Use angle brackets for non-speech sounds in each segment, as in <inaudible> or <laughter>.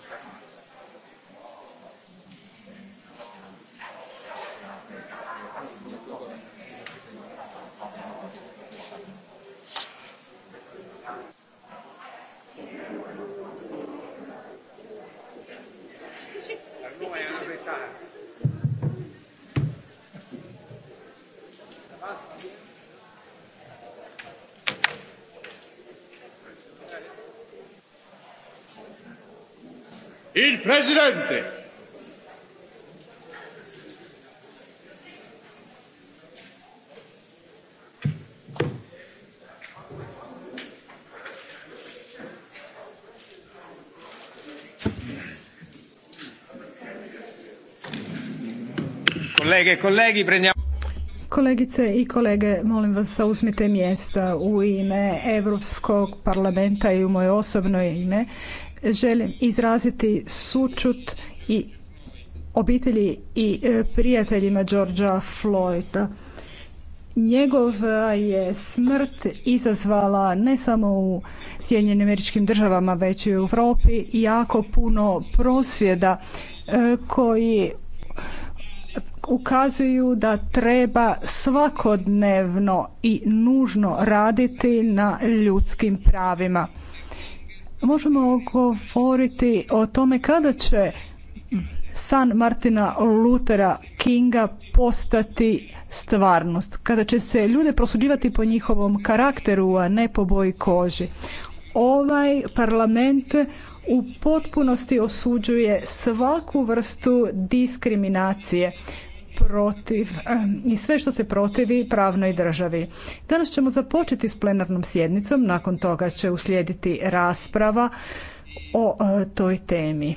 Hvala Il presidente prendiamo Kolegice i kolege, molim vas uzmite mjesta u ime Europskog parlamenta i u moje osobno ime želim izraziti sučut i obitelji i e, prijateljima George'a Floyda. Njegova je smrt izazvala ne samo u Sjedinjenim američkim državama, već i u Europi jako puno prosvjeda e, koji ukazuju da treba svakodnevno i nužno raditi na ljudskim pravima možemo govoriti o tome kada će san Martina Lutera Kinga postati stvarnost, kada će se ljude prosuđivati po njihovom karakteru, a ne po boji koži. Ovaj parlament u potpunosti osuđuje svaku vrstu diskriminacije protiv i sve što se protivi pravnoj državi. Danas ćemo započeti s plenarnom sjednicom, nakon toga će uslijediti rasprava o e, toj temi.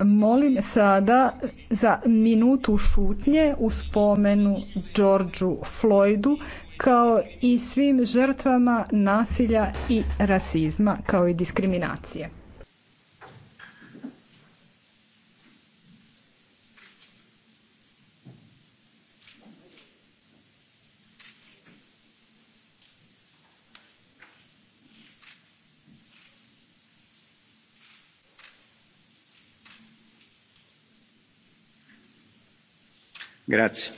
Molim sada za minutu šutnje u spomenu Georgeu Floydu kao i svim žrtvama nasilja i rasizma kao i diskriminacije. Grazie.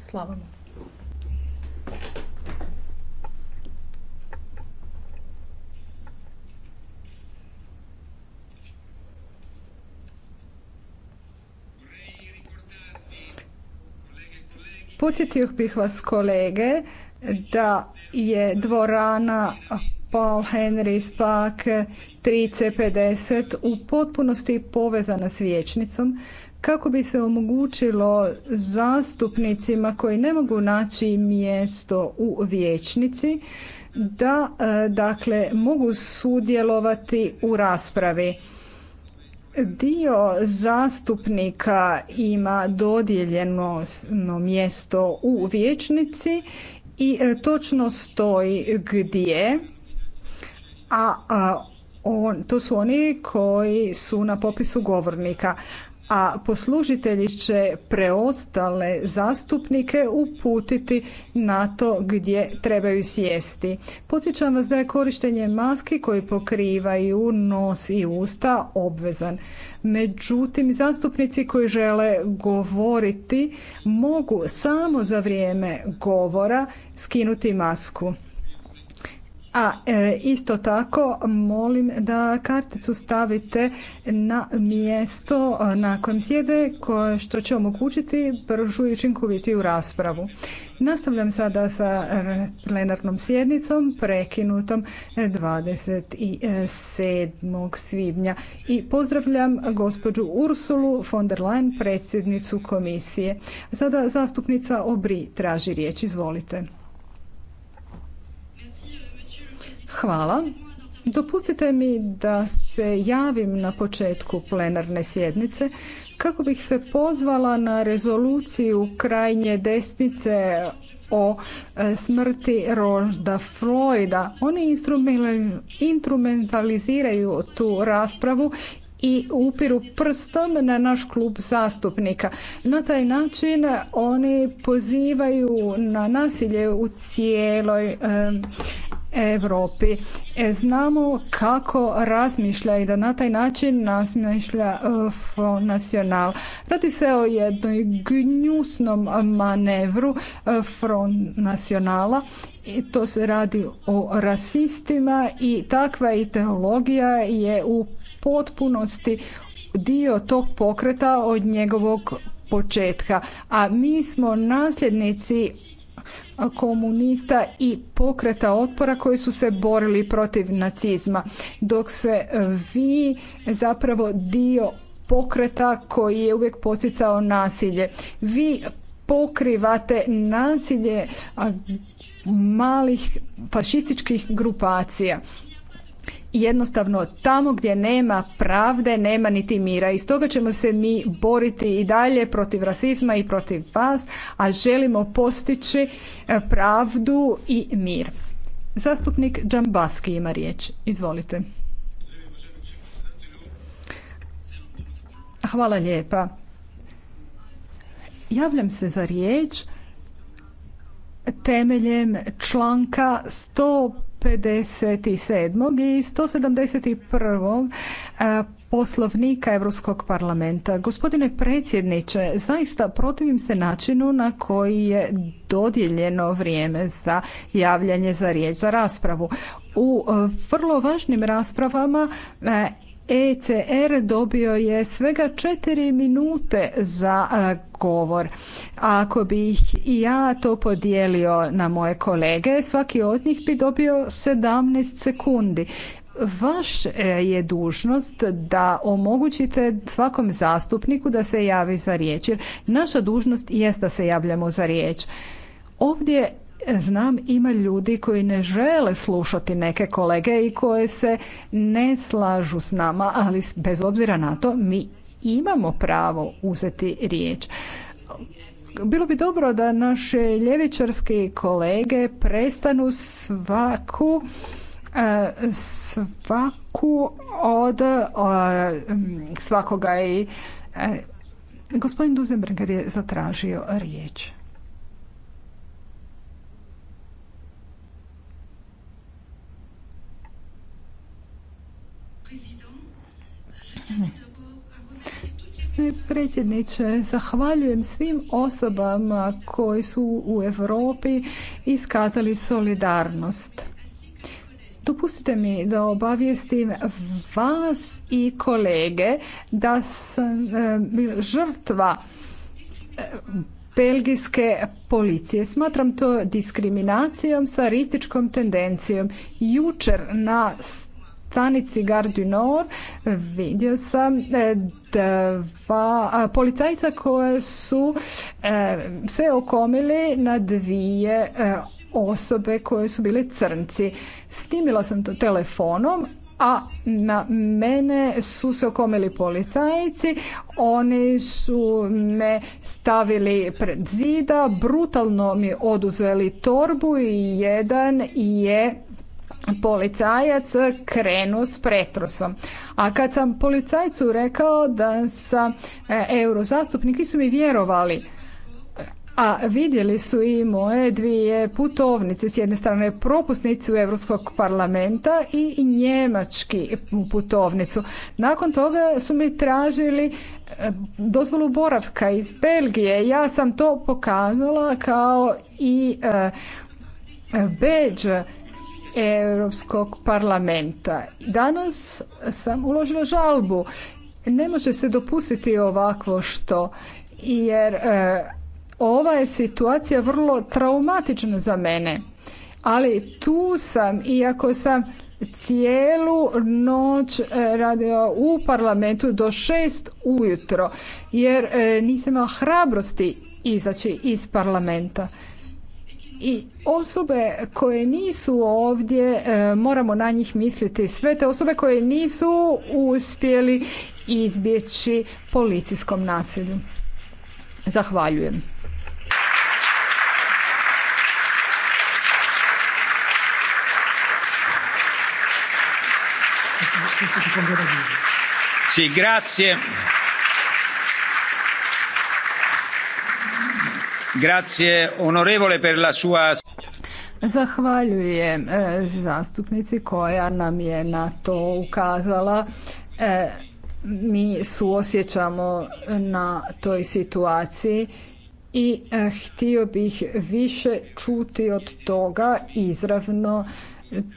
Slava Podsjetio bih vas kolege da je dvorana Paul Henry Spak 3C50 u potpunosti povezana s vječnicom kako bi se omogućilo zastupnicima koji ne mogu naći mjesto u vijećnici da e, dakle mogu sudjelovati u raspravi. Dio zastupnika ima dodijeljeno mjesto u vijećnici i e, točno stoji gdje, a to su oni koji su na popisu govornika a poslužitelji će preostale zastupnike uputiti na to gdje trebaju sjesti. Podsjećam vas da je korištenje maski koji pokrivaju nos i usta obvezan. Međutim, zastupnici koji žele govoriti mogu samo za vrijeme govora skinuti masku. A e, isto tako molim da karticu stavite na mjesto e, na kojem sjede koje, što će omogućiti bržu i učinkovitiju raspravu. Nastavljam sada sa plenarnom sjednicom prekinutom 27. E, svibnja i pozdravljam gospođu Ursulu von der Leyen predsjednicu komisije. Sada zastupnica Obri traži riječ. Izvolite. Hvala. Dopustite mi da se javim na početku plenarne sjednice kako bih se pozvala na rezoluciju krajnje desnice o e, smrti Rožda Floyda. Oni instrumentaliziraju tu raspravu i upiru prstom na naš klub zastupnika. Na taj način oni pozivaju na nasilje u cijeloj e, Europi. E, znamo kako razmišlja i da na taj način nasmišlja e, Front National. Radi se o jednoj gnjusnom manevru e, Front i to se radi o rasistima i takva ideologija je u potpunosti dio tog pokreta od njegovog početka, a mi smo nasljednici komunista i pokreta otpora koji su se borili protiv nacizma, dok se e, vi zapravo dio pokreta koji je uvijek posjecao nasilje. Vi pokrivate nasilje malih fašističkih grupacija jednostavno tamo gdje nema pravde nema niti mira i stoga ćemo se mi boriti i dalje protiv rasizma i protiv vas a želimo postići e, pravdu i mir zastupnik Džambaski ima riječ izvolite hvala lijepa javljam se za riječ temeljem članka 100 57. i 171. poslovnika Europskog parlamenta. Gospodine predsjedniče, zaista protivim se načinu na koji je dodijeljeno vrijeme za javljanje za riječ, za raspravu. U e, vrlo važnim raspravama e, ECR dobio je svega četiri minute za e, govor. ako bih i ja to podijelio na moje kolege, svaki od njih bi dobio 17 sekundi. Vaš e, je dužnost da omogućite svakom zastupniku da se javi za riječ. Jer naša dužnost jest da se javljamo za riječ. Ovdje znam ima ljudi koji ne žele slušati neke kolege i koje se ne slažu s nama, ali bez obzira na to mi imamo pravo uzeti riječ. Bilo bi dobro da naše ljevičarske kolege prestanu svaku e, svaku od e, svakoga i e, gospodin Duzenberger je zatražio riječ. predsjedniče. Zahvaljujem svim osobama koji su u Europi iskazali solidarnost. Dopustite mi da obavijestim vas i kolege da sam e, žrtva e, belgijske policije. Smatram to diskriminacijom sa rističkom tendencijom. Jučer na stanici Gardinor, vidio sam e, dva policajca koje su e, se okomili na dvije e, osobe koje su bile crnci. Stimila sam to telefonom, a na mene su se okomili policajci, oni su me stavili pred zida, brutalno mi oduzeli torbu i jedan je policajac krenu s pretrosom. A kad sam policajcu rekao da sam e, eurozastupnik, nisu mi vjerovali. A vidjeli su i moje dvije putovnice, s jedne strane propusnicu Europskog parlamenta i njemački putovnicu. Nakon toga su mi tražili e, dozvolu boravka iz Belgije. Ja sam to pokazala kao i e, beđ Europskog parlamenta. Danas sam uložila žalbu. Ne može se dopustiti ovakvo što jer e, ova je situacija vrlo traumatična za mene. Ali tu sam, iako sam cijelu noć e, radila u parlamentu do šest ujutro, jer e, nisam imala hrabrosti izaći iz parlamenta i osobe koje nisu ovdje e, moramo na njih misliti sve te osobe koje nisu uspjeli izbjeći policijskom nasilju zahvaljujem Sì, Zahvaljujem e, zastupnici koja nam je na to ukazala. E, mi suosjećamo na toj situaciji i e, htio bih više čuti od toga izravno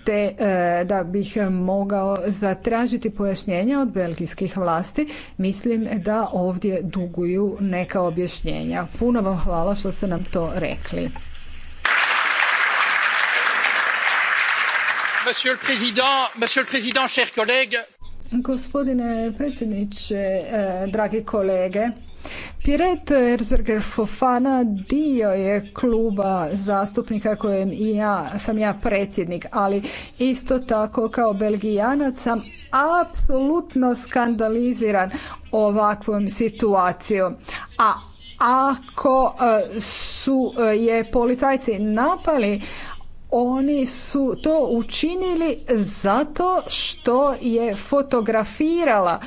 te e, da bih mogao zatražiti pojašnjenja od belgijskih vlasti. Mislim da ovdje duguju neka objašnjenja. Puno vam hvala što ste nam to rekli. Gospodine predsjedniče, e, dragi kolege, Piret Erzberger Fofana dio je kluba zastupnika kojem i ja sam ja predsjednik, ali isto tako kao belgijanac sam apsolutno skandaliziran ovakvom situacijom. A ako e, su e, je policajci napali, oni su to učinili zato što je fotografirala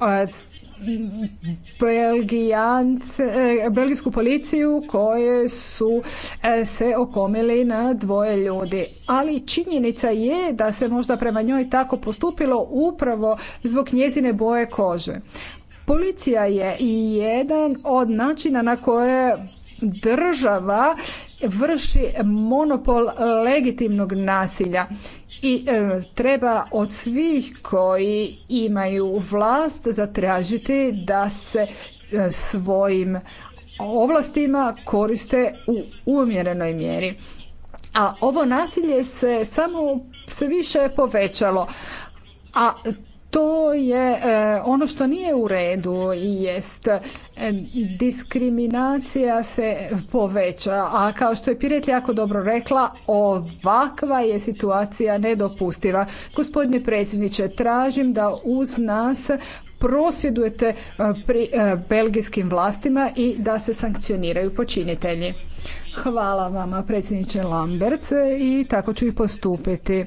e, Belgijance, belgijsku policiju koje su e, se okomili na dvoje ljudi. Ali činjenica je da se možda prema njoj tako postupilo upravo zbog njezine boje kože. Policija je i jedan od načina na koje država vrši monopol legitimnog nasilja i e, treba od svih koji imaju vlast zatražiti da se e, svojim ovlastima koriste u umjerenoj mjeri. A ovo nasilje se samo sve više povećalo. A to je e, ono što nije u redu jest e, diskriminacija se poveća a kao što je Piret jako dobro rekla ovakva je situacija nedopustiva gospodine predsjedniče tražim da uz nas prosvjedujete e, e, belgijskim vlastima i da se sankcioniraju počinitelji. Hvala vama predsjedniče Lambert e, i tako ću i postupiti.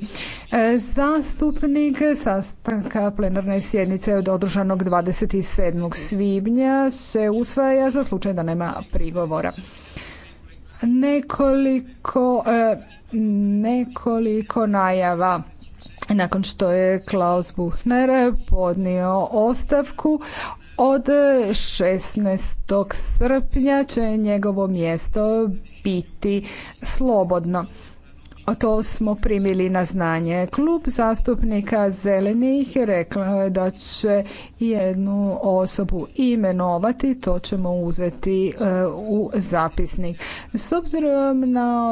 Zastupnik sastanka plenarne sjednice od održanog 27. svibnja se usvaja za slučaj da nema prigovora. Nekoliko, nekoliko najava nakon što je Klaus Buchner podnio ostavku od 16. srpnja će njegovo mjesto biti slobodno to smo primili na znanje. Klub zastupnika zelenih je da će jednu osobu imenovati, to ćemo uzeti e, u zapisnik. S obzirom na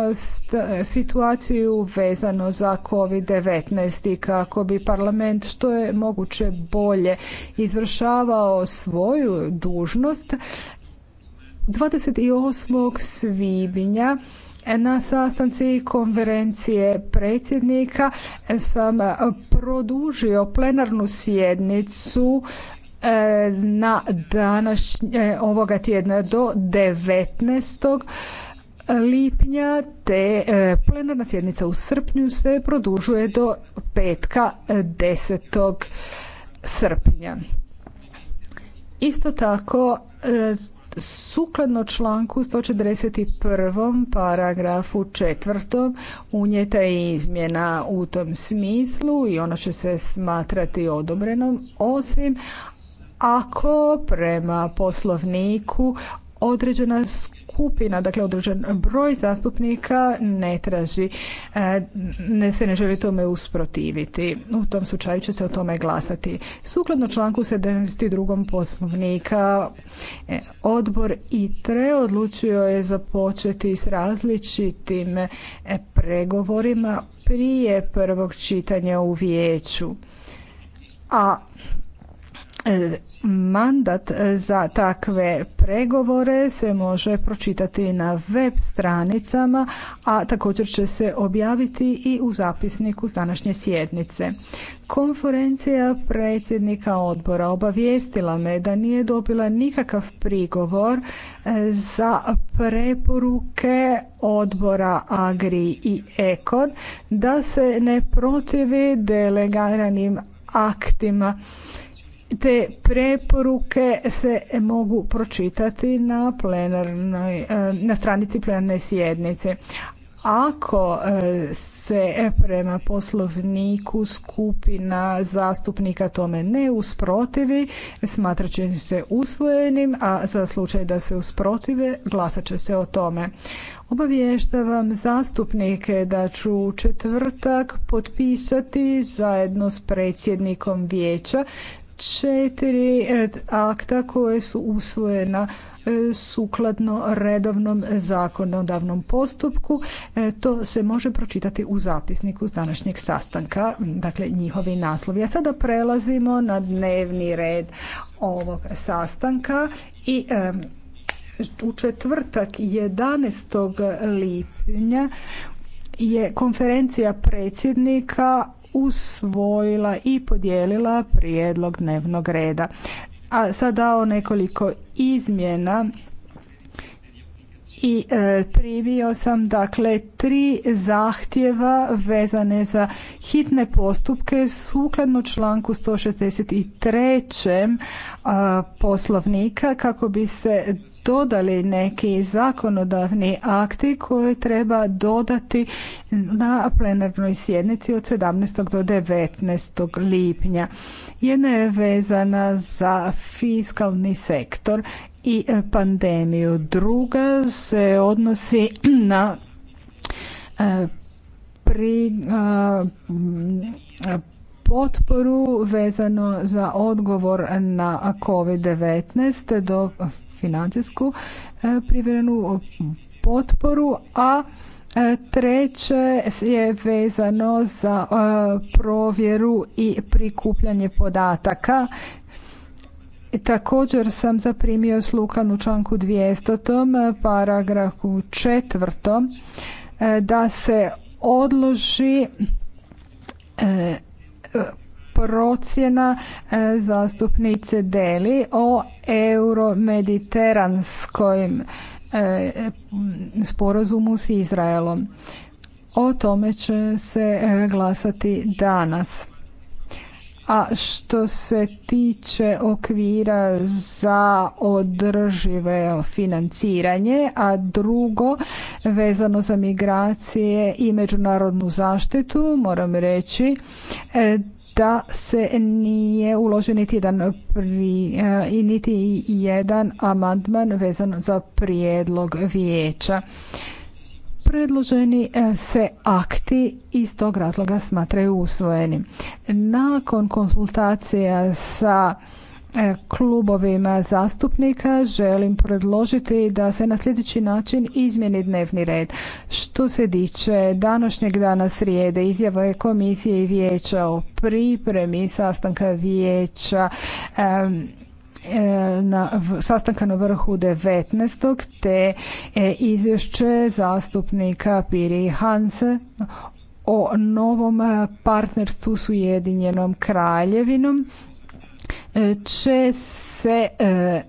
situaciju vezano za COVID-19 i kako bi parlament što je moguće bolje izvršavao svoju dužnost, 28. svibnja na sastanci konferencije predsjednika sam e, produžio plenarnu sjednicu e, na današnje ovoga tjedna do 19. lipnja te e, plenarna sjednica u srpnju se produžuje do petka 10. srpnja. Isto tako Sukladno članku 141. paragrafu četvrtom, unijeta je izmjena u tom smislu i ona će se smatrati odobrenom osim ako prema poslovniku određena skupina skupina, dakle određen broj zastupnika ne traži, e, ne se ne želi tome usprotiviti. U tom slučaju će se o tome glasati. Sukladno članku 72. poslovnika e, odbor ITRE odlučio je započeti s različitim e, pregovorima prije prvog čitanja u vijeću. A E, mandat e, za takve pregovore se može pročitati na web stranicama, a također će se objaviti i u zapisniku s današnje sjednice. Konferencija predsjednika odbora obavijestila me da nije dobila nikakav prigovor e, za preporuke odbora Agri i Ekon da se ne protivi delegiranim aktima te preporuke se mogu pročitati na, plenarnoj, e, na stranici plenarne sjednice. Ako e, se prema poslovniku skupina zastupnika tome ne usprotivi, smatrat će se usvojenim, a za slučaj da se usprotive, glasat će se o tome. Obavještavam zastupnike da ću u četvrtak potpisati zajedno s predsjednikom vijeća četiri e, akta koje su usvojena e, sukladno redovnom zakonodavnom postupku. E, to se može pročitati u zapisniku s današnjeg sastanka, dakle njihovi naslovi. A sada prelazimo na dnevni red ovog sastanka i u četvrtak 11. lipnja je konferencija predsjednika usvojila i podijelila prijedlog dnevnog reda. A sad dao nekoliko izmjena i e, primio sam dakle tri zahtjeva vezane za hitne postupke sukladno članku 163. tri e, poslovnika kako bi se dodali neki zakonodavni akti koje treba dodati na plenarnoj sjednici od 17. do 19. lipnja. Jedna je vezana za fiskalni sektor i pandemiju. Druga se odnosi na e, pri e, potporu vezano za odgovor na COVID-19 do financijsku e, privrednu potporu, a e, Treće je vezano za e, provjeru i prikupljanje podataka. Također sam zaprimio slukan u članku 200. paragrafu četvrtom da se odloži procjena e, zastupnice Deli o euromediteranskom e, sporazumu s Izraelom. O tome će se e, glasati danas. A što se tiče okvira za održive financiranje, a drugo vezano za migracije i međunarodnu zaštitu, moram reći da se nije uložio niti jedan e, niti jedan amandman vezan za prijedlog vijeća. Predloženi e, se akti iz tog razloga smatraju usvojenim. Nakon konsultacija sa E, klubovima zastupnika želim predložiti da se na sljedeći način izmjeni dnevni red. Što se tiče današnjeg dana srijede, izjava komisije i vijeća o pripremi sastanka vijeća e, na sastanka na vrhu 19. te e, izvješće zastupnika Piri Hanse o novom partnerstvu s Ujedinjenom kraljevinom će se e,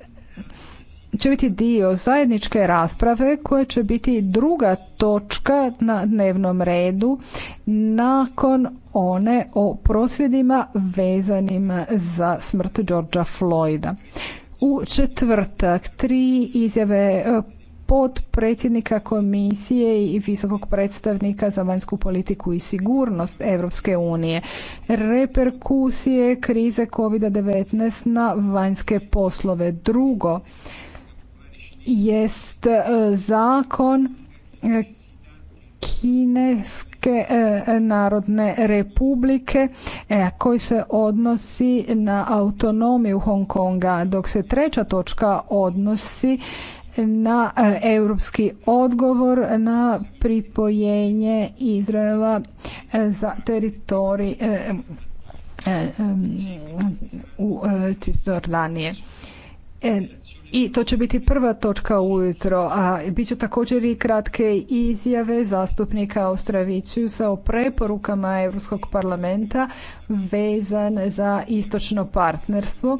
će biti dio zajedničke rasprave koja će biti druga točka na dnevnom redu nakon one o prosvjedima vezanim za smrt Georgea Floyda. U četvrtak tri izjave predsjednika komisije i visokog predstavnika za vanjsku politiku i sigurnost Europske unije. Reperkusije krize COVID-19 na vanjske poslove. Drugo jest e, zakon e, Kineske e, narodne republike koji se odnosi na autonomiju Hong Konga, dok se treća točka odnosi na e, europski odgovor na pripojenje Izraela e, za teritorij e, u Cisjordanije. I to će biti prva točka ujutro, a bit će također i kratke izjave zastupnika Austravićusa o preporukama Europskog parlamenta vezan za istočno partnerstvo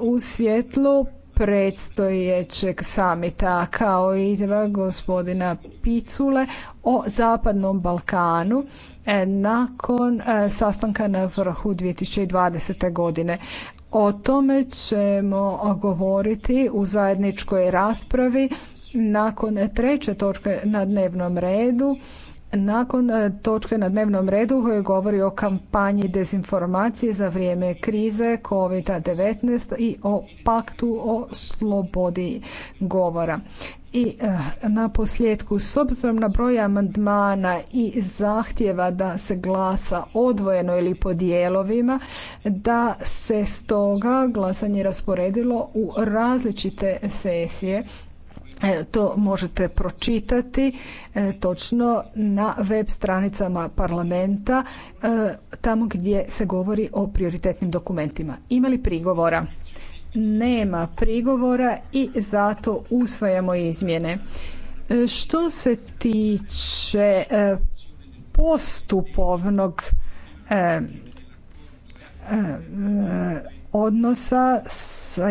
u svjetlu predstojećeg samita kao i izjava gospodina Picule o Zapadnom Balkanu e, nakon e, sastanka na vrhu 2020. godine. O tome ćemo govoriti u zajedničkoj raspravi nakon treće točke na dnevnom redu nakon e, točke na dnevnom redu koje govori o kampanji dezinformacije za vrijeme krize COVID-19 i o paktu o slobodi govora. I e, na posljedku, s obzirom na broj amandmana i zahtjeva da se glasa odvojeno ili po dijelovima, da se stoga glasanje rasporedilo u različite sesije E, to možete pročitati e, točno na web stranicama parlamenta e, tamo gdje se govori o prioritetnim dokumentima. Ima li prigovora? Nema prigovora i zato usvajamo izmjene. Što se tiče postupovnog odnosa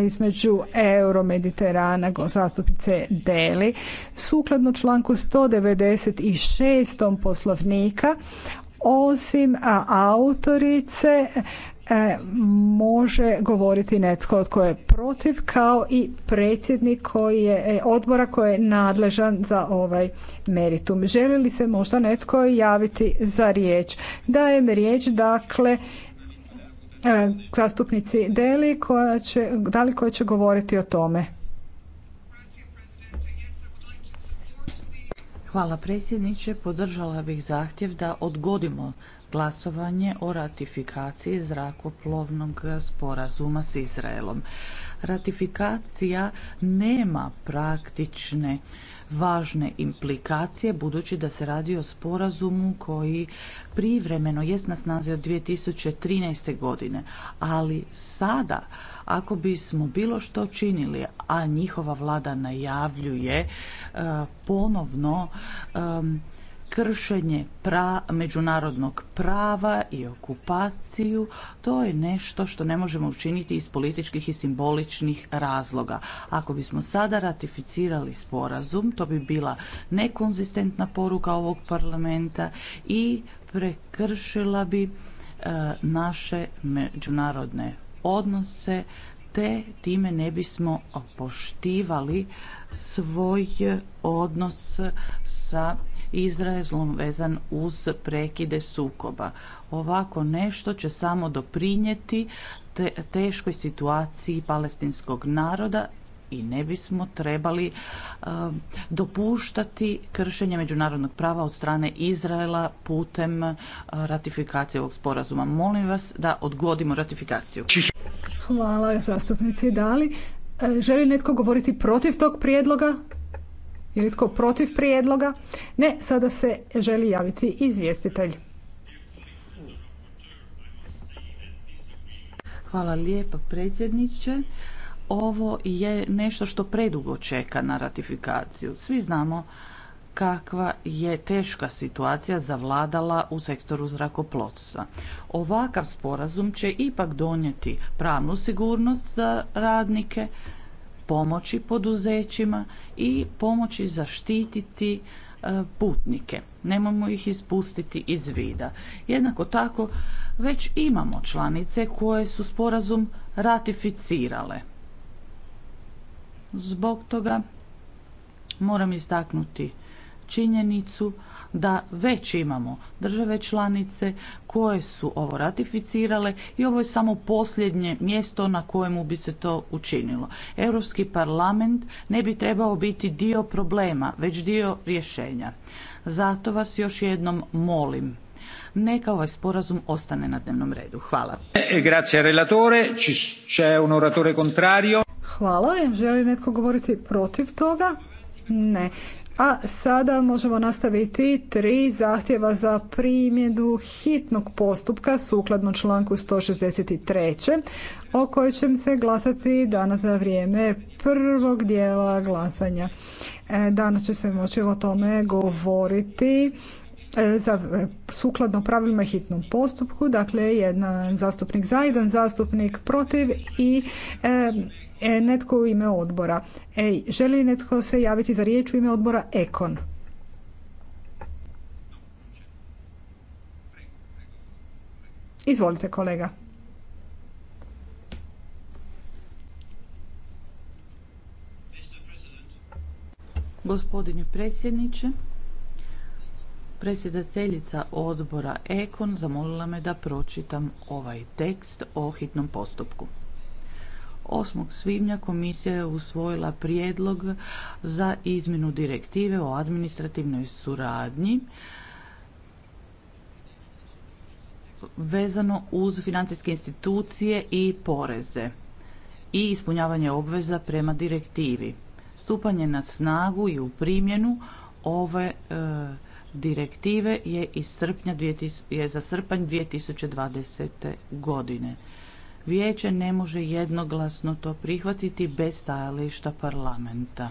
između Euromediterana zastupnice Deli sukladno članku 196. poslovnika osim autorice e, može govoriti netko koje je protiv kao i predsjednik koji je e, odbora koji je nadležan za ovaj meritum. Želi li se možda netko javiti za riječ? Dajem riječ dakle E, zastupnici Deli koja će, će govoriti o tome. Hvala predsjedniče. Podržala bih zahtjev da odgodimo glasovanje o ratifikaciji zrakoplovnog sporazuma s Izraelom. Ratifikacija nema praktične važne implikacije budući da se radi o sporazumu koji privremeno jest na snazi od 2013. godine, ali sada ako bismo bilo što činili, a njihova vlada najavljuje eh, ponovno kršenje pra, međunarodnog prava i okupaciju, to je nešto što ne možemo učiniti iz političkih i simboličnih razloga. Ako bismo sada ratificirali sporazum, to bi bila nekonzistentna poruka ovog parlamenta i prekršila bi e, naše međunarodne odnose, te time ne bismo poštivali svoj odnos sa Izraelom vezan uz prekide sukoba. Ovako nešto će samo doprinijeti teškoj situaciji palestinskog naroda i ne bismo trebali eh, dopuštati kršenje međunarodnog prava od strane Izraela putem eh, ratifikacije ovog sporazuma. Molim vas da odgodimo ratifikaciju. Hvala zastupnici Dali. Eh, želi netko govoriti protiv tog prijedloga? Je li tko protiv prijedloga? Ne, sada se želi javiti izvjestitelj. Hvala lijepa predsjedniče. Ovo je nešto što predugo čeka na ratifikaciju. Svi znamo kakva je teška situacija zavladala u sektoru zrakoplovstva. Ovakav sporazum će ipak donijeti pravnu sigurnost za radnike, pomoći poduzećima i pomoći zaštititi e, putnike. Nemojmo ih ispustiti iz vida. Jednako tako već imamo članice koje su sporazum ratificirale. Zbog toga moram istaknuti činjenicu da već imamo države članice koje su ovo ratificirale i ovo je samo posljednje mjesto na kojemu bi se to učinilo. Europski parlament ne bi trebao biti dio problema, već dio rješenja. Zato vas još jednom molim neka ovaj sporazum ostane na dnevnom redu. Hvala. E, e, grazie relatore, c'è un oratore contrario. Hvala, želi netko govoriti protiv toga? Ne. A sada možemo nastaviti tri zahtjeva za primjenu hitnog postupka sukladno članku 163. o kojoj će se glasati danas za vrijeme prvog dijela glasanja. E, danas će se moći o tome govoriti e, za sukladno pravilima hitnom postupku, dakle jedan zastupnik za, jedan zastupnik protiv i e, E, netko u ime odbora. Ej, želi li netko se javiti za riječ u ime odbora Ekon? Izvolite kolega. Gospodine predsjedniče, predsjedateljica odbora Ekon zamolila me da pročitam ovaj tekst o hitnom postupku. 8. svibnja komisija je usvojila prijedlog za izmjenu direktive o administrativnoj suradnji vezano uz financijske institucije i poreze i ispunjavanje obveza prema direktivi. Stupanje na snagu i u primjenu ove e, direktive je, iz je za srpanj 2020. godine. Vijeće ne može jednoglasno to prihvatiti bez stajališta parlamenta.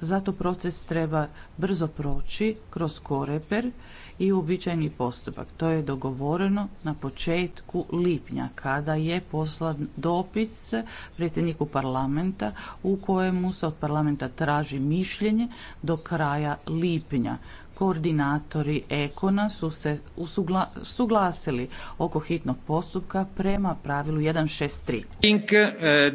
Zato proces treba brzo proći kroz koreper i uobičajeni postupak. To je dogovoreno na početku lipnja kada je poslan dopis predsjedniku parlamenta u kojemu se od parlamenta traži mišljenje do kraja lipnja koordinatori Ekona su se suglasili oko hitnog postupka prema pravilu 163. Eh,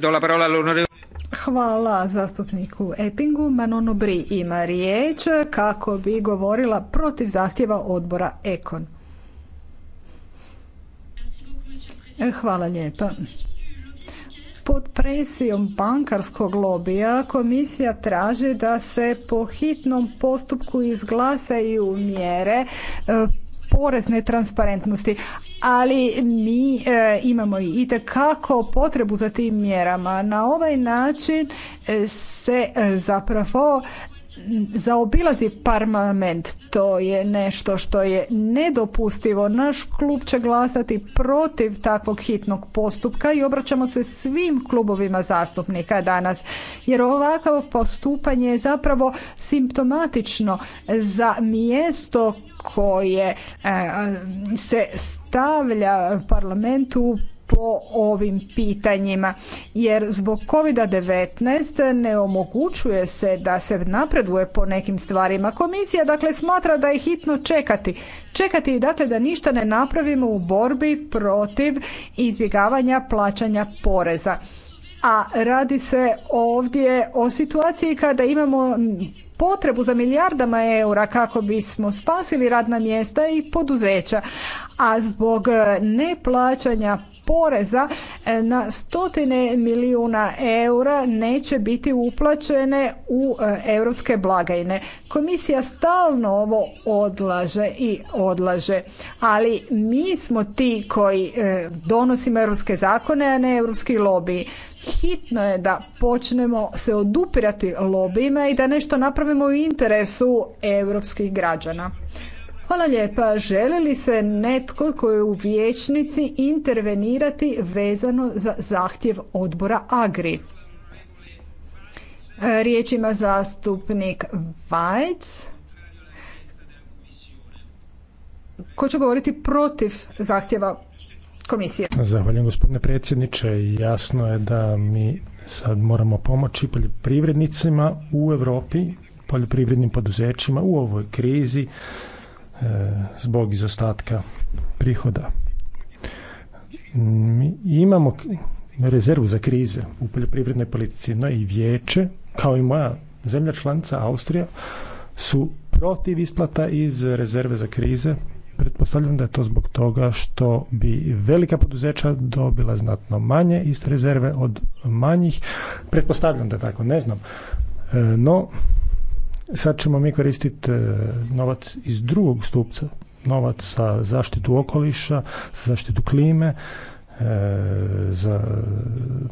Hvala zastupniku Epingu. Manonu Bri ima riječ kako bi govorila protiv zahtjeva odbora Ekon. Hvala lijepa. Pod presijom bankarskog lobija komisija traži da se po hitnom postupku izglasaju mjere e, porezne transparentnosti, ali mi e, imamo i kako potrebu za tim mjerama. Na ovaj način e, se zapravo zaobilazi parlament. To je nešto što je nedopustivo. Naš klub će glasati protiv takvog hitnog postupka i obraćamo se svim klubovima zastupnika danas. Jer ovakav postupanje je zapravo simptomatično za mjesto koje eh, se stavlja parlamentu po ovim pitanjima jer zbog COVID-19 ne omogućuje se da se napreduje po nekim stvarima. Komisija dakle smatra da je hitno čekati. Čekati dakle da ništa ne napravimo u borbi protiv izbjegavanja plaćanja poreza. A radi se ovdje o situaciji kada imamo potrebu za milijardama eura kako bismo spasili radna mjesta i poduzeća, a zbog e, neplaćanja poreza e, na stotine milijuna eura neće biti uplaćene u e, europske blagajne. Komisija stalno ovo odlaže i odlaže, ali mi smo ti koji donosimo europske zakone, a ne europski lobiji hitno je da počnemo se odupirati lobijima i da nešto napravimo u interesu europskih građana. Hvala lijepa. Želi li se netko koji je u vijećnici intervenirati vezano za zahtjev odbora Agri? Riječ ima zastupnik Vajc. Ko će govoriti protiv zahtjeva komisije. Zahvaljujem gospodine predsjedniče. Jasno je da mi sad moramo pomoći poljoprivrednicima u Europi, poljoprivrednim poduzećima u ovoj krizi e, zbog izostatka prihoda. Mi imamo rezervu za krize u poljoprivrednoj politici, no i vijeće, kao i moja zemlja članica Austrija, su protiv isplata iz rezerve za krize Pretpostavljam da je to zbog toga što bi velika poduzeća dobila znatno manje iz rezerve od manjih. Pretpostavljam da je tako, ne znam. E, no, sad ćemo mi koristiti e, novac iz drugog stupca, novac sa zaštitu okoliša, sa zaštitu klime, e, za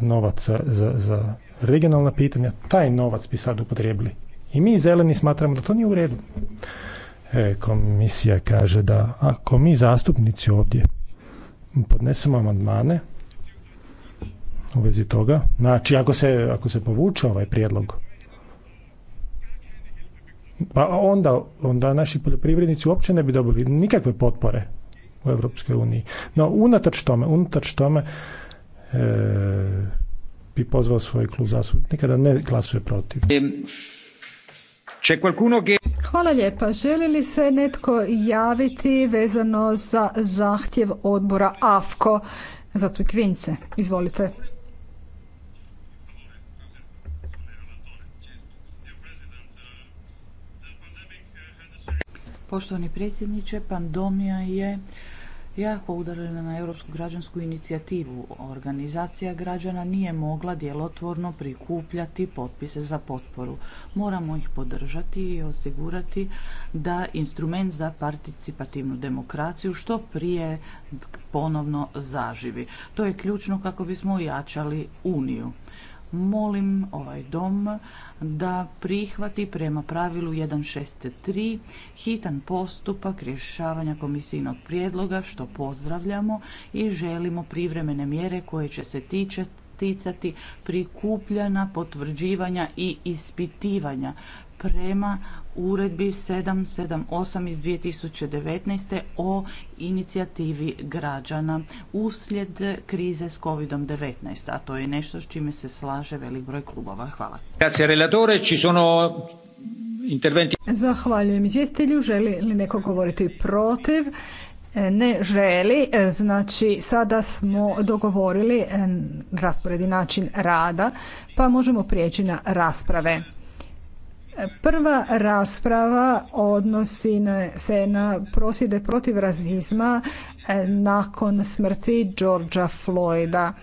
novac za, za regionalna pitanja. Taj novac bi sad upotrijebili. I mi zeleni smatramo da to nije u redu. E, komisija kaže da ako mi zastupnici ovdje podnesemo amandmane u vezi toga, znači ako se, ako se povuče ovaj prijedlog, pa onda, onda naši poljoprivrednici uopće ne bi dobili nikakve potpore u Europskoj uniji. No, unatoč tome, unatoč tome e, bi pozvao svoj klub zastupnika da ne glasuje protiv. E, Hvala lijepa. Želi li se netko javiti vezano za zahtjev odbora AFKO? Zastupnik Vince, izvolite. Poštovani predsjedniče, pandemija je jako udarena na Europsku građansku inicijativu. Organizacija građana nije mogla djelotvorno prikupljati potpise za potporu. Moramo ih podržati i osigurati da instrument za participativnu demokraciju što prije ponovno zaživi. To je ključno kako bismo ojačali Uniju. Molim ovaj dom da prihvati prema pravilu 163 hitan postupak rješavanja komisijnog prijedloga što pozdravljamo i želimo privremene mjere koje će se ticati prikupljana, potvrđivanja i ispitivanja prema uredbi 778 iz 2019. o inicijativi građana uslijed krize s COVID-19, a to je nešto s čime se slaže velik broj klubova. Hvala. Zahvaljujem izvjestitelju. Želi li neko govoriti protiv? E, ne želi. E, znači, sada smo dogovorili e, raspored i način rada, pa možemo prijeći na rasprave. Prva rasprava odnosi se na prosvjede protiv rasizma e, nakon smrti Georgea Floyda.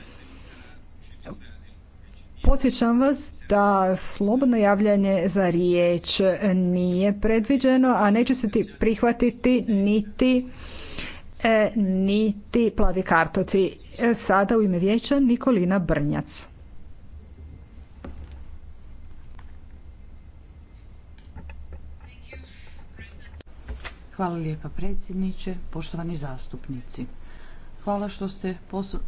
Podsjećam vas da slobodno javljanje za riječ nije predviđeno, a neće se ti prihvatiti niti e, niti plavi kartoci. E, sada u ime vijeća Nikolina Brnjac. Hvala lijepa predsjedniče, poštovani zastupnici. Hvala što ste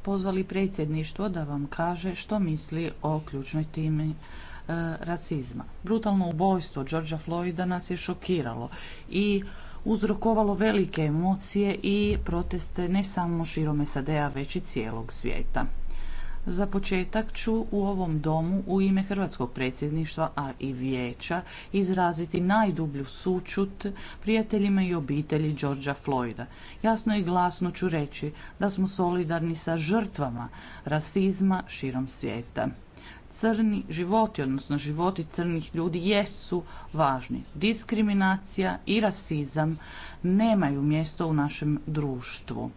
pozvali predsjedništvo da vam kaže što misli o ključnoj temi e, rasizma. Brutalno ubojstvo Georgia Floyda nas je šokiralo i uzrokovalo velike emocije i proteste ne samo širome SAD-a već i cijelog svijeta. Za početak ću u ovom domu u ime Hrvatskog predsjedništva, a i vijeća, izraziti najdublju sućut prijateljima i obitelji Georgea Floyda. Jasno i glasno ću reći da smo solidarni sa žrtvama rasizma širom svijeta. Crni životi, odnosno životi crnih ljudi, jesu važni. Diskriminacija i rasizam nemaju mjesto u našem društvu.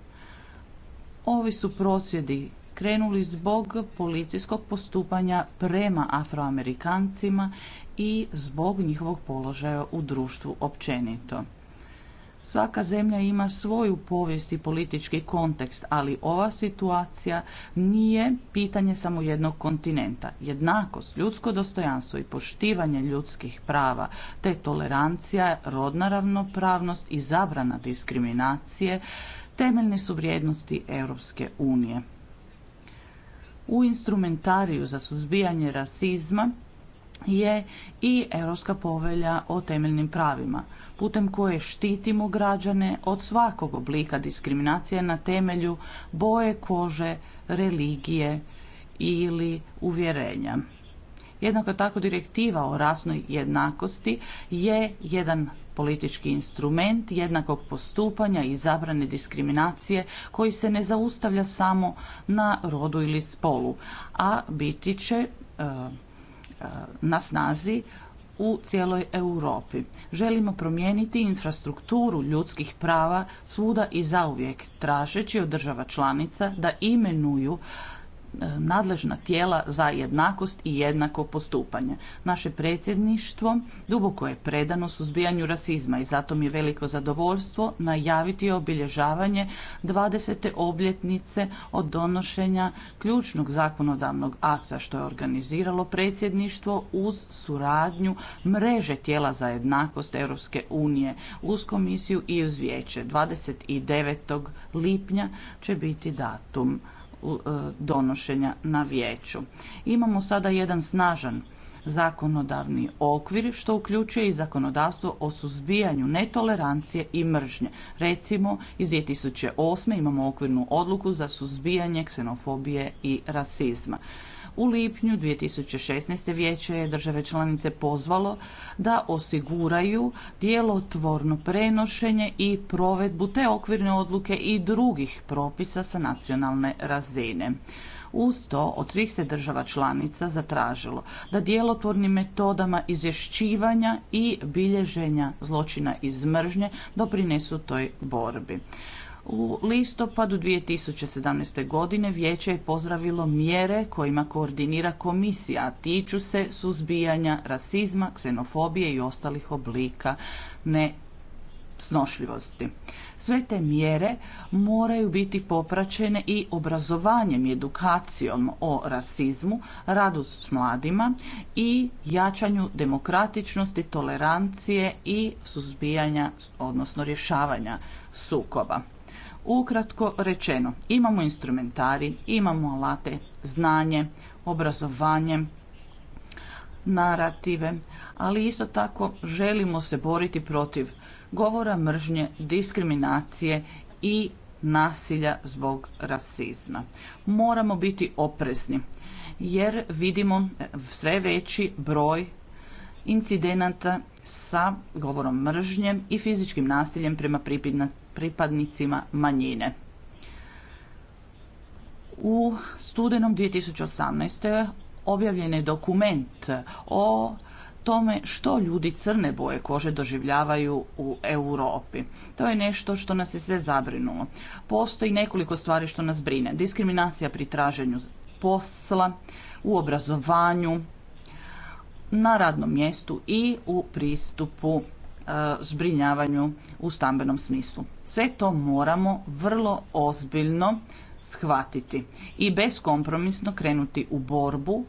Ovi su prosvjedi krenuli zbog policijskog postupanja prema afroamerikancima i zbog njihovog položaja u društvu općenito. Svaka zemlja ima svoju povijest i politički kontekst, ali ova situacija nije pitanje samo jednog kontinenta. Jednakost, ljudsko dostojanstvo i poštivanje ljudskih prava, te tolerancija, rodna ravnopravnost i zabrana diskriminacije temeljne su vrijednosti Europske unije u instrumentariju za suzbijanje rasizma je i Europska povelja o temeljnim pravima, putem koje štitimo građane od svakog oblika diskriminacije na temelju boje kože, religije ili uvjerenja. Jednako tako direktiva o rasnoj jednakosti je jedan politički instrument jednakog postupanja i zabrane diskriminacije koji se ne zaustavlja samo na rodu ili spolu, a biti će e, e, na snazi u cijeloj Europi. Želimo promijeniti infrastrukturu ljudskih prava svuda i zauvijek, tražeći od država članica da imenuju E, nadležna tijela za jednakost i jednako postupanje. Naše predsjedništvo duboko je predano suzbijanju rasizma i zato mi je veliko zadovoljstvo najaviti obilježavanje 20. obljetnice od donošenja ključnog zakonodavnog akta što je organiziralo predsjedništvo uz suradnju mreže tijela za jednakost Europske unije uz komisiju i uz vijeće. 29. lipnja će biti datum E, donošenja na vijeću. Imamo sada jedan snažan zakonodavni okvir što uključuje i zakonodavstvo o suzbijanju netolerancije i mržnje. Recimo, iz 2008. imamo okvirnu odluku za suzbijanje ksenofobije i rasizma. U lipnju 2016. vijeće je države članice pozvalo da osiguraju djelotvorno prenošenje i provedbu te okvirne odluke i drugih propisa sa nacionalne razine. Uz to od svih se država članica zatražilo da djelotvornim metodama izvješćivanja i bilježenja zločina iz mržnje doprinesu toj borbi. U listopadu 2017. godine vijeće je pozdravilo mjere kojima koordinira komisija, a tiču se suzbijanja rasizma, ksenofobije i ostalih oblika nesnošljivosti. Sve te mjere moraju biti popraćene i obrazovanjem i edukacijom o rasizmu, radu s mladima i jačanju demokratičnosti, tolerancije i suzbijanja, odnosno rješavanja sukoba. Ukratko rečeno, imamo instrumentari, imamo alate, znanje, obrazovanje, narative, ali isto tako želimo se boriti protiv govora mržnje, diskriminacije i nasilja zbog rasizma. Moramo biti oprezni jer vidimo sve veći broj incidenata sa govorom mržnje i fizičkim nasiljem prema pripadnicima pripadnicima manjine. U studenom 2018. objavljen je dokument o tome što ljudi crne boje kože doživljavaju u Europi. To je nešto što nas je sve zabrinulo. Postoji nekoliko stvari što nas brine. Diskriminacija pri traženju posla, u obrazovanju, na radnom mjestu i u pristupu E, zbrinjavanju u stambenom smislu. Sve to moramo vrlo ozbiljno shvatiti i beskompromisno krenuti u borbu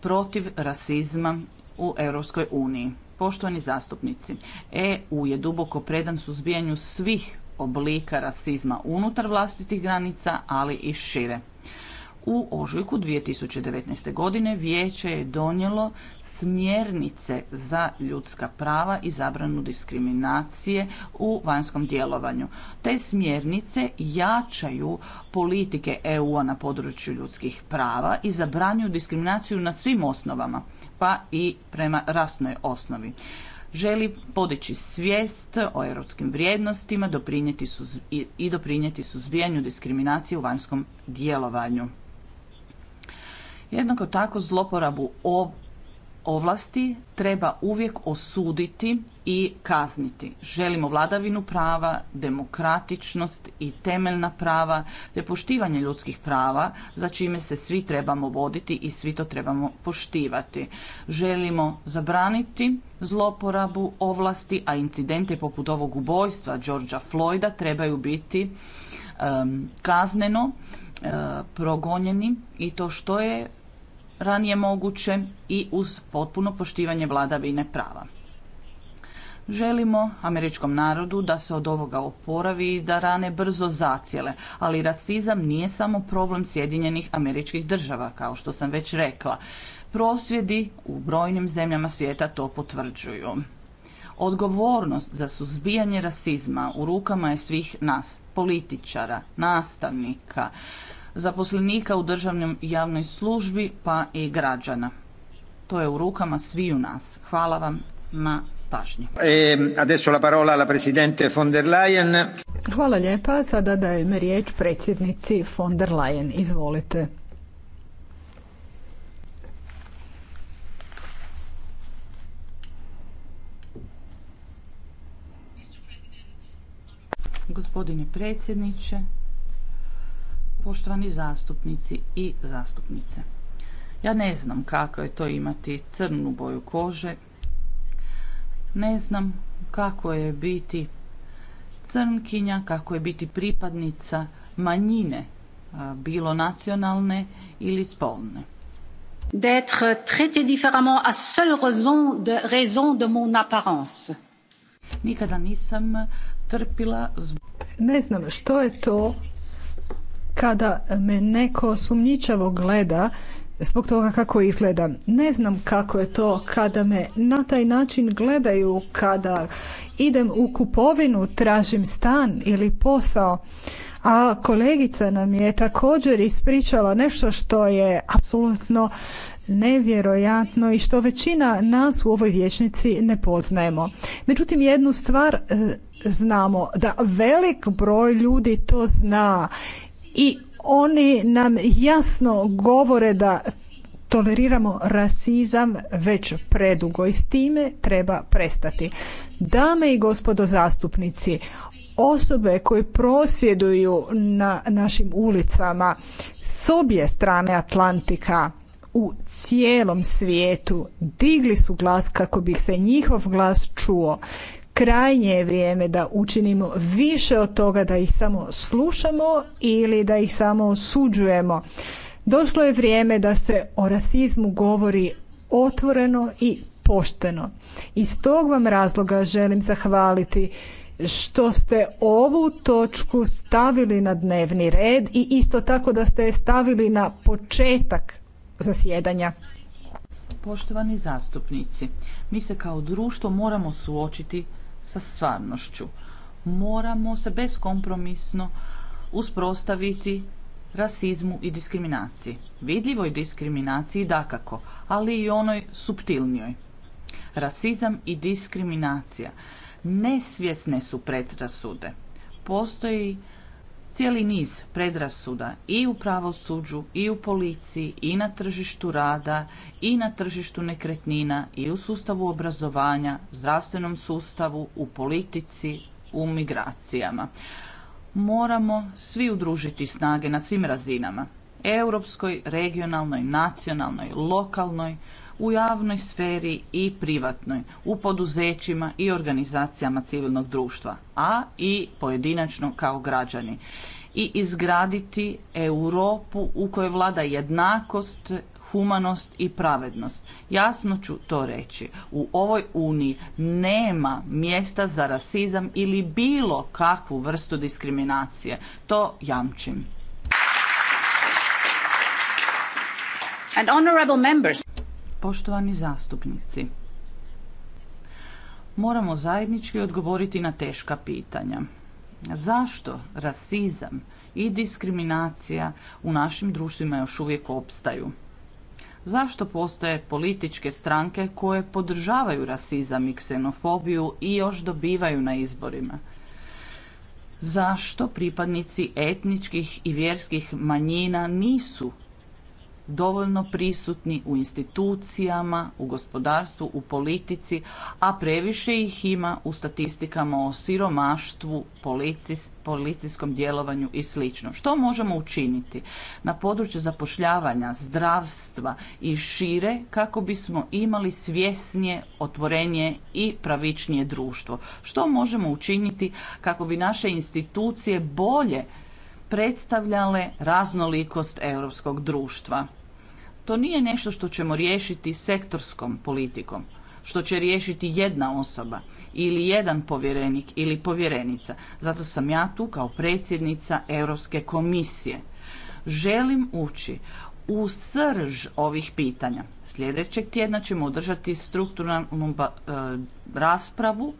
protiv rasizma u Europskoj uniji. Poštovani zastupnici, EU je duboko predan suzbijanju svih oblika rasizma unutar vlastitih granica, ali i šire. U ožujku 2019. godine vijeće je donijelo smjernice za ljudska prava i zabranu diskriminacije u vanjskom djelovanju. Te smjernice jačaju politike EU-a na području ljudskih prava i zabranju diskriminaciju na svim osnovama, pa i prema rasnoj osnovi želi podići svijest o europskim vrijednostima doprinijeti i doprinijeti suzbijanju diskriminacije u vanjskom djelovanju. Jednako tako zloporabu ovlasti treba uvijek osuditi i kazniti. Želimo vladavinu prava, demokratičnost i temeljna prava te poštivanje ljudskih prava za čime se svi trebamo voditi i svi to trebamo poštivati. Želimo zabraniti zloporabu ovlasti, a incidente poput ovog ubojstva Georgia Floyda trebaju biti kazneno e, progonjeni i to što je ranije moguće i uz potpuno poštivanje vladavine prava. Želimo američkom narodu da se od ovoga oporavi i da rane brzo zacijele, ali rasizam nije samo problem Sjedinjenih američkih država, kao što sam već rekla. Prosvjedi u brojnim zemljama svijeta to potvrđuju. Odgovornost za suzbijanje rasizma u rukama je svih nas, političara, nastavnika, zaposlenika u državnoj javnoj službi pa i građana. To je u rukama sviju nas. Hvala vam na pažnji. E, la von der Leyen. Hvala lijepa. Sada dajem riječ predsjednici von der Leyen. Izvolite. Gospodine predsjedniče, poštovani zastupnici i zastupnice. Ja ne znam kako je to imati crnu boju kože. Ne znam kako je biti crnkinja, kako je biti pripadnica manjine, bilo nacionalne ili spolne. D'être traité différemment à seule raison de, raison de mon apparence. Nikada nisam trpila Ne znam što je to kada me neko sumnjičavo gleda zbog toga kako izgledam. Ne znam kako je to kada me na taj način gledaju, kada idem u kupovinu, tražim stan ili posao. A kolegica nam je također ispričala nešto što je apsolutno nevjerojatno i što većina nas u ovoj vječnici ne poznajemo. Međutim, jednu stvar e, znamo da velik broj ljudi to zna i oni nam jasno govore da toleriramo rasizam već predugo i s time treba prestati. Dame i gospodo zastupnici, osobe koje prosvjeduju na našim ulicama s obje strane Atlantika u cijelom svijetu digli su glas kako bi se njihov glas čuo krajnje je vrijeme da učinimo više od toga da ih samo slušamo ili da ih samo osuđujemo. Došlo je vrijeme da se o rasizmu govori otvoreno i pošteno. Iz tog vam razloga želim zahvaliti što ste ovu točku stavili na dnevni red i isto tako da ste je stavili na početak zasjedanja. Poštovani zastupnici, mi se kao društvo moramo suočiti sa stvarnošću. Moramo se beskompromisno usprostaviti rasizmu i diskriminaciji. Vidljivoj diskriminaciji dakako, ali i onoj subtilnijoj. Rasizam i diskriminacija nesvjesne su predrasude. Postoji cijeli niz predrasuda i u pravosuđu i u policiji i na tržištu rada i na tržištu nekretnina i u sustavu obrazovanja, zdravstvenom sustavu, u politici, u migracijama. Moramo svi udružiti snage na svim razinama, europskoj, regionalnoj, nacionalnoj, lokalnoj, u javnoj sferi i privatnoj, u poduzećima i organizacijama civilnog društva, a i pojedinačno kao građani i izgraditi Europu u kojoj vlada jednakost, humanost i pravednost. Jasno ću to reći. U ovoj uniji nema mjesta za rasizam ili bilo kakvu vrstu diskriminacije. To jamčim. Poštovani zastupnici, moramo zajednički odgovoriti na teška pitanja. Zašto rasizam i diskriminacija u našim društvima još uvijek opstaju? Zašto postoje političke stranke koje podržavaju rasizam i ksenofobiju i još dobivaju na izborima? Zašto pripadnici etničkih i vjerskih manjina nisu dovoljno prisutni u institucijama, u gospodarstvu, u politici, a previše ih ima u statistikama o siromaštvu, policijskom djelovanju i sl. Što možemo učiniti na području zapošljavanja, zdravstva i šire kako bismo imali svjesnije, otvorenije i pravičnije društvo? Što možemo učiniti kako bi naše institucije bolje predstavljale raznolikost europskog društva? To nije nešto što ćemo riješiti sektorskom politikom, što će riješiti jedna osoba ili jedan povjerenik ili povjerenica. Zato sam ja tu kao predsjednica Europske komisije. Želim ući u srž ovih pitanja. Sljedećeg tjedna ćemo održati strukturalnu e, raspravu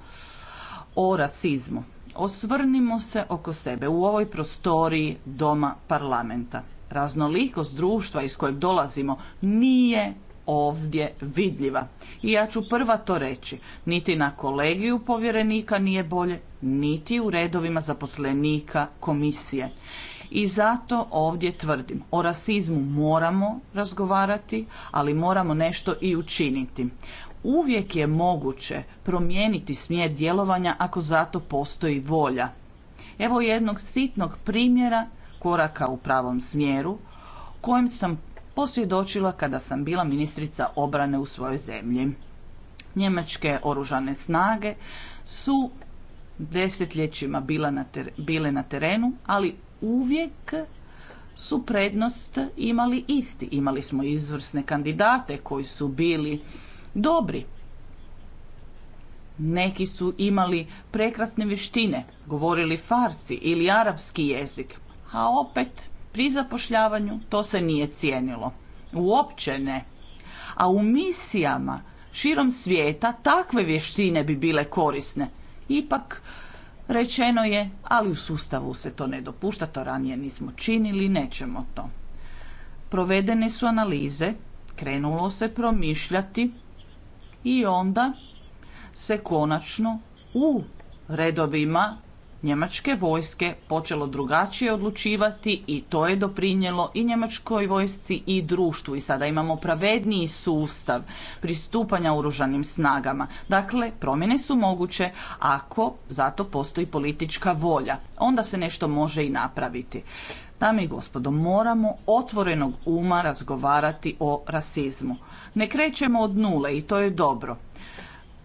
o rasizmu. Osvrnimo se oko sebe u ovoj prostoriji Doma parlamenta raznolikost društva iz kojeg dolazimo nije ovdje vidljiva. I ja ću prva to reći, niti na kolegiju povjerenika nije bolje, niti u redovima zaposlenika komisije. I zato ovdje tvrdim, o rasizmu moramo razgovarati, ali moramo nešto i učiniti. Uvijek je moguće promijeniti smjer djelovanja ako zato postoji volja. Evo jednog sitnog primjera koraka u pravom smjeru kojim sam posvjedočila kada sam bila ministrica obrane u svojoj zemlji. Njemačke oružane snage su desetljećima bile na terenu, ali uvijek su prednost imali isti. Imali smo izvrsne kandidate koji su bili dobri. Neki su imali prekrasne vještine, govorili farsi ili arapski jezik a opet pri zapošljavanju to se nije cijenilo. Uopće ne. A u misijama širom svijeta takve vještine bi bile korisne. Ipak, rečeno je, ali u sustavu se to ne dopušta, to ranije nismo činili, nećemo to. Provedene su analize, krenulo se promišljati i onda se konačno u redovima njemačke vojske počelo drugačije odlučivati i to je doprinjelo i njemačkoj vojsci i društvu i sada imamo pravedniji sustav pristupanja oružanim snagama. Dakle, promjene su moguće ako zato postoji politička volja. Onda se nešto može i napraviti. Dame i gospodo, moramo otvorenog uma razgovarati o rasizmu. Ne krećemo od nule i to je dobro.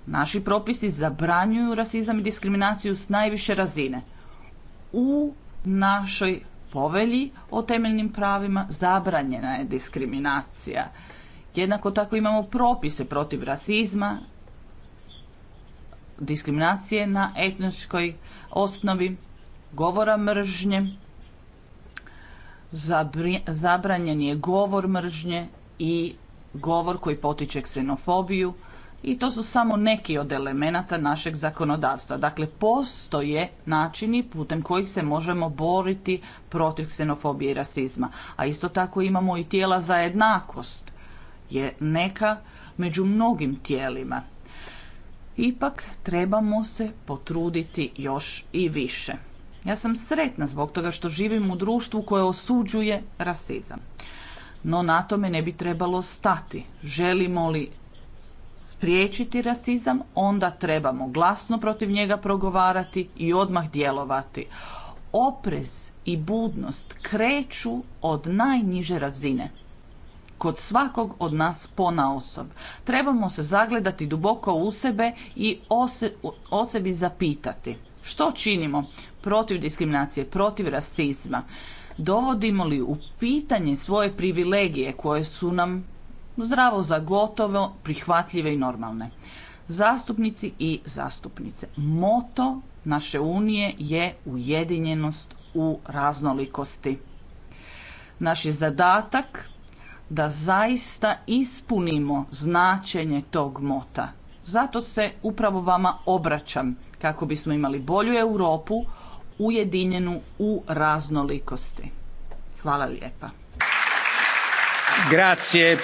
Naši propisi zabranjuju rasizam i diskriminaciju s najviše razine. U našoj povelji o temeljnim pravima zabranjena je diskriminacija. Jednako tako imamo propise protiv rasizma, diskriminacije na etničkoj osnovi, govora mržnje, zabranjen je govor mržnje i govor koji potiče ksenofobiju, i to su samo neki od elemenata našeg zakonodavstva. Dakle, postoje načini putem kojih se možemo boriti protiv ksenofobije i rasizma. A isto tako imamo i tijela za jednakost. Je neka među mnogim tijelima. Ipak trebamo se potruditi još i više. Ja sam sretna zbog toga što živim u društvu koje osuđuje rasizam. No na tome ne bi trebalo stati. Želimo li spriječiti rasizam, onda trebamo glasno protiv njega progovarati i odmah djelovati. Oprez i budnost kreću od najniže razine kod svakog od nas pona osob. Trebamo se zagledati duboko u sebe i ose, o sebi zapitati. Što činimo protiv diskriminacije, protiv rasizma? Dovodimo li u pitanje svoje privilegije koje su nam zdravo za gotovo, prihvatljive i normalne. Zastupnici i zastupnice, moto naše unije je ujedinjenost u raznolikosti. Naš je zadatak da zaista ispunimo značenje tog mota. Zato se upravo vama obraćam kako bismo imali bolju Europu ujedinjenu u raznolikosti. Hvala lijepa. Eh,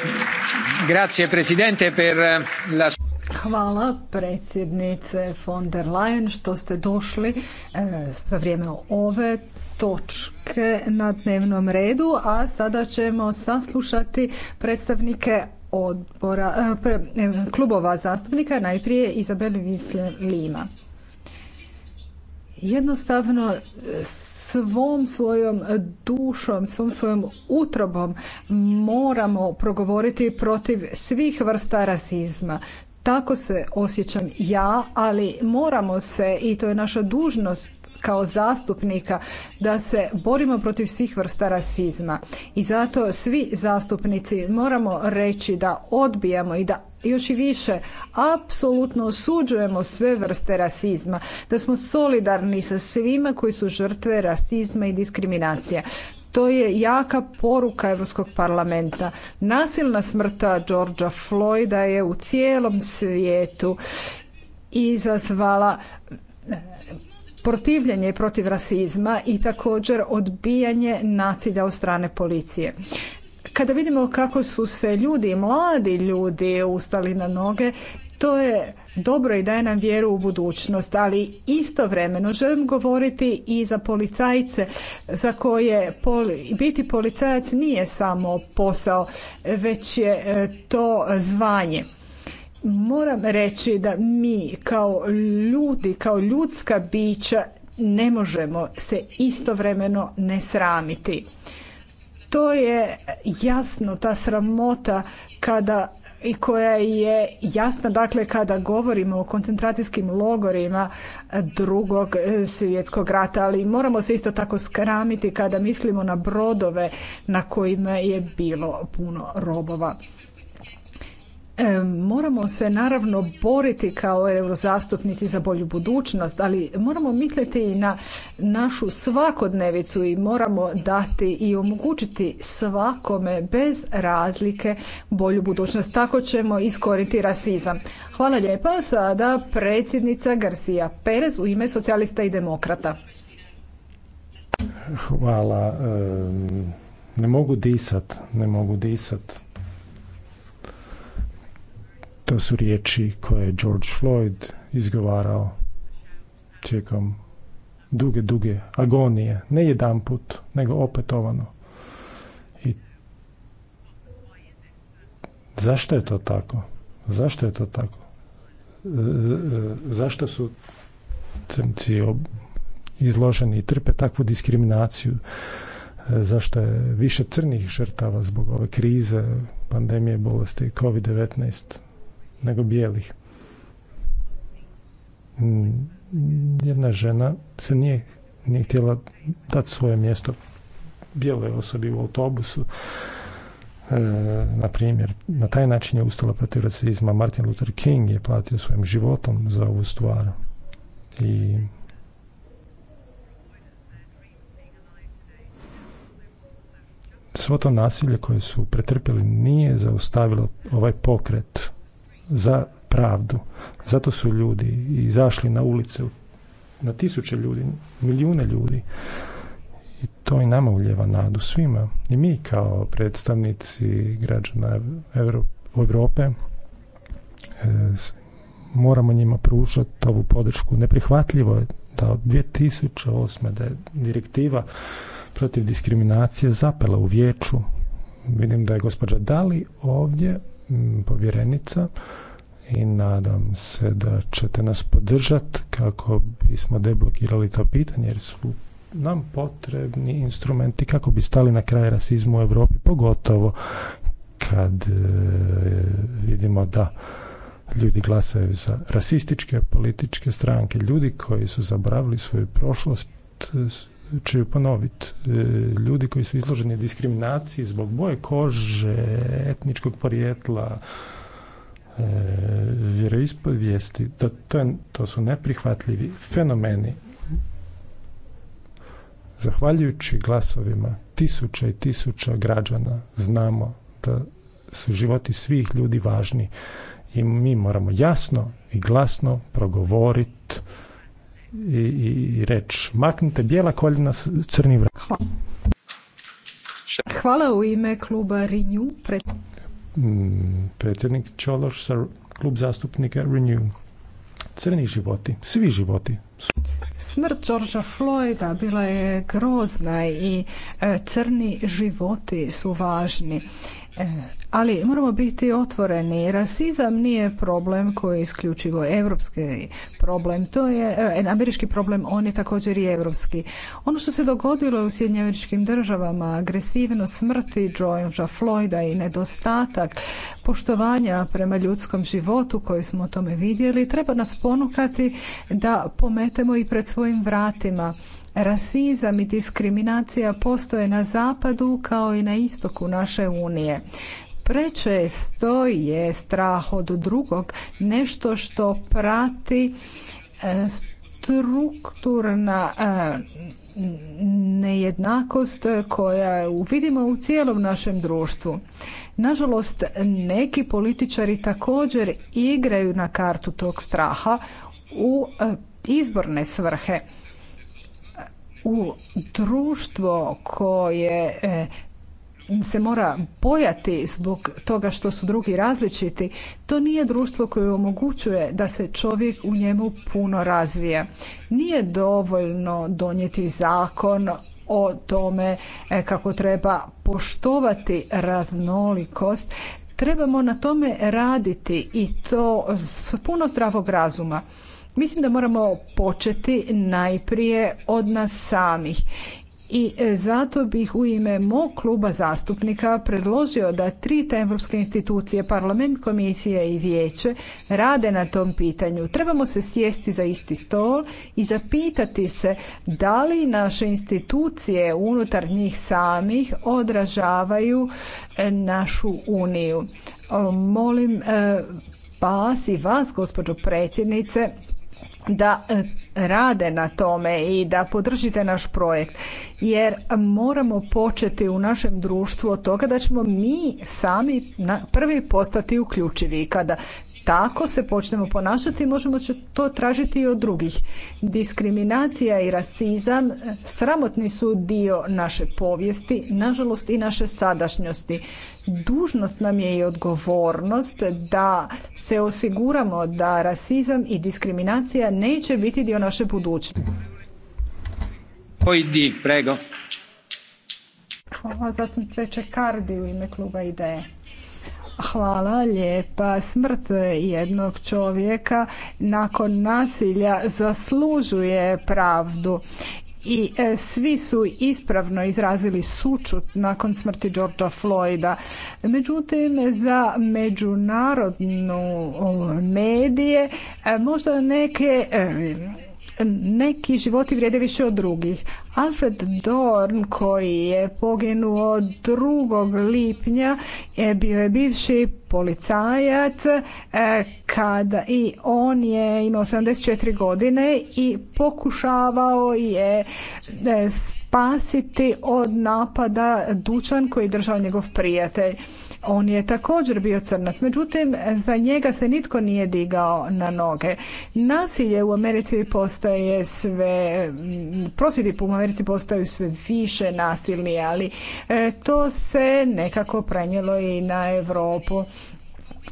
Hvala predsjednice von der Leyen što ste došli eh, za vrijeme ove točke na dnevnom redu, a sada ćemo saslušati predstavnike odbora, eh, klubova zastupnika, najprije Izabel Visle Lima jednostavno e, svom svojom dušom, svom svojom utrobom moramo progovoriti protiv svih vrsta rasizma. Tako se osjećam ja, ali moramo se, i to je naša dužnost, kao zastupnika da se borimo protiv svih vrsta rasizma i zato svi zastupnici moramo reći da odbijamo i da još i više apsolutno osuđujemo sve vrste rasizma, da smo solidarni sa svima koji su žrtve rasizma i diskriminacije. To je jaka poruka Europskog parlamenta. Nasilna smrta Georgia Floyda je u cijelom svijetu izazvala protivljenje protiv rasizma i također odbijanje nasilja od strane policije. Kada vidimo kako su se ljudi, mladi ljudi ustali na noge, to je dobro i daje nam vjeru u budućnost, ali istovremeno želim govoriti i za policajce za koje biti policajac nije samo posao, već je e, to zvanje. Moram reći da mi kao ljudi, kao ljudska bića ne možemo se istovremeno ne sramiti. To je jasno, ta sramota kada i koja je jasna dakle kada govorimo o koncentracijskim logorima drugog e, svjetskog rata, ali moramo se isto tako skramiti kada mislimo na brodove na kojima je bilo puno robova. Moramo se naravno boriti kao eurozastupnici za bolju budućnost, ali moramo misliti i na našu svakodnevicu i moramo dati i omogućiti svakome bez razlike bolju budućnost. Tako ćemo iskoriti rasizam. Hvala lijepa. Sada predsjednica Garcia Perez u ime socijalista i demokrata. Hvala. Ne mogu disat, ne mogu disat to su riječi koje je George Floyd izgovarao tijekom duge, duge agonije. Ne jedan put, nego opetovano. I zašto je to tako? Zašto je to tako? E, e, zašto su crnci izloženi i trpe takvu diskriminaciju? E, zašto je više crnih žrtava zbog ove krize, pandemije bolesti COVID-19? nego bijelih. Mm, jedna žena se nije, nije htjela dati svoje mjesto bijeloj osobi u autobusu. E, na primjer, na taj način je ustala protiv rasizma. Martin Luther King je platio svojim životom za ovu stvar. I svo to nasilje koje su pretrpjeli nije zaustavilo ovaj pokret za pravdu. Zato su ljudi izašli na ulice, na tisuće ljudi, milijune ljudi. I to i nama uljeva nadu svima. I mi kao predstavnici građana Europe e, moramo njima pružati ovu podršku. Neprihvatljivo je da od 2008. da je direktiva protiv diskriminacije zapela u vijeću. Vidim da je gospođa Dali ovdje povjerenica i nadam se da ćete nas podržati kako bismo deblokirali to pitanje jer su nam potrebni instrumenti kako bi stali na kraj rasizmu u Europi, pogotovo kad e, vidimo da ljudi glasaju za rasističke političke stranke, ljudi koji su zaboravili svoju prošlost ću ponoviti, e, ljudi koji su izloženi diskriminaciji zbog boje kože, etničkog porijetla, e, vjeroispovijesti, to, to su neprihvatljivi fenomeni. Zahvaljujući glasovima tisuća i tisuća građana znamo da su životi svih ljudi važni i mi moramo jasno i glasno progovoriti i, i reći maknite bijela koljena s vrat Hvala. u ime kluba Renew. Mm, predsjednik Čološ klub zastupnika Renew. Crni životi, svi životi. Smrt Georgea Floyda bila je grozna i e, crni životi su važni. E, ali moramo biti otvoreni. Rasizam nije problem koji je isključivo europski problem. To je e, e, američki problem, on je također i europski. Ono što se dogodilo u Sjedinjim američkim državama, agresivnost smrti Georgea Floyda i nedostatak poštovanja prema ljudskom životu koji smo o tome vidjeli, treba nas ponukati da pometemo i pred svojim vratima rasizam i diskriminacija postoje na zapadu kao i na istoku naše unije. Prečesto je strah od drugog nešto što prati e, strukturna e, nejednakost koja vidimo u cijelom našem društvu. Nažalost, neki političari također igraju na kartu tog straha u e, izborne svrhe u društvo koje e, se mora bojati zbog toga što su drugi različiti, to nije društvo koje omogućuje da se čovjek u njemu puno razvija. Nije dovoljno donijeti zakon o tome e, kako treba poštovati raznolikost. Trebamo na tome raditi i to s puno zdravog razuma. Mislim da moramo početi najprije od nas samih i e, zato bih u ime mog kluba zastupnika predložio da tri te europske institucije, parlament, komisija i vijeće rade na tom pitanju. Trebamo se sjesti za isti stol i zapitati se da li naše institucije unutar njih samih odražavaju e, našu uniju. Molim e, vas i vas, gospođo predsjednice, da e, rade na tome i da podržite naš projekt jer moramo početi u našem društvu od toga da ćemo mi sami prvi postati uključivi i kada tako se počnemo ponašati, možemo će to tražiti i od drugih. Diskriminacija i rasizam e, sramotni su dio naše povijesti, nažalost i naše sadašnjosti. Dužnost nam je i odgovornost da se osiguramo da rasizam i diskriminacija neće biti dio naše budućnosti. prego. Čekardi u ime kluba IDE. Hvala lijepa. Smrt jednog čovjeka nakon nasilja zaslužuje pravdu i e, svi su ispravno izrazili sučut nakon smrti Georgea Floyda. Međutim, za međunarodnu medije e, možda neke e, neki životi vrijede više od drugih. Alfred Dorn koji je poginuo 2. lipnja bio je bivši policajac e, kada i on je imao 74 godine i pokušavao je e, spasiti od napada dučan koji je držao njegov prijatelj. On je također bio crnac, međutim za njega se nitko nije digao na noge. Nasilje u Americi postaje sve, prosvjedi u Americi postaju sve više nasilni, ali e, to se nekako prenijelo i na Europu.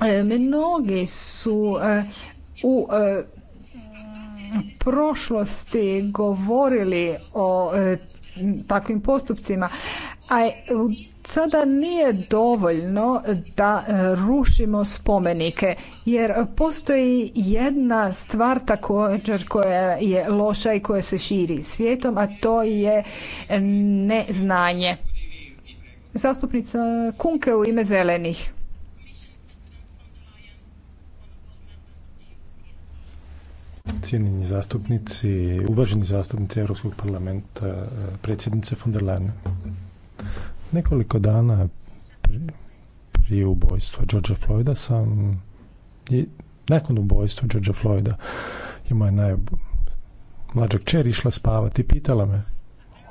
E, mnogi su e, u prošlosti govorili o takvim postupcima, a u sada nije dovoljno da e, rušimo spomenike jer postoji jedna stvar također koja je loša i koja se širi svijetom, a to je neznanje. Zastupnica Kunke u ime zelenih. Cijenjeni zastupnici, uvaženi zastupnici Europskog parlamenta, e, predsjednice von der Leyen. Nekoliko dana prije, ubojstva Georgea Floyda sam i nakon ubojstva Georgea Floyda je moja najmlađa kćer išla spavati i pitala me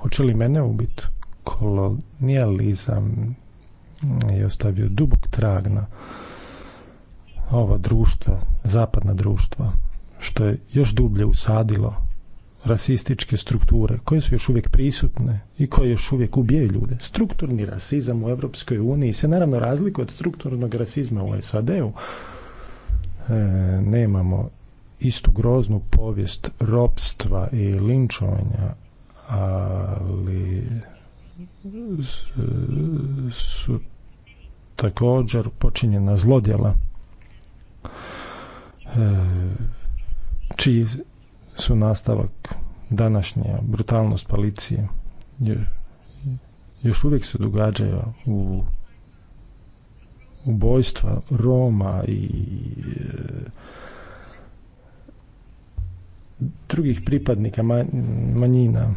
hoće li mene ubiti. Kolonijalizam je ostavio dubog trag na ova društva, zapadna društva, što je još dublje usadilo rasističke strukture koje su još uvijek prisutne i koje još uvijek ubijaju ljude. Strukturni rasizam u Europskoj uniji se naravno razlikuje od strukturnog rasizma u SAD-u. E, nemamo istu groznu povijest ropstva i linčovanja, ali su također počinjena zlodjela e, čiji su nastavak današnje brutalnost policije. Još uvijek se događaju u ubojstva Roma i e, drugih pripadnika manjina.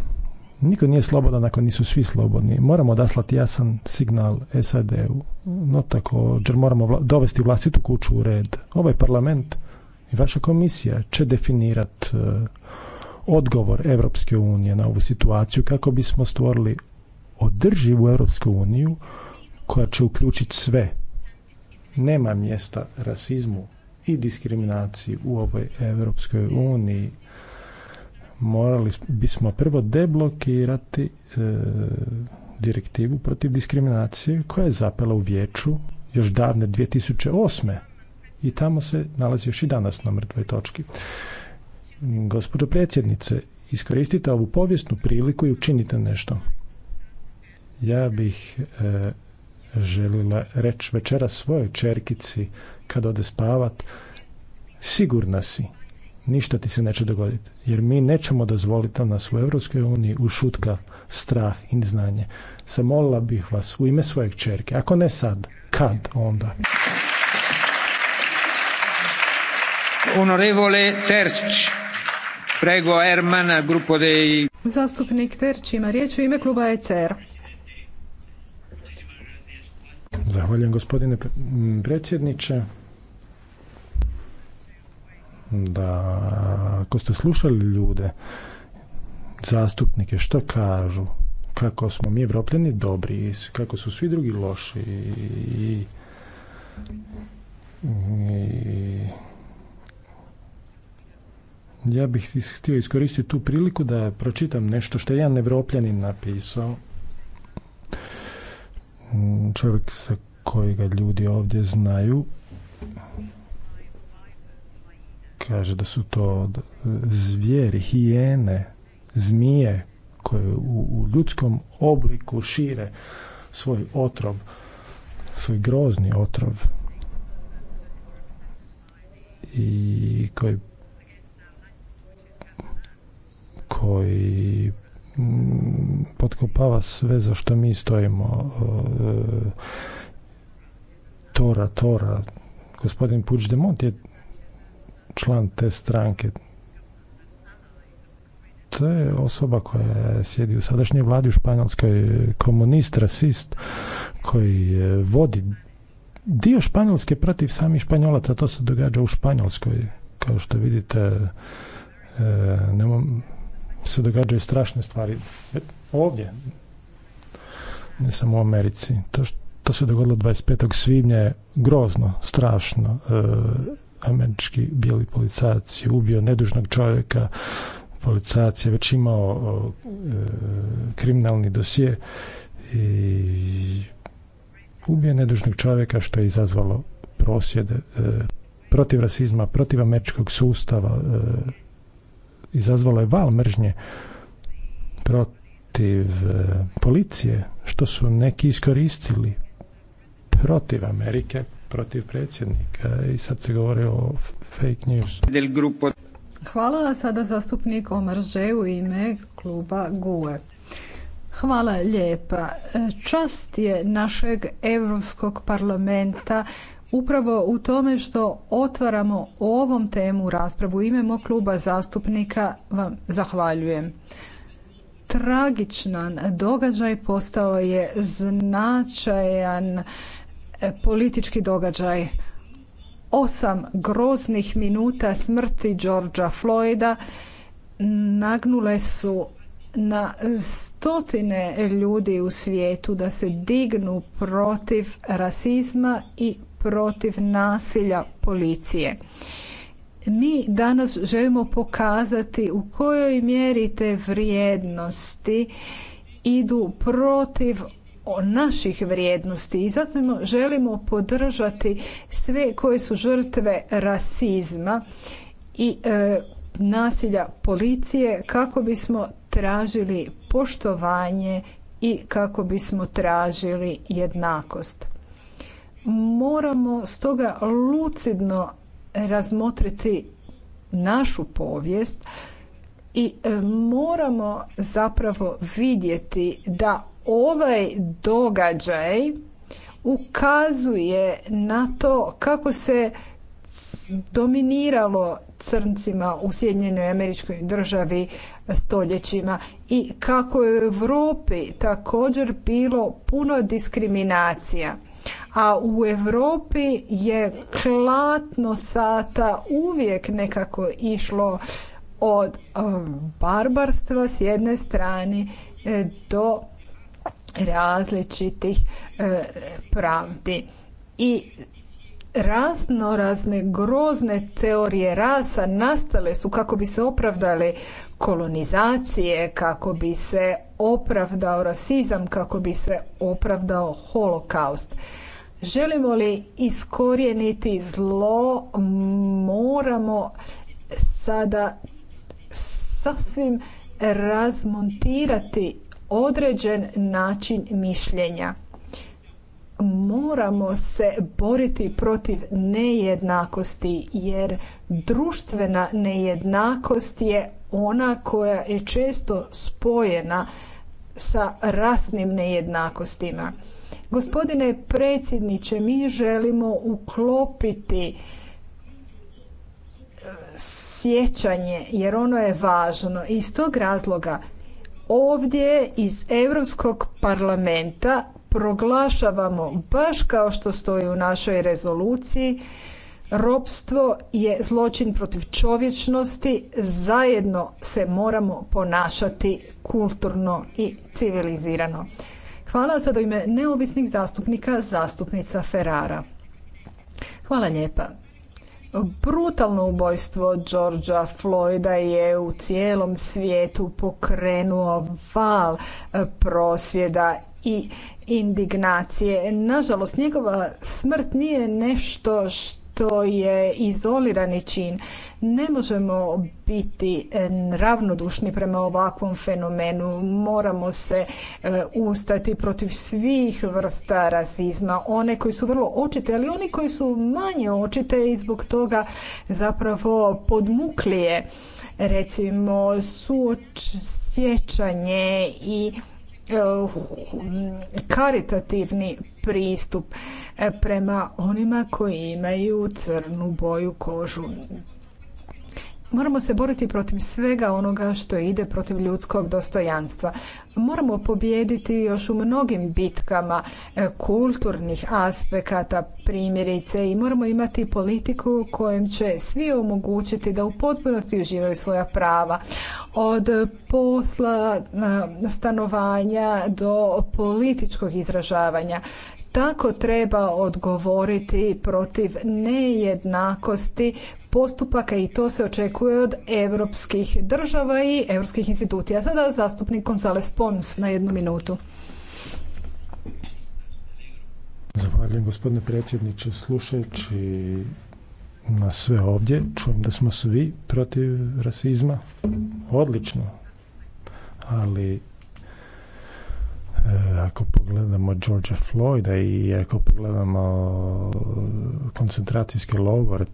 Niko nije slobodan ako nisu svi slobodni. Moramo odaslati jasan signal SAD-u, no također moramo dovesti vlastitu kuću u red. Ovaj parlament i vaša komisija će definirati e, odgovor Europske unije na ovu situaciju kako bismo stvorili održivu Evropsku uniju koja će uključiti sve. Nema mjesta rasizmu i diskriminaciji u ovoj Europskoj uniji. Morali bismo prvo deblokirati e, direktivu protiv diskriminacije koja je zapela u vijeću još davne 2008 i tamo se nalazi još i danas na mrtvoj točki. Gospođo predsjednice, iskoristite ovu povijesnu priliku i učinite nešto. Ja bih e, želila reći večera svojoj čerkici kad ode spavat, sigurna si, ništa ti se neće dogoditi. Jer mi nećemo dozvoliti da nas u EU uniji ušutka strah i neznanje. Samolila bih vas u ime svojeg čerke, ako ne sad, kad onda? Onorevole prego Erman, grupo dei... Zastupnik Terč ima riječ u ime kluba ECR. Zahvaljujem gospodine predsjedniče. Da, ako ste slušali ljude, zastupnike, što kažu, kako smo mi evropljani dobri, kako su svi drugi loši i ja bih htio iskoristiti tu priliku da pročitam nešto što je jedan evropljanin napisao. Mm, čovjek sa kojega ljudi ovdje znaju kaže da su to e, zvijeri, hijene, zmije koje u, u ljudskom obliku šire svoj otrov, svoj grozni otrov i koji koji mm, potkopava sve za što mi stojimo. E, Tora, Tora, gospodin Puigdemont je član te stranke. To je osoba koja sjedi u sadašnjoj vladi u Španjolskoj, komunist, rasist, koji e, vodi dio Španjolske protiv samih Španjolaca. To se događa u Španjolskoj. Kao što vidite, e, nemam se događaju strašne stvari. Ovdje, ne samo u Americi. To što se dogodilo 25. svibnja je grozno, strašno. E, američki bijeli policajac je ubio nedužnog čovjeka, policajac je već imao e, kriminalni dosije i ubije nedužnog čovjeka što je izazvalo prosjede e, protiv rasizma, protiv američkog sustava, izazvalo je val mržnje protiv e, policije, što su neki iskoristili protiv Amerike, protiv predsjednika i sad se govori o fake news. Hvala sada zastupnik Omar Že u ime kluba GUE. Hvala lijepa. E, čast je našeg Europskog parlamenta upravo u tome što otvaramo ovom temu raspravu u ime mog kluba zastupnika vam zahvaljujem. Tragičan događaj postao je značajan politički događaj. Osam groznih minuta smrti Georgea Floyda nagnule su na stotine ljudi u svijetu da se dignu protiv rasizma i protiv nasilja policije. Mi danas želimo pokazati u kojoj mjeri te vrijednosti idu protiv naših vrijednosti i zato želimo podržati sve koje su žrtve rasizma i e, nasilja policije kako bismo tražili poštovanje i kako bismo tražili jednakost. Moramo stoga lucidno razmotriti našu povijest i e, moramo zapravo vidjeti da ovaj događaj ukazuje na to kako se dominiralo crncima u Sjedinjenoj američkoj državi stoljećima i kako je u Europi također bilo puno diskriminacija a u Europi je klatno sata uvijek nekako išlo od um, barbarstva s jedne strane e, do različitih e, pravdi i razno razne grozne teorije rasa nastale su kako bi se opravdale kolonizacije, kako bi se opravdao rasizam, kako bi se opravdao holokaust. Želimo li iskorijeniti zlo, moramo sada sasvim razmontirati određen način mišljenja. Moramo se boriti protiv nejednakosti jer društvena nejednakost je ona koja je često spojena sa rasnim nejednakostima. Gospodine predsjedniče, mi želimo uklopiti e, sjećanje jer ono je važno i iz tog razloga ovdje iz Europskog parlamenta proglašavamo baš kao što stoji u našoj rezoluciji ropstvo je zločin protiv čovječnosti zajedno se moramo ponašati kulturno i civilizirano. Hvala za ime neovisnih zastupnika zastupnica Ferrara. Hvala lijepa. Brutalno ubojstvo Georgia Floyda je u cijelom svijetu pokrenuo val e, prosvjeda i indignacije. Nažalost, njegova smrt nije nešto što to je izolirani čin. Ne možemo biti e, ravnodušni prema ovakvom fenomenu. Moramo se e, ustati protiv svih vrsta rasizma. One koji su vrlo očite, ali oni koji su manje očite i zbog toga zapravo podmuklije. Recimo suoč sjećanje i Eh, karitativni pristup eh, prema onima koji imaju crnu boju kožu. Moramo se boriti protiv svega onoga što ide protiv ljudskog dostojanstva. Moramo pobijediti još u mnogim bitkama e, kulturnih aspekata, primjerice i moramo imati politiku kojom će svi omogućiti da u potpunosti uživaju svoja prava. Od posla, e, stanovanja do političkog izražavanja. Tako treba odgovoriti protiv nejednakosti postupaka i to se očekuje od europskih država i europskih institucija. Sada zastupnik Gonzales Pons na jednu minutu. Zahvaljujem gospodine predsjedniče. Slušajući na sve ovdje, čujem da smo svi protiv rasizma. Odlično. Ali Eh, ako pogledamo Georgea Floyda i ako pogledamo eh, koncentracijske logore,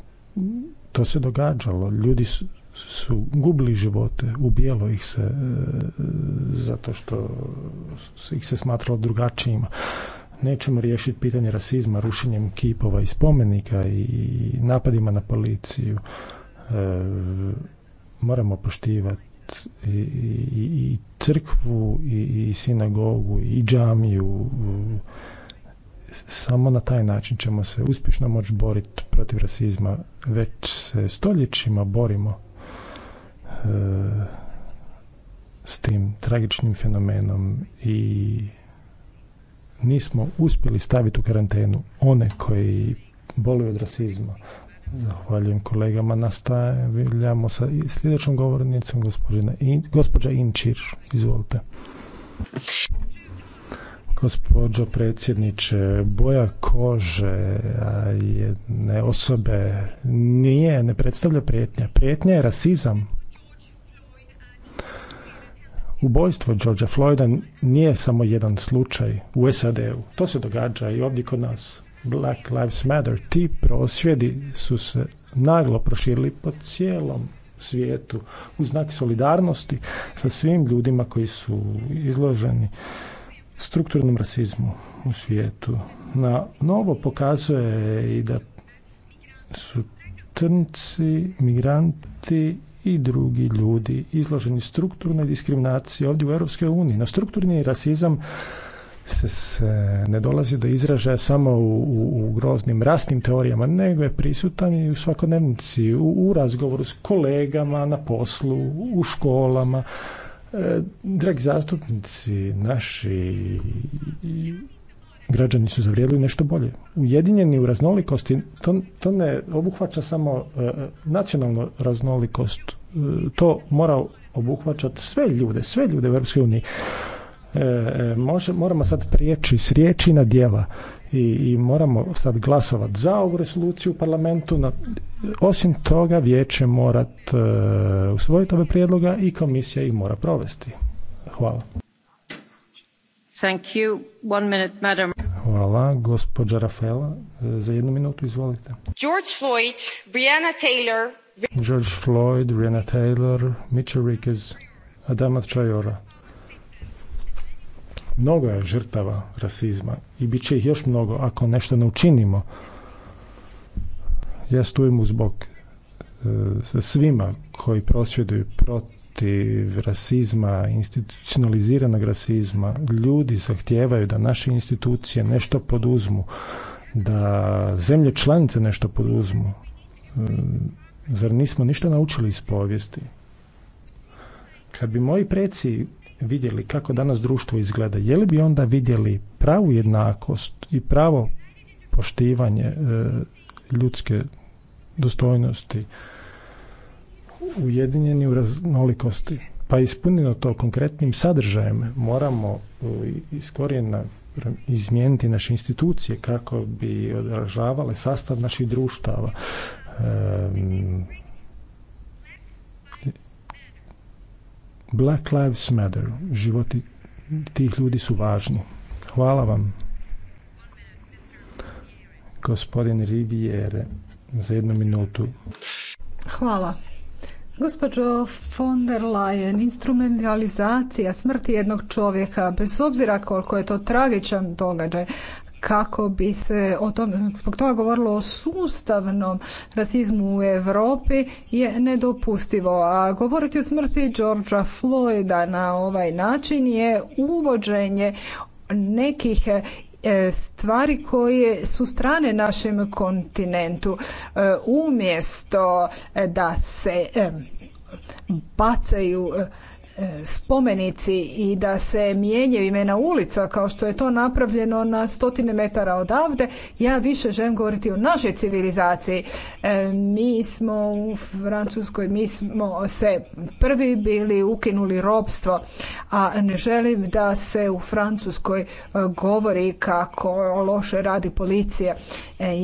to se događalo. Ljudi su, su gubili živote, ubijalo ih se eh, zato što ih se smatralo drugačijima. Nećemo riješiti pitanje rasizma rušenjem kipova i spomenika i napadima na policiju. moramo poštivati i, crkvu i, sinagogu i džamiju samo na taj način ćemo se uspješno moći boriti protiv rasizma već se stoljećima borimo e, s tim tragičnim fenomenom i nismo uspjeli staviti u karantenu one koji boluju od rasizma Zahvaljujem kolegama. Nastavljamo sa sljedećom govornicom, gospođa Inčir. Izvolite. Gospođo predsjedniče, boja kože jedne osobe nije, ne predstavlja prijetnja. Prijetnja je rasizam. Ubojstvo Georgea Floyda nije samo jedan slučaj u SAD-u. To se događa i ovdje kod nas. Black Lives Matter, ti prosvjedi su se naglo proširili po cijelom svijetu u znak solidarnosti sa svim ljudima koji su izloženi strukturnom rasizmu u svijetu. Na novo pokazuje i da su trnci, migranti i drugi ljudi izloženi strukturnoj diskriminaciji ovdje u Europskoj uniji. Na strukturni rasizam se, se ne dolazi do izražaja samo u, u, groznim rasnim teorijama, nego je prisutan i u svakodnevnici, u, u razgovoru s kolegama na poslu, u školama. E, dragi zastupnici, naši građani su zavrijedili nešto bolje. Ujedinjeni u raznolikosti, to, to ne obuhvaća samo e, nacionalnu raznolikost, e, to mora obuhvaćati sve ljude, sve ljude u Europskoj uniji. E, e, može, moramo sad prijeći s riječi na djela i, i moramo sad glasovati za ovu rezoluciju u parlamentu. Na, osim toga, vijeće mora e, usvojiti ove prijedloga i komisija ih mora provesti. Hvala. Thank you. One minute, madam. Hvala. Gospođa Rafaela, za jednu minutu, izvolite. George Floyd, Brianna Taylor... George Floyd, Brianna Taylor, Mitchell Rickes, Adama Traora. Mnogo je žrtava rasizma i bit će ih još mnogo ako nešto ne učinimo. Ja stojim uz bok e, svima koji prosvjeduju protiv rasizma, institucionaliziranog rasizma. Ljudi zahtijevaju da naše institucije nešto poduzmu, da zemlje članice nešto poduzmu. E, zar nismo ništa naučili iz povijesti? Kad bi moji preci vidjeli kako danas društvo izgleda, je li bi onda vidjeli pravu jednakost i pravo poštivanje e, ljudske dostojnosti ujedinjeni u raznolikosti pa ispunjeno to konkretnim sadržajem moramo e, iz izmijeniti naše institucije kako bi odražavale sastav naših društava Black Lives Matter. Životi tih ljudi su važni. Hvala vam. Gospodin Riviere, za jednu minutu. Hvala. Gospođo von der Leyen, instrumentalizacija smrti jednog čovjeka, bez obzira koliko je to tragičan događaj, kako bi se o zbog toga govorilo o sustavnom rasizmu u Europi je nedopustivo. A govoriti o smrti Georgea Floyda na ovaj način je uvođenje nekih e, stvari koje su strane našem kontinentu. E, umjesto da se e, bacaju E, spomenici i da se mijenjaju imena ulica kao što je to napravljeno na stotine metara odavde, ja više želim govoriti o našoj civilizaciji. E, mi smo u Francuskoj, mi smo se prvi bili ukinuli robstvo, a ne želim da se u Francuskoj e, govori kako loše radi policija.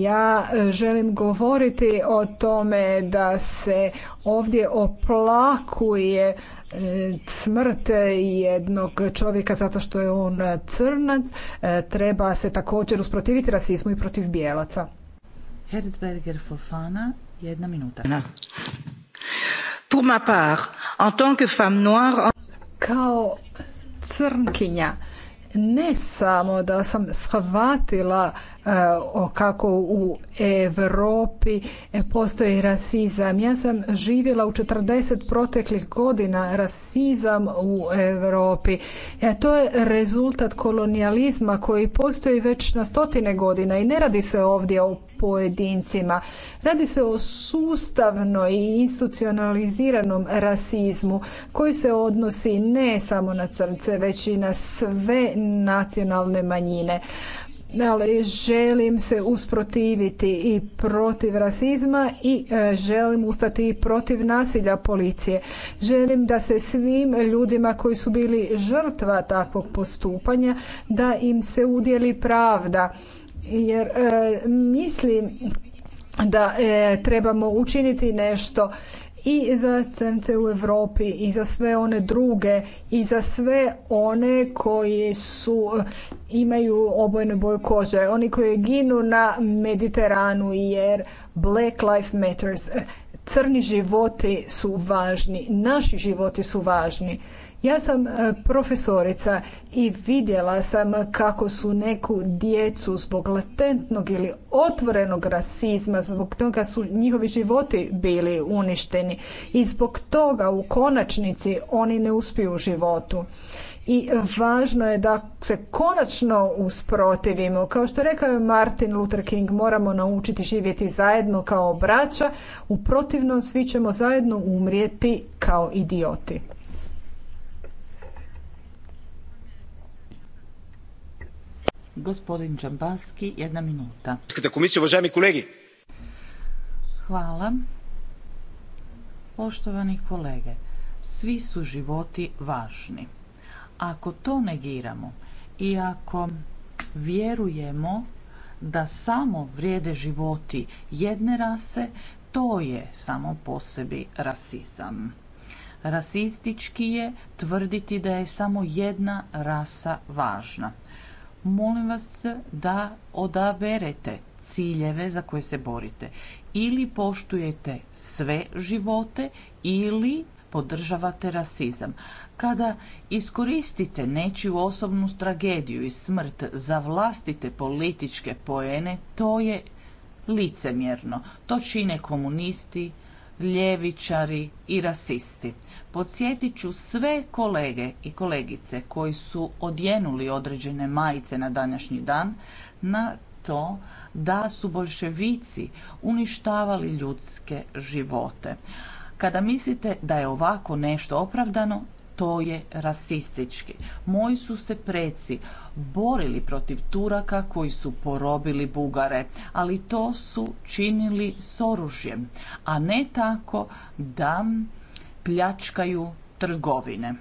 Ja želim govoriti o tome da se ovdje oplakuje E, smrt jednog čovjeka zato što je on crnac e, treba se također usprotiviti rasizmu i protiv bijelaca. Herzberger Fofana, jedna minuta. Pour ma part, en tant que femme noire... Kao crnkinja ne samo da sam shvatila eh, kako u Europi eh, postoji rasizam. Ja sam živjela u 40 proteklih godina rasizam u Europi. E, to je rezultat kolonijalizma koji postoji već na stotine godina i ne radi se ovdje o pojedincima. Radi se o sustavno i institucionaliziranom rasizmu koji se odnosi ne samo na crnce, već i na sve nacionalne manjine ali želim se usprotiviti i protiv rasizma i e, želim ustati i protiv nasilja policije. Želim da se svim ljudima koji su bili žrtva takvog postupanja da im se udjeli pravda. Jer e, mislim da e, trebamo učiniti nešto i za crnce u Europi i za sve one druge i za sve one koji su eh, imaju obojnu boju kože, oni koji ginu na Mediteranu jer Black life Matters eh, crni životi su važni, naši životi su važni. Ja sam e, profesorica i vidjela sam kako su neku djecu zbog latentnog ili otvorenog rasizma, zbog toga su njihovi životi bili uništeni i zbog toga u konačnici oni ne uspiju u životu i važno je da se konačno usprotivimo. Kao što rekao je Martin Luther King, moramo naučiti živjeti zajedno kao braća, u protivnom svi ćemo zajedno umrijeti kao idioti. Gospodin jedna minuta. Hvala. Poštovani kolege, svi su životi važni. Ako to negiramo i ako vjerujemo da samo vrijede životi jedne rase, to je samo po sebi rasizam. Rasistički je tvrditi da je samo jedna rasa važna molim vas da odaberete ciljeve za koje se borite. Ili poštujete sve živote ili podržavate rasizam. Kada iskoristite nečiju osobnu tragediju i smrt za vlastite političke poene, to je licemjerno. To čine komunisti, ljevičari i rasisti. Podsjetit ću sve kolege i kolegice koji su odjenuli određene majice na današnji dan na to da su bolševici uništavali ljudske živote. Kada mislite da je ovako nešto opravdano, to je rasistički. Moji su se preci borili protiv Turaka koji su porobili Bugare, ali to su činili s oružjem, a ne tako da pljačkaju trgovine.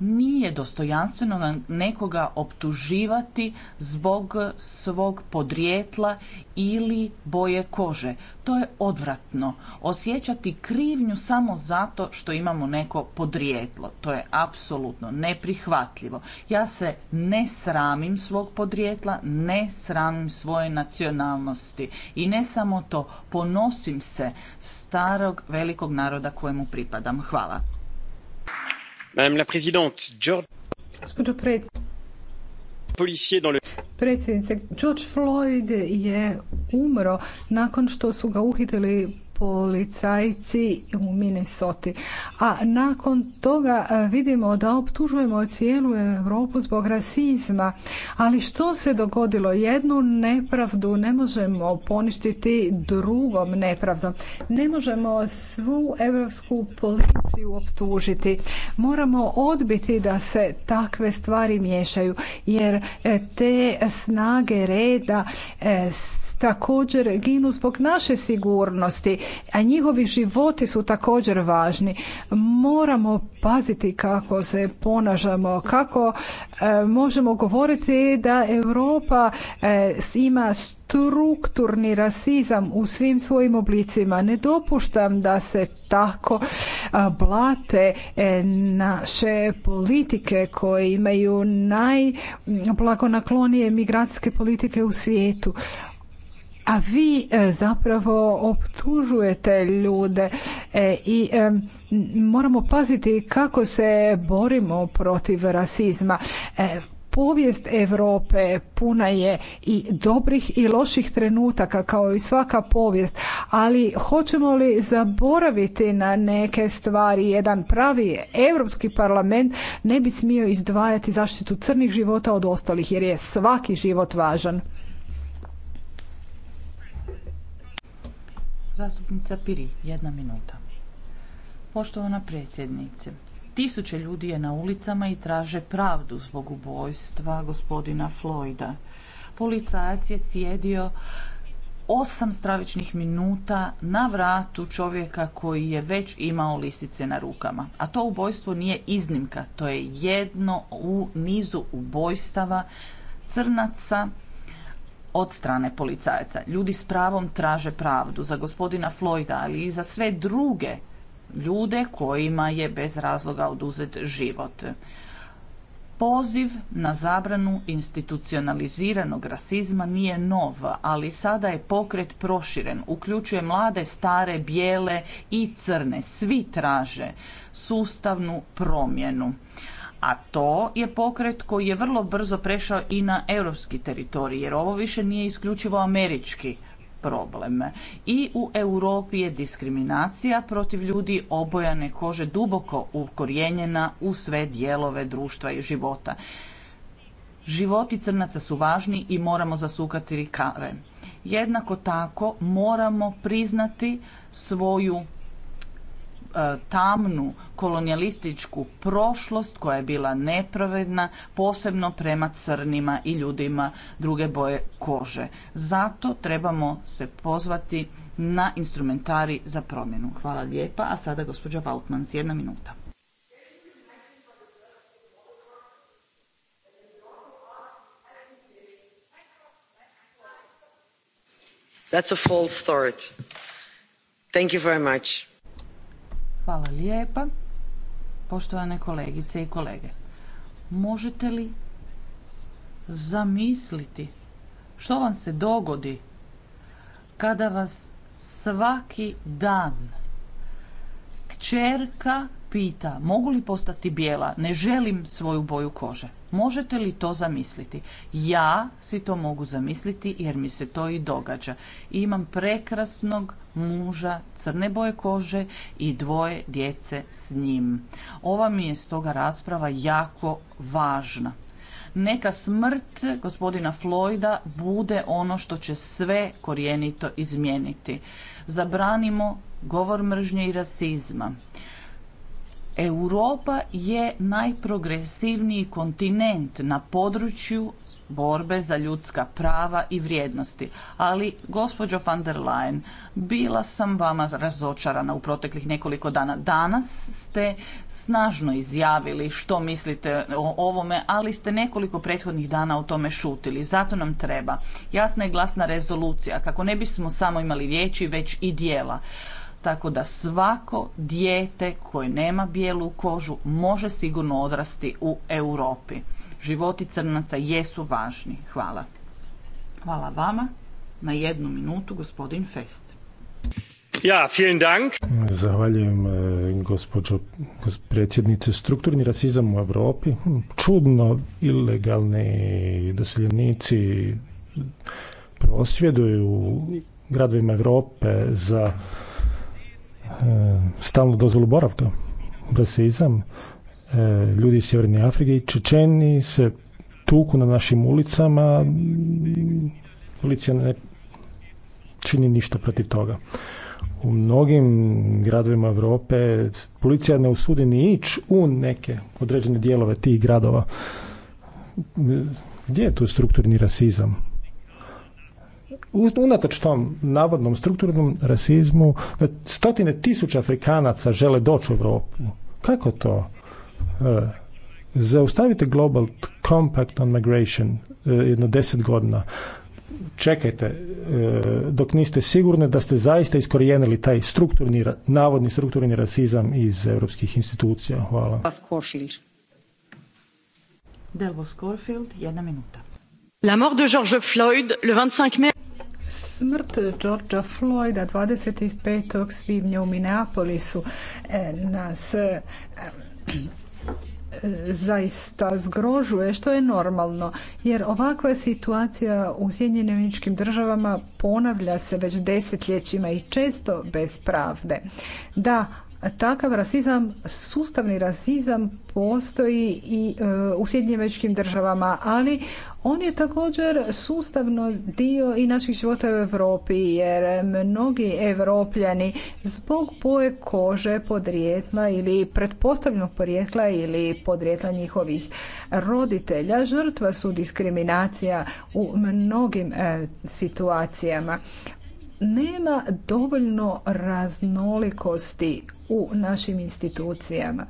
Nije dostojanstveno nekoga optuživati zbog svog podrijetla ili boje kože. To je odvratno. Osjećati krivnju samo zato što imamo neko podrijetlo. To je apsolutno neprihvatljivo. Ja se ne sramim svog podrijetla, ne sramim svoje nacionalnosti. I ne samo to, ponosim se starog velikog naroda kojemu pripadam. Hvala. Madame la présidente, George... Gospodo pred... Predsjednice, George Floyd je umro nakon što su ga uhitili policajci u Minnesota. A nakon toga e, vidimo da optužujemo cijelu Europu zbog rasizma. Ali što se dogodilo? Jednu nepravdu ne možemo poništiti drugom nepravdom. Ne možemo svu europsku policiju optužiti. Moramo odbiti da se takve stvari miješaju jer e, te snage reda e, također ginu zbog naše sigurnosti, a njihovi životi su također važni. Moramo paziti kako se ponašamo, kako e, možemo govoriti da Europa e, ima strukturni rasizam u svim svojim oblicima. Ne dopuštam da se tako e, blate naše politike koje imaju najblagonaklonije migracijske politike u svijetu a vi e, zapravo optužujete ljude e, i e, moramo paziti kako se borimo protiv rasizma. Povijest Europe puna je i dobrih i loših trenutaka kao i svaka povijest, ali hoćemo li zaboraviti na neke stvari? Jedan pravi Europski parlament ne bi smio izdvajati zaštitu crnih života od ostalih jer je svaki život važan. Zastupnica Piri, jedna minuta. Poštovana predsjednice, tisuće ljudi je na ulicama i traže pravdu zbog ubojstva gospodina Floyda. Policajac je sjedio osam stravičnih minuta na vratu čovjeka koji je već imao listice na rukama. A to ubojstvo nije iznimka, to je jedno u nizu ubojstava crnaca od strane policajaca. Ljudi s pravom traže pravdu za gospodina Floyda, ali i za sve druge ljude kojima je bez razloga oduzet život. Poziv na zabranu institucionaliziranog rasizma nije nov, ali sada je pokret proširen. Uključuje mlade, stare, bijele i crne. Svi traže sustavnu promjenu a to je pokret koji je vrlo brzo prešao i na europski teritorij jer ovo više nije isključivo američki problem. I u Europi je diskriminacija protiv ljudi obojane kože duboko ukorijenjena u sve dijelove društva i života. Životi crnaca su važni i moramo zasukati rikave. Jednako tako moramo priznati svoju E, tamnu kolonijalističku prošlost koja je bila nepravedna, posebno prema crnima i ljudima druge boje kože. Zato trebamo se pozvati na instrumentari za promjenu. Hvala lijepa, a sada gospođa s jedna minuta. That's a false start. Thank you very much. Hvala lijepa. Poštovane kolegice i kolege, možete li zamisliti što vam se dogodi kada vas svaki dan kćerka pita mogu li postati bijela, ne želim svoju boju kože. Možete li to zamisliti? Ja si to mogu zamisliti jer mi se to i događa. Imam prekrasnog muža crne boje kože i dvoje djece s njim. Ova mi je stoga rasprava jako važna. Neka smrt gospodina Floyda bude ono što će sve korijenito izmijeniti. Zabranimo govor mržnje i rasizma. Europa je najprogresivniji kontinent na području borbe za ljudska prava i vrijednosti. Ali, gospođo van der Leyen, bila sam vama razočarana u proteklih nekoliko dana. Danas ste snažno izjavili što mislite o ovome, ali ste nekoliko prethodnih dana o tome šutili. Zato nam treba jasna i glasna rezolucija, kako ne bismo samo imali riječi, već i dijela tako da svako dijete koje nema bijelu kožu može sigurno odrasti u Europi. Životi crnaca jesu važni. Hvala. Hvala vama. Na jednu minutu gospodin Fest. Ja, vielen Dank. Zahvaljujem e, gospođo predsjednice. Strukturni rasizam u Europi, hm, čudno ilegalni doseljenici prosvjeduju gradovima Europe za E, stalnu dozvolu boravka, rasizam, e, ljudi iz Sjeverne Afrike i Čečeni se tuku na našim ulicama, policija ne čini ništa protiv toga. U mnogim gradovima Europe policija ne usudi ni ići u neke određene dijelove tih gradova. Gdje je tu strukturni rasizam? unatoč tom navodnom strukturnom rasizmu stotine tisuća Afrikanaca žele doći u Europu. Kako to? E, zaustavite Global Compact on Migration e, jedno deset godina. Čekajte e, dok niste sigurni da ste zaista iskorijenili taj strukturni, navodni strukturni rasizam iz europskih institucija. Hvala. Delvo Skorfield, jedna minuta. La mort de George Floyd le 25 Smrt Georgia Floyda 25. svibnja u Minneapolisu e, nas e, zaista zgrožuje što je normalno jer ovakva situacija u Sjedinjenim državama ponavlja se već desetljećima i često bez pravde. Da, Takav rasizam, sustavni rasizam postoji i e, u Sjedinjeničkim državama, ali on je također sustavno dio i naših života u Europi jer mnogi Evropljani zbog boje kože, podrijetla ili pretpostavljenog porijekla ili podrijetla njihovih roditelja žrtva su diskriminacija u mnogim e, situacijama. Nema dovoljno raznolikosti u našim institucijama.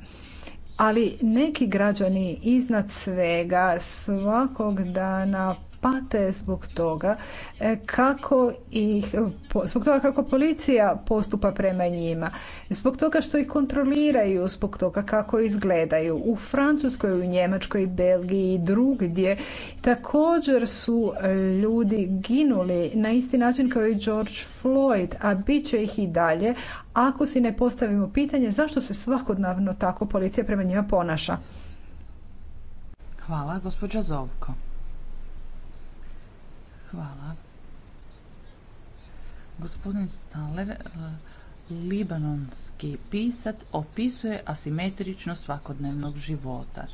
Ali neki građani iznad svega svakog dana pate zbog toga e, kako ih, zbog toga kako policija postupa prema njima, zbog toga što ih kontroliraju, zbog toga kako izgledaju. U Francuskoj, u Njemačkoj, Belgiji i drugdje također su e, ljudi ginuli na isti način kao i George Floyd, a bit će ih i dalje ako si ne postavimo pitanje zašto se svakodnevno tako policija prema njima ponaša. Hvala, gospođa Zovko. Hvala. Gospodin Staler, eh, libanonski pisac, opisuje asimetrično svakodnevnog života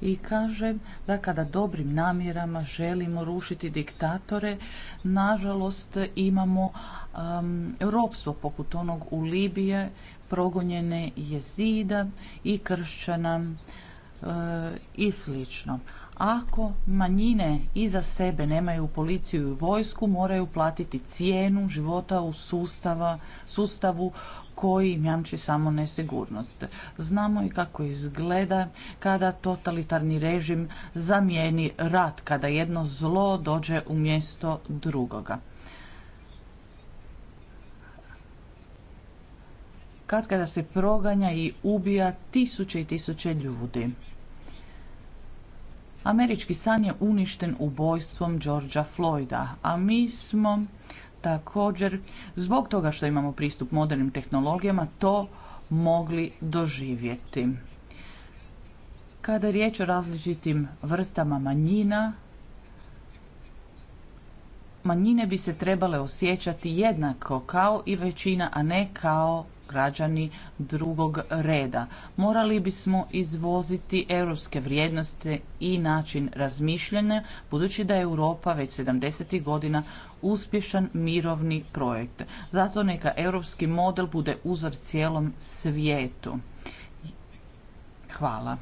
i kaže da kada dobrim namjerama želimo rušiti diktatore, nažalost imamo um, ropstvo poput onog u Libije, progonjene jezida i kršćana eh, i slično. Ako manjine iza sebe nemaju policiju i vojsku, moraju platiti cijenu života u sustava, sustavu koji im jamči samo nesigurnost. Znamo i kako izgleda kada totalitarni režim zamijeni rat, kada jedno zlo dođe u mjesto drugoga. Kad kada se proganja i ubija tisuće i tisuće ljudi. Američki san je uništen ubojstvom Georgia Floyda, a mi smo također zbog toga što imamo pristup modernim tehnologijama to mogli doživjeti. Kada je riječ o različitim vrstama manjina, manjine bi se trebale osjećati jednako kao i većina, a ne kao građani drugog reda. Morali bismo izvoziti europske vrijednosti i način razmišljanja, budući da je Europa već 70. godina uspješan mirovni projekt. Zato neka europski model bude uzor cijelom svijetu. Hvala.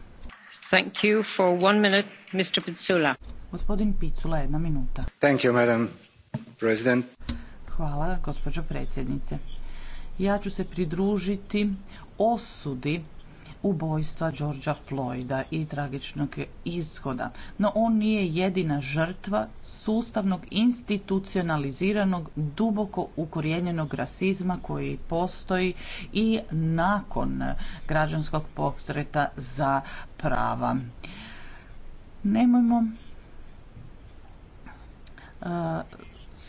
Thank you for one minute, Mr. Gospodin Picula, jedna minuta. Thank you, madam president. Hvala, gospođo predsjednice ja ću se pridružiti osudi ubojstva Georgia Floyda i tragičnog ishoda. No on nije jedina žrtva sustavnog institucionaliziranog duboko ukorijenjenog rasizma koji postoji i nakon građanskog pokreta za prava. Nemojmo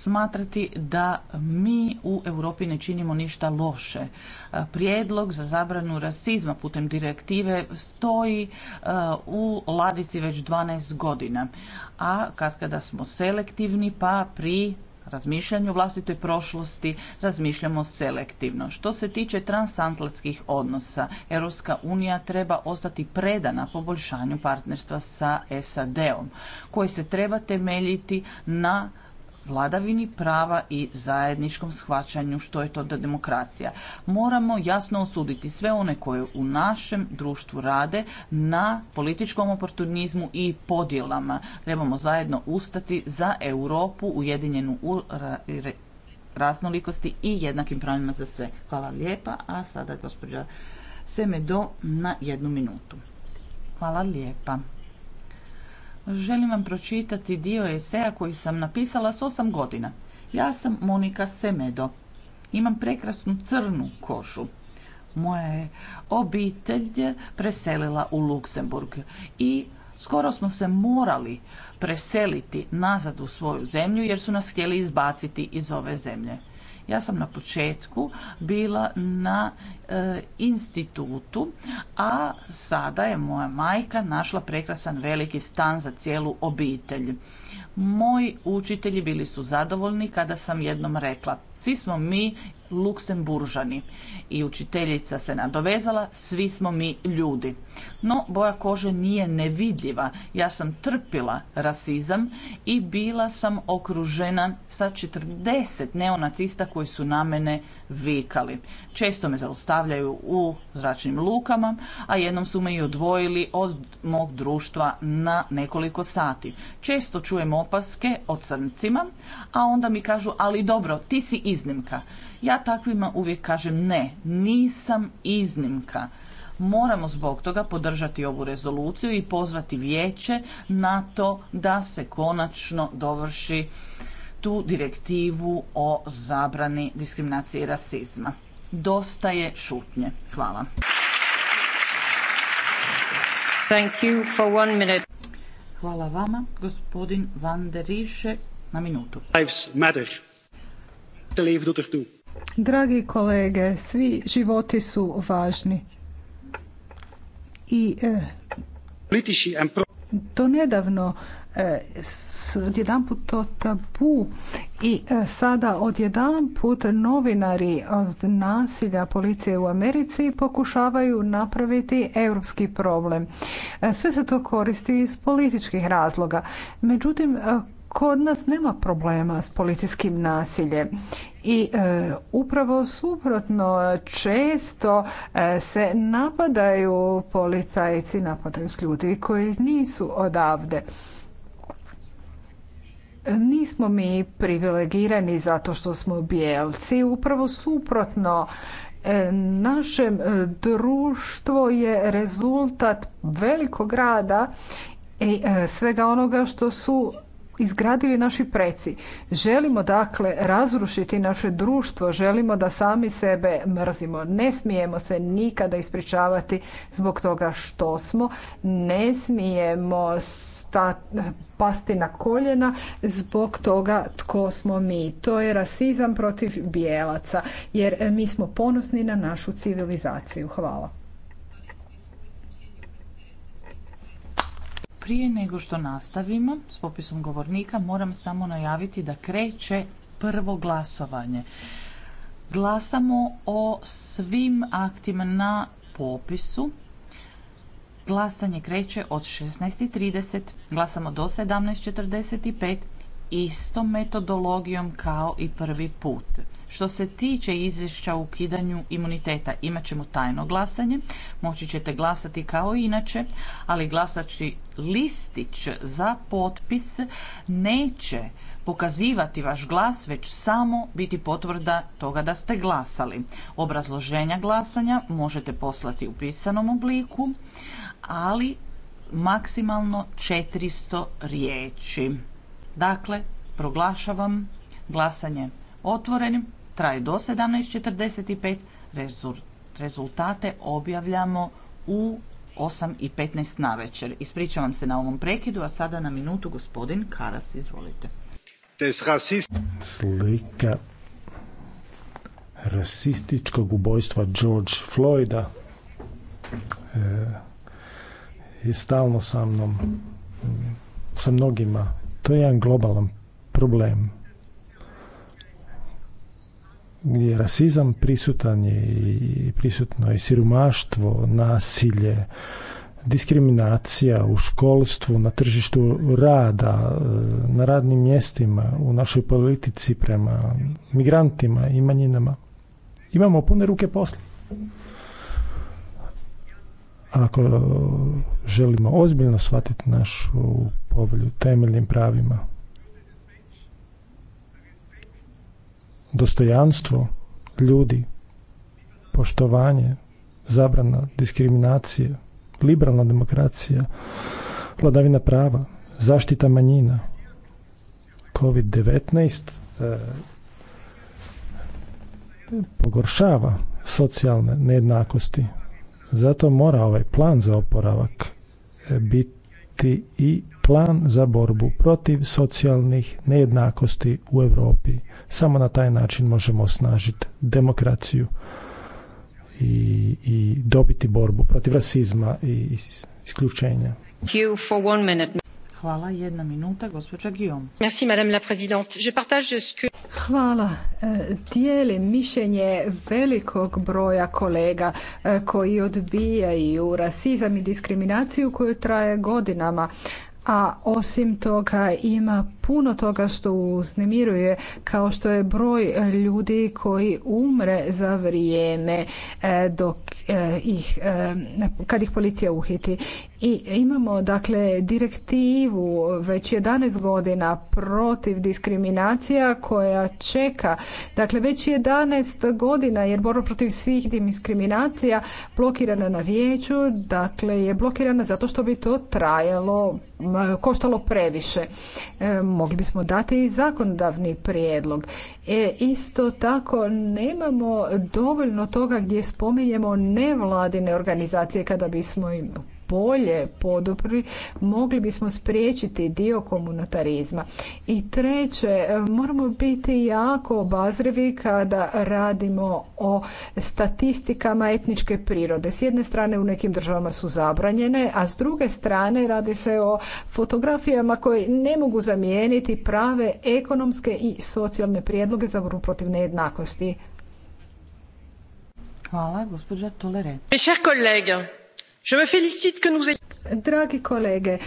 smatrati da mi u Europi ne činimo ništa loše. E, prijedlog za zabranu rasizma putem direktive stoji e, u ladici već 12 godina. A kad kada smo selektivni pa pri razmišljanju vlastitoj prošlosti razmišljamo selektivno. Što se tiče transatlantskih odnosa, Europska unija treba ostati predana poboljšanju partnerstva sa SAD-om, koji se treba temeljiti na vladavini prava i zajedničkom shvaćanju što je to da demokracija. Moramo jasno osuditi sve one koje u našem društvu rade na političkom oportunizmu i podjelama. Trebamo zajedno ustati za Europu ujedinjenu u raznolikosti i jednakim pravima za sve. Hvala lijepa, a sada gospođa Semedo na jednu minutu. Hvala lijepa. Želim vam pročitati dio eseja koji sam napisala s osam godina. Ja sam Monika Semedo. Imam prekrasnu crnu kožu. Moja je obitelj preselila u Luksemburg i skoro smo se morali preseliti nazad u svoju zemlju jer su nas htjeli izbaciti iz ove zemlje. Ja sam na početku bila na e, institutu, a sada je moja majka našla prekrasan veliki stan za cijelu obitelj. Moji učitelji bili su zadovoljni kada sam jednom rekla, svi smo mi Luksemburžani. I učiteljica se nadovezala, svi smo mi ljudi. No, boja kože nije nevidljiva. Ja sam trpila rasizam i bila sam okružena sa 40 neonacista koji su na mene vikali. Često me zaustavljaju u zračnim lukama, a jednom su me i odvojili od mog društva na nekoliko sati. Često čujem opaske o crncima, a onda mi kažu ali dobro, ti si iznimka. Ja takvima uvijek kažem ne, nisam iznimka moramo zbog toga podržati ovu rezoluciju i pozvati vijeće na to da se konačno dovrši tu direktivu o zabrani diskriminacije i rasizma. Dosta je šutnje. Hvala. Thank you for one minute. Hvala vama, gospodin Van der Riše, na minutu. Dragi kolege, svi životi su važni. I eh, do nedavno put to tabu i e, sada put novinari od nasilja policije u Americi pokušavaju napraviti europski problem. E, sve se to koristi iz političkih razloga. Međutim, e, kod nas nema problema s policijskim nasiljem i upravo suprotno često se napadaju policajci napadaju ljudi koji nisu odavde Nismo mi privilegirani zato što smo bijelci, upravo suprotno. E, naše e, društvo je rezultat velikog rada i e, svega onoga što su izgradili naši preci. Želimo dakle razrušiti naše društvo, želimo da sami sebe mrzimo. Ne smijemo se nikada ispričavati zbog toga što smo, ne smijemo pasti na koljena zbog toga tko smo mi. To je rasizam protiv bijelaca jer mi smo ponosni na našu civilizaciju. Hvala. Prije nego što nastavimo s popisom govornika moram samo najaviti da kreće prvo glasovanje. Glasamo o svim aktima na popisu. Glasanje kreće od 16.30, glasamo do 17.45 istom metodologijom kao i prvi put. Što se tiče izvješća o ukidanju imuniteta, imat ćemo tajno glasanje, moći ćete glasati kao inače, ali glasači listić za potpis neće pokazivati vaš glas, već samo biti potvrda toga da ste glasali. Obrazloženja glasanja možete poslati u pisanom obliku, ali maksimalno 400 riječi. Dakle, proglašavam glasanje otvorenim traje do 17.45, rezultate objavljamo u 8.15 i na večer. Ispričavam se na ovom prekidu, a sada na minutu gospodin Karas, izvolite. Slika rasističkog ubojstva George Floyda eh, je stalno sa mnom, sa mnogima. To je jedan globalan problem gdje je rasizam prisutan je i prisutno je siromaštvo, nasilje, diskriminacija u školstvu, na tržištu rada, eh, na radnim mjestima, u našoj politici prema migrantima i manjinama. Imamo pune ruke posla. Ako želimo ozbiljno shvatiti našu povelju temeljnim pravima, dostojanstvo ljudi, poštovanje, zabrana diskriminacije, liberalna demokracija, vladavina prava, zaštita manjina, COVID-19 eh, pogoršava socijalne nejednakosti. Zato mora ovaj plan za oporavak eh, biti i plan za borbu protiv socijalnih nejednakosti u Europi. Samo na taj način možemo osnažiti demokraciju i, i dobiti borbu protiv rasizma i isključenja. Hvala, jedna minuta, gospođa Guillaume. Hvala. Dijelim e, mišljenje velikog broja kolega e, koji odbijaju rasizam i diskriminaciju koju traje godinama. A osim toga ima puno toga što uznemiruje kao što je broj ljudi koji umre za vrijeme e, dok e, ih, e, kad ih policija uhiti. I imamo dakle direktivu već 11 godina protiv diskriminacija koja čeka dakle već 11 godina jer borba protiv svih diskriminacija blokirana na vijeću dakle je blokirana zato što bi to trajalo koštalo previše mogli bismo dati i zakonodavni prijedlog. E, isto tako nemamo dovoljno toga gdje spominjemo nevladine organizacije kada bismo im bolje podopri, mogli bismo spriječiti dio komunitarizma. I treće, e, moramo biti jako obazrivi kada radimo o statistikama etničke prirode. S jedne strane u nekim državama su zabranjene, a s druge strane radi se o fotografijama koje ne mogu zamijeniti prave ekonomske i socijalne prijedloge za borbu protiv nejednakosti. Hvala, gospođa je Dragi kolege,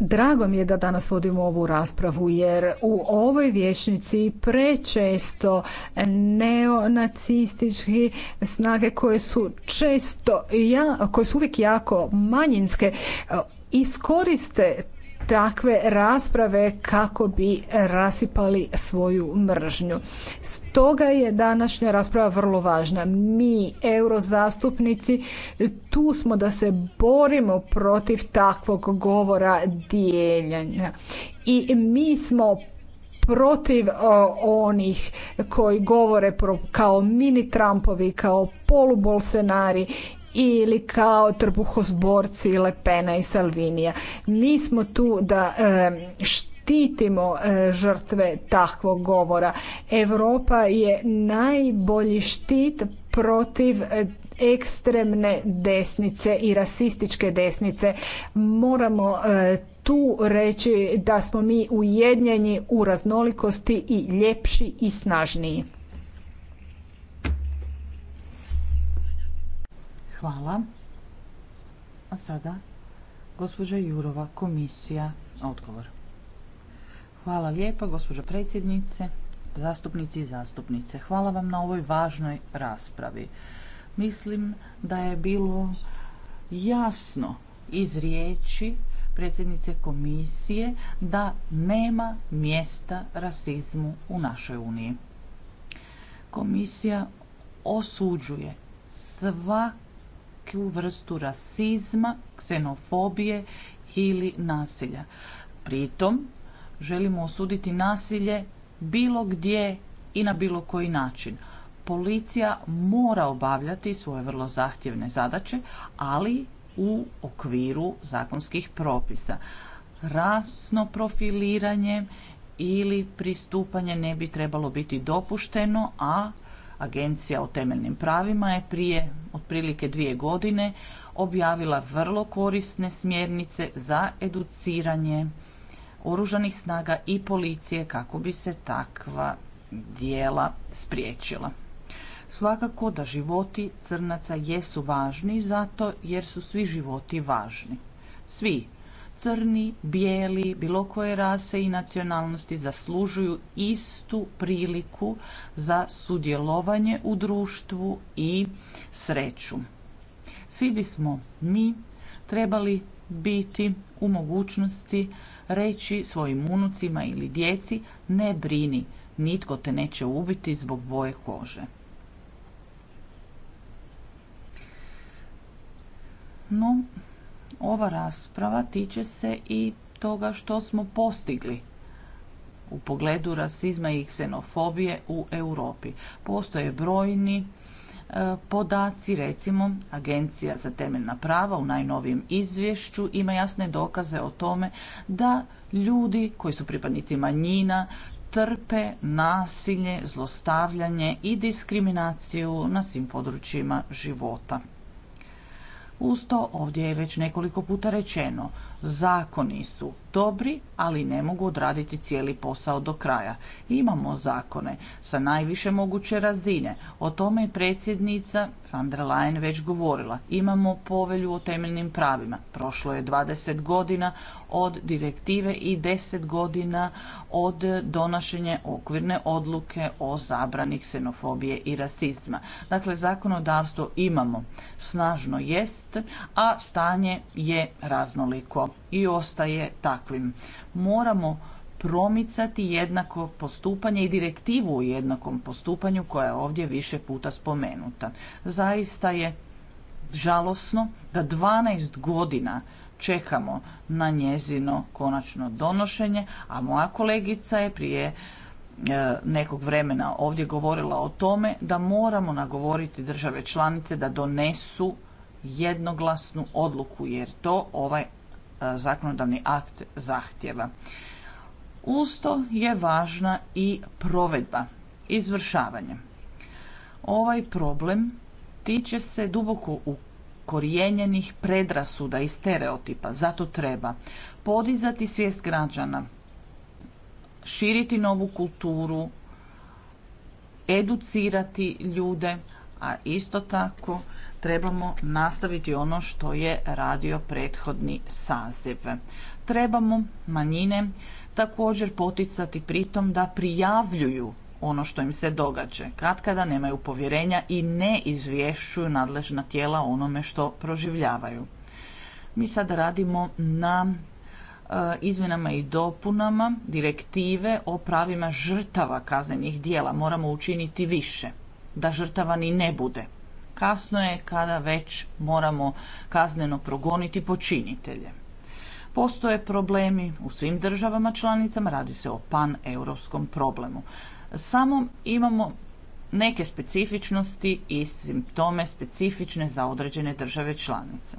Drago mi je da danas vodimo ovu raspravu jer u ovoj vječnici prečesto neonacističke snage koje su često, koje su uvijek jako manjinske, e, iskoriste takve rasprave kako bi rasipali svoju mržnju. Stoga je današnja rasprava vrlo važna. Mi, eurozastupnici, tu smo da se borimo protiv takvog govora dijeljenja. I mi smo protiv onih koji govore kao mini Trumpovi, kao polubolsenari ili kao trbuhozborci Lepena i Salvinija. Mi smo tu da štitimo e, žrtve takvog govora. Europa je najbolji štit protiv e, ekstremne desnice i rasističke desnice. Moramo e, tu reći da smo mi ujednjeni u raznolikosti i ljepši i snažniji. Hvala. A sada, gospođa Jurova, komisija, odgovor. Hvala lijepa, gospođa predsjednice, zastupnici i zastupnice. Hvala vam na ovoj važnoj raspravi. Mislim da je bilo jasno iz riječi predsjednice komisije da nema mjesta rasizmu u našoj uniji. Komisija osuđuje svak neku vrstu rasizma, ksenofobije ili nasilja. Pritom želimo osuditi nasilje bilo gdje i na bilo koji način. Policija mora obavljati svoje vrlo zahtjevne zadaće, ali u okviru zakonskih propisa. Rasno profiliranje ili pristupanje ne bi trebalo biti dopušteno, a Agencija o temeljnim pravima je prije otprilike dvije godine objavila vrlo korisne smjernice za educiranje oružanih snaga i policije kako bi se takva dijela spriječila. Svakako da životi crnaca jesu važni zato jer su svi životi važni. Svi crni, bijeli, bilo koje rase i nacionalnosti zaslužuju istu priliku za sudjelovanje u društvu i sreću. Svi bismo mi trebali biti u mogućnosti reći svojim unucima ili djeci ne brini, nitko te neće ubiti zbog boje kože. No, ova rasprava tiče se i toga što smo postigli u pogledu rasizma i ksenofobije u Europi. Postoje brojni e, podaci, recimo Agencija za temeljna prava u najnovijem izvješću ima jasne dokaze o tome da ljudi koji su pripadnici manjina trpe nasilje, zlostavljanje i diskriminaciju na svim područjima života. Usto ovdje je već nekoliko puta rečeno, zakoni su dobri, ali ne mogu odraditi cijeli posao do kraja. Imamo zakone sa najviše moguće razine. O tome je predsjednica van der Leyen već govorila. Imamo povelju o temeljnim pravima. Prošlo je 20 godina od direktive i 10 godina od donošenja okvirne odluke o zabrani xenofobije i rasizma. Dakle, zakonodavstvo imamo snažno jest, a stanje je raznoliko i ostaje tako. Dakle, moramo promicati jednako postupanje i direktivu o jednakom postupanju koja je ovdje više puta spomenuta. Zaista je žalosno da 12 godina čekamo na njezino konačno donošenje, a moja kolegica je prije e, nekog vremena ovdje govorila o tome da moramo nagovoriti države članice da donesu jednoglasnu odluku jer to ovaj E, zakonodavni akt zahtjeva. Uz to je važna i provedba, izvršavanje. Ovaj problem tiče se duboko ukorijenjenih predrasuda i stereotipa, zato treba podizati svijest građana, širiti novu kulturu, educirati ljude, a isto tako trebamo nastaviti ono što je radio prethodni saziv. Trebamo manjine također poticati pritom da prijavljuju ono što im se događa. Kad kada nemaju povjerenja i ne izvješćuju nadležna tijela onome što proživljavaju. Mi sada radimo na e, izmjenama i dopunama direktive o pravima žrtava kaznenih dijela. Moramo učiniti više da žrtava ni ne bude kasno je kada već moramo kazneno progoniti počinitelje. Postoje problemi u svim državama članicama, radi se o pan-europskom problemu. Samo imamo neke specifičnosti i simptome specifične za određene države članice.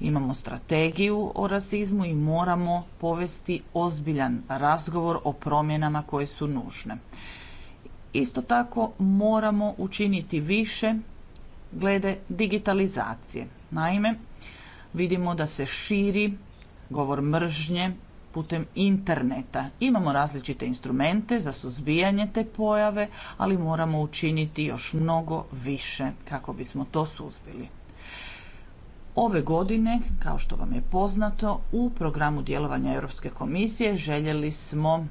Imamo strategiju o rasizmu i moramo povesti ozbiljan razgovor o promjenama koje su nužne. Isto tako moramo učiniti više glede digitalizacije. Naime, vidimo da se širi govor mržnje putem interneta. Imamo različite instrumente za suzbijanje te pojave, ali moramo učiniti još mnogo više kako bismo to suzbili. Ove godine, kao što vam je poznato, u programu djelovanja Europske komisije željeli smo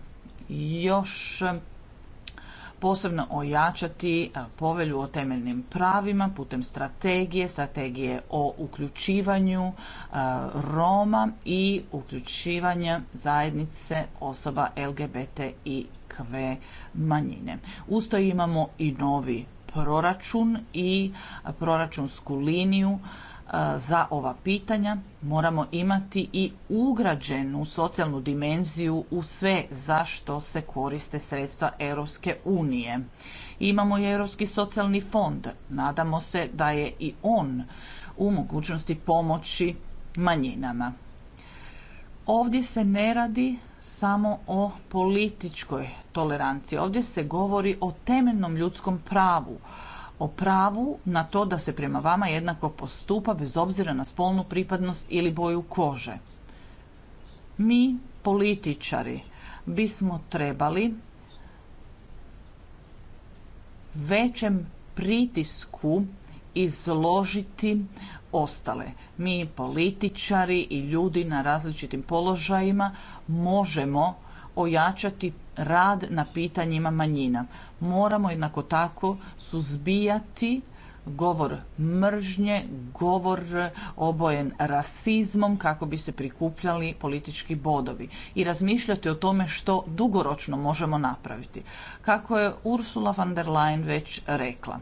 još posebno ojačati e, povelju o temeljnim pravima putem strategije, strategije o uključivanju e, Roma i uključivanja zajednice osoba LGBT i KV manjine. Usto imamo i novi proračun i proračunsku liniju za ova pitanja moramo imati i ugrađenu socijalnu dimenziju u sve za što se koriste sredstva Europske unije. Imamo i Europski socijalni fond. Nadamo se da je i on u mogućnosti pomoći manjinama. Ovdje se ne radi samo o političkoj toleranciji. Ovdje se govori o temeljnom ljudskom pravu, o pravu na to da se prema vama jednako postupa bez obzira na spolnu pripadnost ili boju kože. Mi, političari, bismo trebali većem pritisku izložiti ostale. Mi političari i ljudi na različitim položajima možemo ojačati rad na pitanjima manjina moramo jednako tako suzbijati govor mržnje, govor e, obojen rasizmom kako bi se prikupljali politički bodovi i razmišljati o tome što dugoročno možemo napraviti. Kako je Ursula von der Leyen već rekla,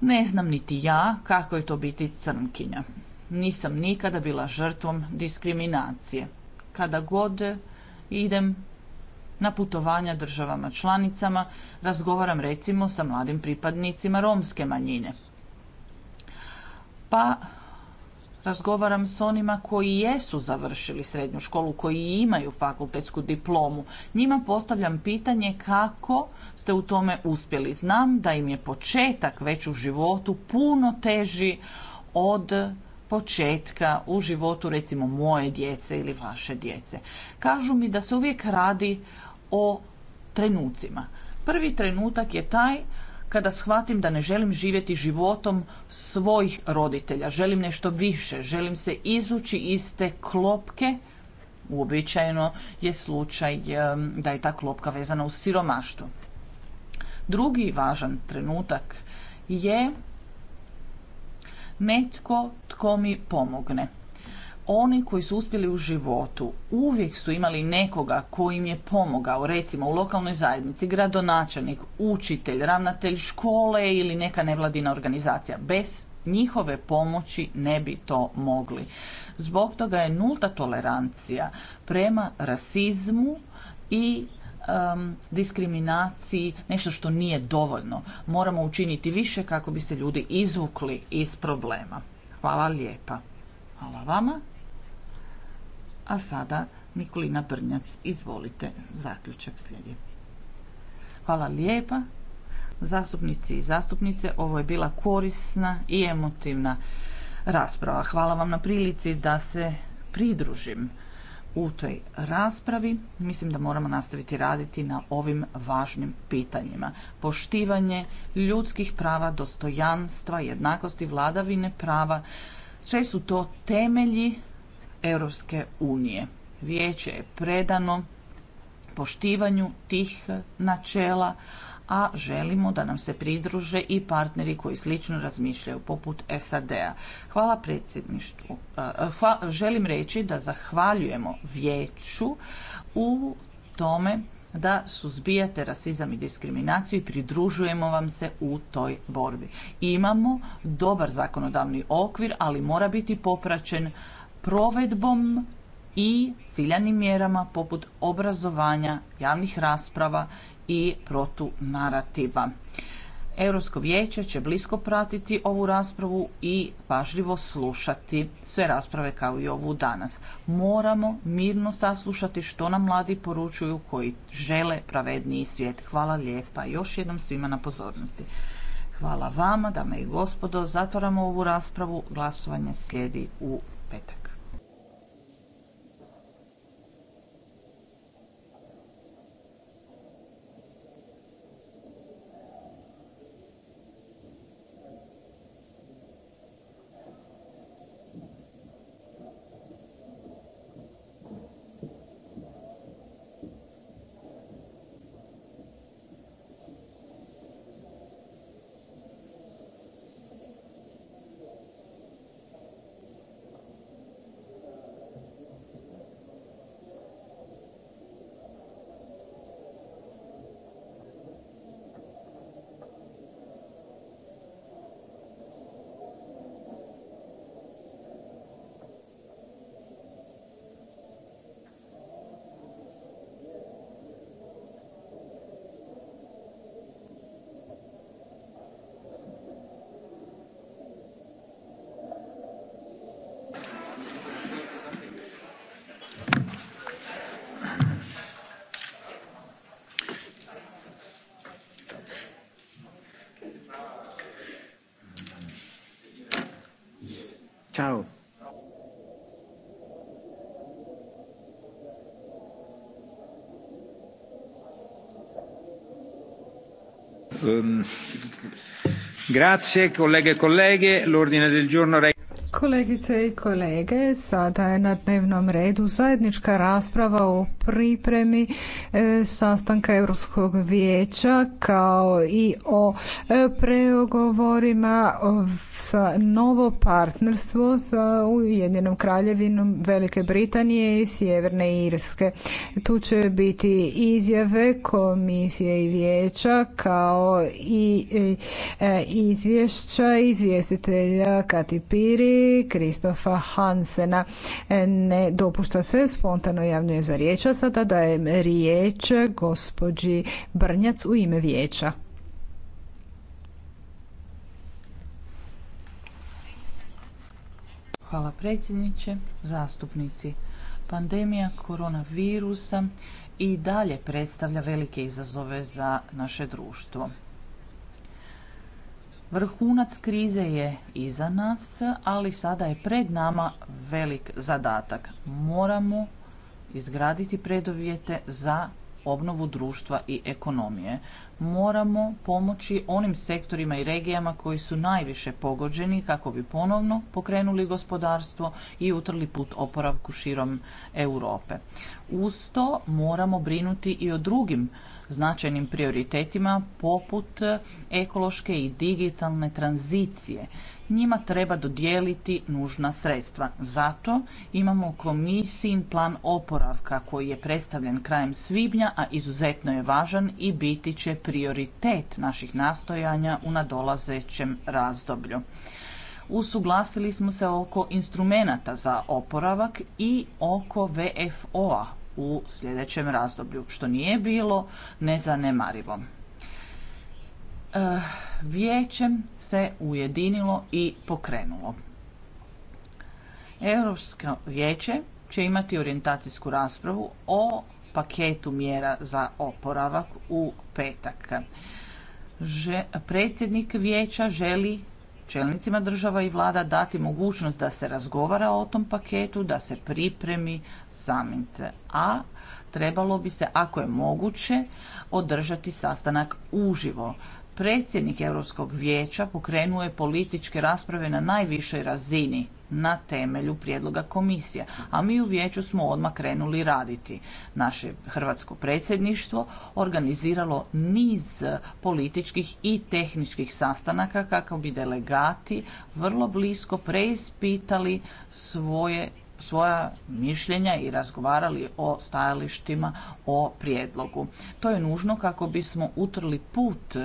ne znam niti ja kako je to biti crnkinja. Nisam nikada bila žrtvom diskriminacije. Kada god idem na putovanja državama članicama, razgovaram recimo sa mladim pripadnicima romske manjine. Pa razgovaram s onima koji jesu završili srednju školu, koji imaju fakultetsku diplomu. Njima postavljam pitanje kako ste u tome uspjeli. Znam da im je početak već u životu puno teži od početka u životu recimo moje djece ili vaše djece. Kažu mi da se uvijek radi o trenucima. Prvi trenutak je taj kada shvatim da ne želim živjeti životom svojih roditelja, želim nešto više, želim se izući iz te klopke, uobičajeno je slučaj da je ta klopka vezana u siromaštu. Drugi važan trenutak je netko tko mi pomogne oni koji su uspjeli u životu uvijek su imali nekoga koji im je pomogao, recimo u lokalnoj zajednici, gradonačelnik, učitelj, ravnatelj škole ili neka nevladina organizacija. Bez njihove pomoći ne bi to mogli. Zbog toga je nulta tolerancija prema rasizmu i diskriminaciji nešto što nije dovoljno. Moramo učiniti više kako bi se ljudi izvukli iz problema. Hvala lijepa. Hvala vama. A sada Nikolina Brnjac, izvolite, zaključak slijedi. Hvala lijepa. Zastupnici i zastupnice, ovo je bila korisna i emotivna rasprava. Hvala vam na prilici da se pridružim u toj raspravi. Mislim da moramo nastaviti raditi na ovim važnim pitanjima. Poštivanje ljudskih prava, dostojanstva, jednakosti, vladavine prava, sve su to temelji Europske unije. Vijeće je predano poštivanju tih načela, a želimo da nam se pridruže i partneri koji slično razmišljaju, poput SAD-a. Hvala predsjedništvu. E, želim reći da zahvaljujemo vijeću u tome da suzbijate rasizam i diskriminaciju i pridružujemo vam se u toj borbi. Imamo dobar zakonodavni okvir, ali mora biti popraćen provedbom i ciljanim mjerama poput obrazovanja, javnih rasprava i protunarativa. Europsko vijeće će blisko pratiti ovu raspravu i pažljivo slušati sve rasprave kao i ovu danas. Moramo mirno saslušati što nam mladi poručuju koji žele pravedniji svijet. Hvala lijepa još jednom svima na pozornosti. Hvala vama, dame i gospodo. Zatvaramo ovu raspravu. Glasovanje slijedi u petak. Ciao. Ehm, grazie colleghe e colleghi l'ordine del giorno reca Kolegice i kolege, sada je na dnevnom redu zajednička rasprava o pripremi e, sastanka Europskog vijeća kao i o e, pregovorima sa novo partnerstvo sa Ujedinjenom kraljevinom Velike Britanije i Sjeverne Irske. Tu će biti izjave komisije i vijeća kao i e, e, izvješća izvjestitelja Kati Piri Kristofa Hansena. E, ne dopušta se, spontano javljuje za riječ, a sada dajem riječ gospođi Brnjac u ime vijeća. Hvala predsjedniče, zastupnici. Pandemija koronavirusa i dalje predstavlja velike izazove za naše društvo. Vrhunac krize je iza nas, ali sada je pred nama velik zadatak. Moramo izgraditi predovijete za obnovu društva i ekonomije. Moramo pomoći onim sektorima i regijama koji su najviše pogođeni kako bi ponovno pokrenuli gospodarstvo i utrli put oporavku širom Europe. Uz to moramo brinuti i o drugim značajnim prioritetima poput ekološke i digitalne tranzicije. Njima treba dodijeliti nužna sredstva. Zato imamo komisijin plan oporavka koji je predstavljen krajem svibnja, a izuzetno je važan i biti će prioritet naših nastojanja u nadolazećem razdoblju usuglasili smo se oko instrumenata za oporavak i oko VFO-a u sljedećem razdoblju, što nije bilo nezanemarivo. E, Vijećem se ujedinilo i pokrenulo. Europsko vijeće će imati orijentacijsku raspravu o paketu mjera za oporavak u petak. predsjednik vijeća želi čelnicima država i vlada dati mogućnost da se razgovara o tom paketu, da se pripremi summit. A trebalo bi se, ako je moguće, održati sastanak uživo. Predsjednik Europskog vijeća pokrenuje političke rasprave na najvišoj razini na temelju prijedloga komisije, a mi u vijeću smo odmah krenuli raditi. Naše hrvatsko predsjedništvo organiziralo niz političkih i tehničkih sastanaka kako bi delegati vrlo blisko preispitali svoje svoja mišljenja i razgovarali o stajalištima o prijedlogu. To je nužno kako bismo utrli put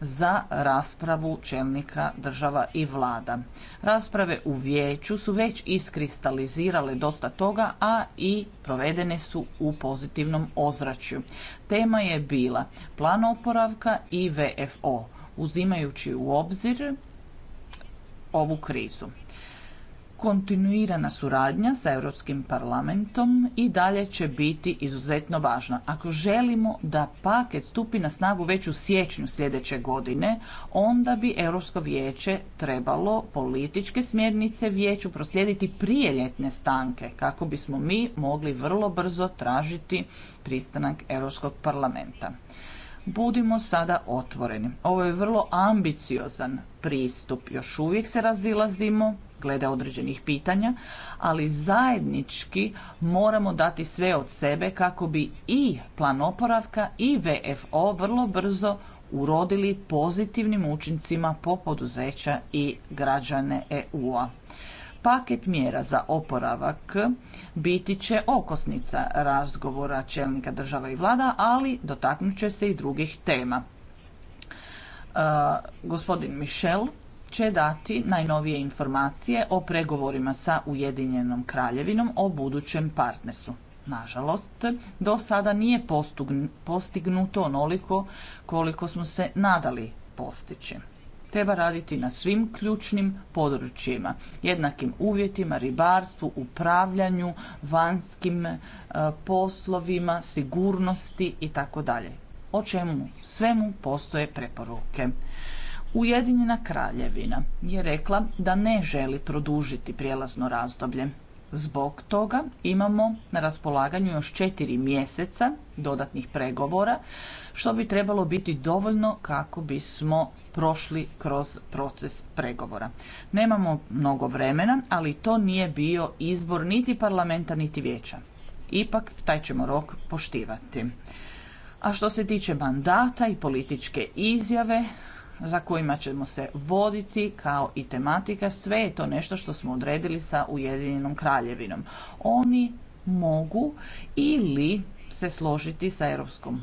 za raspravu čelnika država i vlada. Rasprave u vijeću su već iskristalizirale dosta toga, a i provedene su u pozitivnom ozračju. Tema je bila plan oporavka i VFO, uzimajući u obzir ovu krizu kontinuirana suradnja sa Europskim parlamentom i dalje će biti izuzetno važna. Ako želimo da paket stupi na snagu već u siječnju sljedeće godine, onda bi Europsko vijeće trebalo političke smjernice vijeću proslijediti prije ljetne stanke, kako bismo mi mogli vrlo brzo tražiti pristanak Europskog parlamenta. Budimo sada otvoreni. Ovo je vrlo ambiciozan pristup. Još uvijek se razilazimo glede određenih pitanja, ali zajednički moramo dati sve od sebe kako bi i plan oporavka i VFO vrlo brzo urodili pozitivnim učincima po poduzeća i građane EU-a. Paket mjera za oporavak biti će okosnica razgovora čelnika država i vlada, ali dotaknut će se i drugih tema. E, gospodin Michel će dati najnovije informacije o pregovorima sa Ujedinjenom kraljevinom o budućem partnerstvu. Nažalost, do sada nije postignuto onoliko koliko smo se nadali postići. Treba raditi na svim ključnim područjima, jednakim uvjetima, ribarstvu, upravljanju, vanjskim e, poslovima, sigurnosti i tako dalje. O čemu svemu postoje preporuke. Ujedinjena kraljevina je rekla da ne želi produžiti prijelazno razdoblje. Zbog toga imamo na raspolaganju još četiri mjeseca dodatnih pregovora, što bi trebalo biti dovoljno kako bismo prošli kroz proces pregovora. Nemamo mnogo vremena, ali to nije bio izbor niti parlamenta niti vijeća. Ipak taj ćemo rok poštivati. A što se tiče mandata i političke izjave, za kojima ćemo se voditi kao i tematika, sve je to nešto što smo odredili sa Ujedinjenom kraljevinom. Oni mogu ili se složiti sa Europskom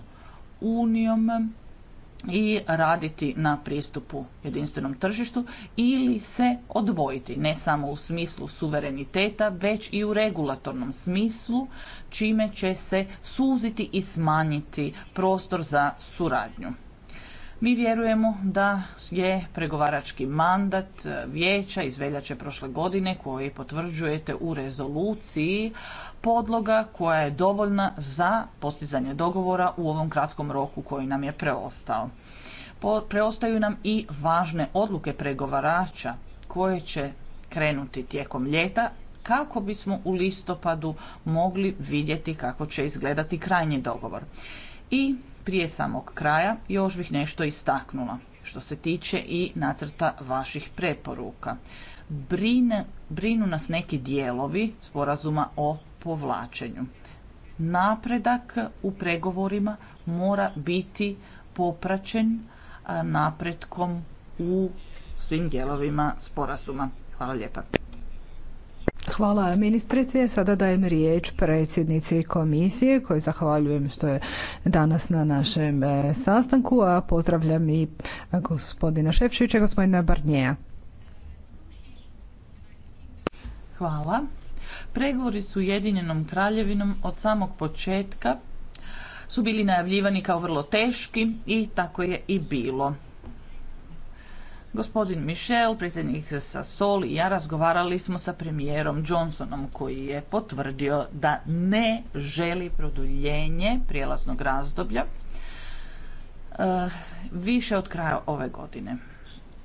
unijom i raditi na pristupu jedinstvenom tržištu ili se odvojiti ne samo u smislu suvereniteta već i u regulatornom smislu čime će se suziti i smanjiti prostor za suradnju. Mi vjerujemo da je pregovarački mandat e, vijeća iz veljače prošle godine koji potvrđujete u rezoluciji podloga koja je dovoljna za postizanje dogovora u ovom kratkom roku koji nam je preostao. Preostaju nam i važne odluke pregovarača koje će krenuti tijekom ljeta kako bismo u listopadu mogli vidjeti kako će izgledati krajnji dogovor. I prije samog kraja još bih nešto istaknula što se tiče i nacrta vaših preporuka. Brine, brinu nas neki dijelovi sporazuma o povlačenju. Napredak u pregovorima mora biti popraćen napretkom u svim dijelovima sporazuma. Hvala lijepa. Hvala ministrici, Sada dajem riječ predsjednici komisije koju zahvaljujem što je danas na našem e, sastanku, a pozdravljam i e, gospodina Šefšića i gospodina Barnjeja. Hvala. Pregovori su Ujedinjenom kraljevinom od samog početka su bili najavljivani kao vrlo teški i tako je i bilo. Gospodin Michel, predsjednik Sassoli i ja razgovarali smo sa premijerom Johnsonom koji je potvrdio da ne želi produljenje prijelaznog razdoblja eh, više od kraja ove godine.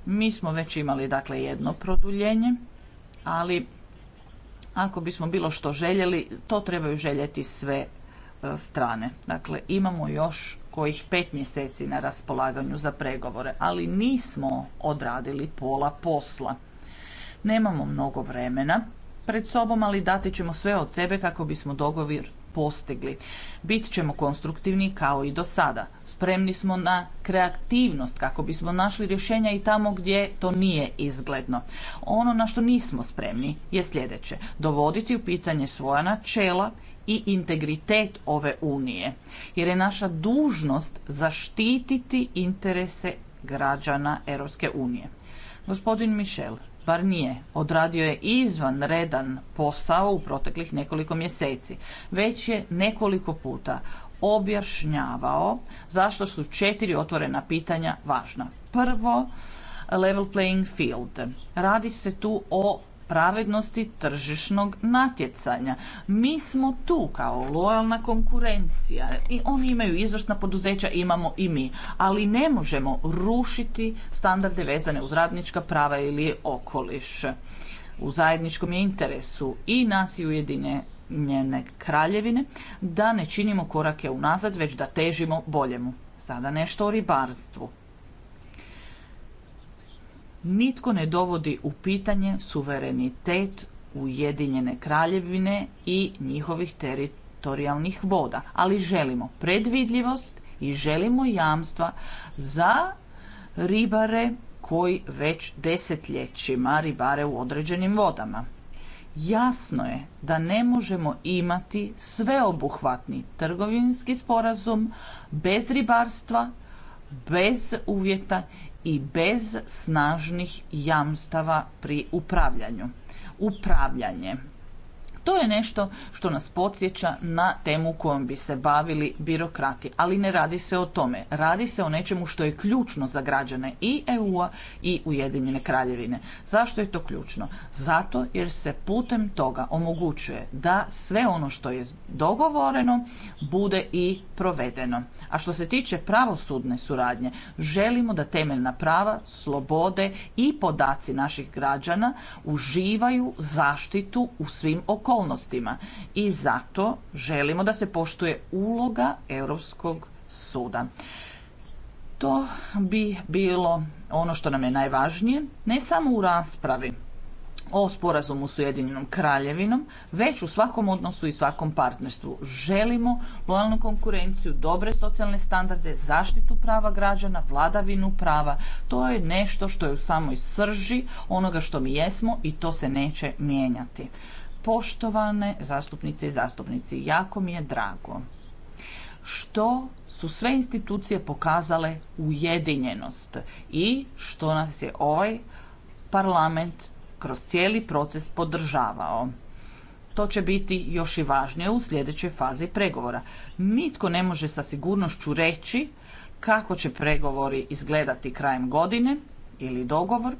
Mi smo već imali dakle jedno produljenje, ali ako bismo bilo što željeli, to trebaju željeti sve eh, strane. Dakle, imamo još kojih pet mjeseci na raspolaganju za pregovore, ali nismo odradili pola posla. Nemamo mnogo vremena pred sobom, ali dati ćemo sve od sebe kako bismo dogovor postigli. Bit ćemo konstruktivni kao i do sada. Spremni smo na kreativnost kako bismo našli rješenja i tamo gdje to nije izgledno. Ono na što nismo spremni je sljedeće. Dovoditi u pitanje svoja načela i integritet ove unije jer je naša dužnost zaštititi interese građana Europske unije. Gospodin Michel Barnier odradio je izvanredan posao u proteklih nekoliko mjeseci. Već je nekoliko puta objašnjavao zašto su četiri otvorena pitanja važna. Prvo, level playing field. Radi se tu o pravednosti tržišnog natjecanja. Mi smo tu kao lojalna konkurencija i oni imaju izvrsna poduzeća, imamo i mi, ali ne možemo rušiti standarde vezane uz radnička prava ili okoliš. U zajedničkom je interesu i nas i Ujedine njene kraljevine, da ne činimo korake unazad, već da težimo boljemu. Sada nešto o ribarstvu nitko ne dovodi u pitanje suverenitet Ujedinjene kraljevine i njihovih teritorijalnih voda. Ali želimo predvidljivost i želimo jamstva za ribare koji već desetljećima ribare u određenim vodama. Jasno je da ne možemo imati sveobuhvatni trgovinski sporazum bez ribarstva, bez uvjeta i bez snažnih jamstava pri upravljanju. Upravljanje to je nešto što nas podsjeća na temu kojom bi se bavili birokrati, ali ne radi se o tome. Radi se o nečemu što je ključno za građane i EU-a i Ujedinjene kraljevine. Zašto je to ključno? Zato jer se putem toga omogućuje da sve ono što je dogovoreno bude i provedeno. A što se tiče pravosudne suradnje, želimo da temeljna prava, slobode i podaci naših građana uživaju zaštitu u svim okolnostima okolnostima i zato želimo da se poštuje uloga Europskog suda. To bi bilo ono što nam je najvažnije, ne samo u raspravi o sporazumu s Ujedinjenom kraljevinom, već u svakom odnosu i svakom partnerstvu. Želimo lojalnu konkurenciju, dobre socijalne standarde, zaštitu prava građana, vladavinu prava. To je nešto što je u samoj srži onoga što mi jesmo i to se neće mijenjati poštovane zastupnice i zastupnici, jako mi je drago što su sve institucije pokazale ujedinjenost i što nas je ovaj parlament kroz cijeli proces podržavao. To će biti još i važnije u sljedećoj fazi pregovora. Nitko ne može sa sigurnošću reći kako će pregovori izgledati krajem godine ili dogovor,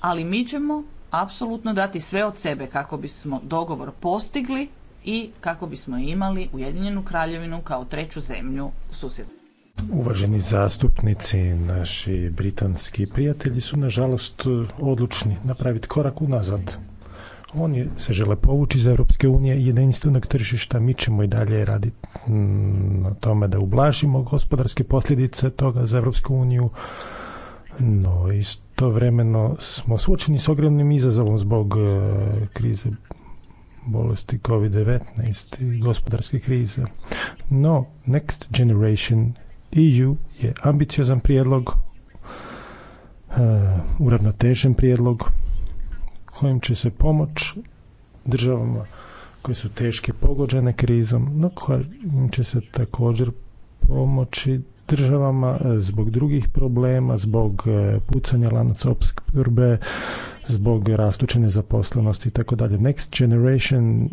ali mi ćemo apsolutno dati sve od sebe kako bismo dogovor postigli i kako bismo imali Ujedinjenu kraljevinu kao treću zemlju susjedstva. Uvaženi zastupnici, naši britanski prijatelji su nažalost odlučni napraviti korak unazad. Oni se žele povući iz Europske unije i jedinstvenog tržišta. Mi ćemo i dalje raditi mm, na tome da ublažimo gospodarske posljedice toga za Europsku uniju no, istovremeno smo suočeni s ogromnim izazovom zbog e, krize bolesti COVID-19 i gospodarske krize. No, Next Generation EU je ambiciozan prijedlog, e, uravnotežen prijedlog kojim će se pomoć državama koje su teške pogođene krizom, no kojim će se također pomoći državama e, zbog drugih problema, zbog e, pucanja lanaca opskrbe, zbog rastuće nezaposlenosti i tako dalje. Next Generation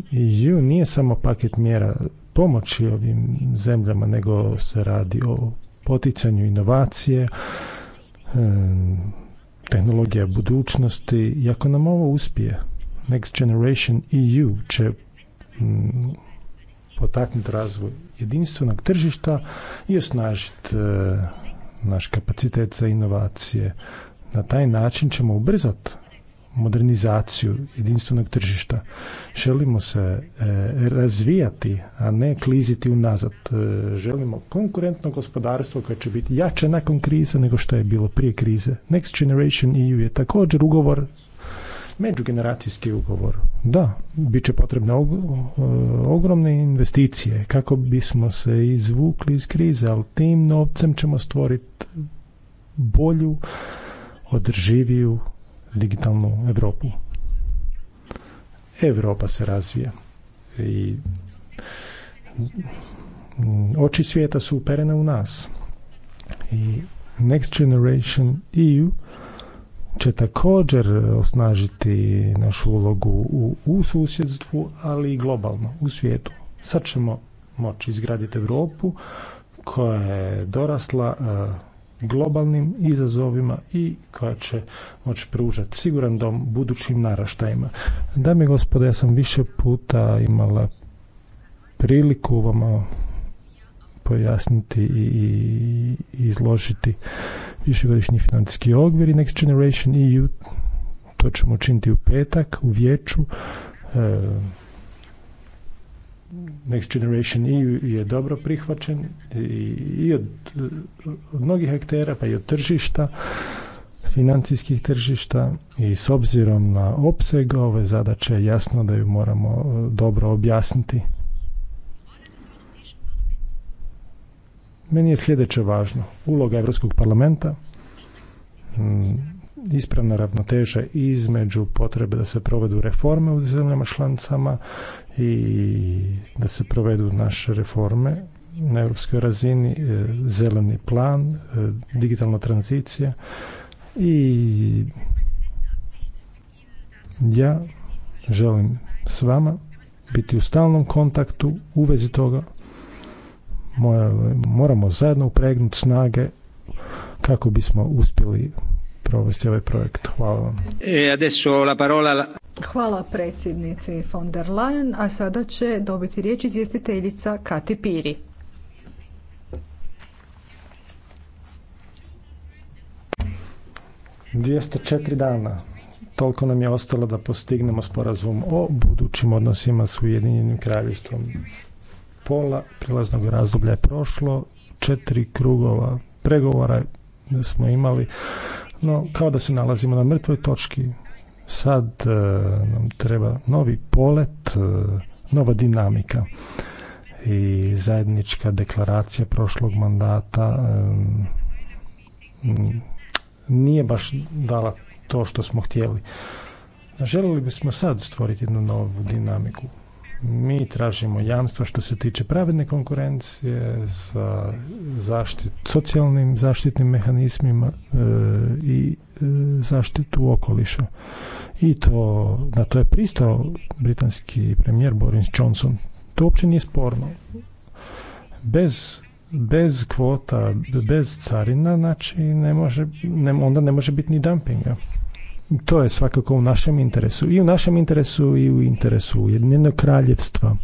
EU nije samo paket mjera pomoći ovim zemljama, nego se radi o poticanju inovacije, e, tehnologija budućnosti i ako nam ovo uspije, Next Generation EU će potaknuti razvoj jedinstvenog tržišta i osnažiti e, naš kapacitet za inovacije. Na taj način ćemo ubrzati modernizaciju jedinstvenog tržišta. Želimo se e, razvijati, a ne kliziti unazad. E, želimo konkurentno gospodarstvo koje će biti jače nakon krize nego što je bilo prije krize. Next Generation EU je također ugovor međugeneracijski ugovor. Da, bit će potrebne ogromne investicije kako bismo se izvukli iz krize, ali tim novcem ćemo stvoriti bolju, održiviju digitalnu Europu. Europa se razvija i oči svijeta su uperene u nas. I Next Generation EU će također osnažiti našu ulogu u, susjedstvu, ali i globalno, u svijetu. Sad ćemo moći izgraditi Europu koja je dorasla e, globalnim izazovima i koja će moći pružati siguran dom budućim naraštajima. Dame i gospode, ja sam više puta imala priliku vam pojasniti i izložiti višegodišnji financijski okvir i Next Generation EU. To ćemo učiniti u petak u vijeću. E, Next Generation EU je dobro prihvaćen i od, mnogih aktera pa i od tržišta financijskih tržišta i s obzirom na opseg ove zadaće jasno da ju moramo e, dobro objasniti Meni je sljedeće važno. Uloga Europskog parlamenta, mm, ispravna ravnoteža između potrebe da se provedu reforme u zemljama članicama i da se provedu naše reforme na europskoj razini, e, zeleni plan, e, digitalna tranzicija i ja želim s vama biti u stalnom kontaktu u vezi toga moramo zajedno upregnuti snage kako bismo uspjeli provesti ovaj projekt. Hvala vam. E, Hvala predsjednici von der Leyen, a sada će dobiti riječ izvjestiteljica Kati Piri. Dvijesto četiri dana toliko nam je ostalo da postignemo sporazum o budućim odnosima s Ujedinjenim kraljevstvom pola prilaznog razdoblja je prošlo, četiri krugova pregovora smo imali, no kao da se nalazimo na mrtvoj točki. Sad e, nam treba novi polet, e, nova dinamika i zajednička deklaracija prošlog mandata nije baš dala to što smo htjeli. Želili bismo sad stvoriti jednu novu dinamiku. Mi tražimo jamstva što se tiče pravedne konkurencije sa zaštit, socijalnim zaštitnim mehanizmima e, i e, zaštitu okoliša. I to, na to je pristao britanski premijer Boris Johnson. To uopće nije sporno. Bez bez kvota, bez carina, znači ne može, onda ne može biti ni dumpinga to je svakako u našem interesu. I u našem interesu i u interesu Ujedinjenog kraljevstva.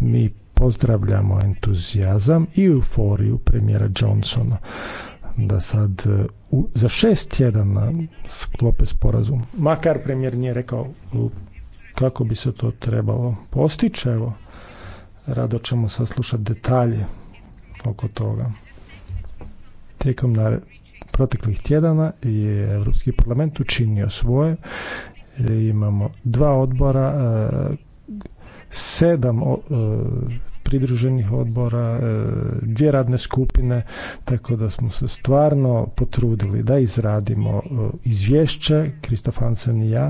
Mi pozdravljamo entuzijazam i euforiju premijera Johnsona da sad e, za šest tjedana sklope sporazum. Makar premijer nije rekao kako bi se to trebalo postići, evo, rado ćemo saslušati detalje oko toga. Tijekom proteklih tjedana je Europski parlament učinio svoje. E, imamo dva odbora, e, sedam e, pridruženih odbora, dvije radne skupine, tako da smo se stvarno potrudili da izradimo izvješće, Kristof Hansen i ja,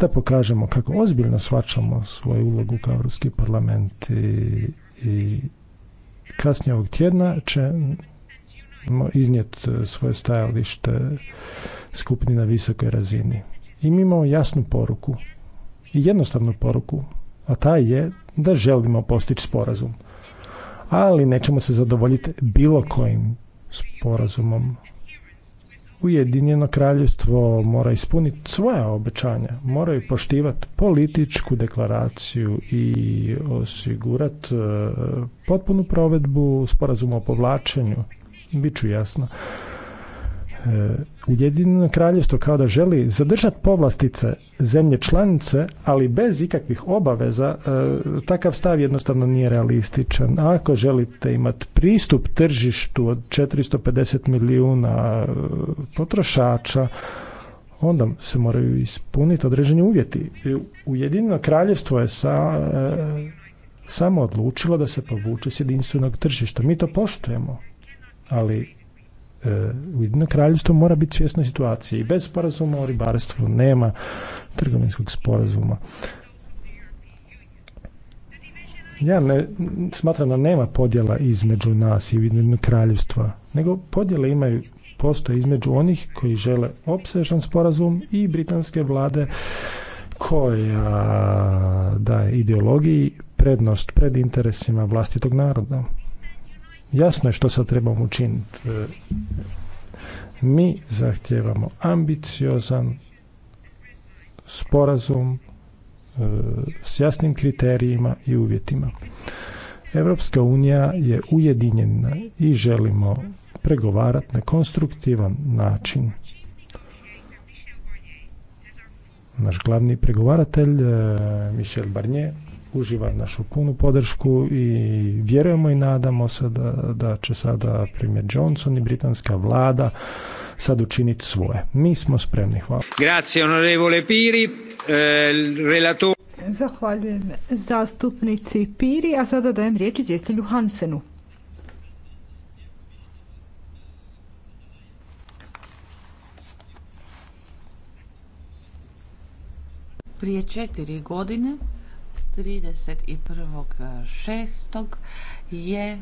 da pokažemo kako ozbiljno svačamo svoju ulogu kao Europski parlament i, i kasnije ovog tjedna će iznijet e, svoje stajalište skupni na visokoj razini. I mi imamo jasnu poruku i jednostavnu poruku, a ta je da želimo postići sporazum. Ali nećemo se zadovoljiti bilo kojim sporazumom. Ujedinjeno kraljevstvo mora ispuniti svoja obećanja, moraju poštivati političku deklaraciju i osigurati e, potpunu provedbu sporazuma o povlačenju bit ću jasno. E, Ujedinjeno kraljevstvo kao da želi zadržati povlastice zemlje članice, ali bez ikakvih obaveza, e, takav stav jednostavno nije realističan. ako želite imati pristup tržištu od 450 milijuna e, potrošača, onda se moraju ispuniti određeni uvjeti. Ujedinjeno kraljevstvo je sa, samo odlučilo da se povuče s jedinstvenog tržišta. Mi to poštujemo ali e, Ujedinjeno kraljevstvo mora biti svjesno situacije. Bez sporazuma o ribarstvu nema trgovinskog sporazuma. Ja ne, smatram da nema podjela između nas i Ujedinjenog kraljevstva, nego podjele imaju postoje između onih koji žele opsežan sporazum i britanske vlade koja daje ideologiji prednost pred interesima vlastitog naroda. Jasno je što se trebamo učiniti. E, mi zahtijevamo ambiciozan sporazum e, s jasnim kriterijima i uvjetima. Evropska unija je ujedinjena i želimo pregovarati na konstruktivan način. Naš glavni pregovaratelj e, Michel Barnier uživa našu punu podršku i vjerujemo i nadamo se da, da će sada primjer Johnson i britanska vlada sad učiniti svoje. Mi smo spremni. Hvala. Grazie, onorevole Piri. Eh, relator... Zahvaljujem zastupnici Piri, a sada dajem riječ izvjestelju Hansenu. Prije četiri godine 31.6. je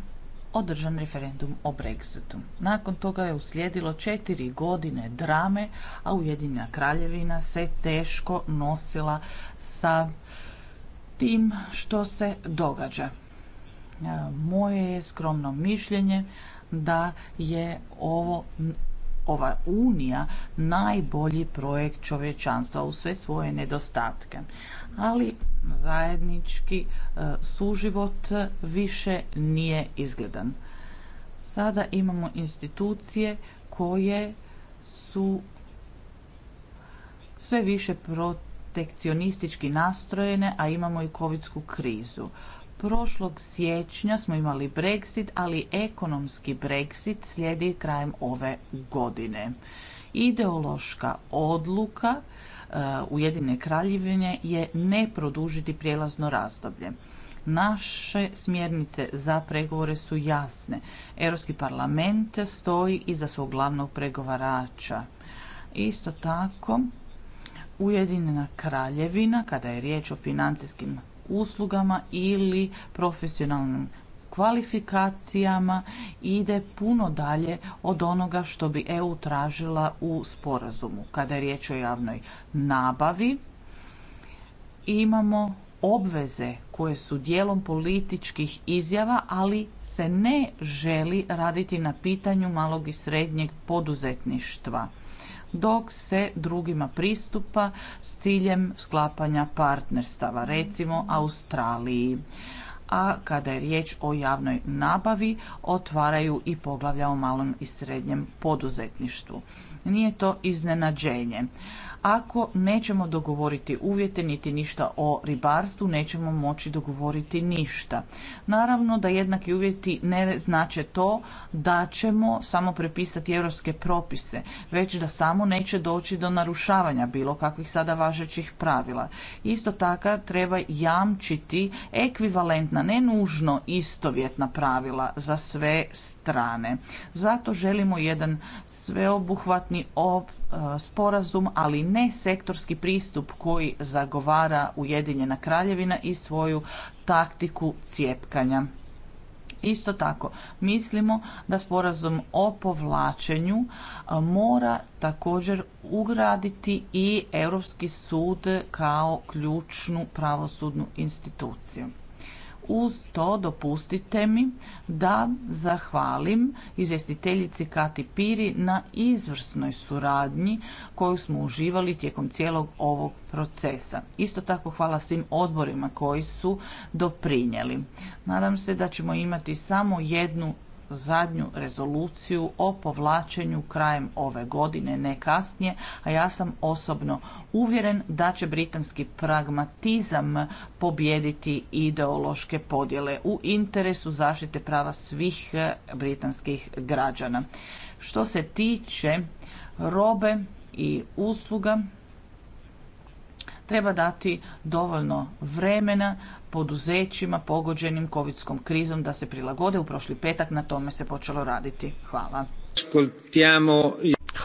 održan referendum o Brexitu. Nakon toga je uslijedilo četiri godine drame, a Ujedinjena kraljevina se teško nosila sa tim što se događa. E, moje je skromno mišljenje da je ovo ova unija najbolji projekt čovječanstva u sve svoje nedostatke. Ali zajednički e, suživot više nije izgledan. Sada imamo institucije koje su sve više protekcionistički nastrojene, a imamo i kovidsku krizu. Prošlog siječnja smo imali Brexit, ali ekonomski Brexit slijedi krajem ove godine. Ideološka odluka e, Ujedine kraljevine je ne produžiti prijelazno razdoblje. Naše smjernice za pregovore su jasne. Europski parlament stoji iza svog glavnog pregovarača. Isto tako, Ujedinjena kraljevina, kada je riječ o financijskim uslugama ili profesionalnim kvalifikacijama ide puno dalje od onoga što bi EU tražila u sporazumu. Kada je riječ o javnoj nabavi, imamo obveze koje su dijelom političkih izjava, ali se ne želi raditi na pitanju malog i srednjeg poduzetništva dok se drugima pristupa s ciljem sklapanja partnerstava, recimo Australiji a kada je riječ o javnoj nabavi otvaraju i poglavlja o malom i srednjem poduzetništvu. Nije to iznenađenje. Ako nećemo dogovoriti uvjete niti ništa o ribarstvu, nećemo moći dogovoriti ništa. Naravno da jednaki uvjeti ne znače to da ćemo samo prepisati europske propise, već da samo neće doći do narušavanja bilo kakvih sada važećih pravila. Isto tako treba jamčiti ekvivalentna, ne nužno istovjetna pravila za sve strane. Zato želimo jedan sveobuhvatni op E, sporazum, ali ne sektorski pristup koji zagovara Ujedinjena kraljevina i svoju taktiku cijepkanja. Isto tako, mislimo da sporazum o povlačenju e, mora također ugraditi i Europski sud kao ključnu pravosudnu instituciju. Uz to dopustite mi da zahvalim izvjestiteljici Kati Piri na izvrsnoj suradnji koju smo uživali tijekom cijelog ovog procesa. Isto tako hvala svim odborima koji su doprinijeli. Nadam se da ćemo imati samo jednu zadnju rezoluciju o povlačenju krajem ove godine, ne kasnije, a ja sam osobno uvjeren da će britanski pragmatizam pobjediti ideološke podjele u interesu zaštite prava svih eh, britanskih građana. Što se tiče robe i usluga, treba dati dovoljno vremena poduzećima pogođenim kovidskom krizom da se prilagode. U prošli petak na tome se počelo raditi. Hvala.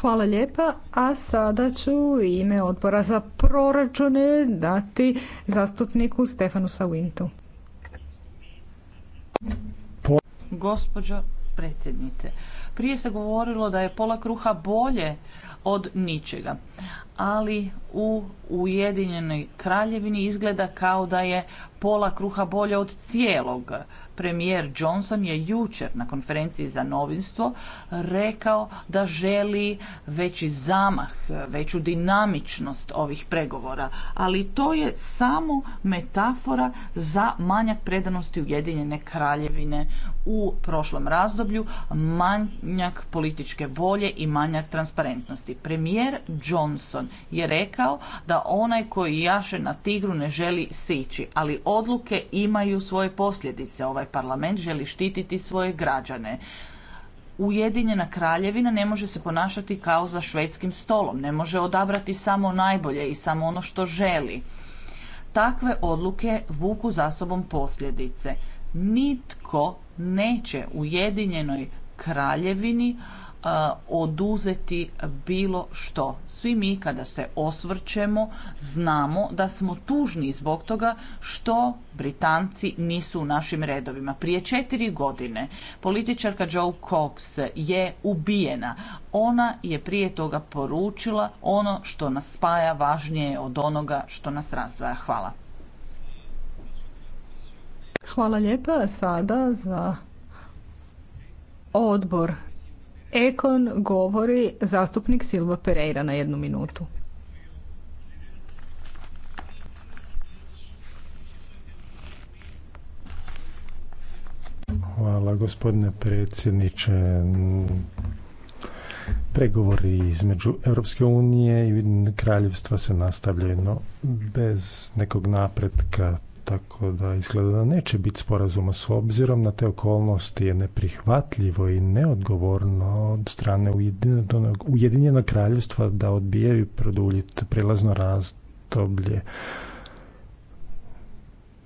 Hvala lijepa, a sada ću ime odbora za proračune dati zastupniku Stefanu Sawintu. Gospođo predsjednice, prije se govorilo da je pola kruha bolje od ničega, ali u Ujedinjenoj kraljevini izgleda kao da je pola kruha bolje od cijelog. Premijer Johnson je jučer na konferenciji za novinstvo rekao da želi veći zamah, veću dinamičnost ovih pregovora, ali to je samo metafora za manjak predanosti Ujedinjene kraljevine u prošlom razdoblju manjak političke volje i manjak transparentnosti. Premijer Johnson je rekao da onaj koji jaše na tigru ne želi sići, ali odluke imaju svoje posljedice. Ovaj parlament želi štititi svoje građane. Ujedinjena kraljevina ne može se ponašati kao za švedskim stolom, ne može odabrati samo najbolje i samo ono što želi. Takve odluke vuku za sobom posljedice. Nitko neće Ujedinjenoj kraljevini uh, oduzeti bilo što. Svi mi kada se osvrćemo znamo da smo tužni zbog toga što Britanci nisu u našim redovima. Prije četiri godine političarka Joe Cox je ubijena. Ona je prije toga poručila ono što nas spaja važnije od onoga što nas razdvaja. Hvala. Hvala lijepa sada za odbor. Ekon govori zastupnik Silva Pereira na jednu minutu. Hvala gospodine predsjedniče. Pregovori između Europske unije i Kraljevstva se nastavljeno bez nekog napretka tako da izgleda da neće biti sporazuma s obzirom na te okolnosti je neprihvatljivo i neodgovorno od strane Ujedinjenog, kraljevstva da odbijaju produljiti prilazno razdoblje.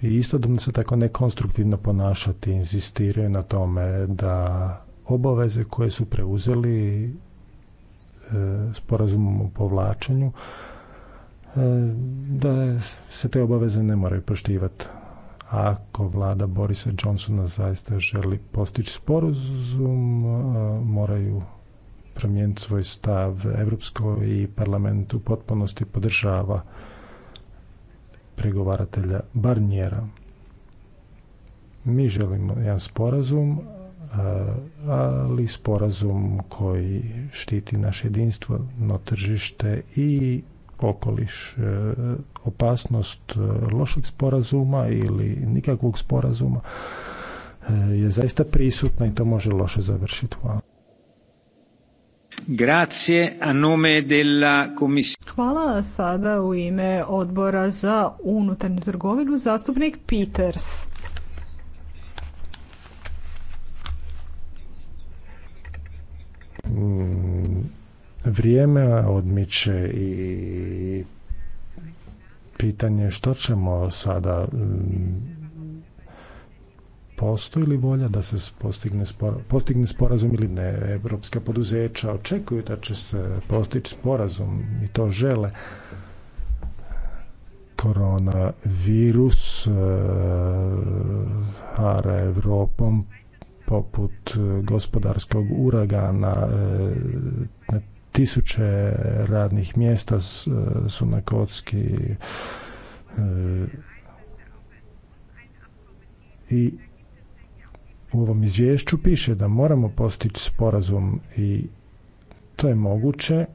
I istodobno se tako nekonstruktivno ponašati, inzistiraju na tome da obaveze koje su preuzeli sporazum e, sporazumom o povlačenju E, da se te obaveze ne moraju poštivati. Ako vlada Borisa Johnsona zaista želi postići sporazum, e, moraju promijeniti svoj stav. Evropsko i parlament u potpunosti podržava pregovaratelja Barnjera. Mi želimo jedan sporazum, e, ali sporazum koji štiti naše jedinstvo, tržište i okoliš, e, opasnost e, lošeg sporazuma ili nikakvog sporazuma e, je zaista prisutna i to može loše završiti. Hvala. Grazie a nome della Hvala sada u ime odbora za unutarnju trgovinu zastupnik Peters. Mm, vrijeme odmiče i pitanje što ćemo sada mm, postoji li volja da se postigne, postigne sporazum ili ne. Evropska poduzeća očekuju da će se postići sporazum i to žele. Korona virus eh, Evropom poput eh, gospodarskog uragana. na eh, tisuće radnih mjesta e, su na kocki e, i u ovom izvješću piše da moramo postići sporazum i to je moguće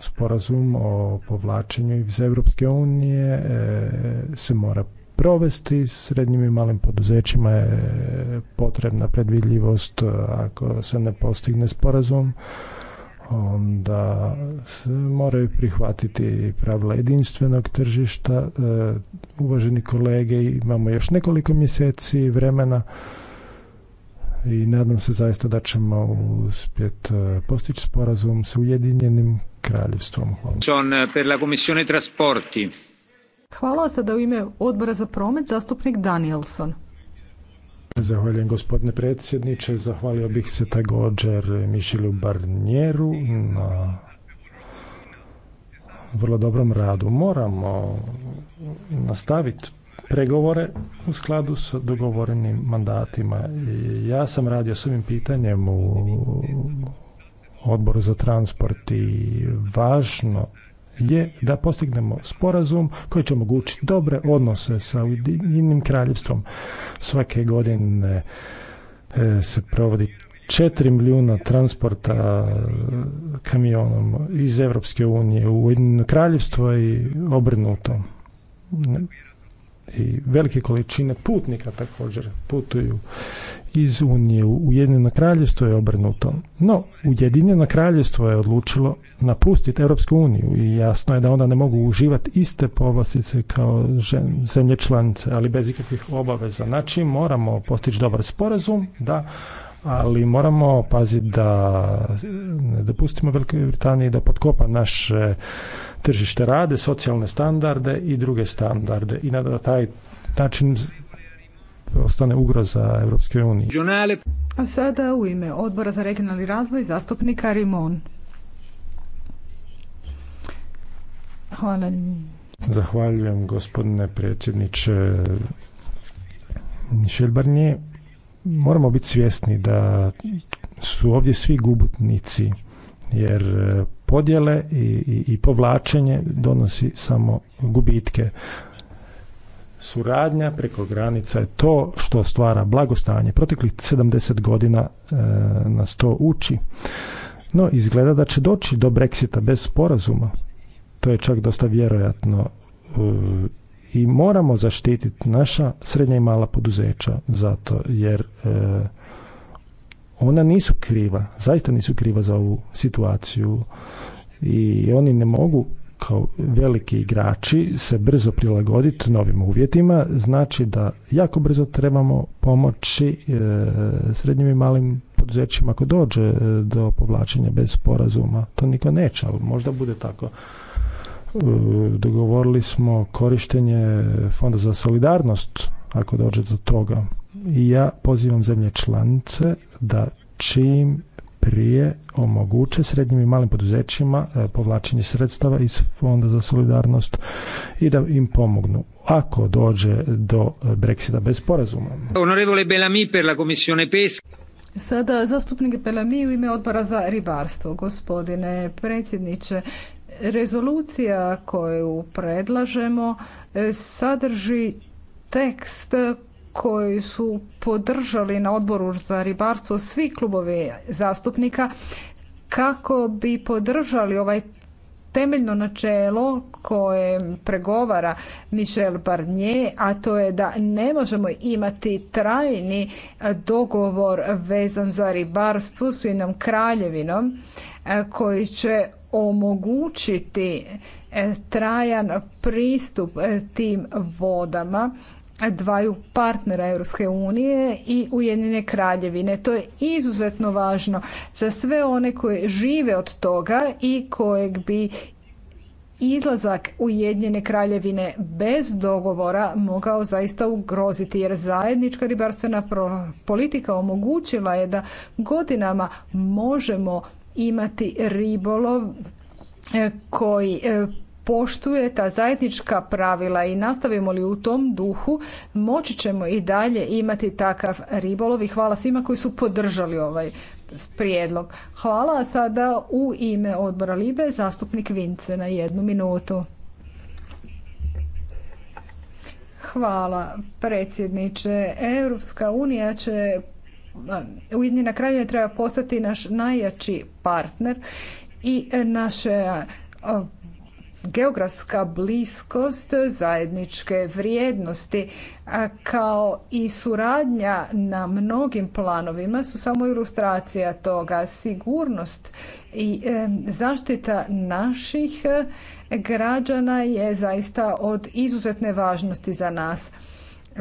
sporazum o povlačenju iz Europske unije e, se mora provesti. Srednjim i malim poduzećima je potrebna predvidljivost e, ako se ne postigne sporazum onda se moraju prihvatiti pravila jedinstvenog tržišta. E, uvaženi kolege, imamo još nekoliko mjeseci vremena i nadam se zaista da ćemo uspjeti e, postići sporazum s Ujedinjenim kraljevstvom. Hvala. per Hvala sada u ime odbora za promet zastupnik Danielson. Zahvaljujem gospodine predsjedniče, zahvalio bih se također Mišilu Barnjeru na vrlo dobrom radu. Moramo nastaviti pregovore u skladu s dogovorenim mandatima. Ja sam radio s ovim pitanjem u odboru za transport i važno je da postignemo sporazum koji će omogućiti dobre odnose sa Ujedinjenim kraljevstvom. Svake godine e, se provodi 4 milijuna transporta e, kamionom iz Europske unije u Ujedinjeno kraljevstvo i obrnuto i velike količine putnika također putuju iz Unije u Ujedinjeno kraljestvo je obrnuto. No, Ujedinjeno kraljestvo je odlučilo napustiti Europsku uniju i jasno je da onda ne mogu uživati iste povlastice kao zemlje članice, ali bez ikakvih obaveza. Znači, moramo postići dobar sporazum da ali moramo paziti da ne dopustimo Velikoj Britaniji da potkopa naše tržište rade, socijalne standarde i druge standarde i na taj način ostane ugroza Europske unije. A sada u ime Odbora za regionalni razvoj zastupnika Rimon. Zahvaljujem gospodine predsjedniče Michel Barnier moramo biti svjesni da su ovdje svi gubutnici jer e, podjele i, i, povlačenje donosi samo gubitke. Suradnja preko granica je to što stvara blagostanje. Proteklih 70 godina e, nas to uči. No, izgleda da će doći do Brexita bez sporazuma. To je čak dosta vjerojatno. E, i moramo zaštititi naša srednja i mala poduzeća zato jer e, ona nisu kriva, zaista nisu kriva za ovu situaciju i oni ne mogu kao veliki igrači se brzo prilagoditi novim uvjetima, znači da jako brzo trebamo pomoći e, srednjim i malim poduzećima ako dođe e, do povlačenja bez sporazuma. To niko neće, ali možda bude tako dogovorili smo korištenje Fonda za solidarnost ako dođe do toga. I ja pozivam zemlje članice da čim prije omoguće srednjim i malim poduzećima e, povlačenje sredstava iz Fonda za solidarnost i da im pomognu ako dođe do e, Brexita bez porazuma. per la Pesca. Sada zastupnik Belami u ime odbora za ribarstvo. Gospodine predsjedniče, Rezolucija koju predlažemo e, sadrži tekst koji su podržali na odboru za ribarstvo svi klubovi zastupnika kako bi podržali ovaj temeljno načelo koje pregovara Michel Barnier, a to je da ne možemo imati trajni dogovor vezan za ribarstvo s jednom kraljevinom e, koji će omogućiti e, trajan pristup e, tim vodama dvaju partnera Europske unije i Ujedinjene kraljevine. To je izuzetno važno za sve one koji žive od toga i kojeg bi izlazak Ujedinjene kraljevine bez dogovora mogao zaista ugroziti jer zajednička ribarstvena politika omogućila je da godinama možemo imati ribolov e, koji e, poštuje ta zajednička pravila i nastavimo li u tom duhu moći ćemo i dalje imati takav ribolov i hvala svima koji su podržali ovaj prijedlog. Hvala sada u ime odbora Libe zastupnik Vince na jednu minutu. Hvala predsjedniče. Europska unija će Ujedinjena kraljevina treba postati naš najjači partner i e, naša e, geografska bliskost zajedničke vrijednosti kao i suradnja na mnogim planovima su samo ilustracija toga. Sigurnost i e, zaštita naših građana je zaista od izuzetne važnosti za nas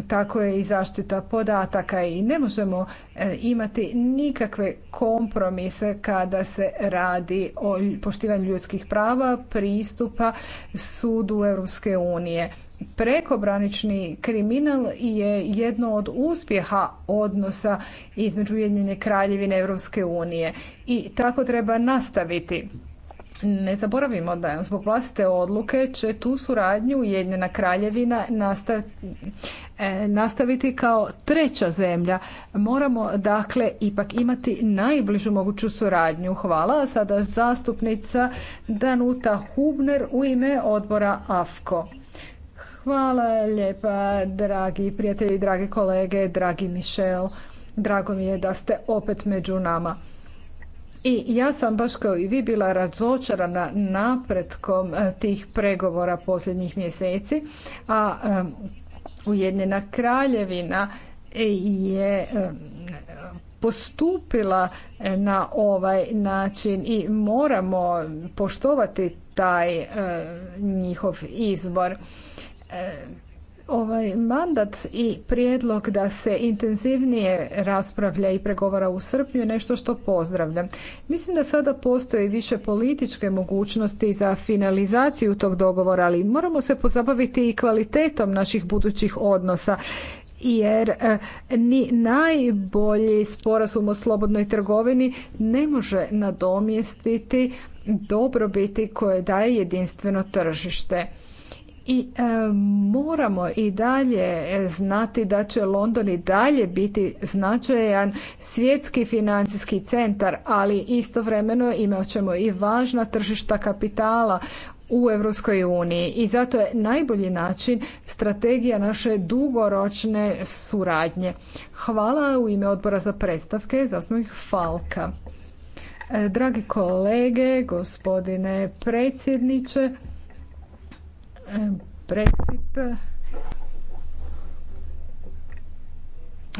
tako je i zaštita podataka i ne možemo e, imati nikakve kompromise kada se radi o poštivanju ljudskih prava, pristupa sudu Europske unije. prekobranični kriminal je jedno od uspjeha odnosa između Ujedinjene kraljevine Europske unije i tako treba nastaviti. Ne zaboravimo da zbog vlastite odluke će tu suradnju Ujedinjena kraljevina e, nastaviti kao treća zemlja. Moramo dakle ipak imati najbližu moguću suradnju. Hvala. Sada zastupnica Danuta Hubner u ime odbora AFKO. Hvala lijepa, dragi prijatelji, dragi kolege, dragi Mišel. Drago mi je da ste opet među nama. I ja sam baš kao i vi bila razočarana napretkom e, tih pregovora posljednjih mjeseci, a e, Ujedinjena kraljevina je e, postupila na ovaj način i moramo poštovati taj njihov izbor. Ovaj mandat i prijedlog da se intenzivnije raspravlja i pregovara u srpnju je nešto što pozdravljam. Mislim da sada postoji više političke mogućnosti za finalizaciju tog dogovora, ali moramo se pozabaviti i kvalitetom naših budućih odnosa jer e, ni najbolji sporazum o slobodnoj trgovini ne može nadomjestiti dobrobiti koje daje jedinstveno tržište i e, moramo i dalje e, znati da će London i dalje biti značajan svjetski financijski centar, ali istovremeno imat ćemo i važna tržišta kapitala u Europskoj uniji i zato je najbolji način strategija naše dugoročne suradnje. Hvala u ime odbora za predstavke zastupnik Falka. E, dragi kolege, gospodine predsjedniče, Brexit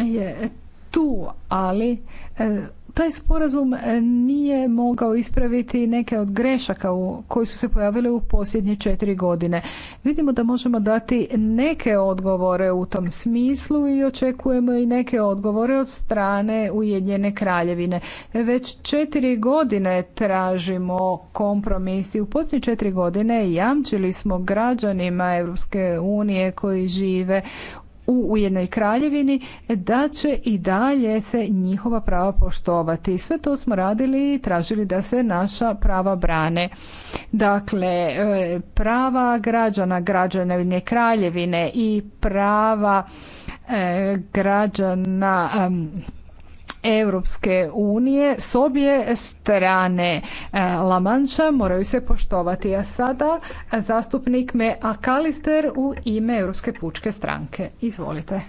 je tu, ali taj sporazum e, nije mogao ispraviti neke od grešaka u, koji su se pojavile u posljednje četiri godine. Vidimo da možemo dati neke odgovore u tom smislu i očekujemo i neke odgovore od strane Ujedinjene kraljevine. Već četiri godine tražimo kompromis i u posljednje četiri godine jamčili smo građanima Europske unije koji žive u Ujednoj kraljevini da će i dalje se njihova prava poštovati. Sve to smo radili i tražili da se naša prava brane. Dakle, e, prava građana građana kraljevine i prava e, građana Europske unije s obje strane e, Lamanča moraju se poštovati. A sada zastupnik me Akalister u ime Europske pučke stranke. Izvolite.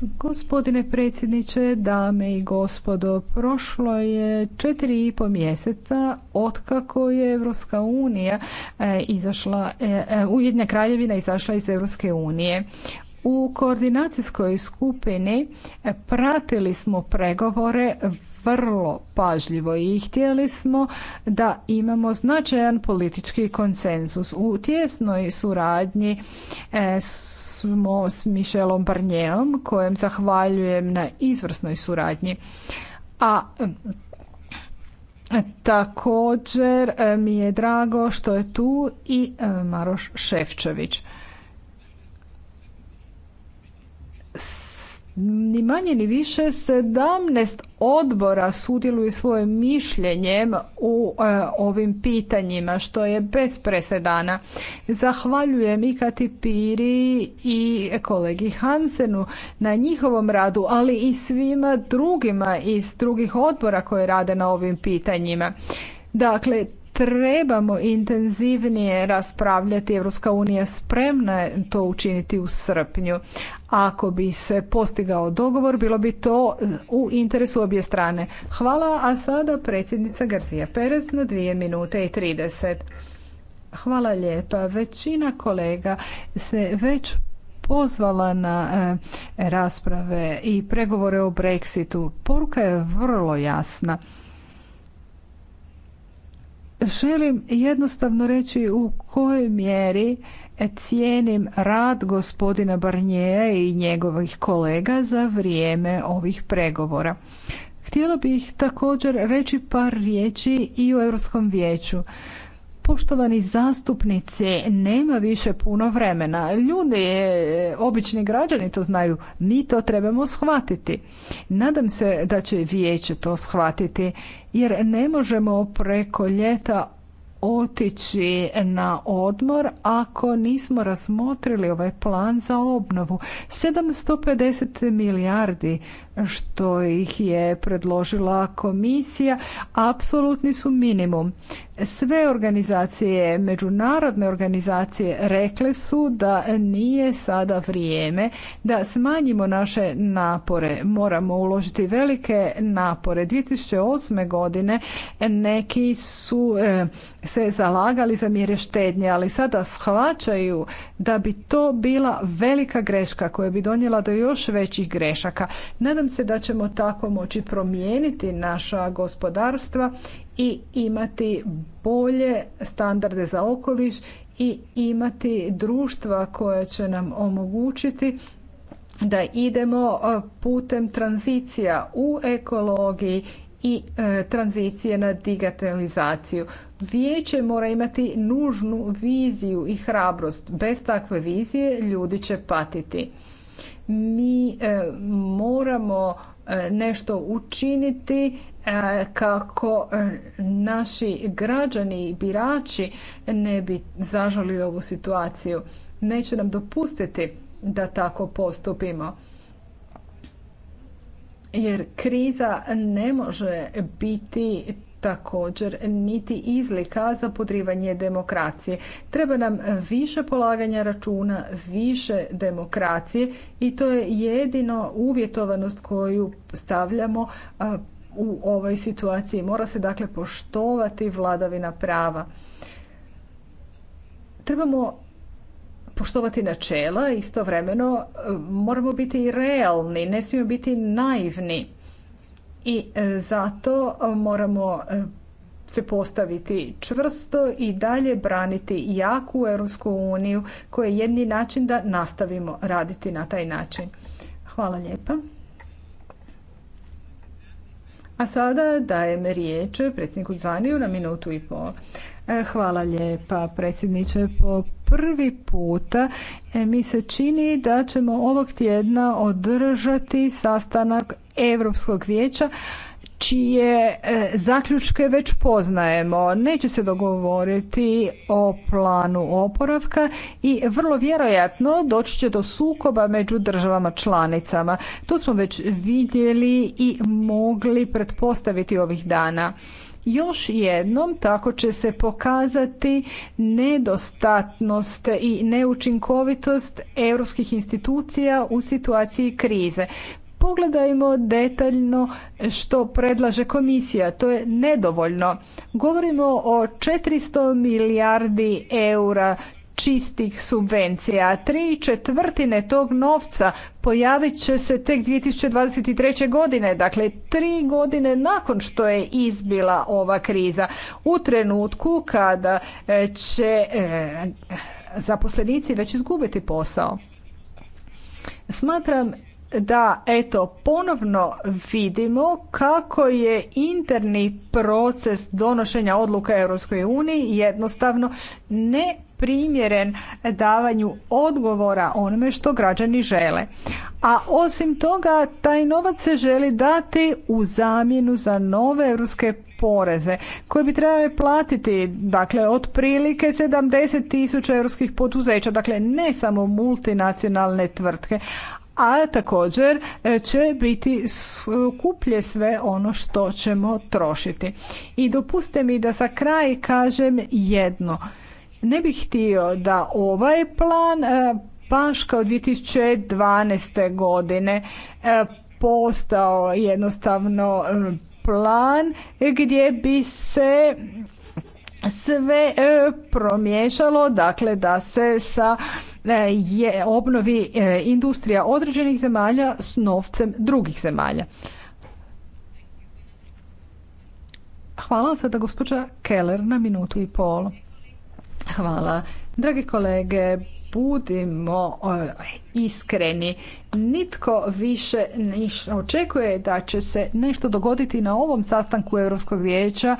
Gospodine predsjedniče, dame i gospodo, prošlo je četiri i po mjeseca otkako je Evropska unija e, izašla, e, Ujedinjena kraljevina izašla iz Evropske unije. U koordinacijskoj skupini e, pratili smo pregovore vrlo pažljivo i htjeli smo da imamo značajan politički konsenzus. U tjesnoj suradnji e, smo s Mišelom Barnjeom kojem zahvaljujem na izvrsnoj suradnji. A e, također mi je drago što je tu i Maroš Šefčević. ni manje ni više 17 odbora sudjeluju svojim mišljenjem u e, ovim pitanjima što je bez presedana. Zahvaljujem i Kati Piri i kolegi Hansenu na njihovom radu, ali i svima drugima iz drugih odbora koji rade na ovim pitanjima. Dakle, trebamo intenzivnije raspravljati. Evropska unija spremna je to učiniti u srpnju. Ako bi se postigao dogovor, bilo bi to u interesu obje strane. Hvala, a sada predsjednica Garcia Perez na dvije minute i 30. Hvala lijepa. Većina kolega se već pozvala na e, rasprave i pregovore o Brexitu. Poruka je vrlo jasna. Želim jednostavno reći u kojoj mjeri cijenim rad gospodina Barnjeja i njegovih kolega za vrijeme ovih pregovora. Htjela bih također reći par riječi i o Europskom vijeću. Poštovani zastupnici, nema više puno vremena. Ljudi, e, obični građani to znaju, mi to trebamo shvatiti. Nadam se da će vijeće to shvatiti, jer ne možemo preko ljeta otići na odmor ako nismo razmotrili ovaj plan za obnovu. 750 milijardi što ih je predložila komisija apsolutni su minimum. Sve organizacije, međunarodne organizacije rekle su da nije sada vrijeme da smanjimo naše napore. Moramo uložiti velike napore. 2008. godine neki su e, se zalagali za mjere štednje, ali sada shvaćaju da bi to bila velika greška koja bi donijela do još većih grešaka. Nadam se da ćemo tako moći promijeniti naša gospodarstva i imati bolje standarde za okoliš i imati društva koja će nam omogućiti da idemo e, putem tranzicija u ekologiji i e, tranzicije na digitalizaciju. Vijeće mora imati nužnu viziju i hrabrost. Bez takve vizije ljudi će patiti mi e, moramo e, nešto učiniti e, kako naši građani i birači ne bi zažalili ovu situaciju. Neće nam dopustiti da tako postupimo. Jer kriza ne može biti također niti izlika za podrivanje demokracije. Treba nam više polaganja računa, više demokracije i to je jedino uvjetovanost koju stavljamo u ovoj situaciji. Mora se dakle poštovati vladavina prava. Trebamo poštovati načela, istovremeno e, moramo biti i realni, ne smijemo biti naivni i e, zato e, moramo e, se postaviti čvrsto i dalje braniti jaku Europsku uniju koja je jedni način da nastavimo raditi na taj način. Hvala lijepa. A sada dajem riječ predsjedniku Zvaniju na minutu i pol. E, hvala lijepa predsjedniče. Po prvi puta e, mi se čini da ćemo ovog tjedna održati sastanak Europskog vijeća čije e, zaključke već poznajemo. Neće se dogovoriti o planu oporavka i vrlo vjerojatno doći će do sukoba među državama članicama. To smo već vidjeli i mogli pretpostaviti ovih dana. Još jednom tako će se pokazati nedostatnost i neučinkovitost europskih institucija u situaciji krize. Pogledajmo detaljno što predlaže komisija, to je nedovoljno. Govorimo o 400 milijardi eura čistih subvencija. Tri četvrtine tog novca pojavit će se tek 2023. godine, dakle tri godine nakon što je izbila ova kriza. U trenutku kada e, će e, zaposlenici već izgubiti posao. Smatram da eto ponovno vidimo kako je interni proces donošenja odluka Europskoj uniji jednostavno ne primjeren davanju odgovora onome što građani žele. A osim toga, taj novac se želi dati u zamjenu za nove europske poreze koje bi trebali platiti dakle otprilike 70 tisuća europskih poduzeća, dakle ne samo multinacionalne tvrtke, a također e, će biti kuplje sve ono što ćemo trošiti. I dopuste mi da za kraj kažem jedno. Ne bih htio da ovaj plan e, baš kao 2012. godine e, postao jednostavno e, plan gdje bi se sve promiješalo, dakle da se sa je obnovi industrija određenih zemalja s novcem drugih zemalja. Hvala sada gospođa Keller na minutu i pol. Hvala. Dragi kolege, budimo iskreni. Nitko više ne očekuje da će se nešto dogoditi na ovom sastanku Europskog vijeća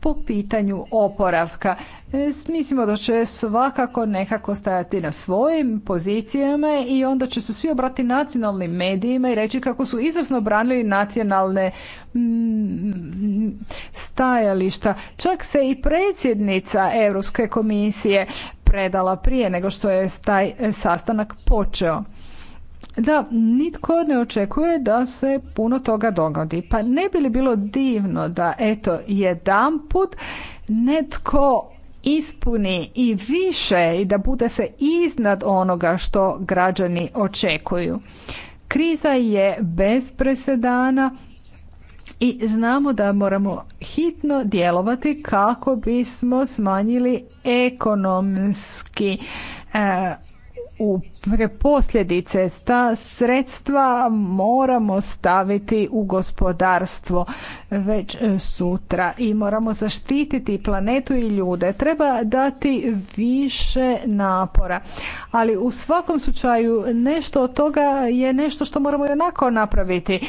po pitanju oporavka. E, mislimo da će svakako nekako stajati na svojim pozicijama i onda će se svi obrati nacionalnim medijima i reći kako su izvrsno branili nacionalne mm, stajališta. Čak se i predsjednica Europske komisije predala prije nego što je taj sastanak počeo da nitko ne očekuje da se puno toga dogodi. Pa ne bi li bilo divno da eto jedanput netko ispuni i više i da bude se iznad onoga što građani očekuju. Kriza je bez presedana i znamo da moramo hitno djelovati kako bismo smanjili ekonomski eh, u posljedice. Ta sredstva moramo staviti u gospodarstvo već e, sutra i moramo zaštititi planetu i ljude. Treba dati više napora. Ali u svakom slučaju nešto od toga je nešto što moramo i onako napraviti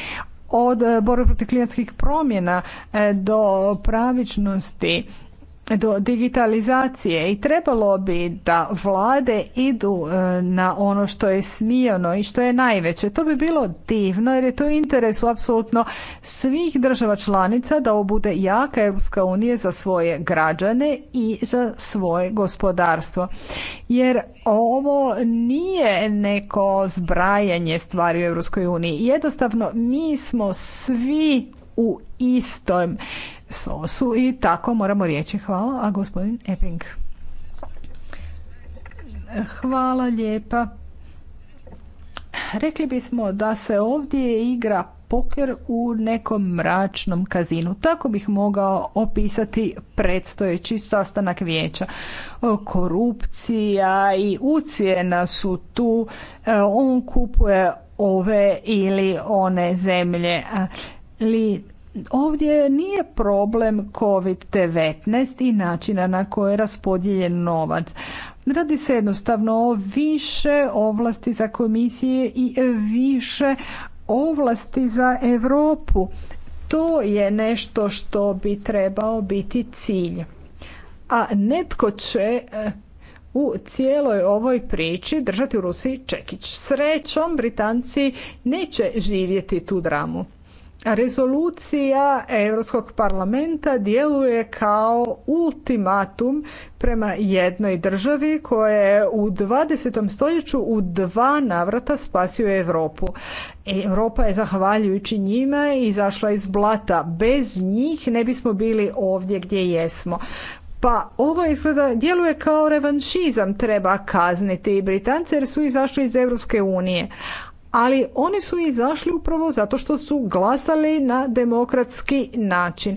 od e, borbe protiv klimatskih promjena e, do pravičnosti do digitalizacije i trebalo bi da vlade idu e, na ono što je smijeno i što je najveće. To bi bilo divno jer je to interes u apsolutno svih država članica da ovo bude jaka Europska unija za svoje građane i za svoje gospodarstvo. Jer ovo nije neko zbrajanje stvari u Europskoj uniji. Jednostavno mi smo svi u istom sosu i tako moramo riječi. Hvala, a gospodin Epping. Hvala lijepa. Rekli bismo da se ovdje igra poker u nekom mračnom kazinu. Tako bih mogao opisati predstojeći sastanak vijeća. Korupcija i ucijena su tu. E, on kupuje ove ili one zemlje. E, Ovdje nije problem COVID-19 i načina na koje je raspodijeljen novac. Radi se jednostavno o više ovlasti za komisije i više ovlasti za Europu. To je nešto što bi trebao biti cilj. A netko će e, u cijeloj ovoj priči držati u Rusiji Čekić. Srećom, Britanci neće živjeti tu dramu. Rezolucija Europskog parlamenta djeluje kao ultimatum prema jednoj državi koja je u 20. stoljeću u dva navrata spasio Europu. E, Europa je zahvaljujući njima izašla iz blata. Bez njih ne bismo bili ovdje gdje jesmo. Pa ovo izgleda, djeluje kao revanšizam, treba kazniti i Britance jer su izašli iz Europske unije ali oni su izašli upravo zato što su glasali na demokratski način.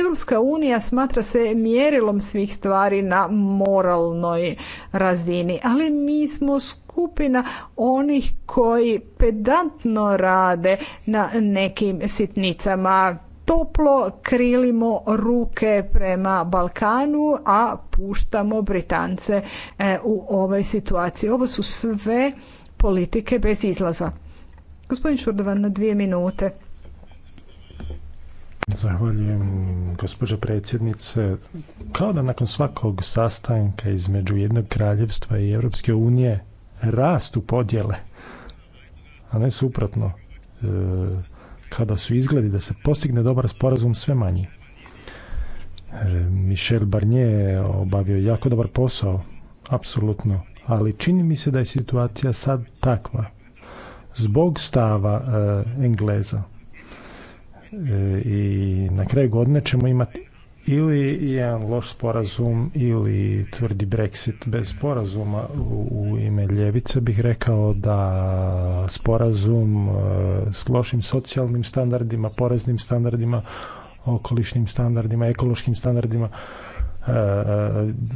Europska unija smatra se mjerilom svih stvari na moralnoj razini, ali mi smo skupina onih koji pedantno rade na nekim sitnicama. Toplo krilimo ruke prema Balkanu, a puštamo Britance e, u ovoj situaciji. Ovo su sve politike bez izlaza. Gospodin Šurdovan na dvije minute. Zahvaljujem, gospođo predsjednice. Kao da nakon svakog sastanka između jednog kraljevstva i Europske unije rastu podjele, a ne suprotno, e, kada su izgledi da se postigne dobar sporazum sve manji. E, Michel Barnier je obavio jako dobar posao, apsolutno ali čini mi se da je situacija sad takva zbog stava e, Engleza. E, I na kraju godine ćemo imati ili jedan loš sporazum ili tvrdi Brexit bez sporazuma u, ime ljevice bih rekao da sporazum e, s lošim socijalnim standardima, poreznim standardima, okolišnim standardima, ekološkim standardima E,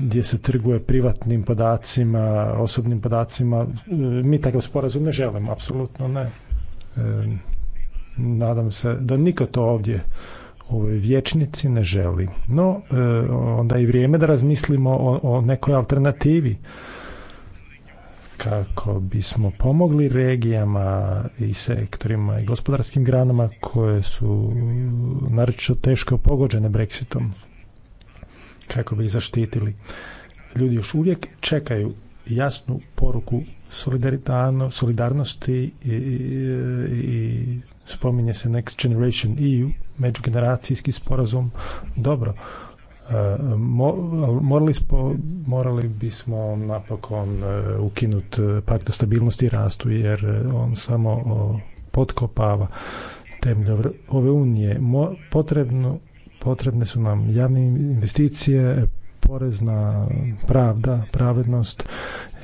gdje se trguje privatnim podacima, osobnim podacima. E, mi takav sporazum ne želimo, apsolutno ne. E, nadam se da niko to ovdje u ovoj vječnici ne želi. No, onda je vrijeme da razmislimo o, o nekoj alternativi kako bismo pomogli regijama i sektorima i gospodarskim granama koje su naročito teško pogođene Brexitom kako bi zaštitili. Ljudi još uvijek čekaju jasnu poruku solidarnosti i, i spominje se Next Generation EU, međugeneracijski sporazum. Dobro, e, morali, spo, morali bismo napokon e, ukinut pakt o stabilnosti i rastu jer on samo potkopava temelje ove unije. potrebno Potrebne su nam javne investicije, porezna pravda, pravednost,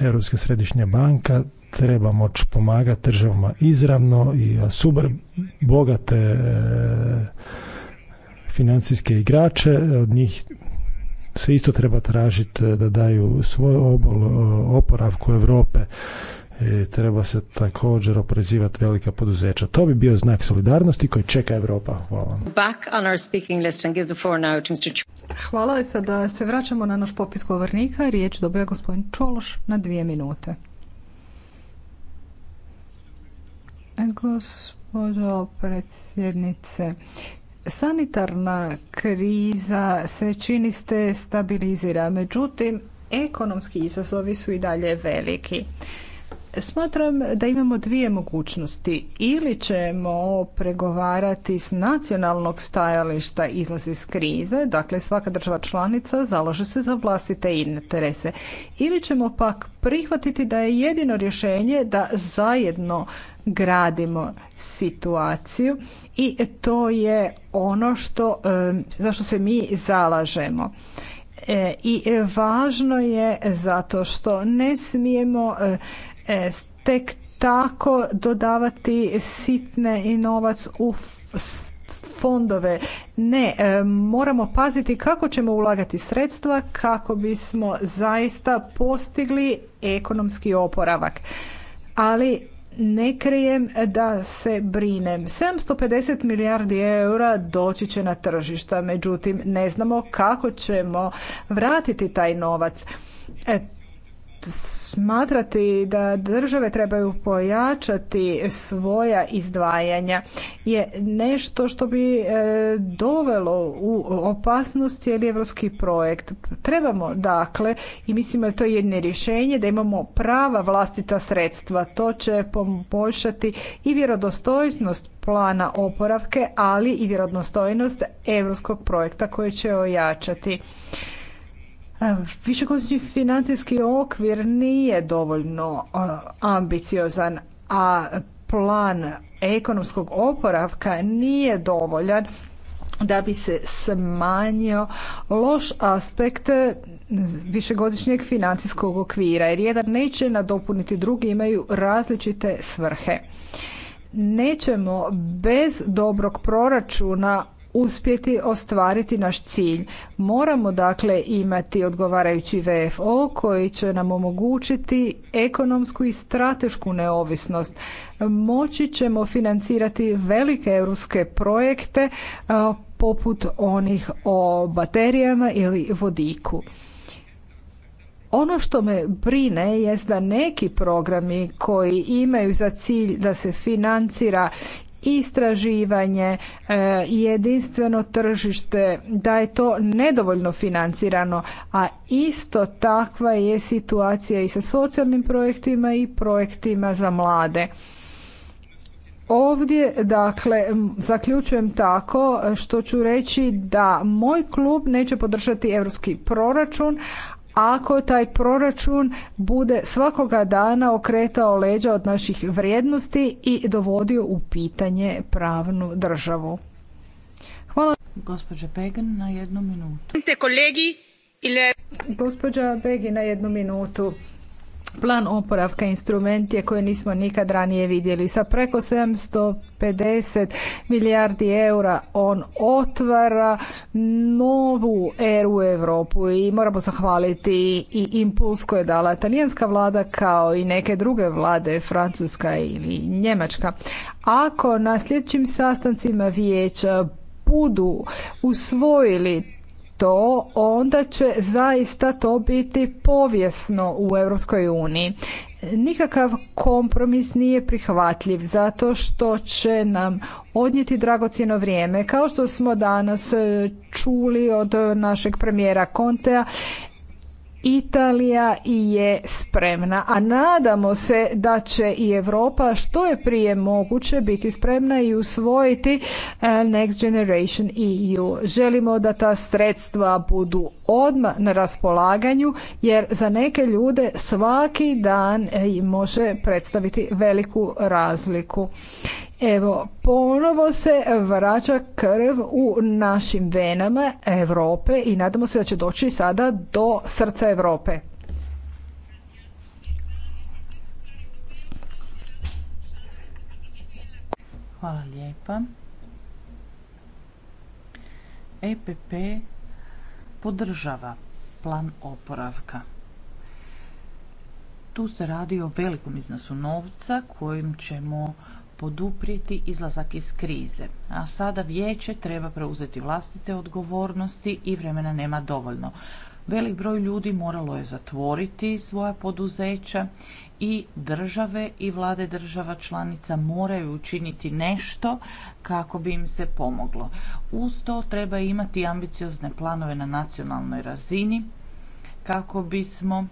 Europska središnja banka treba moć pomagati državama izravno i super bogate e, financijske igrače, od njih se isto treba tražiti e, da daju svoj obol oporavku Europe. E, treba se također oprezivati velika poduzeća. To bi bio znak solidarnosti koji čeka Europa. Hvala. Back on our Hvala i sada se vraćamo na naš popis govornika. Riječ dobija gospodin Čološ na dvije minute. E, Gospodo predsjednice, sanitarna kriza se čini ste stabilizira, međutim ekonomski izazovi su i dalje veliki. Smatram da imamo dvije mogućnosti. Ili ćemo pregovarati s nacionalnog stajališta izlaz iz krize, dakle svaka država članica založe se za vlastite interese. Ili ćemo pak prihvatiti da je jedino rješenje da zajedno gradimo situaciju i to je ono što, za što se mi zalažemo. E, I važno je zato što ne smijemo E, tek tako dodavati sitne i novac u fondove. Ne, e, moramo paziti kako ćemo ulagati sredstva kako bismo zaista postigli ekonomski oporavak. Ali ne krijem da se brinem. 750 milijardi eura doći će na tržišta, međutim ne znamo kako ćemo vratiti taj novac. E, smatrati da države trebaju pojačati svoja izdvajanja je nešto što bi e, dovelo u opasnost cijeli evropski projekt. Trebamo dakle i mislimo da je to jedno rješenje da imamo prava vlastita sredstva. To će poboljšati i vjerodostojnost plana oporavke, ali i vjerodostojnost europskog projekta koji će ojačati. Pa, višegodišnji financijski okvir nije dovoljno ambiciozan, a plan ekonomskog oporavka nije dovoljan da bi se smanjio loš aspekt višegodišnjeg financijskog okvira jer jedan neće nadopuniti drugi imaju različite svrhe nećemo bez dobrog proračuna uspjeti ostvariti naš cilj. Moramo dakle imati odgovarajući VFO koji će nam omogućiti ekonomsku i stratešku neovisnost. Moći ćemo financirati velike europske projekte poput onih o baterijama ili vodiku. Ono što me brine jest da neki programi koji imaju za cilj da se financira istraživanje, e, jedinstveno tržište, da je to nedovoljno financirano, a isto takva je situacija i sa socijalnim projektima i projektima za mlade. Ovdje, dakle, zaključujem tako e, što ću reći da moj klub neće podržati europski proračun, ako taj proračun bude svakoga dana okretao leđa od naših vrijednosti i dovodio u pitanje pravnu državu. Hvala. Gospođa Began na jednu minutu. Kolegi, Gospođa Begin na jednu minutu. Plan oporavka instrument je koji nismo nikad ranije vidjeli. Sa preko 750 milijardi eura on otvara novu eru u Europu i moramo zahvaliti i impuls koji je dala talijanska vlada kao i neke druge vlade, Francuska ili Njemačka. Ako na sljedećim sastancima vijeća budu usvojili to, onda će zaista to biti povijesno u Europskoj uniji. Nikakav kompromis nije prihvatljiv zato što će nam odnijeti dragocjeno vrijeme. Kao što smo danas e, čuli od našeg premijera Kontea, Italija je spremna, a nadamo se da će i Europa što je prije moguće biti spremna i usvojiti eh, Next Generation EU. Želimo da ta sredstva budu odmah na raspolaganju jer za neke ljude svaki dan eh, može predstaviti veliku razliku. Evo, ponovo se vraća krv u našim venama Europe i nadamo se da će doći sada do srca Europe. Hvala lijepa. EPP podržava plan oporavka. Tu se radi o velikom iznosu novca kojim ćemo poduprijeti izlazak iz krize. A sada vijeće treba preuzeti vlastite odgovornosti i vremena nema dovoljno. Velik broj ljudi moralo je zatvoriti svoja poduzeća i države i vlade država članica moraju učiniti nešto kako bi im se pomoglo. Uz to treba imati ambiciozne planove na nacionalnoj razini kako bismo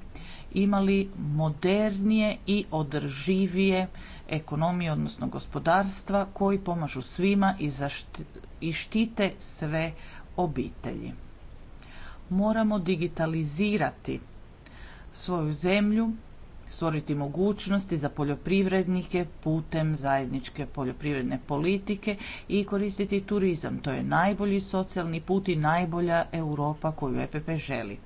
imali modernije i održivije ekonomije, odnosno gospodarstva koji pomažu svima i, zašti, štite sve obitelji. Moramo digitalizirati svoju zemlju, stvoriti mogućnosti za poljoprivrednike putem zajedničke poljoprivredne politike i koristiti turizam. To je najbolji socijalni put i najbolja Europa koju EPP želi.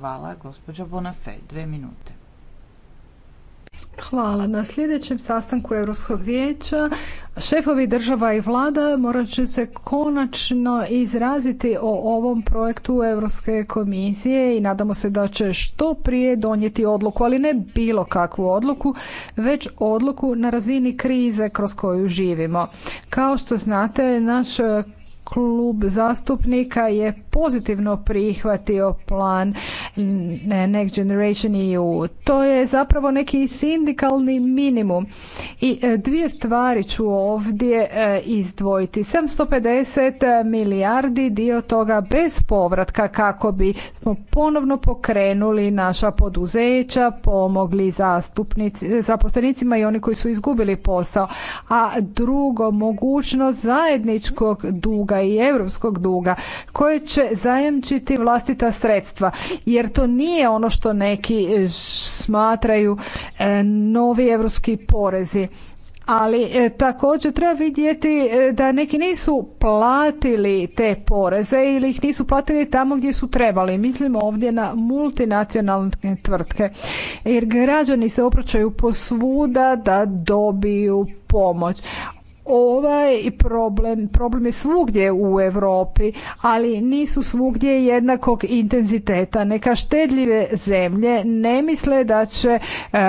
Hvala, gospođa Bonafé. Dve minute. Hvala. Na sljedećem sastanku Europskog vijeća šefovi država i vlada morat će se konačno izraziti o ovom projektu Europske komisije i nadamo se da će što prije donijeti odluku, ali ne bilo kakvu odluku, već odluku na razini krize kroz koju živimo. Kao što znate, naš klub zastupnika je pozitivno prihvatio plan Next Generation EU. To je zapravo neki sindikalni minimum. I e, dvije stvari ću ovdje e, izdvojiti. 750 milijardi dio toga bez povratka kako bi smo ponovno pokrenuli naša poduzeća, pomogli zaposlenicima i oni koji su izgubili posao. A drugo, mogućnost zajedničkog duga i europskog duga koje će zajamčiti vlastita sredstva jer to nije ono što neki e, smatraju e, novi europski porezi ali e, također treba vidjeti da neki nisu platili te poreze ili ih nisu platili tamo gdje su trebali. Mislimo ovdje na multinacionalne tvrtke jer građani se opraćaju posvuda da dobiju pomoć ovaj problem, problem je svugdje u Europi, ali nisu svugdje jednakog intenziteta. Neka štedljive zemlje ne misle da će e,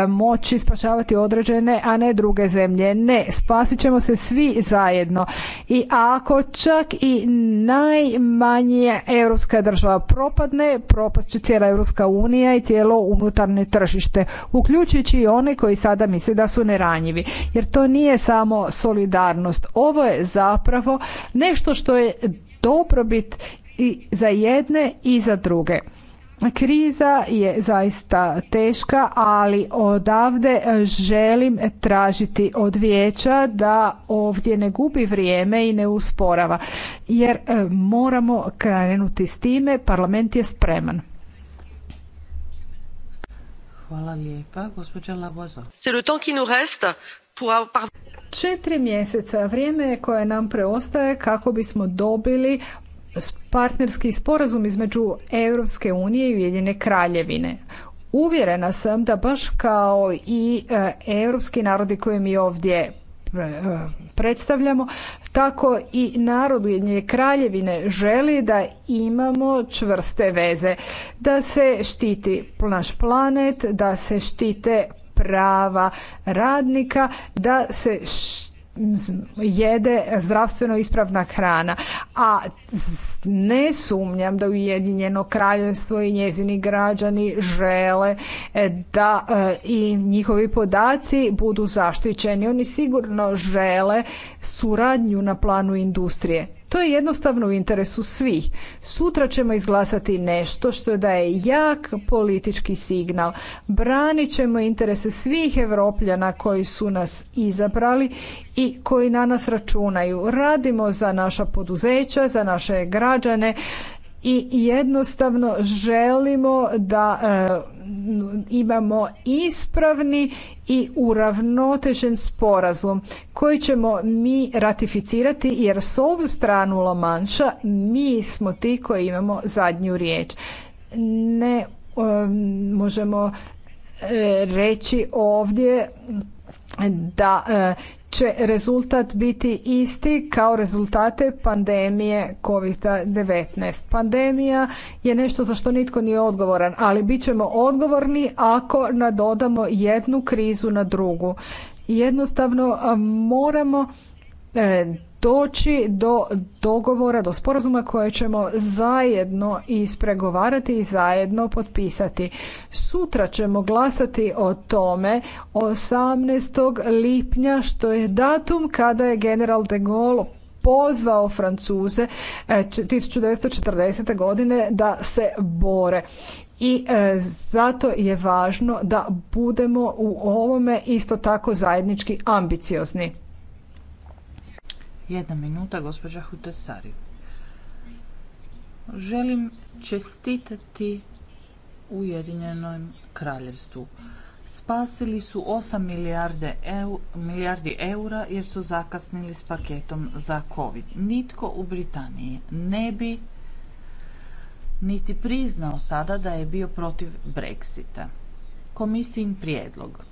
moći spašavati određene, a ne druge zemlje. Ne, spasit ćemo se svi zajedno. I ako čak i najmanje europska država propadne, propast će cijela Europska unija i cijelo unutarnje tržište, uključujući i one koji sada misle da su neranjivi. Jer to nije samo solidarnost solidarnost. Ovo je zapravo nešto što je dobrobit i za jedne i za druge. Kriza je zaista teška, ali odavde želim tražiti od vijeća da ovdje ne gubi vrijeme i ne usporava, jer e, moramo krenuti s time, parlament je spreman. Hvala lijepa, gospođa Lavozo. Četiri mjeseca vrijeme koje nam preostaje kako bismo dobili partnerski sporazum između Europske unije i Ujedinjene kraljevine. Uvjerena sam da baš kao i e, europski narodi koje mi ovdje e, predstavljamo, tako i narod Ujedinjene kraljevine želi da imamo čvrste veze, da se štiti naš planet, da se štite prava radnika da se jede zdravstveno ispravna hrana. A ne sumnjam da Ujedinjeno kraljevstvo i njezini građani žele e, da e, i njihovi podaci budu zaštićeni. Oni sigurno žele suradnju na planu industrije. To je jednostavno u interesu svih. Sutra ćemo izglasati nešto što daje jak politički signal. Branit ćemo interese svih Evropljana koji su nas izabrali i koji na nas računaju. Radimo za naša poduzeća, za naše građane, i jednostavno želimo da e, imamo ispravni i uravnotežen sporazum koji ćemo mi ratificirati jer s ovu stranu Lomanša mi smo ti koji imamo zadnju riječ. Ne e, možemo e, reći ovdje da će rezultat biti isti kao rezultate pandemije COVID-19. Pandemija je nešto za što nitko nije odgovoran, ali bit ćemo odgovorni ako nadodamo jednu krizu na drugu. Jednostavno moramo e, doći do dogovora, do sporazuma koje ćemo zajedno ispregovarati i zajedno potpisati. Sutra ćemo glasati o tome 18. lipnja što je datum kada je general de Gaulle pozvao Francuze 1940. E, godine da se bore. I e, zato je važno da budemo u ovome isto tako zajednički ambiciozni. Jedna minuta, gospođa Hutesari. Želim čestitati Ujedinjenom kraljevstvu. Spasili su 8 milijardi eura jer su zakasnili s paketom za COVID. Nitko u Britaniji ne bi niti priznao sada da je bio protiv Brexita. Komisijin prijedlog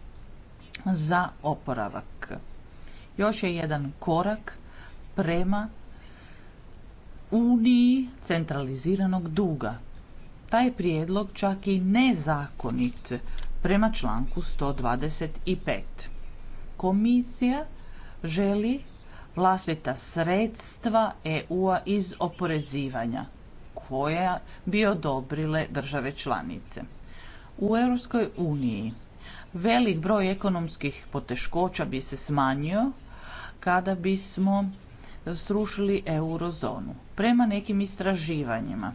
za oporavak. Još je jedan korak prema uniji centraliziranog duga. Taj prijedlog čak i nezakonit prema članku 125. Komisija želi vlastita sredstva EU-a iz oporezivanja koja bi odobrile države članice. U Europskoj uniji velik broj ekonomskih poteškoća bi se smanjio kada bismo srušili eurozonu. Prema nekim istraživanjima,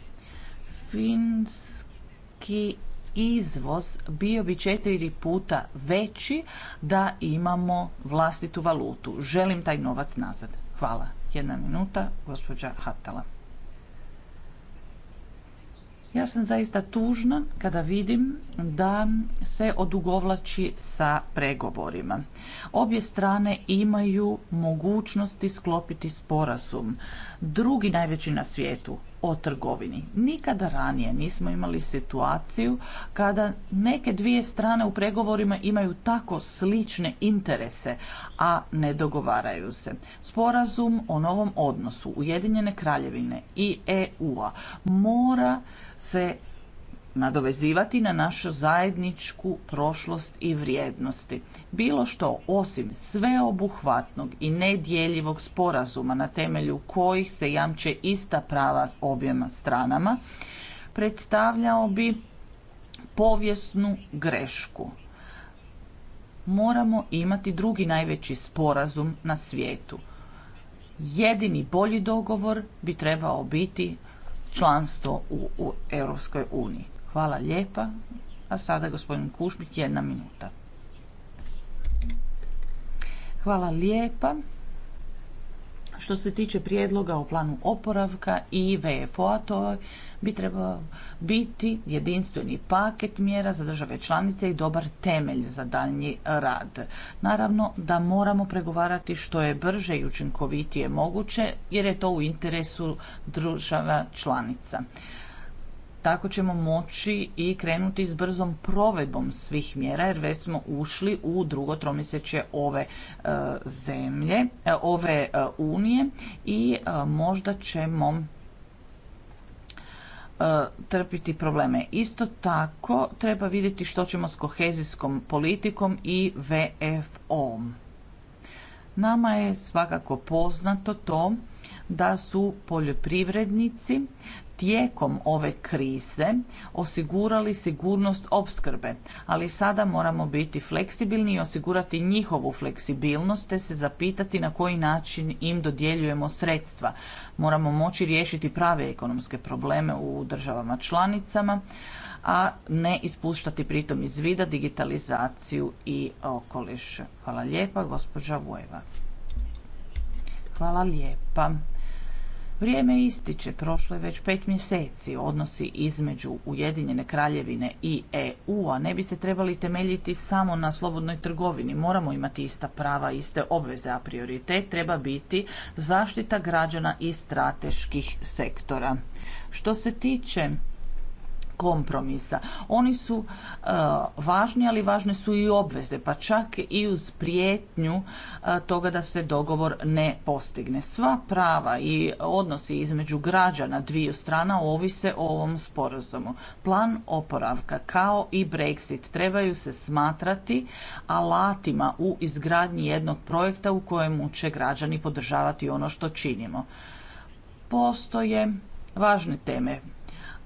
finski izvoz bio bi četiri puta veći da imamo vlastitu valutu. Želim taj novac nazad. Hvala. Jedna minuta, gospođa Hatala. Ja sam zaista tužna kada vidim da se odugovlači sa pregovorima. Obje strane imaju mogućnosti sklopiti sporazum. Drugi najveći na svijetu, o trgovini. Nikada ranije nismo imali situaciju kada neke dvije strane u pregovorima imaju tako slične interese, a ne dogovaraju se. Sporazum o novom odnosu Ujedinjene kraljevine i EU-a mora se nadovezivati na našu zajedničku prošlost i vrijednosti. Bilo što osim sveobuhvatnog i nedjeljivog sporazuma na temelju kojih se jamče ista prava s objema stranama, predstavljao bi povijesnu grešku. Moramo imati drugi najveći sporazum na svijetu. Jedini bolji dogovor bi trebao biti članstvo u, u Europskoj uniji. Hvala lijepa. A sada gospodin Kušbić, jedna minuta. Hvala lijepa. Što se tiče prijedloga o planu oporavka i VFO-a, to bi trebao biti jedinstveni paket mjera za države članice i dobar temelj za daljnji rad. Naravno da moramo pregovarati što je brže i učinkovitije moguće, jer je to u interesu država članica tako ćemo moći i krenuti s brzom provedbom svih mjera jer već smo ušli u drugo tromjesečje ove e, zemlje, e, ove e, unije i možda ćemo trpiti probleme. Isto tako treba vidjeti što ćemo s kohezijskom politikom i VFO-om. Nama je svakako poznato to da su poljoprivrednici tijekom ove krize osigurali sigurnost opskrbe, ali sada moramo biti fleksibilni i osigurati njihovu fleksibilnost te se zapitati na koji način im dodjeljujemo sredstva. Moramo moći riješiti prave ekonomske probleme u državama članicama, a ne ispuštati pritom iz vida digitalizaciju i okoliš. Hvala lijepa, gospođa Vojva. Hvala lijepa. Vrijeme ističe, prošlo je već pet mjeseci. Odnosi između Ujedinjene kraljevine i EU-a ne bi se trebali temeljiti samo na slobodnoj trgovini. Moramo imati ista prava, iste obveze, a prioritet treba biti zaštita građana i strateških sektora. Što se tiče kompromisa. Oni su e, važni, ali važne su i obveze, pa čak i uz prijetnju e, toga da se dogovor ne postigne. Sva prava i odnosi između građana dviju strana ovise o ovom sporazumu. Plan oporavka kao i Brexit trebaju se smatrati alatima u izgradnji jednog projekta u kojemu će građani podržavati ono što činimo. Postoje važne teme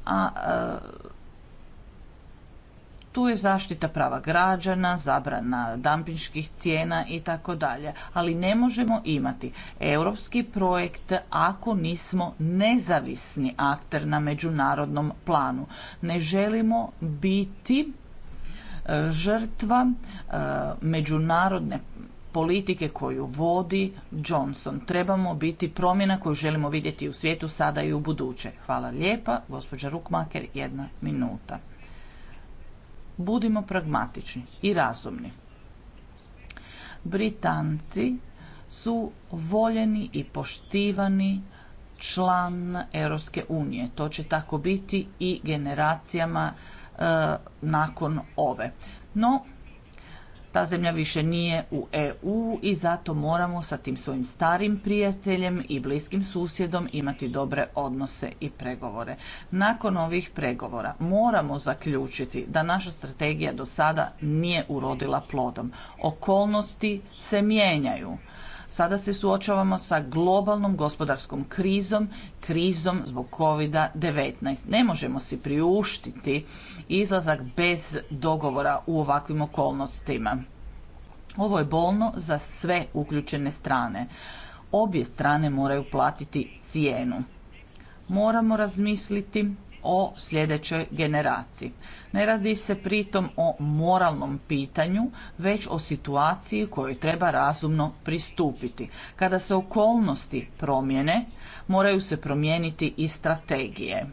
a e, tu je zaštita prava građana, zabrana dampinških cijena i tako dalje. Ali ne možemo imati europski projekt ako nismo nezavisni akter na međunarodnom planu. Ne želimo biti e, žrtva e, međunarodne politike koju vodi Johnson. Trebamo biti promjena koju želimo vidjeti u svijetu sada i u buduće. Hvala lijepa, gospođa Rukmaker, jedna minuta. Budimo pragmatični i razumni. Britanci su voljeni i poštivani član Europske unije. To će tako biti i generacijama e, nakon ove. No, ta zemlja više nije u EU i zato moramo sa tim svojim starim prijateljem i bliskim susjedom imati dobre odnose i pregovore. Nakon ovih pregovora moramo zaključiti da naša strategija do sada nije urodila plodom. Okolnosti se mijenjaju. Sada se suočavamo sa globalnom gospodarskom krizom, krizom zbog COVID-19. Ne možemo si priuštiti izlazak bez dogovora u ovakvim okolnostima. Ovo je bolno za sve uključene strane. Obje strane moraju platiti cijenu. Moramo razmisliti o sljedećoj generaciji. Ne radi se pritom o moralnom pitanju, već o situaciji kojoj treba razumno pristupiti. Kada se okolnosti promjene, moraju se promijeniti i strategije.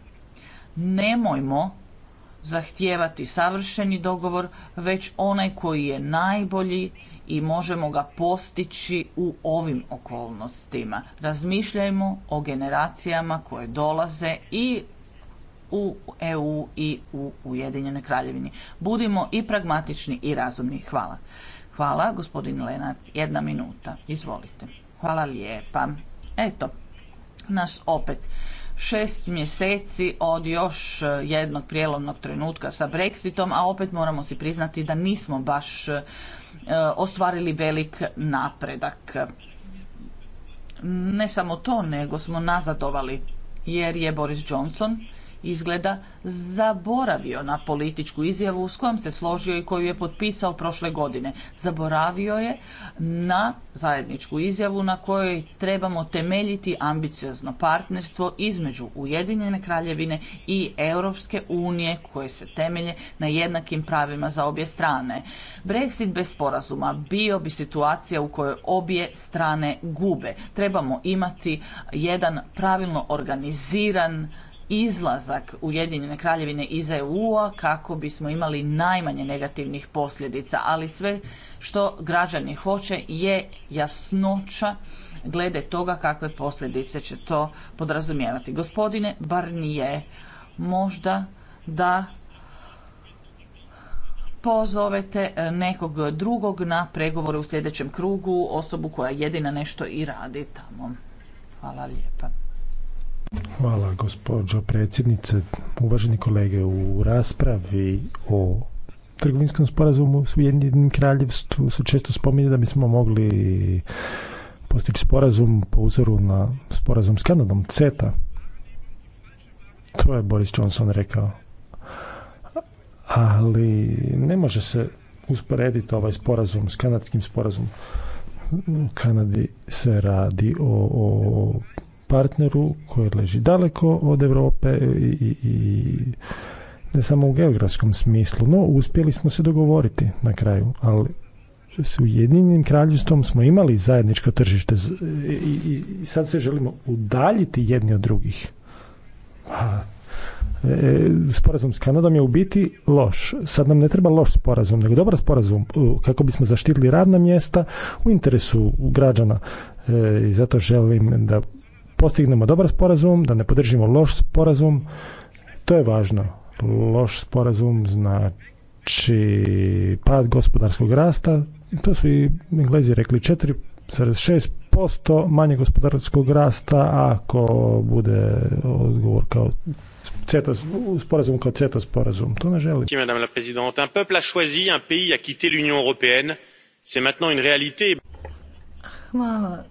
Nemojmo zahtijevati savršeni dogovor, već onaj koji je najbolji i možemo ga postići u ovim okolnostima. Razmišljajmo o generacijama koje dolaze i u EU i u ujedinjene kraljevini. Budimo i pragmatični i razumni. Hvala. Hvala, gospodin Lenart. Jedna minuta. Izvolite. Hvala lijepa. Eto, nas opet šest mjeseci od još jednog prijelovnog trenutka sa Brexitom, a opet moramo si priznati da nismo baš e, ostvarili velik napredak. Ne samo to, nego smo nazadovali jer je Boris Johnson izgleda zaboravio na političku izjavu s kojom se složio i koju je potpisao prošle godine. Zaboravio je na zajedničku izjavu na kojoj trebamo temeljiti ambiciozno partnerstvo između Ujedinjene kraljevine i Europske unije koje se temelje na jednakim pravima za obje strane. Brexit bez sporazuma bio bi situacija u kojoj obje strane gube. Trebamo imati jedan pravilno organiziran izlazak Ujedinjene kraljevine iz EU-a kako bismo imali najmanje negativnih posljedica, ali sve što građani hoće je jasnoća glede toga kakve posljedice će to podrazumijevati. Gospodine Barnije, možda da pozovete nekog drugog na pregovore u sljedećem krugu, osobu koja jedina nešto i radi tamo. Hvala lijepa. Hvala gospođo predsjednice. Uvaženi kolege, u raspravi o trgovinskom sporazumu s Ujedinjenim kraljevstvu su često spominje da bismo mogli postići sporazum po uzoru na sporazum s Kanadom, CETA. To je Boris Johnson rekao. Ali ne može se usporediti ovaj sporazum s kanadskim sporazumom. U Kanadi se radi o partneru koji leži daleko od Europe i, i ne samo u geografskom smislu, no uspjeli smo se dogovoriti na kraju, ali s Ujedinjenim kraljevstvom smo imali zajedničko tržište i, i sad se želimo udaljiti jedni od drugih. A, e, e, sporazum s Kanadom je u biti loš. Sad nam ne treba loš sporazum, nego dobar sporazum e, kako bismo zaštitili radna mjesta u interesu građana. E, I zato želim da postignemo dobar sporazum, da ne podržimo loš sporazum. To je važno. Loš sporazum znači pad gospodarskog rasta. To su i Englezi rekli 4,6% manje gospodarskog rasta ako bude odgovor kao CETA, sporazum kao CETA sporazum. To ne želim. Madame la Présidente, un peuple a choisi, un pays a quitté l'Union Européenne. C'est maintenant une réalité. Hvala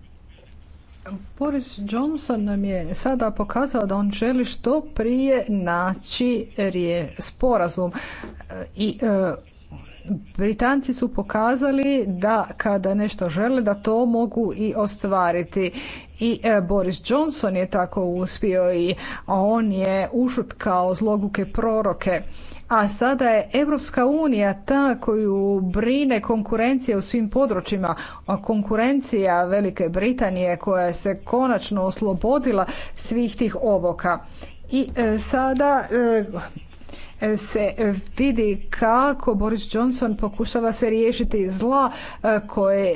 Boris Johnson nam je sada pokazao da on želi što prije naći rije sporazum e, i e, Britanci su pokazali da kada nešto žele da to mogu i ostvariti i e, Boris Johnson je tako uspio i on je ušutkao zloguke proroke a sada je Europska unija ta koju brine konkurencija u svim područjima, a konkurencija Velike Britanije koja se konačno oslobodila svih tih oboka. I e, sada e, e, se vidi kako Boris Johnson pokušava se riješiti zla koje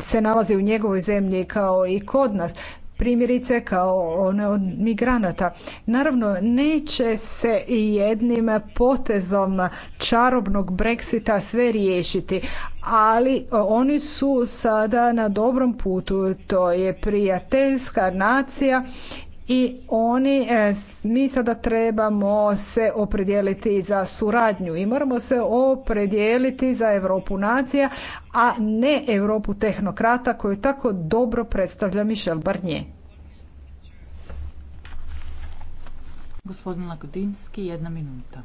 se nalazi u njegovoj zemlji kao i kod nas primjerice kao one od migranata. Naravno, neće se i jednim potezom čarobnog Brexita sve riješiti, ali oni su sada na dobrom putu. To je prijateljska nacija i oni e, mi sada trebamo se opredijeliti za suradnju i moramo se opredijeliti za Europu nacija, a ne Europu tehnokrata koju tako dobro predstavlja Michel Barnier. Gospodin jedna minuta.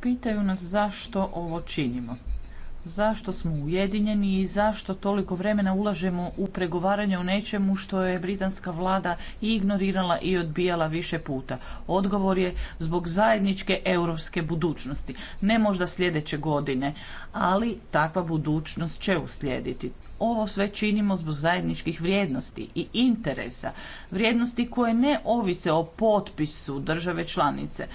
Pitaju nas zašto ovo činimo zašto smo ujedinjeni i zašto toliko vremena ulažemo u pregovaranje o nečemu što je britanska vlada i ignorirala i odbijala više puta. Odgovor je zbog zajedničke europske budućnosti. Ne možda sljedeće godine, ali takva budućnost će uslijediti. Ovo sve činimo zbog zajedničkih vrijednosti i interesa, vrijednosti koje ne ovise o potpisu države članice.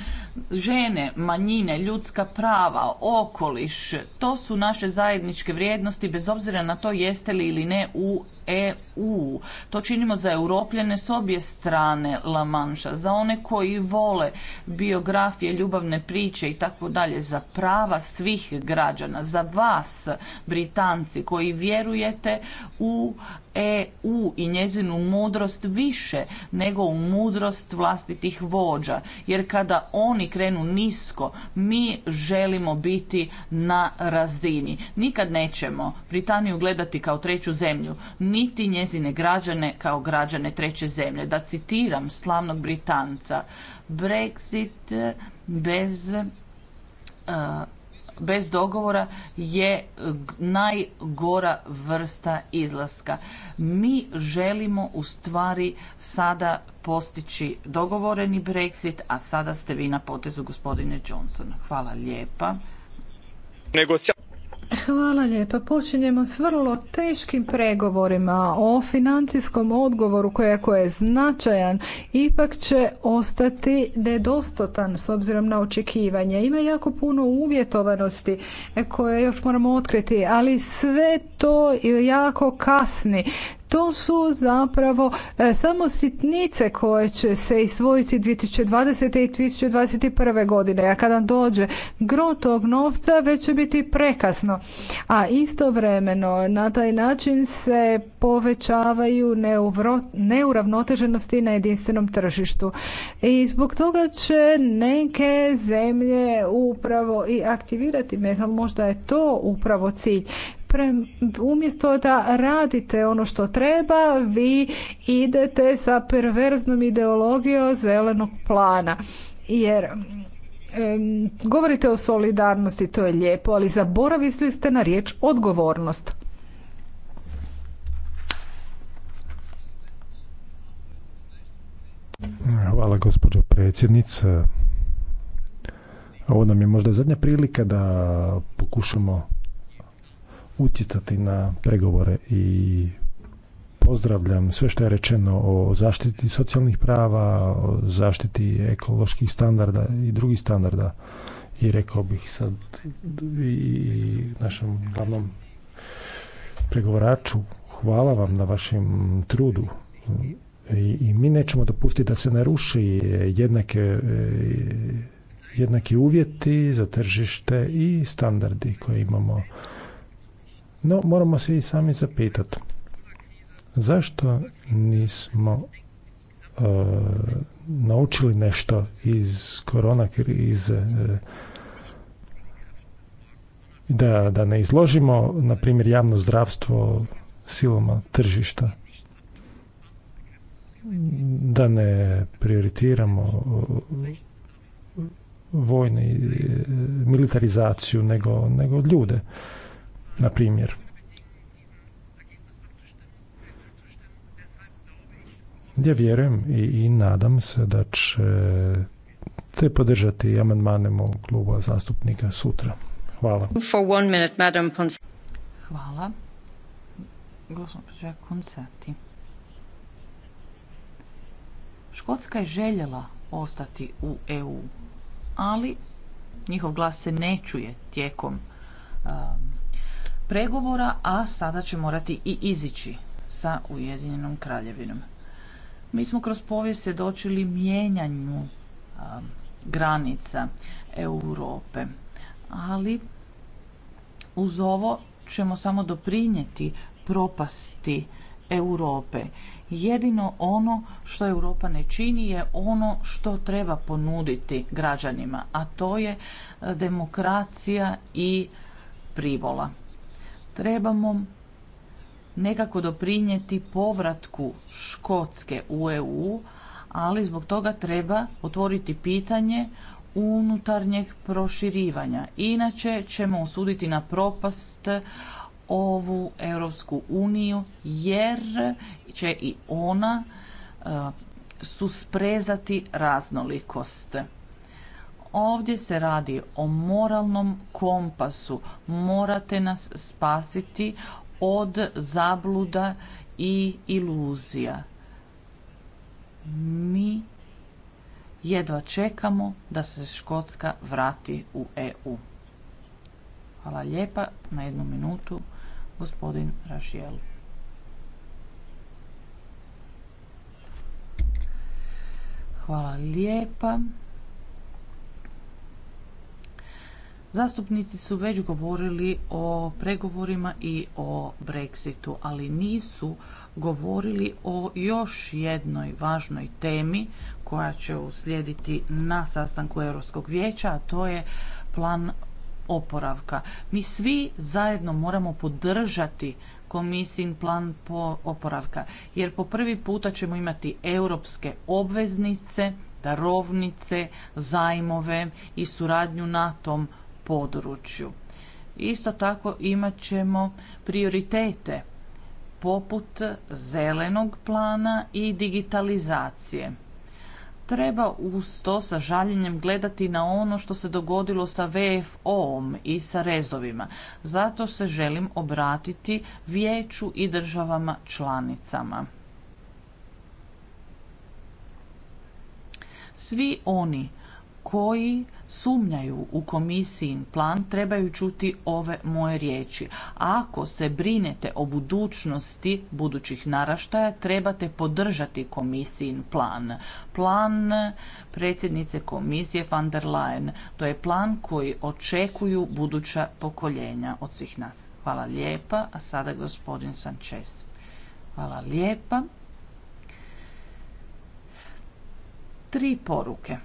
Žene, manjine, ljudska prava, okoliš, to su naše zajedničke vrijednosti bez obzira na to jeste li ili ne u EU. To činimo za europljene s obje strane La za one koji vole biografije, ljubavne priče i tako dalje, za prava svih građana, za vas Britanci koji vjerujete u EU i njezinu mudrost više nego u mudrost vlastitih vođa. Jer kada oni krenu nisko, mi želimo biti na razini. Nikad nećemo Britaniju gledati kao treću zemlju, niti njezine građane kao građane treće zemlje. Da citiram slavnog Britanca, Brexit bez e, bez dogovora je najgora vrsta izlaska. Mi želimo u stvari sada postići dogovoreni Brexit, a sada ste vi na potezu gospodine Johnson. Hvala lijepa. Hvala lijepa. Počinjemo s vrlo teškim pregovorima o financijskom odgovoru koji je značajan ipak će ostati nedostotan s obzirom na očekivanje. Ima jako puno uvjetovanosti koje još moramo otkriti, ali sve to jako kasni. To su zapravo e, samo sitnice koje će se isvojiti 2020. i 2021. godine, a kada dođe gro tog novca već će biti prekasno. A istovremeno na taj način se povećavaju neuravnoteženosti na jedinstvenom tržištu. I zbog toga će neke zemlje upravo i aktivirati mezal, možda je to upravo cilj umjesto da radite ono što treba, vi idete sa perverznom ideologijom zelenog plana. Jer govorite o solidarnosti, to je lijepo, ali zaboravili ste na riječ odgovornost. Hvala gospođo predsjednica. Ovo nam je možda zadnja prilika da pokušamo utjecati na pregovore i pozdravljam sve što je rečeno o zaštiti socijalnih prava, o zaštiti ekoloških standarda i drugih standarda i rekao bih sad i našem glavnom pregovoraču hvala vam na vašem trudu i, i mi nećemo dopustiti da se naruši jednake e, jednaki uvjeti za tržište i standardi koje imamo no, moramo se i sami zapitati zašto nismo e, naučili nešto iz korona krize da, da ne izložimo, na primjer, javno zdravstvo silama tržišta da ne prioritiramo e, vojnu e, militarizaciju nego, nego ljude na primjer. Ja vjerujem i, nadam se da će te podržati amandmane mog kluba zastupnika sutra. Hvala. For one minute, Madam Hvala. Gospodin Škotska je željela ostati u EU, ali njihov glas se ne čuje tijekom pregovora, a sada će morati i izići sa Ujedinjenom kraljevinom. Mi smo kroz povijest svjedočili mijenjanju granica Europe, ali uz ovo ćemo samo doprinijeti propasti Europe. Jedino ono što Europa ne čini je ono što treba ponuditi građanima, a to je demokracija i privola trebamo nekako doprinijeti povratku Škotske u EU, ali zbog toga treba otvoriti pitanje unutarnjeg proširivanja. Inače ćemo osuditi na propast ovu Europsku uniju jer će i ona e, susprezati raznolikost. Ovdje se radi o moralnom kompasu. Morate nas spasiti od zabluda i iluzija. Mi jedva čekamo da se Škotska vrati u EU. Hvala lijepa. Na jednu minutu gospodin Rašijel. Hvala lijepa. Zastupnici su već govorili o pregovorima i o Brexitu, ali nisu govorili o još jednoj važnoj temi koja će uslijediti na sastanku Europskog vijeća, a to je plan oporavka. Mi svi zajedno moramo podržati komisijin plan po oporavka, jer po prvi puta ćemo imati europske obveznice, darovnice, zajmove i suradnju na tom području. Isto tako imat ćemo prioritete poput zelenog plana i digitalizacije. Treba uz to sa žaljenjem gledati na ono što se dogodilo sa VFO-om i sa rezovima. Zato se želim obratiti vijeću i državama članicama. Svi oni koji sumnjaju u komisijin plan trebaju čuti ove moje riječi. Ako se brinete o budućnosti budućih naraštaja trebate podržati komisijin plan. Plan predsjednice komisije van der Leyen. To je plan koji očekuju buduća pokoljenja od svih nas. Hvala lijepa. A sada gospodin Sanchez. Hvala lijepa. Tri poruke.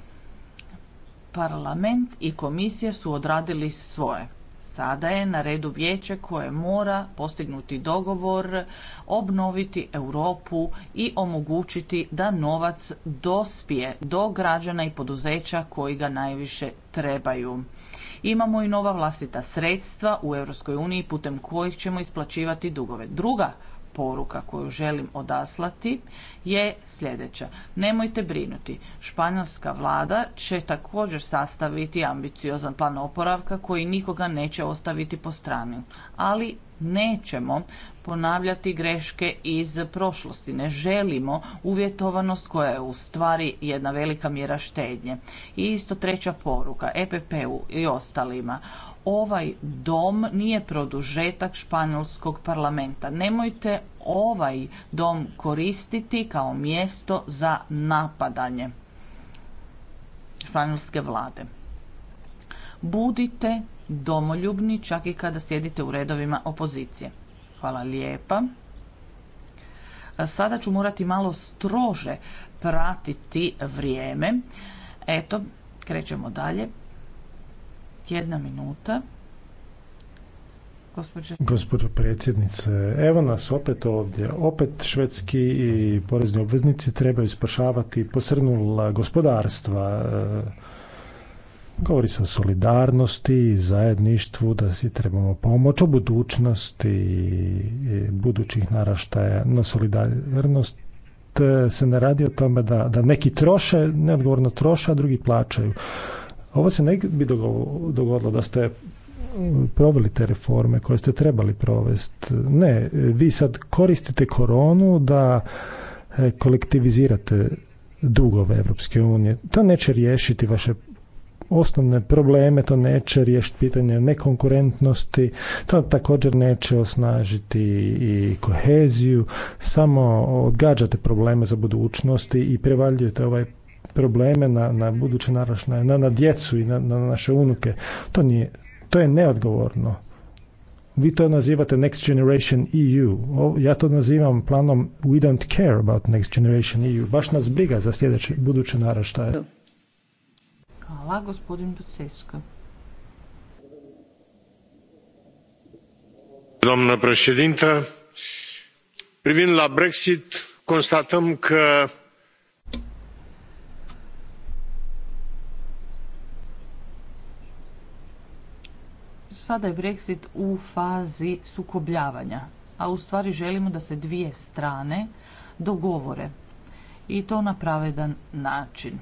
Parlament i komisije su odradili svoje. Sada je na redu vijeće koje mora postignuti dogovor, obnoviti Europu i omogućiti da novac dospije do građana i poduzeća koji ga najviše trebaju. Imamo i nova vlastita sredstva u EU putem kojih ćemo isplaćivati dugove. Druga poruka koju želim odaslati je sljedeća. Nemojte brinuti, španjolska vlada će također sastaviti ambiciozan plan oporavka koji nikoga neće ostaviti po strani. Ali nećemo ponavljati greške iz prošlosti. Ne želimo uvjetovanost koja je u stvari jedna velika mjera štednje. I isto treća poruka EPP-u i ostalima ovaj dom nije produžetak španjolskog parlamenta. Nemojte ovaj dom koristiti kao mjesto za napadanje španjolske vlade. Budite domoljubni čak i kada sjedite u redovima opozicije. Hvala lijepa. Sada ću morati malo strože pratiti vrijeme. Eto, krećemo dalje. Jedna minuta. Gospođo predsjednice, evo nas opet ovdje. Opet švedski i porezni obveznici trebaju spašavati posrnula gospodarstva. E, govori se o solidarnosti, i zajedništvu, da si trebamo pomoć, o budućnosti budućih naraštaja. Na solidarnost e, se ne radi o tome da, da neki troše, neodgovorno troše, a drugi plaćaju. Ovo se ne bi dogodilo da ste mm, proveli te reforme koje ste trebali provesti. Ne, vi sad koristite koronu da e, kolektivizirate dugove Evropske unije. To neće riješiti vaše osnovne probleme, to neće riješiti pitanje nekonkurentnosti, to također neće osnažiti i koheziju, samo odgađate probleme za budućnost i prevaljujete ovaj probleme na, na buduće naraštaje, na, na djecu i na, na naše unuke. To nije, to je neodgovorno. Vi to nazivate Next Generation EU. Ja to nazivam planom We don't care about Next Generation EU. Baš nas briga za sljedeće buduće naraštaje. Hvala, gospodin Bucesko. Domna președintă, privind la Brexit, constatăm că Sada je Brexit u fazi sukobljavanja, a u stvari želimo da se dvije strane dogovore i to na pravedan način.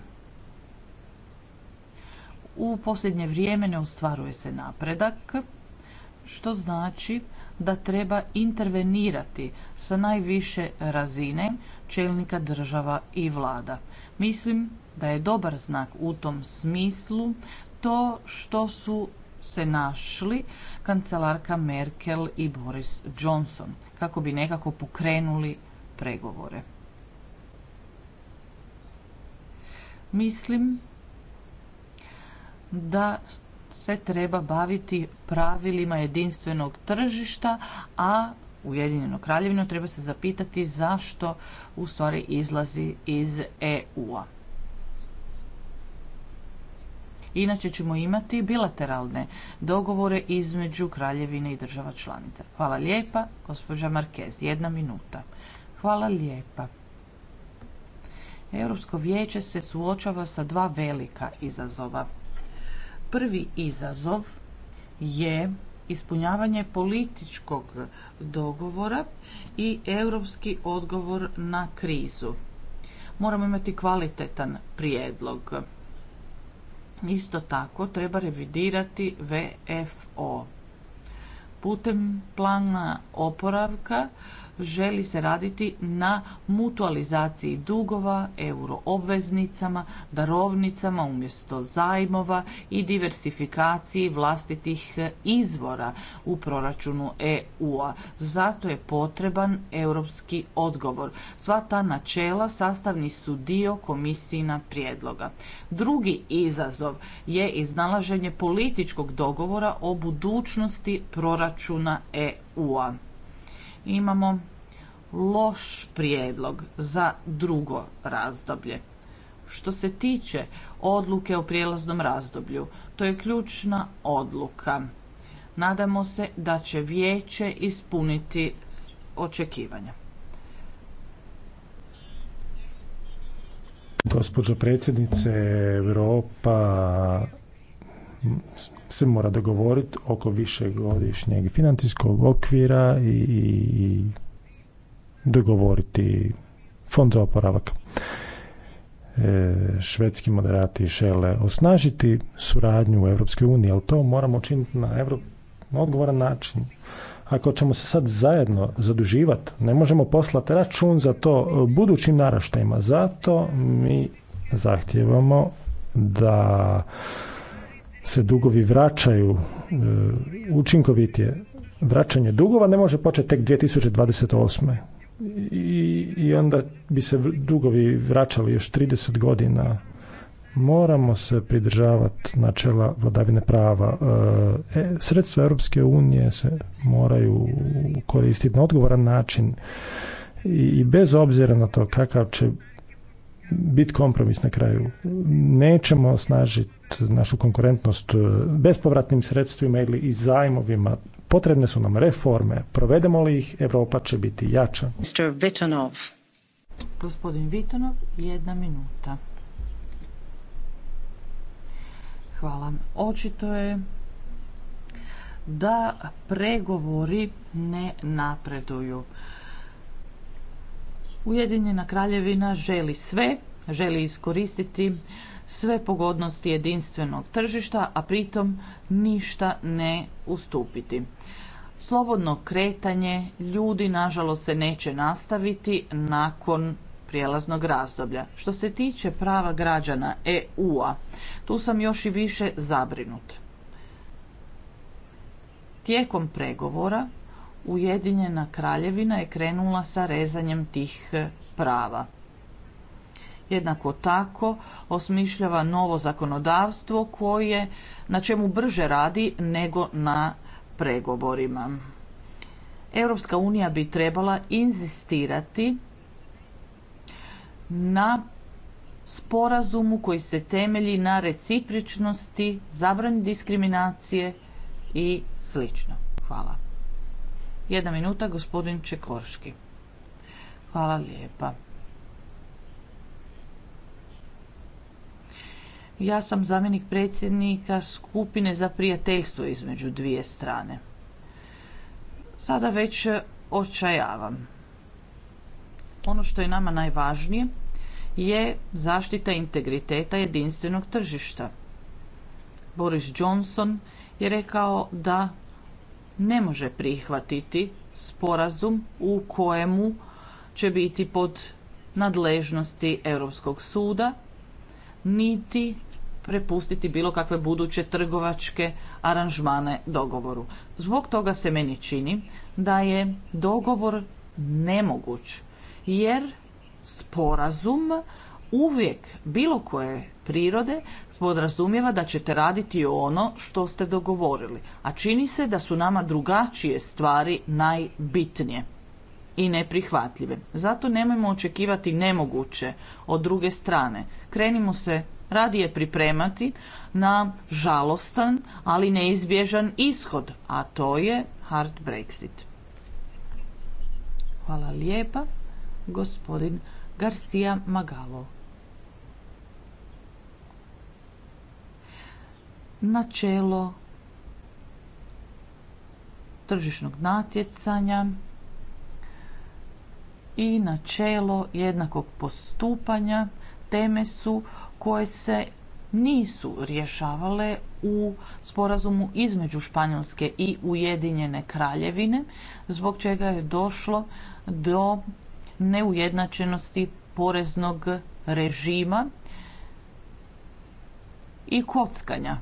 U posljednje vrijeme ne ostvaruje se napredak, što znači da treba intervenirati sa najviše razine čelnika država i vlada. Mislim da je dobar znak u tom smislu to što su se našli kancelarka Merkel i Boris Johnson kako bi nekako pokrenuli pregovore. Mislim da se treba baviti pravilima jedinstvenog tržišta, a Ujedinjeno kraljevino treba se zapitati zašto u stvari izlazi iz EU-a. Inače ćemo imati bilateralne dogovore između kraljevine i država članica. Hvala lijepa, gospođa Markez, jedna minuta. Hvala lijepa. Europsko vijeće se suočava sa dva velika izazova. Prvi izazov je ispunjavanje političkog dogovora i europski odgovor na krizu. Moramo imati kvalitetan prijedlog Isto tako treba revidirati VFO. Putem plana oporavka želi se raditi na mutualizaciji dugova, euroobveznicama, darovnicama umjesto zajmova i diversifikaciji vlastitih e, izvora u proračunu EU-a. Zato je potreban europski odgovor. Sva ta načela sastavni su dio komisijina prijedloga. Drugi izazov je iznalaženje političkog dogovora o budućnosti proračuna EU-a imamo loš prijedlog za drugo razdoblje. Što se tiče odluke o prijelaznom razdoblju, to je ključna odluka. Nadamo se da će vijeće ispuniti očekivanja. Gospođo predsjednice, Europa se mora dogovoriti oko višegodišnjeg financijskog okvira i, dogovoriti fond za oporavak. E, švedski moderati žele osnažiti suradnju u EU, ali to moramo učiniti na, Evrop... na odgovoran način. Ako ćemo se sad zajedno zaduživati, ne možemo poslati račun za to budućim naraštajima. Zato mi zahtijevamo da se dugovi vraćaju e, učinkovitije, vraćanje dugova ne može početi tek 2028. I, i onda bi se dugovi vraćali još 30 godina. Moramo se pridržavati načela vladavine prava. E, e, sredstva Europske unije se moraju koristiti na odgovoran način i, i bez obzira na to kakav će biti kompromis na kraju. Nećemo snažiti našu konkurentnost e, bespovratnim sredstvima ili i zajmovima. Potrebne su nam reforme. Provedemo li ih, Europa će biti jača. Mr. Gospodin Vitanov, jedna minuta. Hvala. Očito je da pregovori ne napreduju. Ujedinjena kraljevina želi sve, želi iskoristiti sve pogodnosti jedinstvenog tržišta, a pritom ništa ne ustupiti. Slobodno kretanje ljudi nažalost se neće nastaviti nakon prijelaznog razdoblja. Što se tiče prava građana EU-a, tu sam još i više zabrinut. Tijekom pregovora Ujedinjena kraljevina je krenula sa rezanjem tih e, prava. Jednako tako osmišljava novo zakonodavstvo koje na čemu brže radi nego na pregovorima. Europska unija bi trebala inzistirati na sporazumu koji se temelji na recipričnosti, zabrani diskriminacije i slično. Hvala. Jedna minuta, gospodin Čekorški. Hvala lijepa. Ja sam zamjenik predsjednika skupine za prijateljstvo između dvije strane. Sada već očajavam. Ono što je nama najvažnije je zaštita integriteta jedinstvenog tržišta. Boris Johnson je rekao da ne može prihvatiti sporazum u kojemu će biti pod nadležnosti Europskog suda niti prepustiti bilo kakve buduće trgovačke aranžmane dogovoru. Zbog toga se meni čini da je dogovor nemoguć jer sporazum uvijek bilo koje prirode podrazumijeva da ćete raditi ono što ste dogovorili, a čini se da su nama drugačije stvari najbitnije i neprihvatljive. Zato nemojmo očekivati nemoguće od druge strane. Krenimo se radije pripremati na žalostan, ali neizbježan ishod, a to je hard Brexit. Hvala lijepa, gospodin Garcia Magalo. načelo tržišnog natjecanja i načelo jednakog postupanja teme su koje se nisu rješavale u sporazumu između Španjolske i Ujedinjene kraljevine, zbog čega je došlo do neujednačenosti poreznog režima i kockanja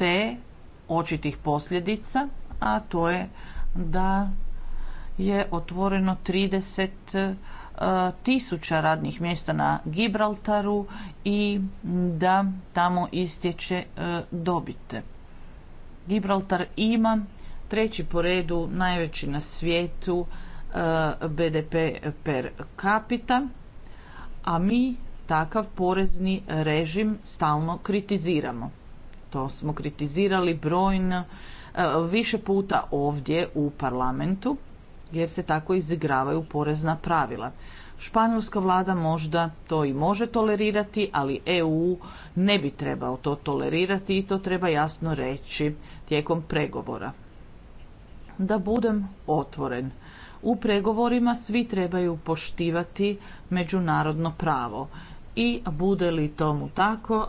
te očitih posljedica, a to je da je otvoreno 30 e, tisuća radnih mjesta na Gibraltaru i da tamo istječe e, dobite. Gibraltar ima treći po redu najveći na svijetu e, BDP per capita, a mi takav porezni režim stalno kritiziramo. To smo kritizirali brojno e, više puta ovdje u parlamentu jer se tako izigravaju porezna pravila. Španjolska vlada možda to i može tolerirati, ali EU ne bi trebao to tolerirati i to treba jasno reći tijekom pregovora. Da budem otvoren, u pregovorima svi trebaju poštivati međunarodno pravo i bude li tomu tako,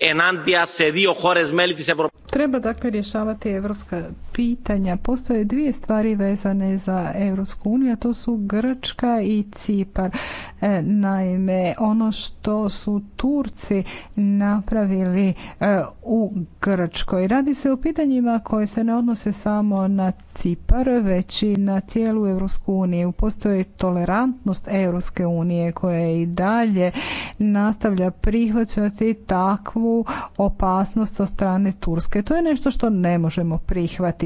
Enandja se dio ohore izmeliti ses euro. treba dakkleje šavati europska pitanja. Postoje dvije stvari vezane za Europsku uniju, a to su Grčka i Cipar. E, naime, ono što su Turci napravili e, u Grčkoj. Radi se o pitanjima koje se ne odnose samo na Cipar, već i na cijelu Europsku uniju. Postoji tolerantnost Europske unije koja i dalje nastavlja prihvaćati takvu opasnost od strane Turske. To je nešto što ne možemo prihvatiti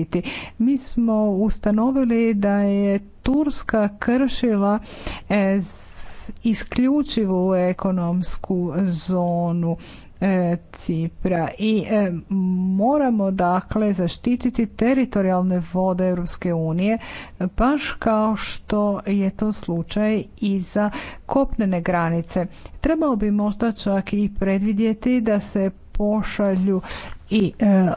mi smo ustanovili da je Turska kršila e, isključivu ekonomsku zonu e, Cipra i e, moramo dakle zaštititi teritorijalne vode Europske unije baš kao što je to slučaj i za kopnene granice. Trebalo bi možda čak i predvidjeti da se pošalju i e,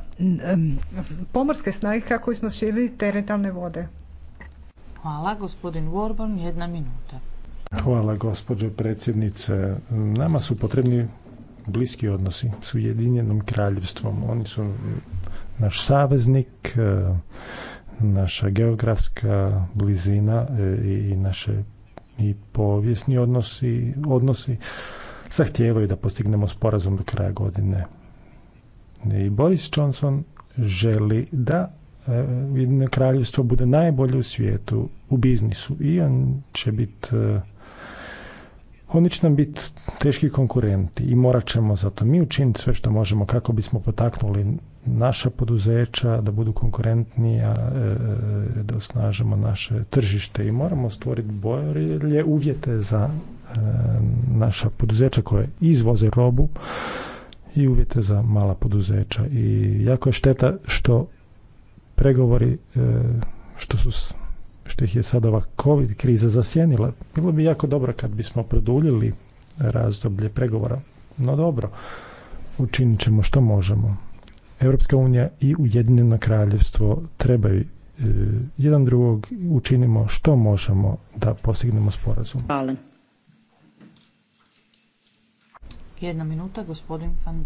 pomorske snage kako bismo širili teritorijalne vode. Hvala, gospodin Vorban, jedna minuta. Hvala, gospođo predsjednice. Nama su potrebni bliski odnosi s Ujedinjenom kraljevstvom. Oni su naš saveznik, e, naša geografska blizina e, i naše i povijesni odnosi, odnosi zahtijevaju da postignemo sporazum do kraja godine. I Boris Johnson želi da e, Ujedinjeno kraljevstvo bude najbolje u svijetu u biznisu i on će biti e, oni će nam biti teški konkurenti i morat ćemo zato mi učiniti sve što možemo kako bismo potaknuli naša poduzeća da budu konkurentnija, e, da osnažemo naše tržište i moramo stvoriti bolje uvjete za naša poduzeća koje izvoze robu i uvjete za mala poduzeća. I jako je šteta što pregovori e, što su što ih je sad ova COVID kriza zasjenila. Bilo bi jako dobro kad bismo produljili razdoblje pregovora. No dobro, učinit ćemo što možemo. Europska unija i Ujedinjeno kraljevstvo trebaju e, jedan drugog učinimo što možemo da postignemo sporazum. Hvala. Jedna minuta, gospodin Van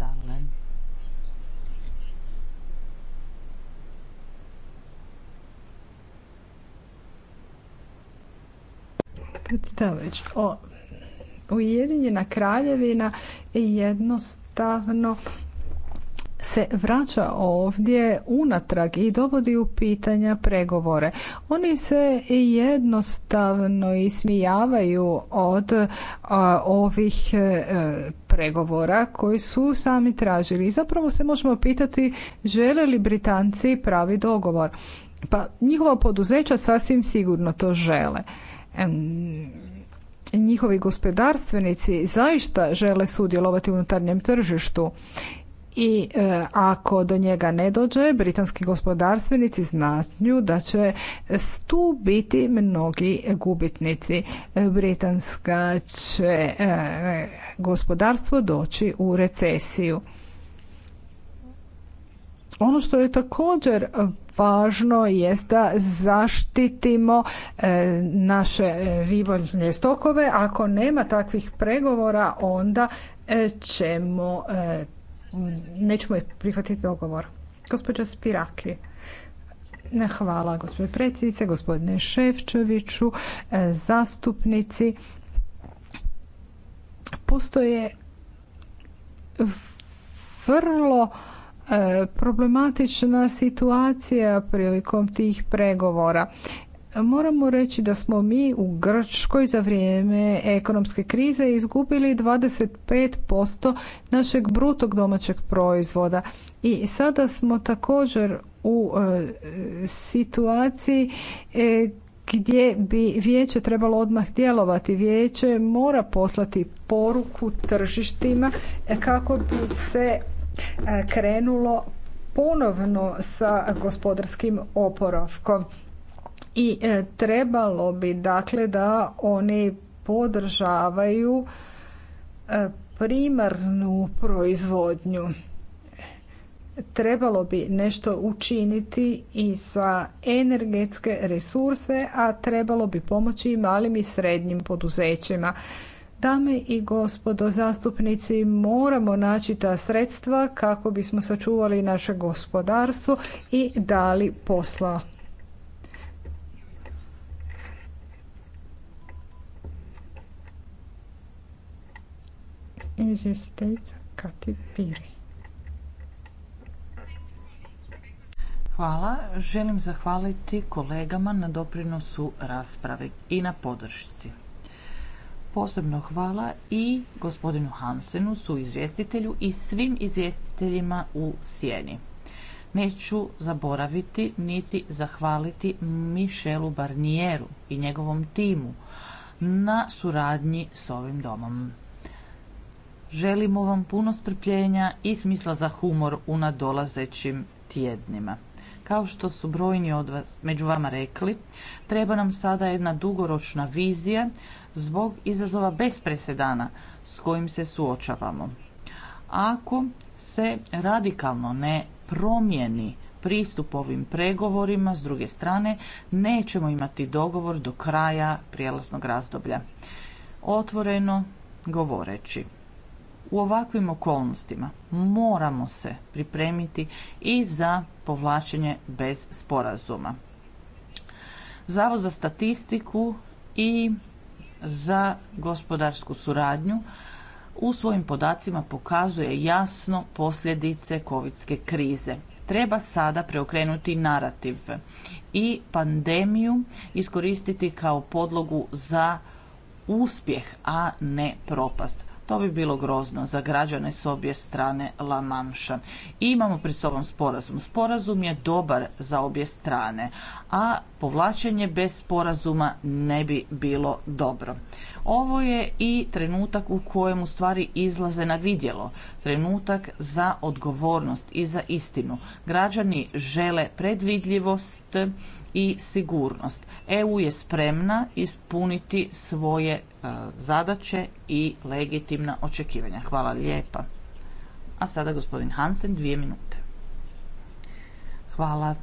već o, Ujedinjena kraljevina je jednostavno se vraća ovdje unatrag i dovodi u pitanja pregovore. Oni se jednostavno ismijavaju od ovih e, pregovora koji su sami tražili. I zapravo se možemo pitati žele li Britanci pravi dogovor. Pa njihova poduzeća sasvim sigurno to žele. njihovi gospodarstvenici zaista žele sudjelovati u unutarnjem tržištu i e, ako do njega ne dođe, britanski gospodarstvenici znaju da će tu biti mnogi gubitnici. Britanska će e, gospodarstvo doći u recesiju. Ono što je također važno jest da zaštitimo e, naše vivoljne stokove. Ako nema takvih pregovora, onda ćemo nećemo prihvatiti dogovor. Gospođa Spiraki. Hvala gospodine predsjednice, gospodine Ševčeviću, e, zastupnici. Postoje vrlo e, problematična situacija prilikom tih pregovora Moramo reći da smo mi u Grčkoj za vrijeme ekonomske krize izgubili 25% našeg brutog domaćeg proizvoda i sada smo također u e, situaciji e, gdje bi vijeće trebalo odmah djelovati. Vijeće mora poslati poruku tržištima e, kako bi se krenulo ponovno sa gospodarskim oporavkom i e, trebalo bi dakle da oni podržavaju e, primarnu proizvodnju. Trebalo bi nešto učiniti i sa energetske resurse, a trebalo bi pomoći i malim i srednjim poduzećima. Dame i gospodo zastupnici, moramo naći ta sredstva kako bismo sačuvali naše gospodarstvo i dali posla izvjestiteljica Kati Piri. Hvala. Želim zahvaliti kolegama na doprinosu raspravi i na podršci. Posebno hvala i gospodinu Hansenu, su izvjestitelju i svim izvjestiteljima u Sjeni. Neću zaboraviti niti zahvaliti Mišelu Barnijeru i njegovom timu na suradnji s ovim domom. Želimo vam puno strpljenja i smisla za humor u nadolazećim tjednima. Kao što su brojni od vas, među vama rekli, treba nam sada jedna dugoročna vizija zbog izazova bez presedana s kojim se suočavamo. Ako se radikalno ne promijeni pristup ovim pregovorima, s druge strane, nećemo imati dogovor do kraja prijelaznog razdoblja. Otvoreno govoreći, u ovakvim okolnostima moramo se pripremiti i za povlačenje bez sporazuma. Zavod za statistiku i za gospodarsku suradnju u svojim podacima pokazuje jasno posljedice kovidske krize. Treba sada preokrenuti narativ i pandemiju iskoristiti kao podlogu za uspjeh, a ne propast. To bi bilo grozno za građane s obje strane La Manša. imamo pred sobom sporazum. Sporazum je dobar za obje strane, a povlačenje bez sporazuma ne bi bilo dobro. Ovo je i trenutak u u stvari izlaze na vidjelo. Trenutak za odgovornost i za istinu. Građani žele predvidljivost i sigurnost. EU je spremna ispuniti svoje e, zadaće i legitimna očekivanja. Hvala lijepa. A sada gospodin Hansen, dvije minute. Hvala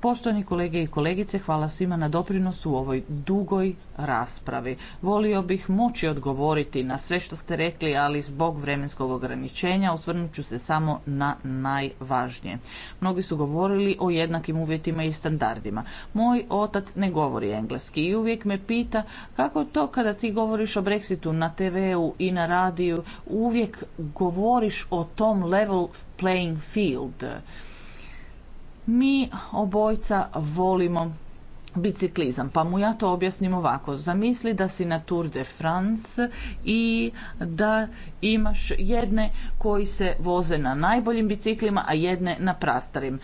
Poštovani kolege i kolegice, hvala svima na doprinosu u ovoj dugoj raspravi. Volio bih moći odgovoriti na sve što ste rekli, ali zbog vremenskog ograničenja osvrnut ću se samo na najvažnije. Mnogi su govorili o jednakim uvjetima i standardima. Moj otac ne govori engleski i uvijek me pita kako to kada ti govoriš o Brexitu na TV-u i na radiju, uvijek govoriš o tom level playing field mi obojca volimo biciklizam, pa mu ja to objasnim ovako. Zamisli da si na Tour de France i da imaš jedne koji se voze na najboljim biciklima, a jedne na prastarim.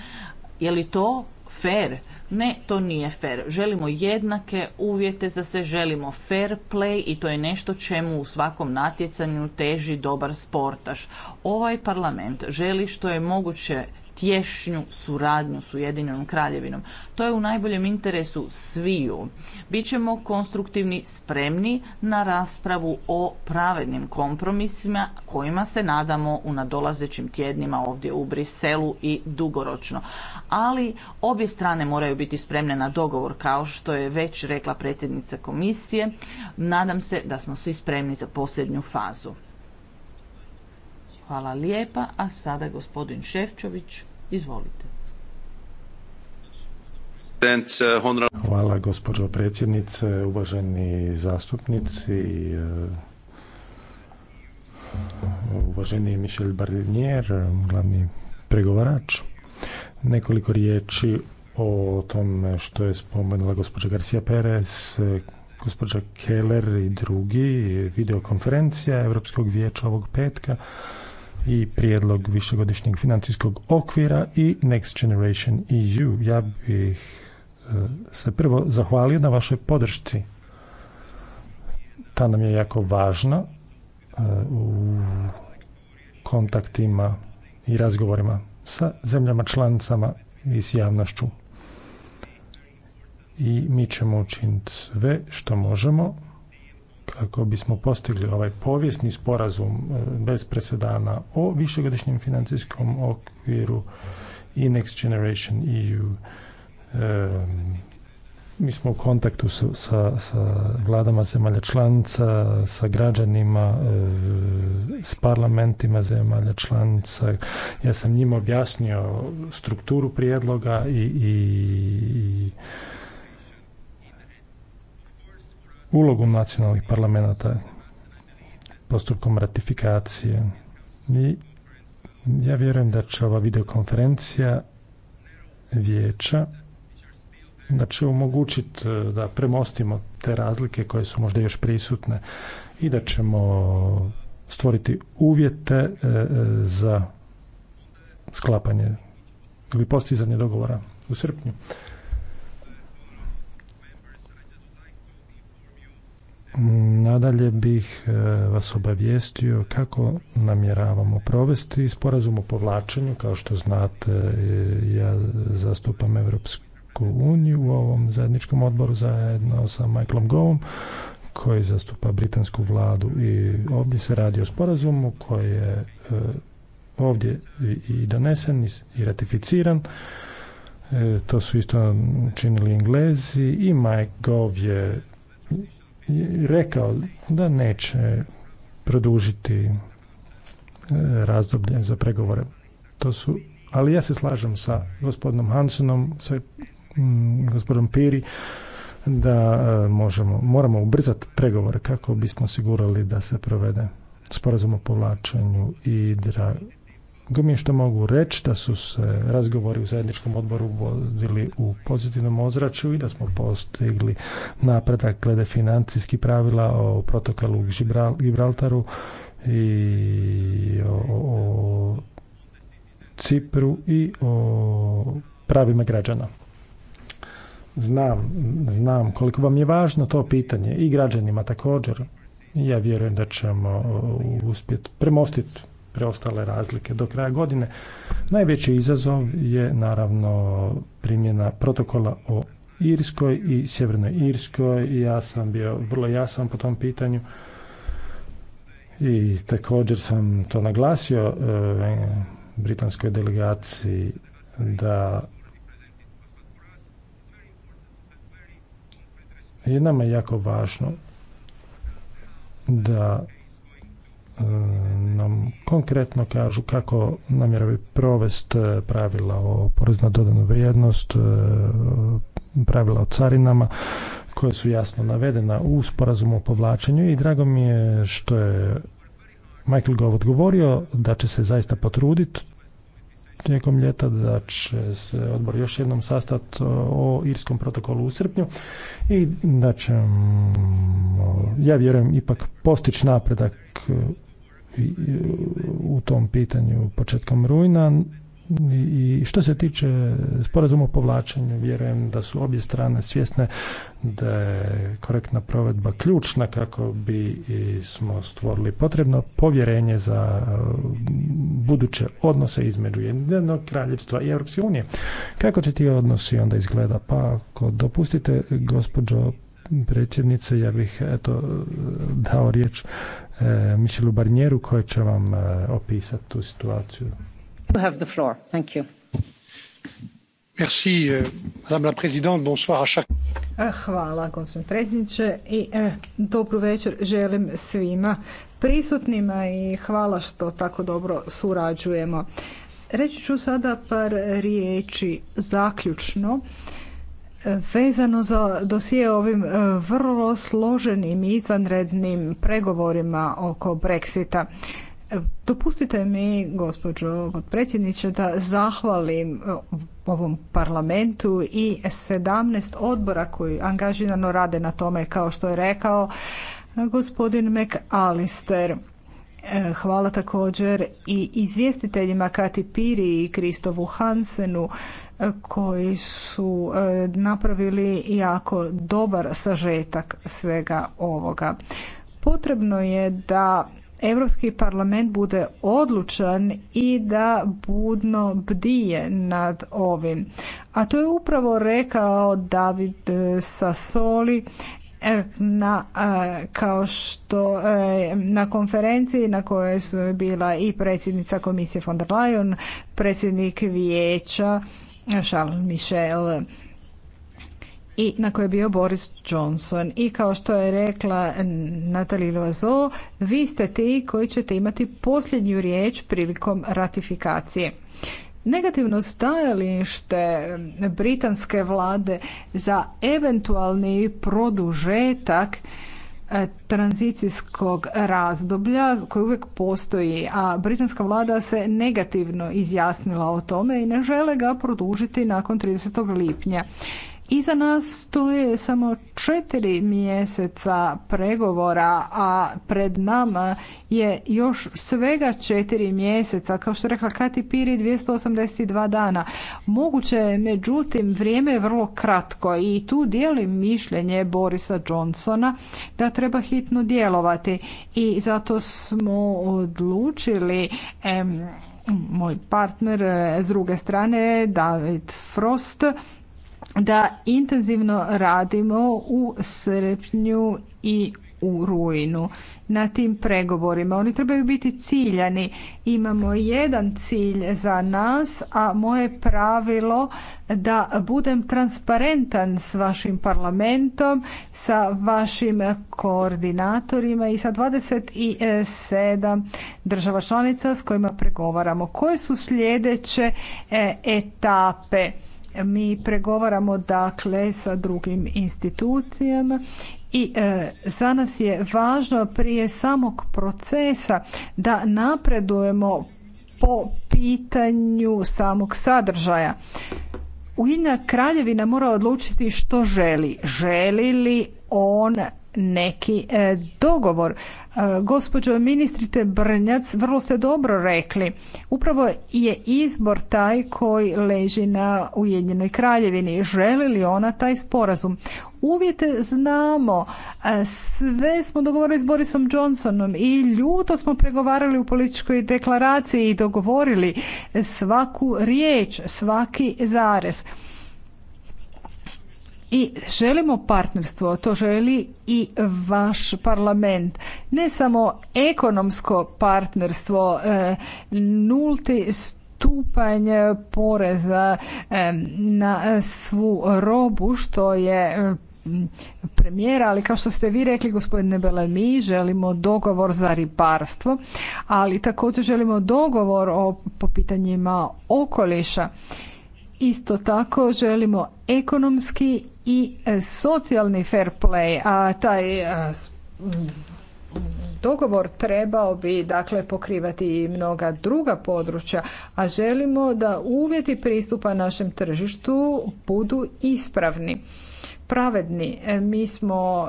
Je li to fair? Ne, to nije fair. Želimo jednake uvjete za se, želimo fair play i to je nešto čemu u svakom natjecanju teži dobar sportaš. Ovaj parlament želi što je moguće tješnju suradnju s Ujedinjenom kraljevinom. To je u najboljem interesu sviju. Bićemo konstruktivni, spremni na raspravu o pravednim kompromisima kojima se nadamo u nadolazećim tjednima ovdje u Briselu i dugoročno. Ali obje strane moraju biti spremne na dogovor kao što je već rekla predsjednica komisije. Nadam se da smo svi spremni za posljednju fazu. Hvala lijepa, a sada gospodin Ševčović, izvolite. Hvala gospođo predsjednice, uvaženi zastupnici, eh, uvaženi Michel Barnier, glavni pregovarač. Nekoliko riječi o tome što je spomenula gospođa Garcia Perez, gospođa Keller i drugi, videokonferencija Europskog vijeća ovog petka i prijedlog višegodišnjeg financijskog okvira i Next Generation EU. Ja bih e, se prvo zahvalio na vašoj podršci. Ta nam je jako važna e, u kontaktima i razgovorima sa zemljama članicama i s javnošću. I mi ćemo učiniti sve što možemo kako bismo postigli ovaj povijesni sporazum e, bez presedana o višegodišnjem financijskom okviru i Next Generation EU. E, mi smo u kontaktu sa, sa vladama zemalja članica, sa građanima, e, s parlamentima zemalja članica. Ja sam njima objasnio strukturu prijedloga i, i ulogom nacionalnih parlamenta, postupkom ratifikacije. I ja vjerujem da će ova videokonferencija vijeća da će omogućiti e, da premostimo te razlike koje su možda još prisutne i da ćemo stvoriti uvjete e, e, za sklapanje ili postizanje dogovora u srpnju. Nadalje bih e, vas obavijestio kako namjeravamo provesti sporazum o povlačenju. Kao što znate, e, ja zastupam Evropsku uniju u ovom zajedničkom odboru zajedno sa Michaelom Govom koji zastupa britansku vladu i ovdje se radi o sporazumu koji je e, ovdje i donesen i ratificiran. To su isto činili Englezi i Mike Gov je rekao da neće produžiti e, razdoblje za pregovore. To su, ali ja se slažem sa gospodinom Hansenom, sa mm, gospodinom Piri, da e, možemo, moramo ubrzati pregovore kako bismo osigurali da se provede sporazum o povlačenju i Drugo mi je što mogu reći da su se razgovori u zajedničkom odboru vodili u pozitivnom ozračju i da smo postigli napredak glede financijskih pravila o protokolu Gibraltaru i o, o Cipru i o pravima građana. Znam, znam koliko vam je važno to pitanje i građanima također. Ja vjerujem da ćemo e, uspjeti premostiti preostale razlike do kraja godine. Najveći izazov je naravno primjena protokola o Irskoj i Sjevernoj Irskoj. Ja sam bio vrlo jasan po tom pitanju i također sam to naglasio e, britanskoj delegaciji da je nama jako važno da E, nam konkretno kažu kako namjeravaju provest e, pravila o porez na dodanu vrijednost, e, pravila o carinama koje su jasno navedena u sporazumu o povlačenju i drago mi je što je Michael Gove odgovorio da će se zaista potruditi tijekom ljeta da će se odbor još jednom sastati o irskom protokolu u srpnju i da će ja vjerujem ipak postići napredak u tom pitanju početkom rujna. I što se tiče sporazuma o povlačenju, vjerujem da su obje strane svjesne da je korektna provedba ključna kako bi smo stvorili potrebno povjerenje za uh, buduće odnose između Jednog kraljevstva i Europske unije. Kako će ti odnosi onda izgleda? Pa ako dopustite, gospođo predsjednice, ja bih eto dao riječ E, Michelu Barnjeru koji će vam e, opisati tu situaciju. You have the floor. Thank you. Merci, e, madame la présidente. Bonsoir à chaque... Hvala, gospodine predsjedniče i eh, dobru večer želim svima prisutnima i hvala što tako dobro surađujemo. Reći ću sada par riječi zaključno Vezano za dosije ovim e, vrlo složenim i izvanrednim pregovorima oko Brexita, e, Dopustite mi, gospođo potpredsjedniče, da zahvalim e, ovom parlamentu i 17 odbora koji angažirano rade na tome, kao što je rekao gospodin McAllister. Hvala također i izvjestiteljima Kati Piri i Kristovu Hansenu koji su e, napravili jako dobar sažetak svega ovoga. Potrebno je da Europski parlament bude odlučan i da budno bdije nad ovim. A to je upravo rekao David e, Sassoli e, na, kao što na konferenciji na kojoj su bila i predsjednica komisije von der Leyen, predsjednik vijeća Charles Michel i na koje je bio Boris Johnson. I kao što je rekla Nathalie Loiseau, vi ste ti koji ćete imati posljednju riječ prilikom ratifikacije. Negativno stajalište britanske vlade za eventualni produžetak E, tranzicijskog razdoblja koji uvijek postoji, a britanska vlada se negativno izjasnila o tome i ne žele ga produžiti nakon 30. lipnja. Iza nas stoje samo četiri mjeseca pregovora, a pred nama je još svega četiri mjeseca, kao što je rekla Kati Piri, 282 dana. Moguće je, međutim, vrijeme je vrlo kratko i tu dijelim mišljenje Borisa Johnsona da treba hitno djelovati i zato smo odlučili moj partner eh, s druge strane David Frost da intenzivno radimo u srpnju i u rujnu na tim pregovorima. Oni trebaju biti ciljani. Imamo jedan cilj za nas, a moje pravilo da budem transparentan s vašim parlamentom, sa vašim koordinatorima i sa 27 država članica s kojima pregovaramo. Koje su sljedeće e, etape? Mi pregovaramo dakle sa drugim institucijama i e, za nas je važno prije samog procesa da napredujemo po pitanju samog sadržaja. Ujedna kraljevina mora odlučiti što želi. Želi li on neki e, dogovor. E, gospođo ministrite Brnjac, vrlo ste dobro rekli. Upravo je izbor taj koji leži na Ujedinjenoj kraljevini. Želi li ona taj sporazum? Uvjete znamo, e, sve smo dogovorili s Borisom Johnsonom i ljuto smo pregovarali u političkoj deklaraciji i dogovorili svaku riječ, svaki zarez i želimo partnerstvo, to želi i vaš parlament. Ne samo ekonomsko partnerstvo, eh, nulti stupanj poreza eh, na svu robu što je mm, premijera, ali kao što ste vi rekli gospodine mi želimo dogovor za ribarstvo, ali također želimo dogovor o, po pitanjima okoliša. Isto tako želimo ekonomski i e, socijalni fair play, a taj e, dogovor trebao bi dakle pokrivati i mnoga druga područja, a želimo da uvjeti pristupa našem tržištu budu ispravni, pravedni. E, mi smo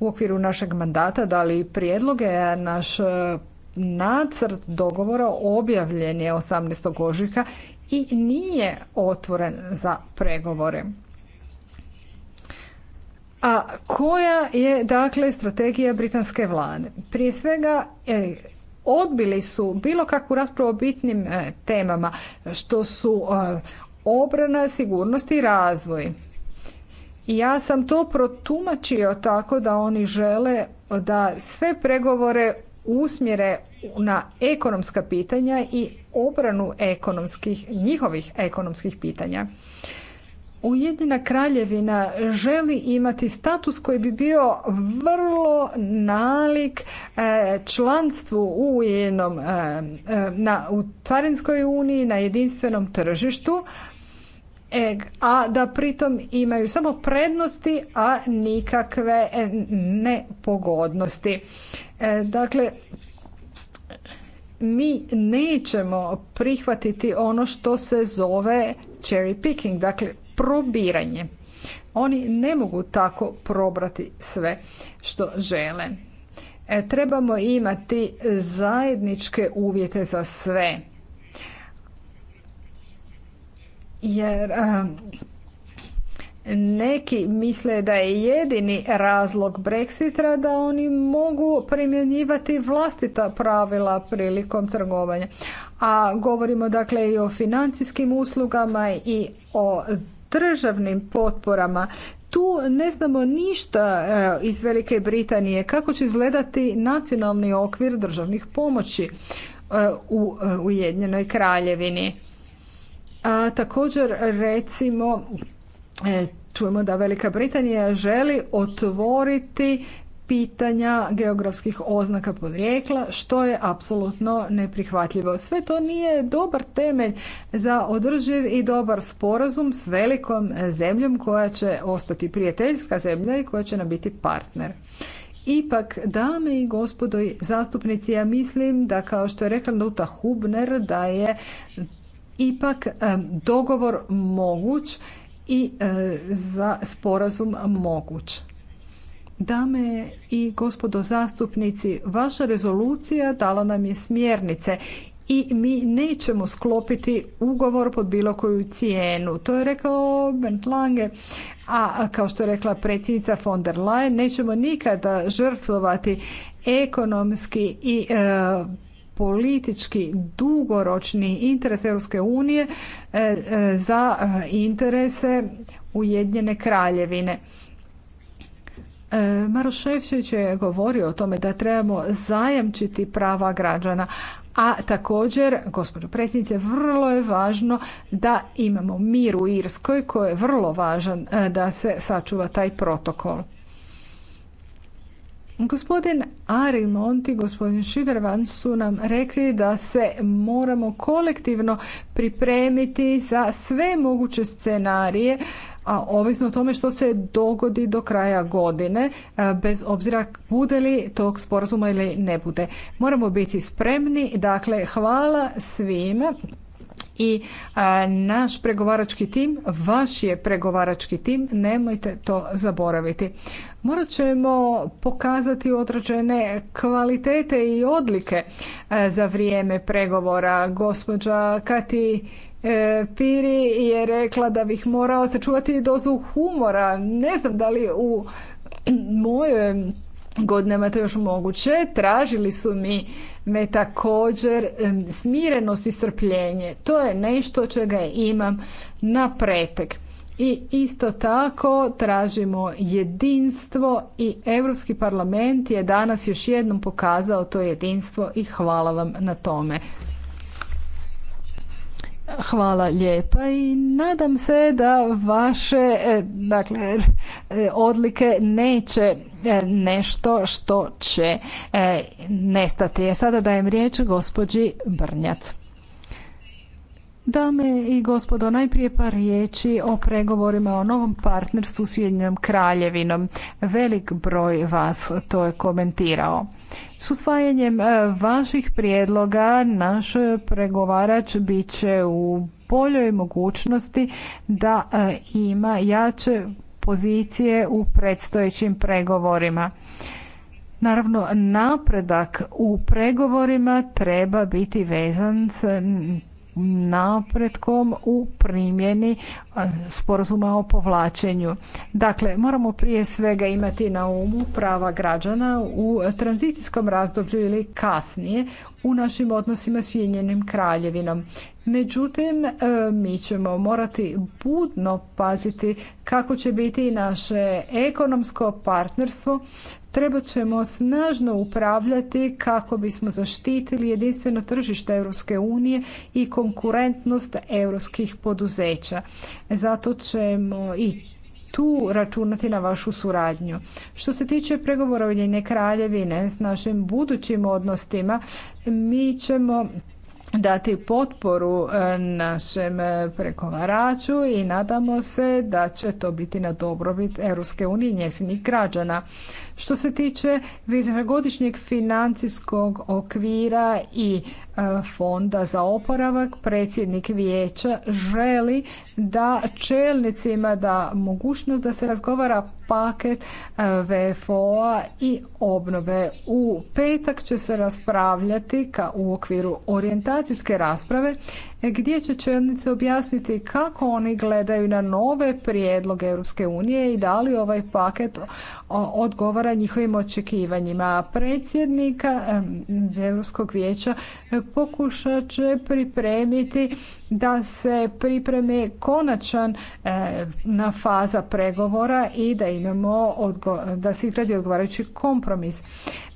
u okviru našeg mandata dali prijedloge, naš nacrt dogovora objavljen je 18. ožujka i nije otvoren za pregovore. A koja je dakle strategija britanske vlade? Prije svega e, odbili su bilo kakvu raspravu o bitnim e, temama što su e, obrana, sigurnost i razvoj. Ja sam to protumačio tako da oni žele da sve pregovore usmjere na ekonomska pitanja i obranu ekonomskih, njihovih ekonomskih pitanja. Ujedina kraljevina želi imati status koji bi bio vrlo nalik e, članstvu u e, e, na, u Carinskoj uniji, na jedinstvenom tržištu, a da pritom imaju samo prednosti, a nikakve nepogodnosti. Dakle, mi nećemo prihvatiti ono što se zove cherry picking, dakle probiranje. Oni ne mogu tako probrati sve što žele. E, trebamo imati zajedničke uvjete za sve. Jer neki misle da je jedini razlog Brexitra da oni mogu primjenjivati vlastita pravila prilikom trgovanja. A govorimo dakle i o financijskim uslugama i o državnim potporama. Tu ne znamo ništa e, iz Velike Britanije kako će izgledati nacionalni okvir državnih pomoći e, e, u Ujedinjenoj kraljevini. A također recimo čujemo da Velika Britanija želi otvoriti pitanja geografskih oznaka podrijekla, što je apsolutno neprihvatljivo. Sve to nije dobar temelj za održiv i dobar sporazum s velikom zemljom koja će ostati prijateljska zemlja i koja će nam biti partner. Ipak, dame i gospodo zastupnici, ja mislim da kao što je rekla Nuta Hubner, da je ipak dogovor moguć i e, za sporazum moguć. Dame i gospodo zastupnici, vaša rezolucija dala nam je smjernice i mi nećemo sklopiti ugovor pod bilo koju cijenu. To je rekao Bernd Lange, a kao što je rekla predsjednica von der Leyen, nećemo nikada žrtvovati ekonomski i e, politički dugoročni interes Europske unije e, e, za e, interese Ujedinjene kraljevine. E, Maroševšić je govorio o tome da trebamo zajamčiti prava građana, a također, gospođo predsjednice, vrlo je važno da imamo mir u Irskoj koji je vrlo važan e, da se sačuva taj protokol. Gospodin Ari Monti, gospodin Šidervan su nam rekli da se moramo kolektivno pripremiti za sve moguće scenarije a ovisno o tome što se dogodi do kraja godine, e, bez obzira bude li tog sporazuma ili ne bude. Moramo biti spremni, dakle hvala svima i e, naš pregovarački tim, vaš je pregovarački tim, nemojte to zaboraviti. Morat ćemo pokazati određene kvalitete i odlike e, za vrijeme pregovora. Gospođa Kati E, Piri je rekla da bih morao sačuvati dozu humora. Ne znam da li u mojoj godinama je to još moguće. Tražili su mi me također smirenost i strpljenje. To je nešto čega imam na pretek. I isto tako tražimo jedinstvo i Europski parlament je danas još jednom pokazao to jedinstvo i hvala vam na tome. Hvala lijepa i nadam se da vaše e, dakle, e, odlike neće e, nešto što će nestati. Sada dajem riječ gospođi Brnjac. Dame i gospodo, najprije par riječi o pregovorima o novom partnerstvu s Ujedinjenom kraljevinom. Velik broj vas to je komentirao. S usvajanjem e, vaših prijedloga naš pregovarač bit će u boljoj mogućnosti da e, ima jače pozicije u predstojećim pregovorima. Naravno, napredak u pregovorima treba biti vezan s napretkom u primjeni e, sporazuma o povlačenju. Dakle, moramo prije svega imati na umu prava građana u tranzicijskom razdoblju ili kasnije u našim odnosima s Ujedinjenim kraljevinom. Međutim, e, mi ćemo morati budno paziti kako će biti naše ekonomsko partnerstvo Trebat ćemo snažno upravljati kako bismo zaštitili jedinstveno tržište Europske unije i konkurentnost europskih poduzeća. Zato ćemo i tu računati na vašu suradnju. Što se tiče pregovora Ujedinjene kraljevine s našim budućim odnostima, mi ćemo dati potporu e, našem pregovaraču i nadamo se da će to biti na dobrobit Europske unije i njezinih građana. Što se tiče višegodišnjeg financijskog okvira i e, fonda za oporavak, predsjednik vijeća želi da čelnicima da mogućnost da se razgovara paket e, VFO-a i obnove. U petak će se raspravljati ka u okviru orijentacijske rasprave gdje će čelnice objasniti kako oni gledaju na nove prijedloge Europske unije i da li ovaj paket odgovara njihovim očekivanjima. Predsjednika Europskog vijeća pokušat će pripremiti da se pripremi konačan na faza pregovora i da imamo da se izgradi odgovarajući kompromis.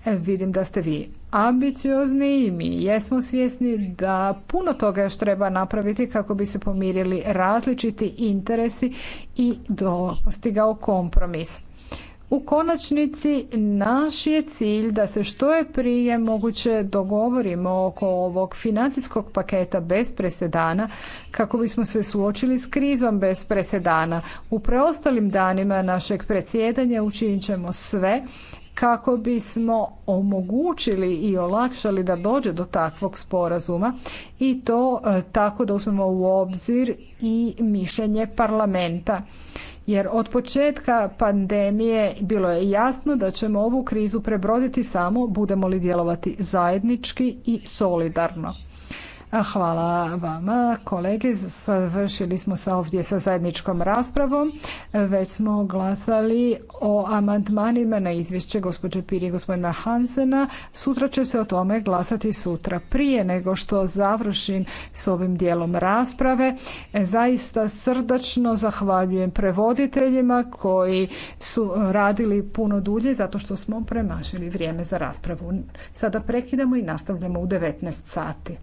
Vidim da ste vi ambiciozni i mi jesmo svjesni da puno toga još treba napraviti kako bi se pomirili različiti interesi i postigao kompromis. U konačnici naš je cilj da se što je prije moguće dogovorimo oko ovog financijskog paketa bez presedana kako bismo se suočili s krizom bez presedana. U preostalim danima našeg predsjedanja učinit ćemo sve kako bismo omogućili i olakšali da dođe do takvog sporazuma i to e, tako da uzmemo u obzir i mišljenje parlamenta. Jer od početka pandemije bilo je jasno da ćemo ovu krizu prebroditi samo budemo li djelovati zajednički i solidarno. Hvala vama, kolege. Završili smo sa ovdje sa zajedničkom raspravom. Već smo glasali o amandmanima na izvješće gospođe Piri i gospodina Hansena. Sutra će se o tome glasati sutra. Prije nego što završim s ovim dijelom rasprave, zaista srdačno zahvaljujem prevoditeljima koji su radili puno dulje zato što smo premašili vrijeme za raspravu. Sada prekidamo i nastavljamo u 19 sati.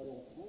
Hvala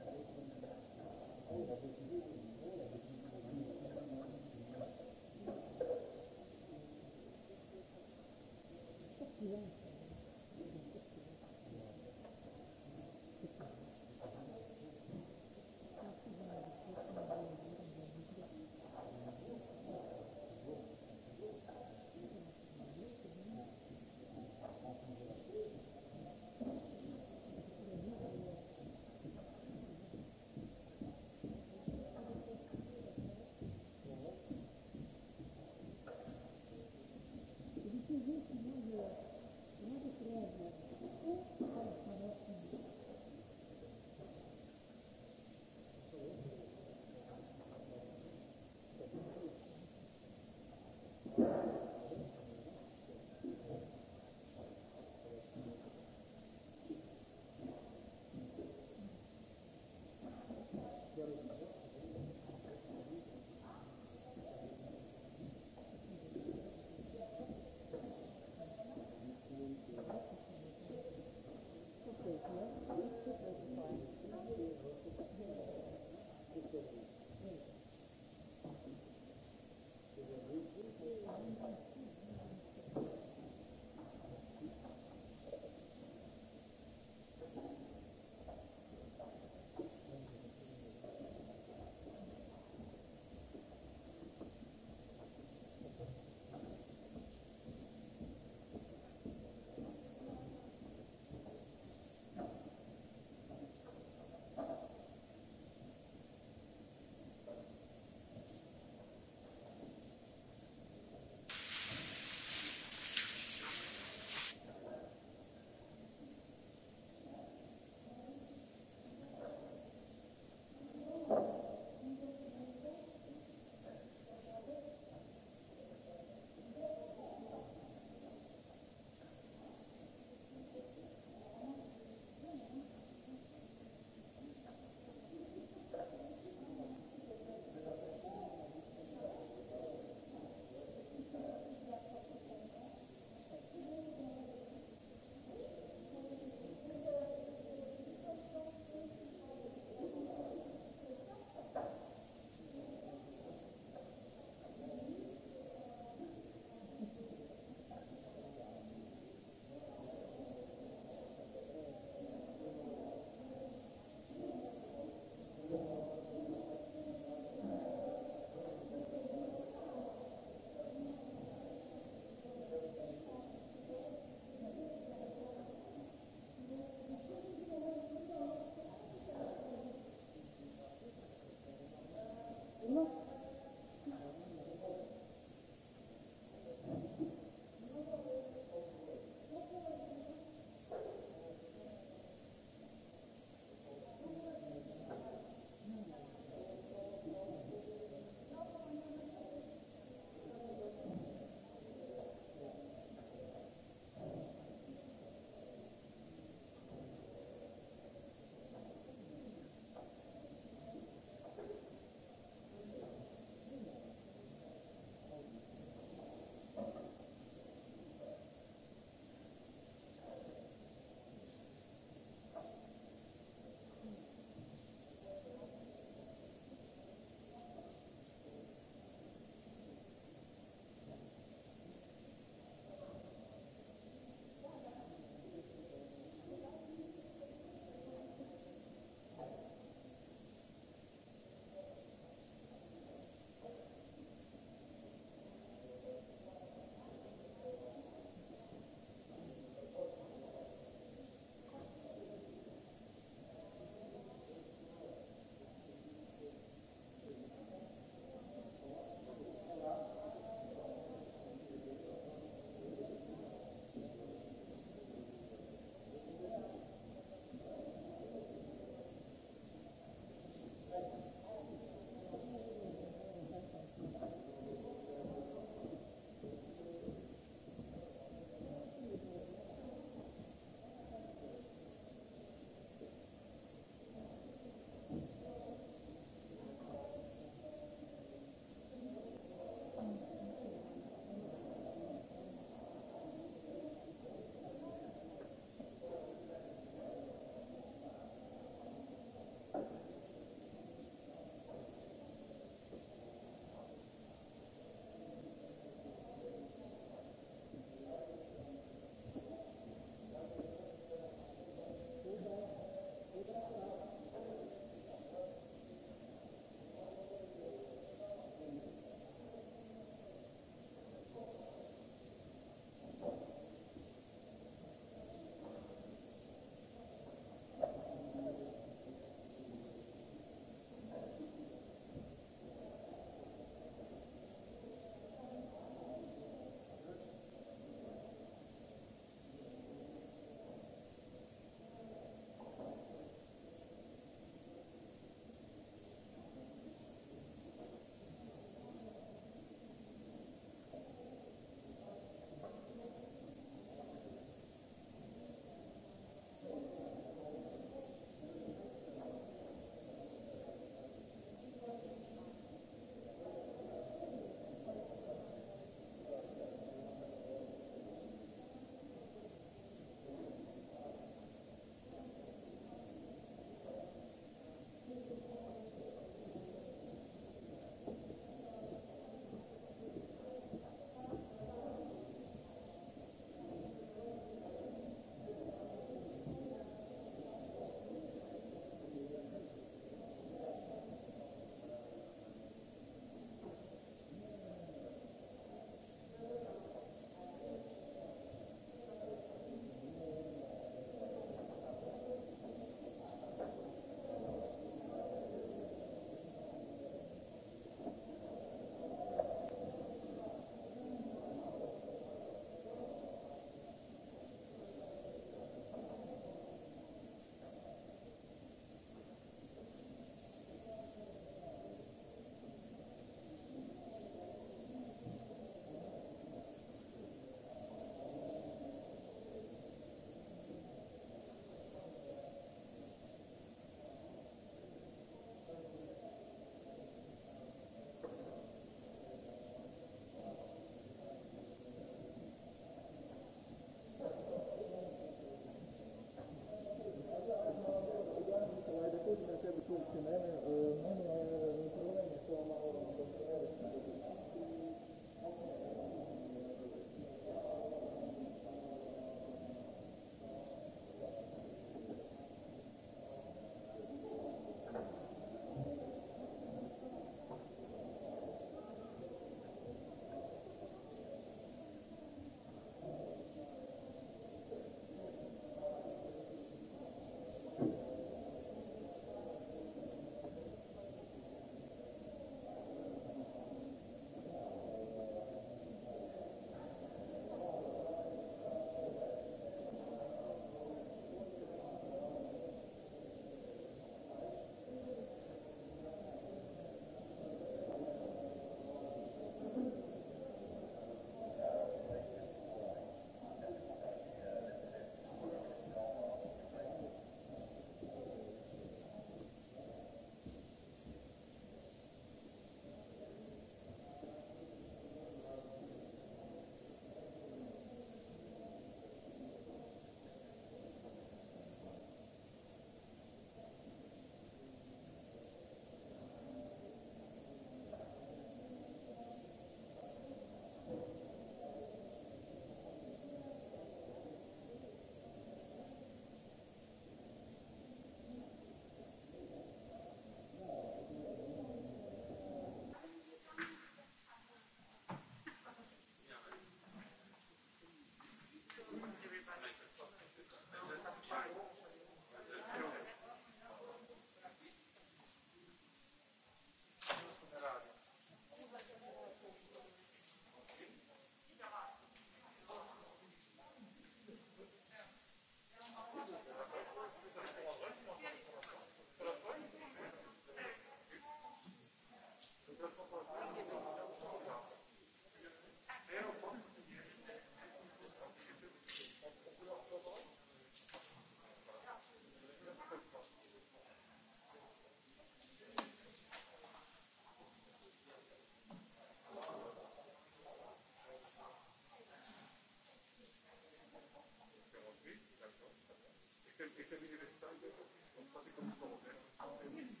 che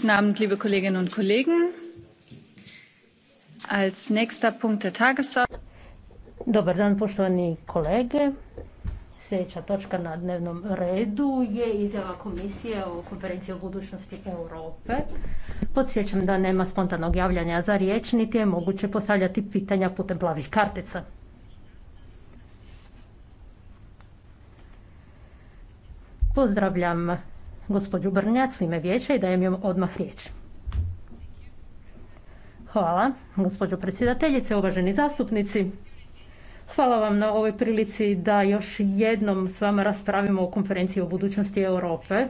Guten Abend, liebe Kolleginnen und Kollegen. Als nächster Punkt der Tagesordnung. Dobar dan, poštovani kolege. Sljedeća točka na dnevnom redu je izjava komisije o konferenciji o budućnosti Europe. Podsjećam da nema spontanog javljanja za riječ, niti je moguće postavljati pitanja putem plavih kartica. Pozdravljam gospođu Brnjac ime vijeća i dajem joj odmah riječ. Hvala, gospođo predsjedateljice, uvaženi zastupnici. Hvala vam na ovoj prilici da još jednom s vama raspravimo o konferenciji o budućnosti Europe.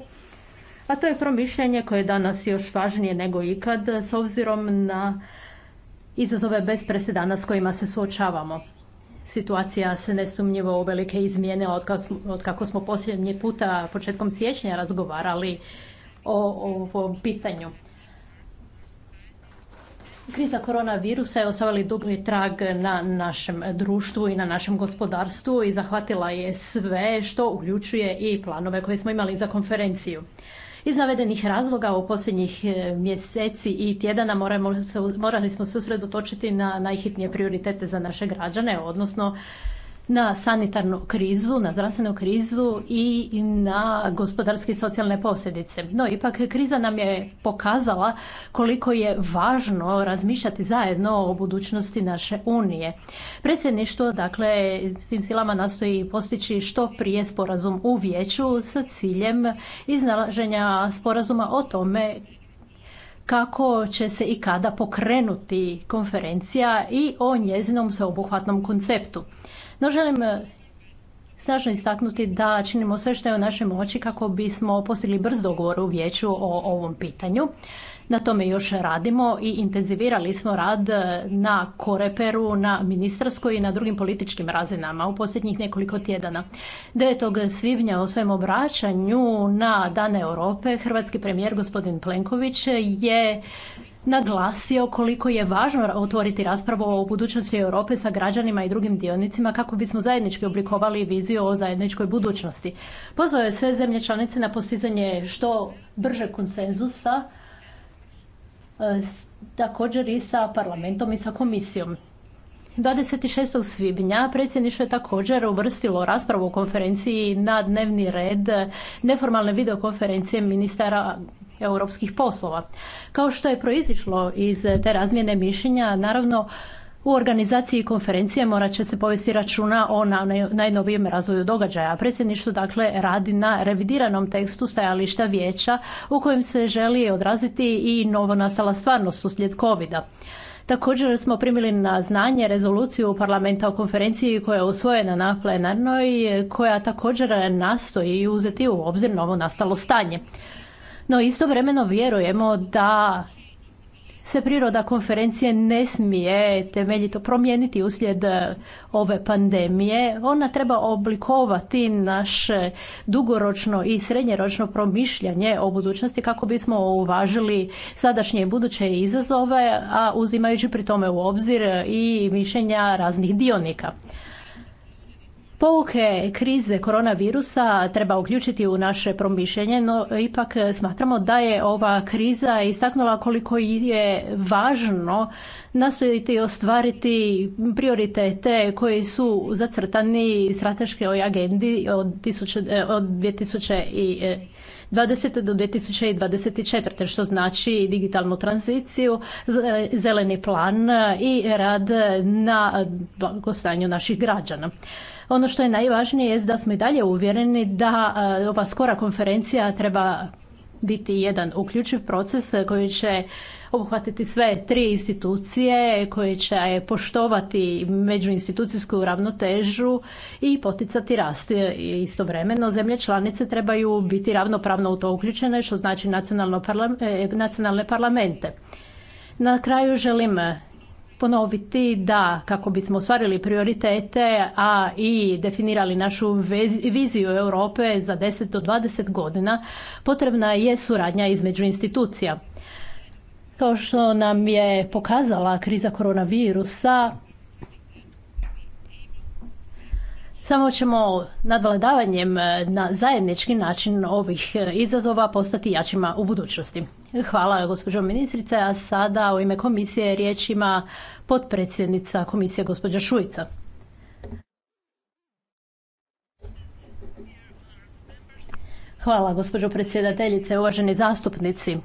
A to je promišljanje koje je danas još važnije nego ikad s obzirom na izazove bez presedana s kojima se suočavamo situacija se nesumnjivo velike izmijenila od kako smo posljednji puta početkom siječnja razgovarali o ovom pitanju. Kriza koronavirusa je osavali dugni trag na našem društvu i na našem gospodarstvu i zahvatila je sve što uključuje i planove koje smo imali za konferenciju. Iz navedenih razloga u posljednjih e, mjeseci i tjedana moramo morali smo se usredotočiti na najhitnije prioritete za naše građane, odnosno na sanitarnu krizu, na zdravstvenu krizu i na gospodarske i socijalne posljedice. No, ipak kriza nam je pokazala koliko je važno razmišljati zajedno o budućnosti naše Unije. Predsjedništvo, dakle, s tim silama nastoji postići što prije sporazum u vijeću sa ciljem iznalaženja sporazuma o tome kako će se i kada pokrenuti konferencija i o njezinom sveobuhvatnom konceptu. No želim e, snažno istaknuti da činimo sve što je u našoj moći kako bismo postigli brz dogovor u vijeću o ovom pitanju. Na tome još radimo i intenzivirali smo rad e, na koreperu, na ministarskoj i na drugim političkim razinama u posljednjih nekoliko tjedana. 9. svibnja o svojem obraćanju na dane Europe hrvatski premijer gospodin Plenković je naglasio koliko je važno otvoriti raspravu o budućnosti Europe sa građanima i drugim dionicima kako bismo zajednički oblikovali viziju o zajedničkoj budućnosti. Pozvao je sve zemlje članice na postizanje što brže konsenzusa e, također i sa parlamentom i sa komisijom. 26. svibnja predsjedništvo je također uvrstilo raspravu u konferenciji na dnevni red neformalne videokonferencije ministara europskih poslova. Kao što je proizišlo iz te razmjene mišljenja, naravno u organizaciji konferencije morat će se povesti računa o najnovijem razvoju događaja. Predsjedništvo dakle radi na revidiranom tekstu stajališta vijeća u kojem se želi odraziti i novonastala stvarnost uslijed covid -a. Također smo primili na znanje rezoluciju parlamenta o konferenciji koja je usvojena na plenarnoj, koja također nastoji uzeti u obzir novo nastalo stanje. No istovremeno vjerujemo da se priroda konferencije ne smije temeljito promijeniti uslijed e, ove pandemije. Ona treba oblikovati naše dugoročno i srednjeročno promišljanje o budućnosti kako bismo uvažili sadašnje i buduće izazove, a uzimajući pri tome u obzir i mišljenja raznih dionika. Pouke krize koronavirusa treba uključiti u naše promišljenje, no ipak smatramo da je ova kriza istaknula koliko je važno nastojiti ostvariti prioritete koji su zacrtani strateškoj agendi od 2000 2020. do 2024. što znači digitalnu tranziciju, zeleni plan i rad na blagostanju naših građana. Ono što je najvažnije je da smo i dalje uvjereni da e, ova skora konferencija treba biti jedan uključiv proces koji će obuhvatiti sve tri institucije, koje će poštovati međuinstitucijsku ravnotežu i poticati rast. E, istovremeno zemlje članice trebaju biti ravnopravno u to uključene, što znači e, nacionalne parlamente. Na kraju želim ponoviti da kako bismo ostvarili prioritete, a i definirali našu viziju Europe za 10 do 20 godina, potrebna je suradnja između institucija. Kao što nam je pokazala kriza koronavirusa, Samo ćemo nadvladavanjem e, na zajednički način ovih e, izazova postati jačima u budućnosti. Hvala gospođo ministrice, a sada u ime komisije riječ ima potpredsjednica komisije gospođa Šujica. Hvala gospođo predsjedateljice, uvaženi zastupnici.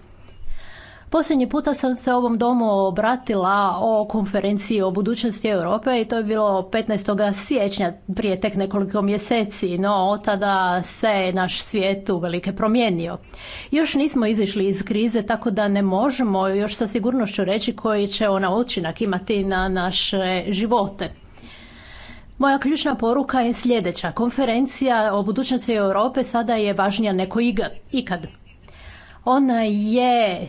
Posljednji puta sam se ovom domu obratila o konferenciji o budućnosti Europe i to je bilo 15. siječnja prije tek nekoliko mjeseci, no od tada se naš svijet uvelike promijenio. Još nismo izišli iz krize, tako da ne možemo još sa sigurnošću reći koji će ona učinak imati na naše živote. Moja ključna poruka je sljedeća. Konferencija o budućnosti Europe sada je važnija nego ikad. Ona je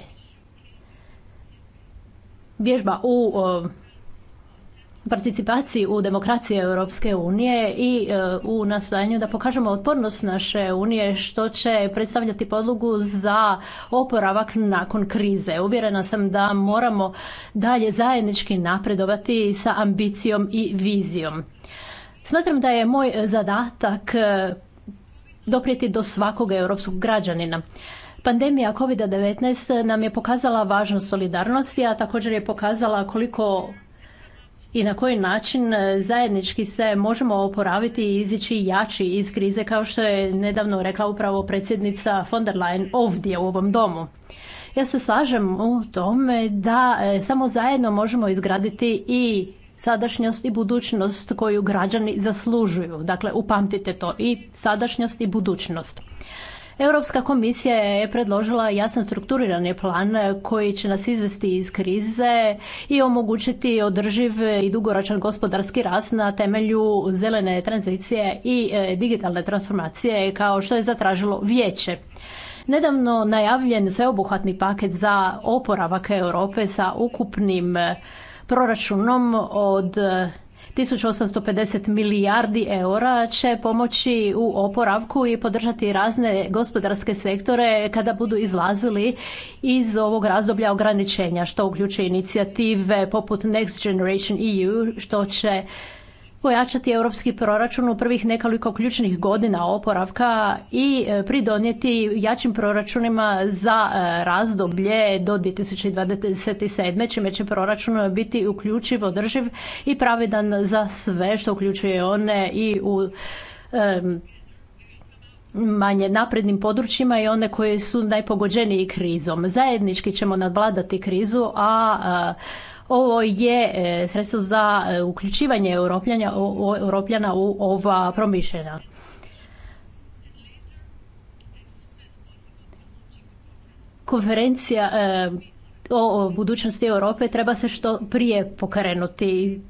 vježba u participaciji u demokraciji Europske unije i e, u nastojanju da pokažemo otpornost naše unije što će predstavljati podlogu za oporavak nakon krize. Uvjerena sam da moramo dalje zajednički napredovati sa ambicijom i vizijom. Smatram da je moj zadatak e, doprijeti do svakog europskog građanina. Pandemija COVID-19 nam je pokazala važnost solidarnosti, a također je pokazala koliko i na koji način zajednički se možemo oporaviti i izići jači iz krize kao što je nedavno rekla upravo predsjednica von der Leyen ovdje u ovom domu. Ja se slažem u tome da e, samo zajedno možemo izgraditi i sadašnjost i budućnost koju građani zaslužuju. Dakle, upamtite to i sadašnjost i budućnost. Europska komisija je predložila jasan strukturirani plan koji će nas izvesti iz krize i omogućiti održiv i dugoročan gospodarski rast na temelju zelene tranzicije i e, digitalne transformacije kao što je zatražilo vijeće. Nedavno najavljen sveobuhvatni paket za oporavak Europe sa ukupnim e, proračunom od 1850 milijardi eura će pomoći u oporavku i podržati razne gospodarske sektore kada budu izlazili iz ovog razdoblja ograničenja, što uključuje inicijative poput Next Generation EU, što će pojačati europski proračun u prvih nekoliko ključnih godina oporavka i e, pridonijeti jačim proračunima za e, razdoblje do 2027. čime će proračun biti uključiv, održiv i pravedan za sve što uključuje one i u e, manje naprednim područjima i one koje su najpogođeniji krizom. Zajednički ćemo nadvladati krizu, a ovo je e, sredstvo za e, uključivanje europljana u ova promišljena. Konferencija e, o budućnosti Europe treba se što prije pokrenuti.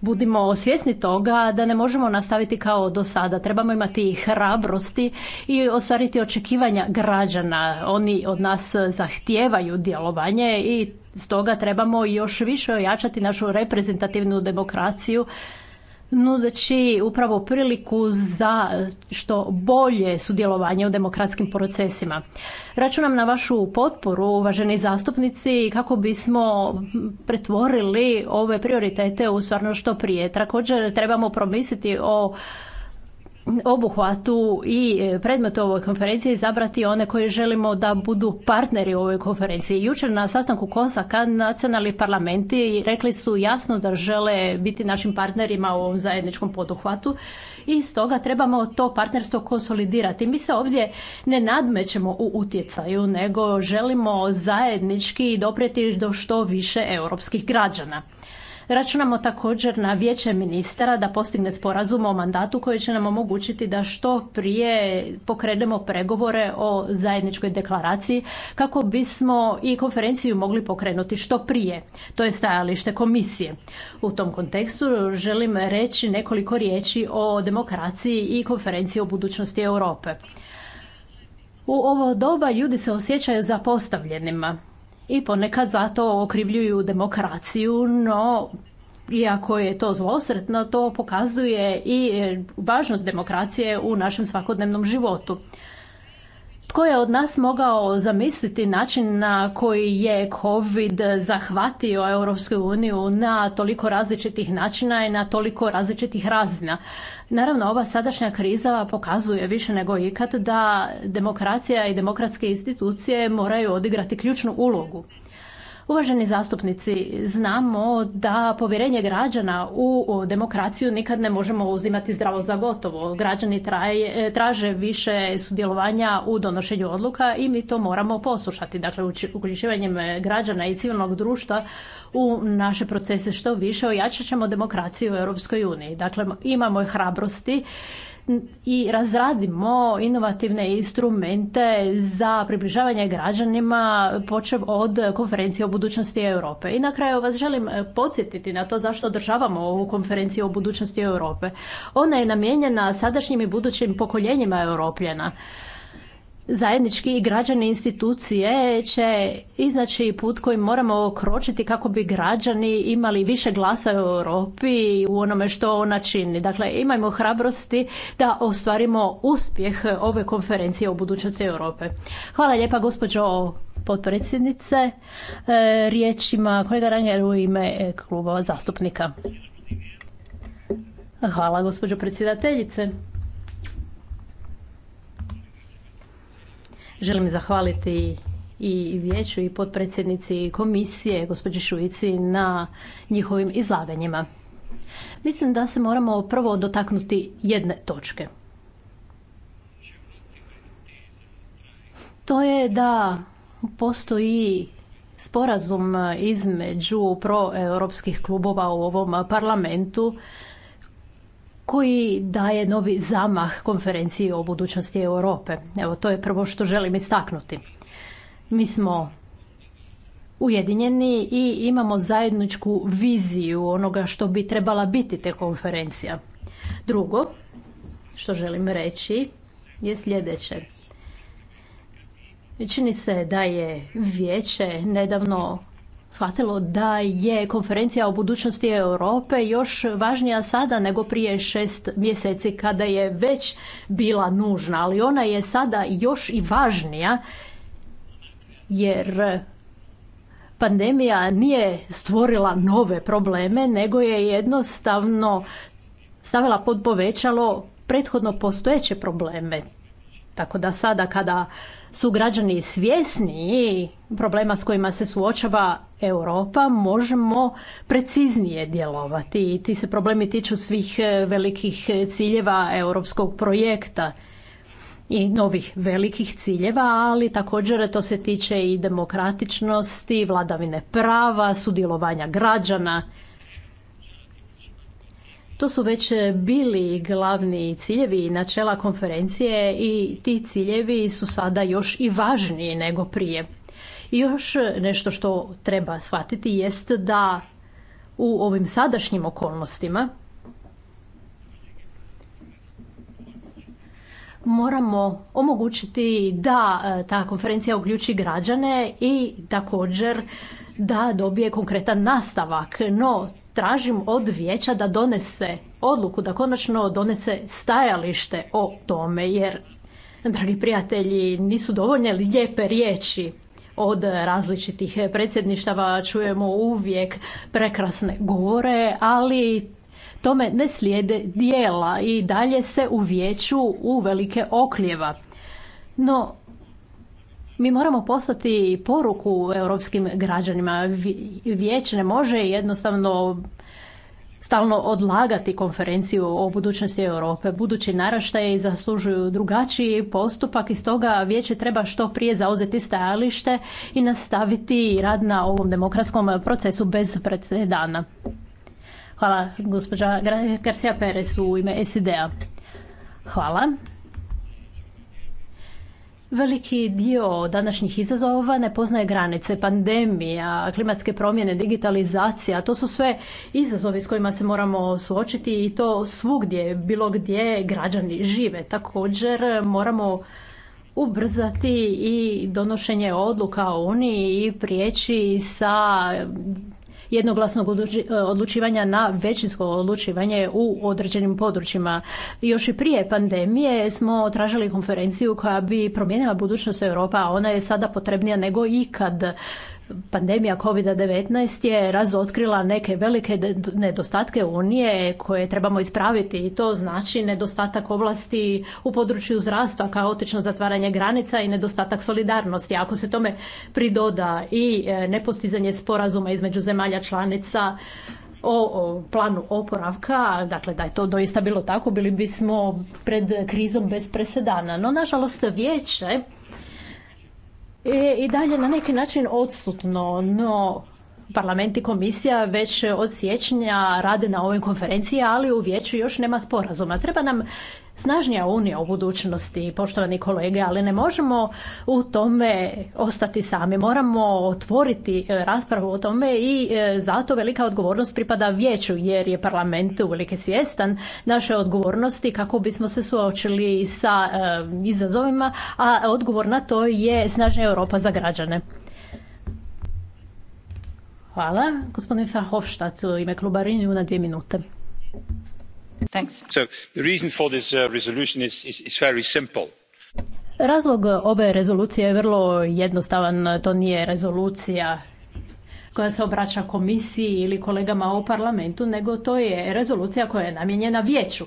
Budimo svjesni toga da ne možemo nastaviti kao do sada. Trebamo imati hrabrosti i ostvariti očekivanja građana. Oni od nas zahtijevaju djelovanje i stoga trebamo još više ojačati našu reprezentativnu demokraciju nudeći upravo priliku za što bolje sudjelovanje u demokratskim procesima. Računam na vašu potporu, uvaženi zastupnici, kako bismo pretvorili ove prioritete u stvarno što prije. Također trebamo promisliti o obuhvatu i e, predmetu ovoj konferencije izabrati one koje želimo da budu partneri u ovoj konferenciji. Jučer na sastanku Kosaka nacionalni parlamenti rekli su jasno da žele biti našim partnerima u ovom zajedničkom poduhvatu i stoga trebamo to partnerstvo konsolidirati. Mi se ovdje ne nadmećemo u utjecaju, nego želimo zajednički doprijeti do što više europskih građana. Računamo također na vijeće ministara da postigne sporazum o mandatu koji će nam omogućiti da što prije pokrenemo pregovore o zajedničkoj deklaraciji kako bismo i konferenciju mogli pokrenuti što prije. To je stajalište komisije. U tom kontekstu želim reći nekoliko riječi o demokraciji i konferenciji o budućnosti Europe. U ovo doba ljudi se osjećaju zapostavljenima i ponekad zato okrivljuju demokraciju, no iako je to zlosretno, to pokazuje i e, važnost demokracije u našem svakodnevnom životu. Tko je od nas mogao zamisliti način na koji je COVID zahvatio EU uniju na toliko različitih načina i na toliko različitih razina? Naravno, ova sadašnja kriza pokazuje više nego ikad da demokracija i demokratske institucije moraju odigrati ključnu ulogu. Uvaženi zastupnici, znamo da povjerenje građana u demokraciju nikad ne možemo uzimati zdravo za gotovo. Građani traže više sudjelovanja u donošenju odluka i mi to moramo poslušati. Dakle, uključivanjem građana i civilnog društva u naše procese što više ojačat ćemo demokraciju u Europskoj uniji. Dakle, imamo i hrabrosti i razradimo inovativne instrumente za približavanje građanima počev od konferencije o budućnosti Europe. I na kraju vas želim e, podsjetiti na to zašto održavamo ovu konferenciju o budućnosti Europe. Ona je namijenjena sadašnjim i budućim pokoljenjima europljana zajednički i građani institucije će izaći put koji moramo kročiti kako bi građani imali više glasa u Europi u onome što ona čini. Dakle, imajmo hrabrosti da ostvarimo uspjeh ove konferencije o budućnosti Europe. Hvala lijepa gospođo potpredsjednice. E, riječ ima kolega Ranjer u ime klubova zastupnika. Hvala gospođo predsjedateljice. Želim zahvaliti i vijeću i potpredsjednici komisije, gospođi Šuici, na njihovim izlaganjima. Mislim da se moramo prvo dotaknuti jedne točke. To je da postoji sporazum između proeuropskih klubova u ovom parlamentu koji daje novi zamah konferenciji o budućnosti Europe. Evo, to je prvo što želim istaknuti. Mi smo ujedinjeni i imamo zajedničku viziju onoga što bi trebala biti te konferencija. Drugo, što želim reći, je sljedeće. Čini se da je vijeće nedavno shvatilo da je konferencija o budućnosti Europe još važnija sada nego prije šest mjeseci kada je već bila nužna, ali ona je sada još i važnija jer pandemija nije stvorila nove probleme nego je jednostavno stavila pod povećalo prethodno postojeće probleme. Tako da sada kada su građani svjesni problema s kojima se suočava Europa, možemo preciznije djelovati. I ti se problemi tiču svih e, velikih e, ciljeva europskog projekta i novih velikih ciljeva, ali također to se tiče i demokratičnosti, vladavine prava, sudjelovanja građana. To su već e, bili glavni ciljevi i načela konferencije i ti ciljevi su sada još i važniji nego prije. I još nešto što treba shvatiti jest da u ovim sadašnjim okolnostima moramo omogućiti da e, ta konferencija uključi građane i također da dobije konkretan nastavak. No, tražim od vijeća da donese odluku, da konačno donese stajalište o tome, jer, dragi prijatelji, nisu dovoljne lijepe riječi od različitih predsjedništava, čujemo uvijek prekrasne govore, ali tome ne slijede dijela i dalje se u vijeću u velike okljeva. No, mi moramo poslati poruku europskim građanima. Vijeće ne može jednostavno stalno odlagati konferenciju o budućnosti Europe. Budući naraštaje zaslužuju drugačiji postupak i stoga vijeće treba što prije zauzeti stajalište i nastaviti rad na ovom demokratskom procesu bez presedana. Hvala gospođa Garcia Perez u ime SID-a. Hvala. Veliki dio današnjih izazova ne poznaje granice, pandemija, klimatske promjene, digitalizacija, to su sve izazovi s kojima se moramo suočiti i to svugdje, bilo gdje građani žive. Također moramo ubrzati i donošenje odluka o Uniji i prijeći sa jednoglasnog odlučivanja na većinsko odlučivanje u određenim područjima. Još i prije pandemije smo tražili konferenciju koja bi promijenila budućnost Europa, a ona je sada potrebnija nego ikad. Pandemija COVID-19 je razotkrila neke velike nedostatke Unije koje trebamo ispraviti i to znači nedostatak ovlasti u području zdravstva, kaotično zatvaranje granica i nedostatak solidarnosti. Ako se tome pridoda i e, nepostizanje sporazuma između zemalja članica o planu oporavka, dakle da je to doista bilo tako, bili bismo pred krizom bez presedana. No, nažalost, vijeće i dalje na neki način odsutno, no parlament i komisija već od siječnja rade na ovoj konferenciji, ali u vijeću još nema sporazuma. Treba nam snažnija unija u budućnosti, poštovani kolege, ali ne možemo u tome ostati sami. Moramo otvoriti e, raspravu o tome i e, zato velika odgovornost pripada vijeću, jer je parlament velike svjestan naše odgovornosti kako bismo se suočili sa e, izazovima, a odgovor na to je snažnija Europa za građane. Hvala. Gospodin Verhofstadt u ime kluba na dvije minute. Razlog ove rezolucije je vrlo jednostavan. To nije rezolucija koja se obraća komisiji ili kolegama u parlamentu, nego to je rezolucija koja je namijenjena vijeću.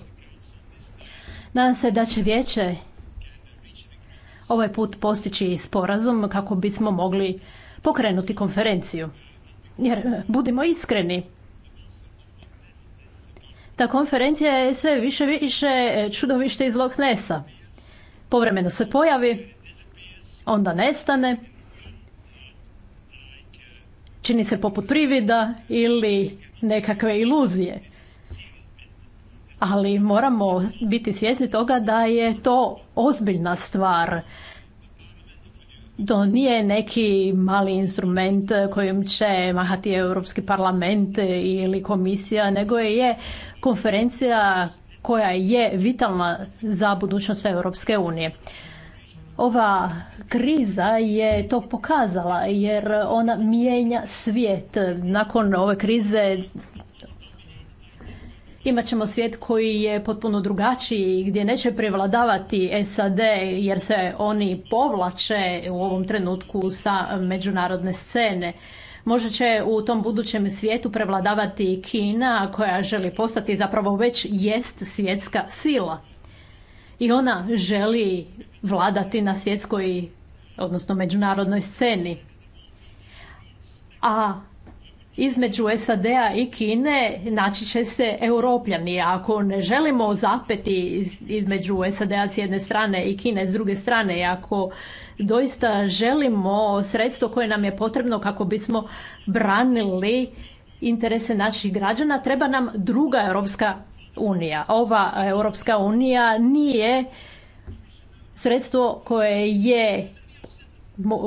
Nadam se da će vijeće ovaj put postići sporazum kako bismo mogli pokrenuti konferenciju. Jer e, budimo iskreni, ta konferencija je sve više više e, čudovište iz Loch Nessa. Povremeno se pojavi, onda nestane, čini se poput privida ili nekakve iluzije. Ali moramo biti svjesni toga da je to ozbiljna stvar to nije neki mali instrument kojim će mahati Europski parlament ili komisija, nego je konferencija koja je vitalna za budućnost Europske unije. Ova kriza je to pokazala jer ona mijenja svijet. Nakon ove krize Imat ćemo svijet koji je potpuno drugačiji, gdje neće prevladavati SAD jer se oni povlače u ovom trenutku sa međunarodne scene. Možda će u tom budućem svijetu prevladavati Kina koja želi postati zapravo već jest svjetska sila. I ona želi vladati na svjetskoj, odnosno međunarodnoj sceni. A između SAD-a i Kine naći će se europljani. Ako ne želimo zapeti između SAD-a s jedne strane i Kine s druge strane, i ako doista želimo sredstvo koje nam je potrebno kako bismo branili interese naših građana, treba nam druga Europska unija. Ova Europska unija nije sredstvo koje je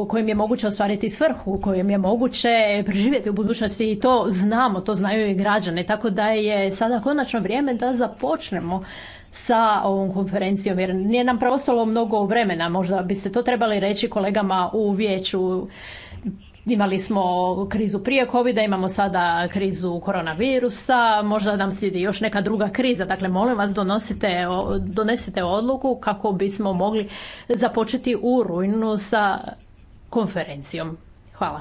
kojim je moguće ostvariti svrhu, kojim je moguće preživjeti u budućnosti i to znamo, to znaju i građane. Tako da je sada konačno vrijeme da započnemo sa ovom konferencijom jer nije nam preostalo mnogo vremena. Možda bi se to trebali reći kolegama u vijeću. Imali smo krizu prije covid imamo sada krizu koronavirusa, možda nam slijedi još neka druga kriza. Dakle, molim vas donosite, donesite odluku kako bismo mogli započeti u rujnu sa konferencijom. Hvala.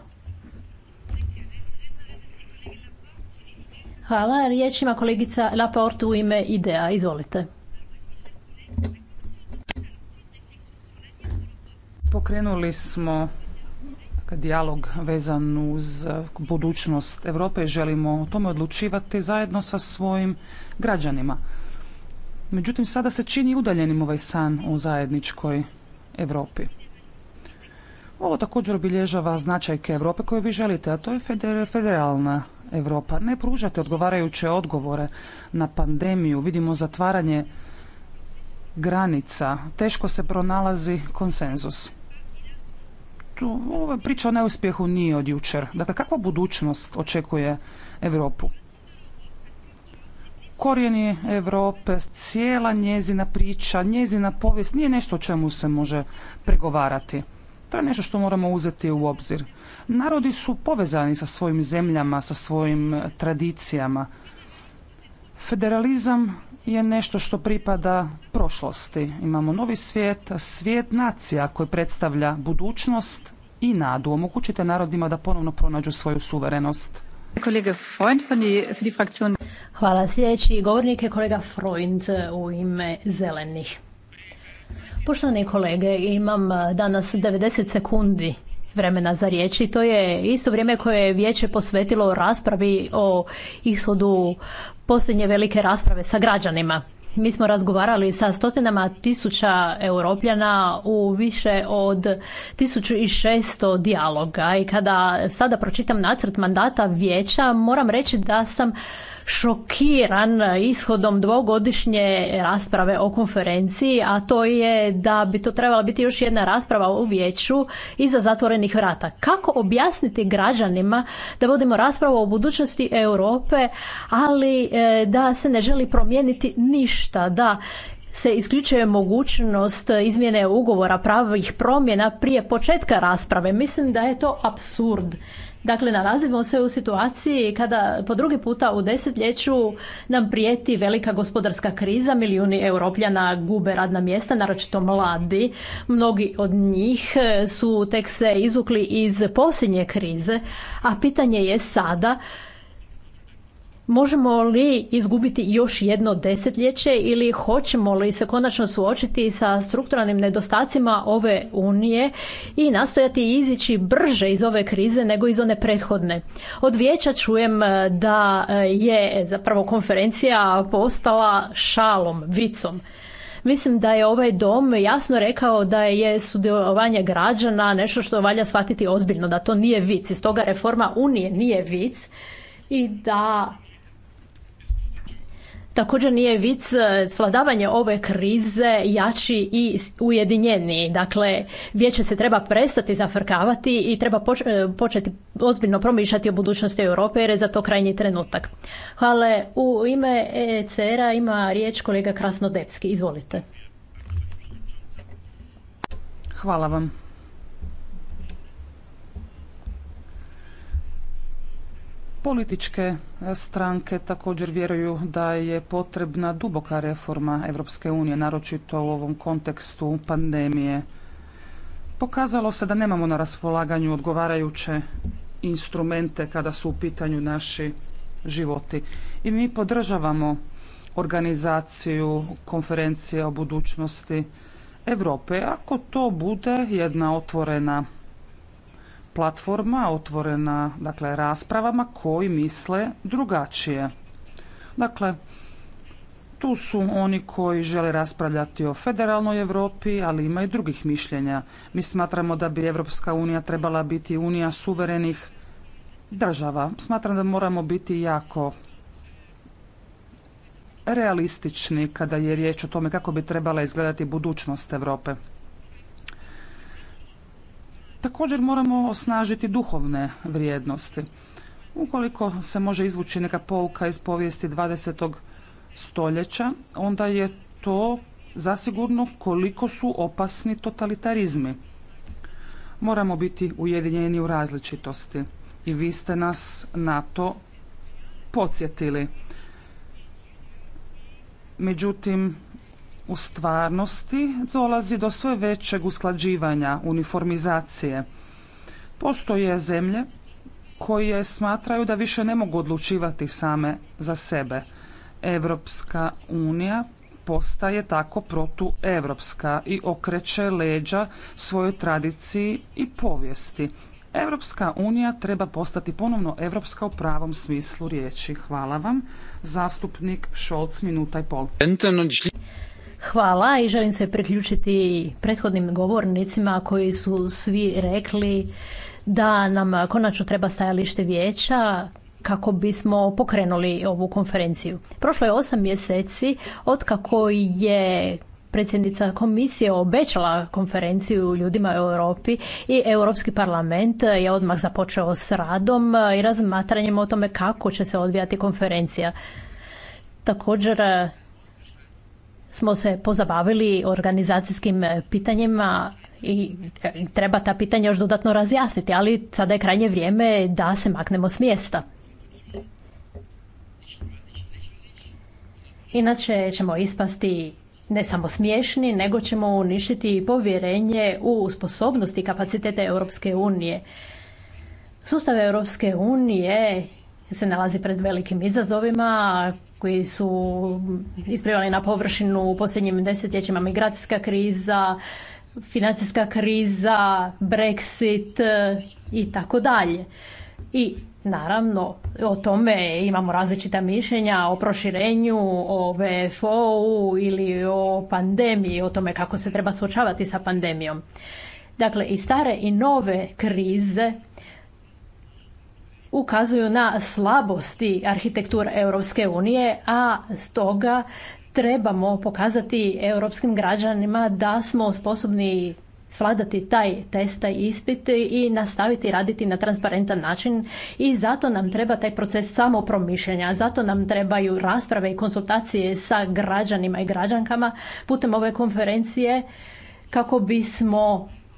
Hvala. Riječ ima kolegica Laporte u ime IDEA. Izvolite. Pokrenuli smo dijalog vezan uz budućnost Europe i želimo o tome odlučivati zajedno sa svojim građanima. Međutim, sada se čini udaljenim ovaj san o zajedničkoj Europi. Ovo također obilježava značajke Europe koju vi želite, a to je federalna Europa. Ne pružate odgovarajuće odgovore na pandemiju, vidimo zatvaranje granica, teško se pronalazi konsenzus. ova priča o neuspjehu nije od jučer. Dakle, kakva budućnost očekuje Europu? Korijeni Europe, cijela njezina priča, njezina povijest nije nešto o čemu se može pregovarati. To je nešto što moramo uzeti u obzir. Narodi su povezani sa svojim zemljama, sa svojim e, tradicijama. Federalizam je nešto što pripada prošlosti. Imamo novi svijet, svijet nacija koji predstavlja budućnost i nadu. Omogućite narodima da ponovno pronađu svoju suverenost. Hvala. Sljedeći govornik je kolega Freund e, u ime Zelenih. Poštovani kolege, imam eh, danas 90 sekundi vremena za riječ i to je isto vrijeme koje je vijeće posvetilo raspravi o ishodu posljednje velike rasprave sa građanima. Mi smo razgovarali sa stotinama tisuća europljana u više od 1600 dijaloga i kada sada pročitam nacrt mandata vijeća moram reći da sam šokiran ishodom dvogodišnje rasprave o konferenciji, a to je da bi to trebala biti još jedna rasprava u vijeću iza zatvorenih vrata. Kako objasniti građanima da vodimo raspravu o budućnosti Europe, ali e, da se ne želi promijeniti ništa, da se isključuje mogućnost izmjene ugovora pravih promjena prije početka rasprave. Mislim da je to absurd. Dakle, nalazimo se u situaciji kada po drugi puta u desetljeću nam prijeti velika gospodarska kriza, milijuni europljana gube radna mjesta, naročito mladi. Mnogi od njih e, su tek se izukli iz posljednje krize, a pitanje je sada Možemo li izgubiti još jedno desetljeće ili hoćemo li se konačno suočiti sa strukturalnim nedostacima ove unije i nastojati izići brže iz ove krize nego iz one prethodne? Od vijeća čujem e, da e, je zapravo konferencija postala šalom, vicom. Mislim da je ovaj dom jasno rekao da je sudjelovanje građana nešto što valja shvatiti ozbiljno, da to nije vic. I stoga reforma Unije nije vic i da Također nije vic e, svladavanje ove krize jači i ujedinjeniji. Dakle, vijeće se treba prestati zafrkavati i treba e, početi ozbiljno promišljati o budućnosti Europe jer je za to krajnji trenutak. Hvala. U ime ECR-a ima riječ kolega Krasnodevski. Izvolite. Hvala vam. Političke stranke također vjeruju da je potrebna duboka reforma Europske unije, naročito u ovom kontekstu pandemije. Pokazalo se da nemamo na raspolaganju odgovarajuće instrumente kada su u pitanju naši životi. I mi podržavamo organizaciju konferencije o budućnosti Europe ako to bude jedna otvorena platforma otvorena dakle, raspravama koji misle drugačije. Dakle, tu su oni koji žele raspravljati o federalnoj Europi, ali ima i drugih mišljenja. Mi smatramo da bi Europska unija trebala biti unija suverenih država. Smatram da moramo biti jako realistični kada je riječ o tome kako bi trebala izgledati budućnost Europe. Također moramo osnažiti duhovne vrijednosti. Ukoliko se može izvući neka pouka iz povijesti 20. stoljeća, onda je to zasigurno koliko su opasni totalitarizmi. Moramo biti ujedinjeni u različitosti i vi ste nas na to podsjetili. Međutim, u stvarnosti dolazi do sve većeg usklađivanja uniformizacije. Postoje zemlje koje smatraju da više ne mogu odlučivati same za sebe. Europska unija postaje tako protuevropska i okreće leđa svojoj tradiciji i povijesti. Europska unija treba postati ponovno europska u pravom smislu riječi. Hvala vam. Zastupnik Šolc, minuta i pol. Hvala i želim se priključiti prethodnim govornicima koji su svi rekli da nam konačno treba stajalište vijeća kako bismo pokrenuli ovu konferenciju. Prošlo je osam mjeseci od kako je predsjednica komisije obećala konferenciju ljudima u Europi i Europski parlament je odmah započeo s radom i razmatranjem o tome kako će se odvijati konferencija. Također smo se pozabavili organizacijskim e, pitanjima i e, treba ta pitanja još dodatno razjasniti, ali sada je krajnje vrijeme da se maknemo s mjesta. Inače ćemo ispasti ne samo smiješni, nego ćemo uništiti povjerenje u sposobnosti i kapacitete Europske unije. Sustav Europske unije se nalazi pred velikim izazovima koji su isprivali na površinu u posljednjim desetljećima migracijska kriza, financijska kriza, Brexit e, i tako dalje. I naravno o tome imamo različita mišljenja o proširenju, o VFO-u ili o pandemiji, o tome kako se treba suočavati sa pandemijom. Dakle, i stare i nove krize ukazuju na slabosti arhitekture Europske unije, a stoga trebamo pokazati europskim građanima da smo sposobni sladati taj test, taj ispit i nastaviti raditi na transparentan način i zato nam treba taj proces samopromišljenja, zato nam trebaju rasprave i konsultacije sa građanima i građankama putem ove konferencije kako bismo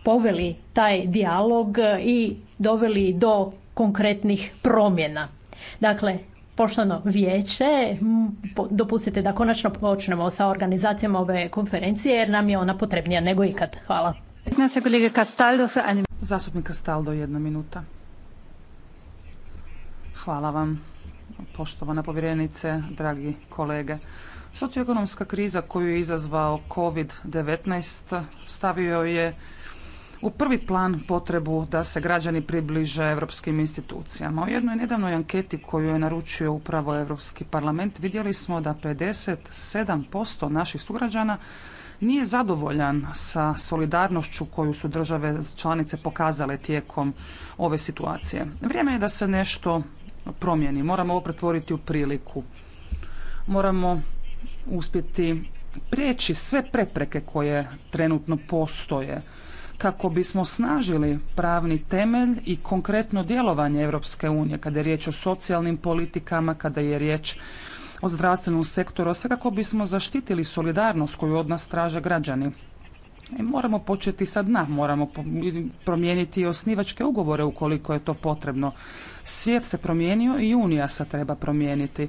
poveli taj dijalog i doveli do konkretnih promjena. Dakle, Poštovano vijeće, dopustite da konačno počnemo sa organizacijama ove konferencije jer nam je ona potrebnija nego ikad. Hvala. Zastupnik kastaldo jedna minuta. Hvala vam, poštovana povjerenice, dragi kolege. Socioekonomska kriza koju je izazvao COVID-19 stavio je u prvi plan potrebu da se građani približe europskim institucijama. U jednoj nedavnoj anketi koju je naručio upravo Europski parlament vidjeli smo da 57% naših sugrađana nije zadovoljan sa solidarnošću koju su države članice pokazale tijekom ove situacije. Vrijeme je da se nešto promijeni. Moramo ovo pretvoriti u priliku. Moramo uspjeti prijeći sve prepreke koje trenutno postoje kako bismo snažili pravni temelj i konkretno djelovanje Europske unije kada je riječ o socijalnim politikama, kada je riječ o zdravstvenom sektoru, sve kako bismo zaštitili solidarnost koju od nas traže građani. I moramo početi sa dna, moramo promijeniti i osnivačke ugovore ukoliko je to potrebno. Svijet se promijenio i Unija se treba promijeniti.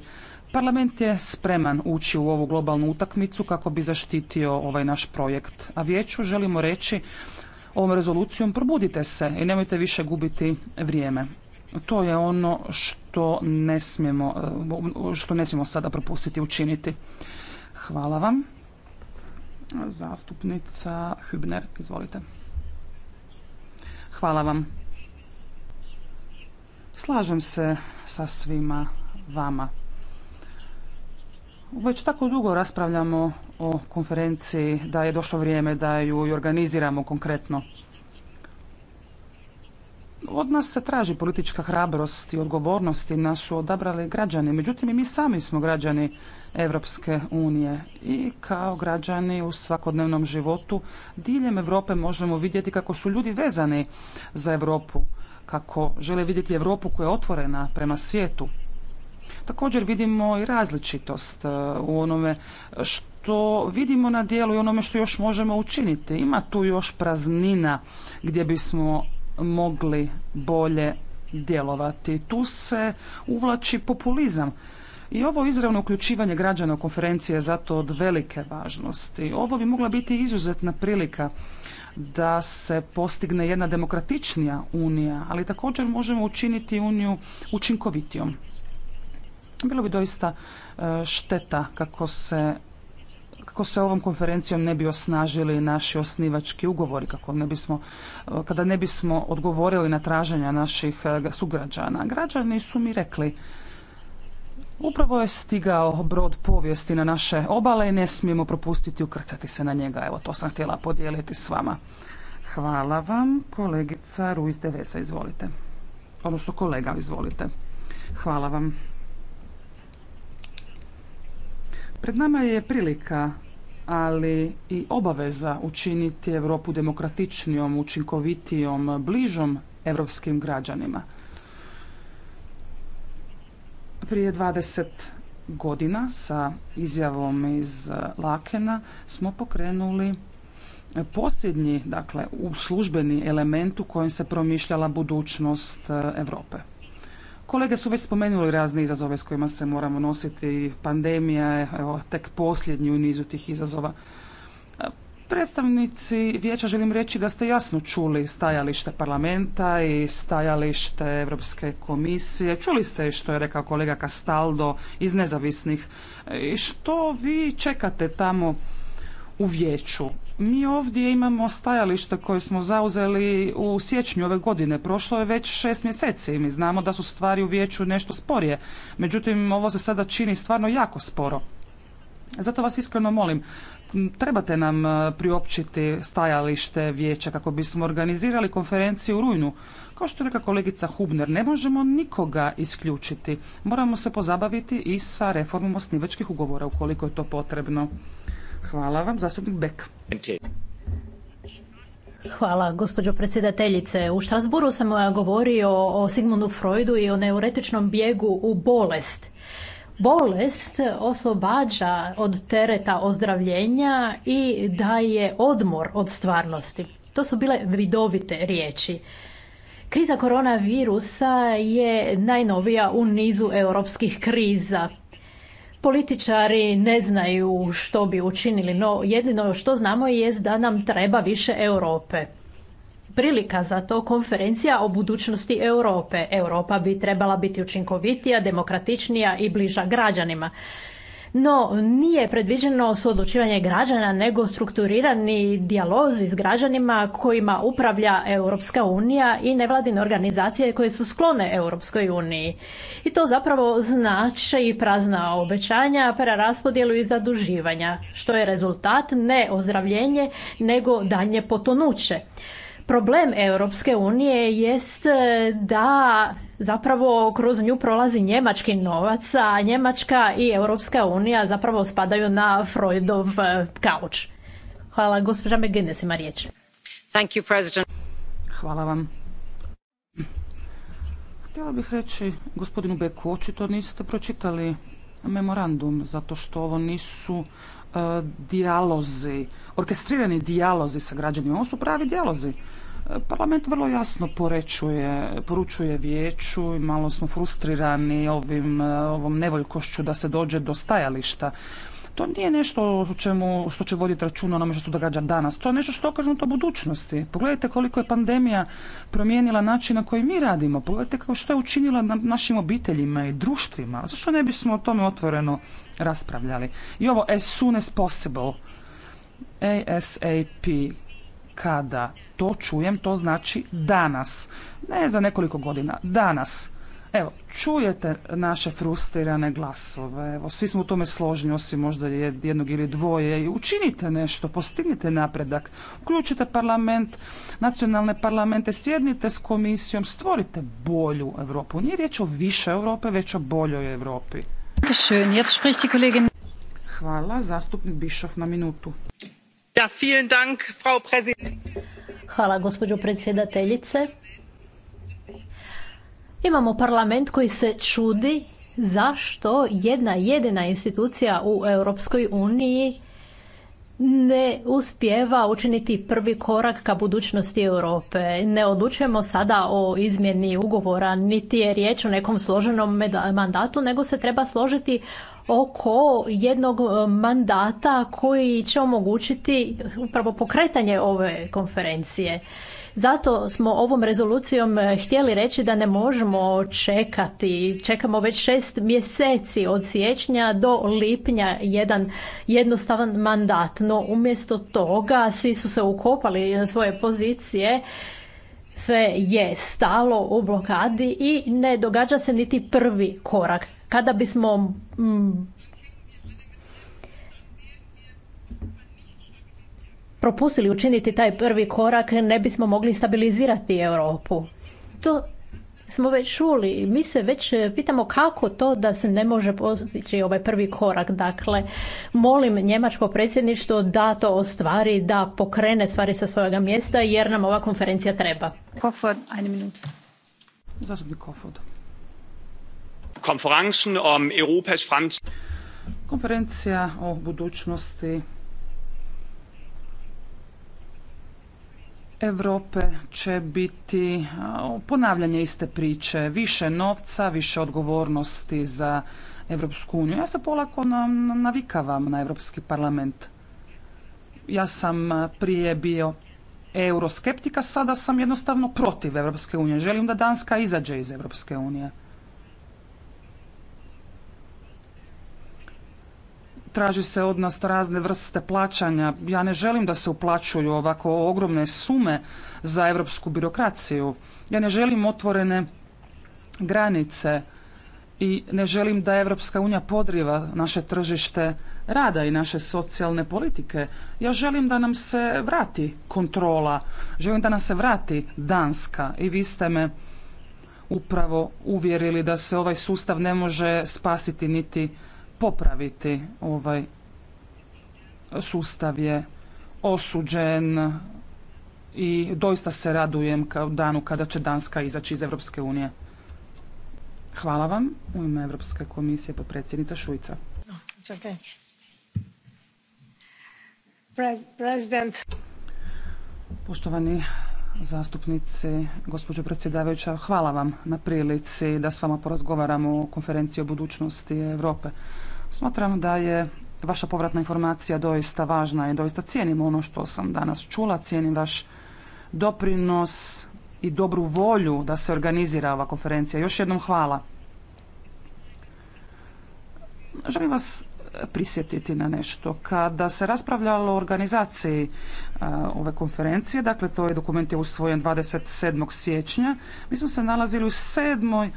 Parlament je spreman ući u ovu globalnu utakmicu kako bi zaštitio ovaj naš projekt. A vijeću želimo reći ovom rezolucijom, probudite se i nemojte više gubiti vrijeme. To je ono što ne smijemo, eh, što ne smijemo sada propustiti učiniti. Hvala vam. Zastupnica Hübner, izvolite. Hvala vam. Slažem se sa svima vama. Već tako dugo raspravljamo o konferenciji da je došlo vrijeme da ju i organiziramo konkretno. Od nas se traži politička hrabrost i odgovornost i nas su odabrali građani. Međutim, i mi sami smo građani Evropske unije i kao građani u svakodnevnom životu diljem Europe možemo vidjeti kako su ljudi vezani za Europu, kako žele vidjeti Europu koja je otvorena prema svijetu. Također vidimo i različitost e, u onome što vidimo na dijelu i onome što još možemo učiniti. Ima tu još praznina gdje bismo mogli bolje djelovati. Tu se uvlači populizam. I ovo izravno uključivanje građana u konferencije je zato od velike važnosti. Ovo bi mogla biti izuzetna prilika da se postigne jedna demokratičnija unija, ali također možemo učiniti uniju učinkovitijom. Bilo bi doista e, šteta kako se kako se ovom konferencijom ne bi osnažili naši osnivački ugovori, kako ne bismo, e, kada ne bismo odgovorili na traženja naših e, sugrađana. Građani su mi rekli, upravo je stigao brod povijesti na naše obale i ne smijemo propustiti ukrcati se na njega. Evo, to sam htjela podijeliti s vama. Hvala vam, kolegica Ruiz Devesa, izvolite. Odnosno kolega, izvolite. Hvala vam. Pred nama je prilika, ali i obaveza učiniti Europu demokratičnijom, učinkovitijom, bližom europskim građanima. Prije 20 godina sa izjavom iz Lakena smo pokrenuli posljednji, dakle, službeni element u kojem se promišljala budućnost Europe. Kolege su već spomenuli razne izazove s kojima se moramo nositi. Pandemija je evo, tek posljednji u nizu tih izazova. Predstavnici vijeća želim reći da ste jasno čuli stajalište parlamenta i stajalište Europske komisije. Čuli ste što je rekao kolega Castaldo iz nezavisnih. što vi čekate tamo u vijeću? Mi ovdje imamo stajalište koje smo zauzeli u siječnju ove godine. Prošlo je već šest mjeseci i mi znamo da su stvari u vijeću nešto sporije. Međutim, ovo se sada čini stvarno jako sporo. Zato vas iskreno molim, trebate nam e, priopćiti stajalište vijeća kako bismo organizirali konferenciju u rujnu. Kao što reka kolegica Hubner, ne možemo nikoga isključiti. Moramo se pozabaviti i sa reformom osnivačkih ugovora ukoliko je to potrebno. Hvala vam, zastupnik Hvala, gospođo predsjedateljice. U Štrasburu sam govorio o Sigmundu Freudu i o neuretičnom bijegu u bolest. Bolest osobađa od tereta ozdravljenja i daje odmor od stvarnosti. To su bile vidovite riječi. Kriza koronavirusa je najnovija u nizu europskih kriza političari ne znaju što bi učinili, no jedino što znamo je da nam treba više Europe. Prilika za to konferencija o budućnosti Europe. Europa bi trebala biti učinkovitija, demokratičnija i bliža građanima no nije predviđeno suodlučivanje građana nego strukturirani dijalozi s građanima kojima upravlja Europska unija i nevladine organizacije koje su sklone Europskoj uniji. I to zapravo znači i prazna obećanja, preraspodjelu i zaduživanja, što je rezultat ne ozdravljenje nego daljnje potonuće. Problem Europske unije jest da zapravo kroz nju prolazi njemački novac, a Njemačka i Europska unija zapravo spadaju na Freudov e, kauč. Hvala, gospođa McGuinness, ima riječ. Thank you, President. Hvala vam. Htjela bih reći gospodinu Beku, očito niste pročitali memorandum, zato što ovo nisu e, dijalozi, orkestrirani dijalozi sa građanima, ovo su pravi dijalozi. Parlament vrlo jasno porečuje, poručuje vijeću i malo smo frustrirani ovim, e, ovom nevoljkošću da se dođe do stajališta. To nije nešto čemu, što će voditi računa onome što se događa danas. To je nešto što je okrenuto budućnosti. Pogledajte koliko je pandemija promijenila način na koji mi radimo. Pogledajte kako što je učinila na našim obiteljima i društvima. Zašto ne bismo o tome otvoreno raspravljali? I ovo as soon as possible. ASAP kada to čujem, to znači danas. Ne za nekoliko godina, danas. Evo, čujete naše frustrirane glasove, evo, svi smo u tome složni, osim možda jednog ili dvoje, i učinite nešto, postignite napredak, uključite parlament, nacionalne parlamente, sjednite s komisijom, stvorite bolju Europu. Nije riječ o više Europe, već o boljoj Europi. Hvala, zastupnik Bišov na minutu. Ja, Dank, Frau Hvala gospođo predsjedateljice. Imamo parlament koji se čudi zašto jedna jedina institucija u Europskoj uniji ne uspijeva učiniti prvi korak ka budućnosti Europe. Ne odlučujemo sada o izmjeni ugovora, niti je riječ o nekom složenom mandatu, nego se treba složiti oko jednog e, mandata koji će omogućiti upravo pokretanje ove konferencije. Zato smo ovom rezolucijom e, htjeli reći da ne možemo čekati. Čekamo već šest mjeseci od siječnja do lipnja jedan jednostavan mandat. No umjesto toga svi su se ukopali na svoje pozicije sve je stalo u blokadi i ne događa se niti prvi korak kada bismo mm, propustili učiniti taj prvi korak, ne bismo mogli stabilizirati Europu. To smo već čuli. Mi se već pitamo kako to da se ne može postići ovaj prvi korak. Dakle, molim njemačko predsjedništvo da to ostvari, da pokrene stvari sa svojega mjesta jer nam ova konferencija treba. Kofod, ajde minutu. Zastupnik Kofod. Um Konferencija o budućnosti Europe će biti ponavljanje iste priče, više novca, više odgovornosti za Europsku uniju. Ja se polako navikavam na Europski parlament. Ja sam prije bio euroskeptika, sada sam jednostavno protiv Europske unije. Želim da Danska izađe iz Europske unije. Traži se od nas razne vrste plaćanja. Ja ne želim da se uplaćuju ovako ogromne sume za europsku birokraciju. Ja ne želim otvorene granice i ne želim da Evropska unija podriva naše tržište rada i naše socijalne politike. Ja želim da nam se vrati kontrola, želim da nam se vrati Danska i vi ste me upravo uvjerili da se ovaj sustav ne može spasiti niti popraviti ovaj sustav je osuđen i doista se radujem kao danu kada će Danska izaći iz Europske unije. Hvala vam. U ime Europske komisije potpredsjednica Šuica. President. Poštovani zastupnici, gospođo predsjedavajuća, hvala vam na prilici da s vama porazgovaramo o konferenciji o budućnosti Europe. Smatram da je vaša povratna informacija doista važna i doista cijenim ono što sam danas čula, cijenim vaš doprinos i dobru volju da se organizira ova konferencija. Još jednom hvala. Želim vas e, prisjetiti na nešto. Kada se raspravljalo o organizaciji e, ove konferencije, dakle to je dokument je usvojen 27. siječnja, mi smo se nalazili u sedmoj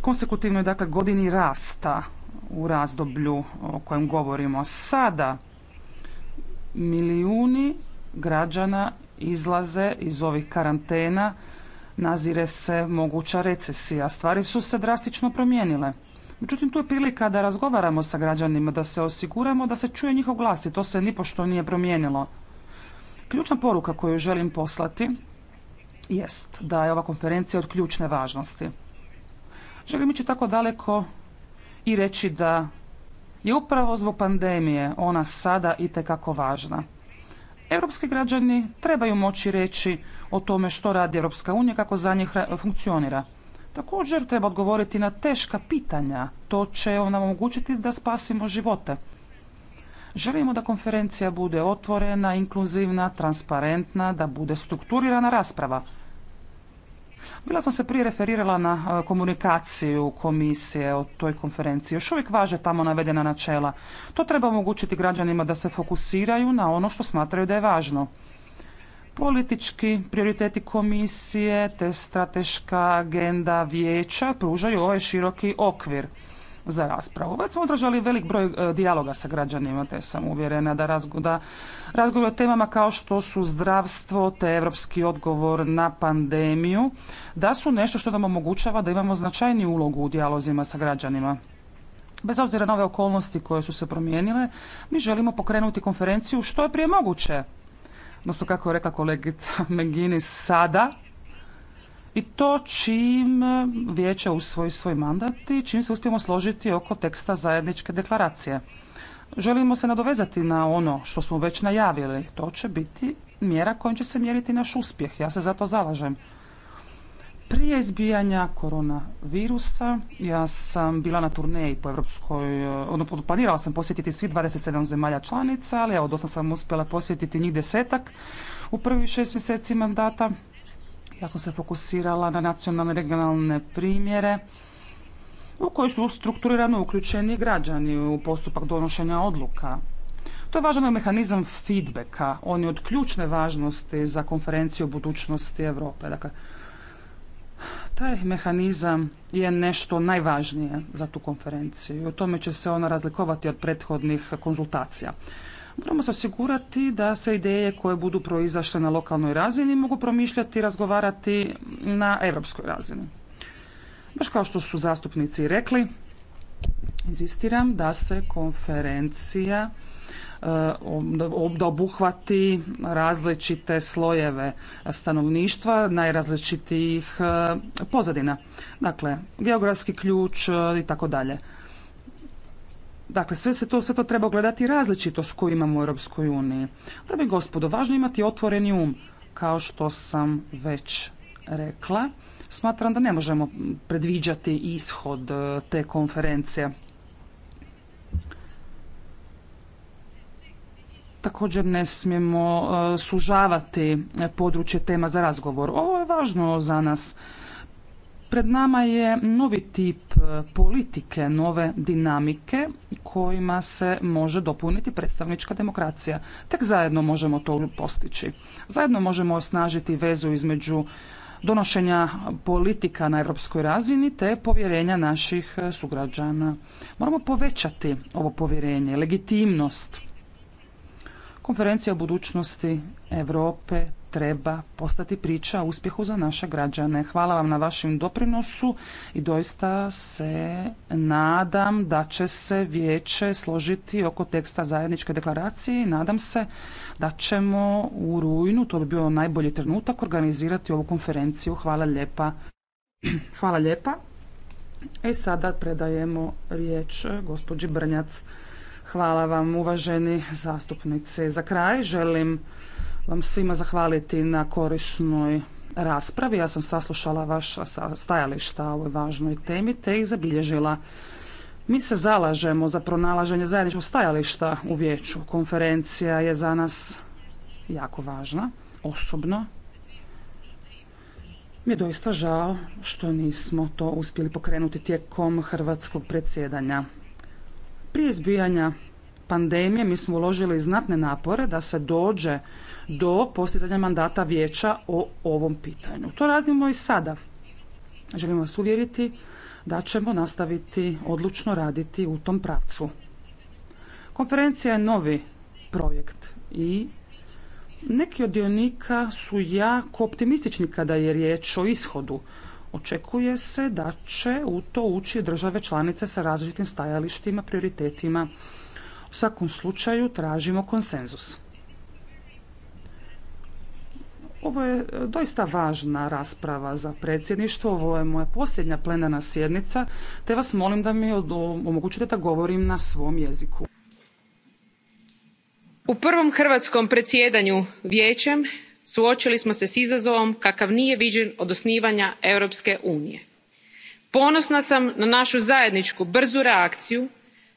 konsekutivnoj dakle, godini rasta u razdoblju o kojem govorimo sada. Milijuni građana izlaze iz ovih karantena, nazire se moguća recesija. Stvari su se drastično promijenile. Međutim, tu je prilika da razgovaramo sa građanima, da se osiguramo, da se čuje njihov glas i to se nipošto nije promijenilo. Ključna poruka koju želim poslati jest da je ova konferencija od ključne važnosti. Želim ići tako daleko i reći da je upravo zbog pandemije ona sada i kako važna. Europski građani trebaju moći reći o tome što radi Europska unija, kako za njih funkcionira. Također treba odgovoriti na teška pitanja. To će nam omogućiti da spasimo živote. Želimo da konferencija bude otvorena, inkluzivna, transparentna, da bude strukturirana rasprava. Bila sam se prije referirala na e, komunikaciju komisije o toj konferenciji. Još uvijek važe tamo navedena načela. To treba omogućiti građanima da se fokusiraju na ono što smatraju da je važno. Politički prioriteti komisije te strateška agenda vijeća pružaju ovaj široki okvir za raspravu. Već smo održali velik broj e, dijaloga sa građanima, te sam uvjerena da, razgovori o temama kao što su zdravstvo, te evropski odgovor na pandemiju, da su nešto što nam omogućava da imamo značajniju ulogu u dijalozima sa građanima. Bez obzira na ove okolnosti koje su se promijenile, mi želimo pokrenuti konferenciju što je prije moguće. Odnosno, kako je rekla kolegica <laughs> Megini, sada i to čim vijeće usvoji svoj mandat i čim se uspijemo složiti oko teksta zajedničke deklaracije. Želimo se nadovezati na ono što smo već najavili. To će biti mjera kojom će se mjeriti naš uspjeh. Ja se za to zalažem. Prije izbijanja koronavirusa ja sam bila na turneji po Europskoj, odnosno planirala sam posjetiti svih 27 zemalja članica, ali evo dosta sam uspjela posjetiti njih desetak u prvih šest mjeseci mandata. Ja sam se fokusirala na nacionalne regionalne primjere u koji su strukturirano uključeni građani u postupak donošenja odluka. To je važan ovaj mehanizam feedbacka. On je od ključne važnosti za konferenciju o budućnosti Europe. Dakle, taj mehanizam je nešto najvažnije za tu konferenciju i o tome će se ona razlikovati od prethodnih konzultacija. Moramo se osigurati da se ideje koje budu proizašle na lokalnoj razini mogu promišljati i razgovarati na europskoj razini. Baš kao što su zastupnici rekli, inzistiram da se konferencija eh, da obuhvati različite slojeve stanovništva, najrazličitijih eh, pozadina. Dakle, geografski ključ eh, i tako dalje. Dakle, sve, se to, sve to treba gledati različitost koju imamo u Europskoj uniji. Dobro, i gospodo, važno je imati otvoreni um, kao što sam već rekla. Smatram da ne možemo predviđati ishod e, te konferencije. Također ne smijemo e, sužavati e, područje tema za razgovor. Ovo je važno za nas Pred nama je novi tip e, politike, nove dinamike kojima se može dopuniti predstavnička demokracija. Tek zajedno možemo to postići. Zajedno možemo osnažiti vezu između donošenja politika na europskoj razini te povjerenja naših e, sugrađana. Moramo povećati ovo povjerenje, legitimnost. Konferencija o budućnosti Europe treba postati priča o uspjehu za naše građane. Hvala vam na vašem doprinosu i doista se nadam da će se vijeće složiti oko teksta zajedničke deklaracije i nadam se da ćemo u rujnu, to bi bio najbolji trenutak, organizirati ovu konferenciju. Hvala lijepa. <clears throat> Hvala lijepa. E sada predajemo riječ gospođi Brnjac. Hvala vam uvaženi zastupnici. Za kraj želim vam svima zahvaliti na korisnoj raspravi. Ja sam saslušala vaša stajališta o ovoj važnoj temi te ih zabilježila. Mi se zalažemo za pronalaženje zajedničkog stajališta u vijeću. Konferencija je za nas jako važna, osobno. Mi je doista žao što nismo to uspjeli pokrenuti tijekom hrvatskog predsjedanja. Prije izbijanja pandemije mi smo uložili znatne napore da se dođe do postizanja mandata vijeća o ovom pitanju. To radimo i sada. Želimo vas uvjeriti da ćemo nastaviti odlučno raditi u tom pravcu. Konferencija je novi projekt i neki od dionika su jako optimistični kada je riječ o ishodu. Očekuje se da će u to ući države članice sa različitim stajalištima, prioritetima svakom slučaju tražimo konsenzus. Ovo je e, doista važna rasprava za predsjedništvo, ovo je moja posljednja plenarna sjednica, te vas molim da mi omogućite da govorim na svom jeziku. U prvom hrvatskom predsjedanju vijećem suočili smo se s izazovom kakav nije viđen od osnivanja Europske unije. Ponosna sam na našu zajedničku brzu reakciju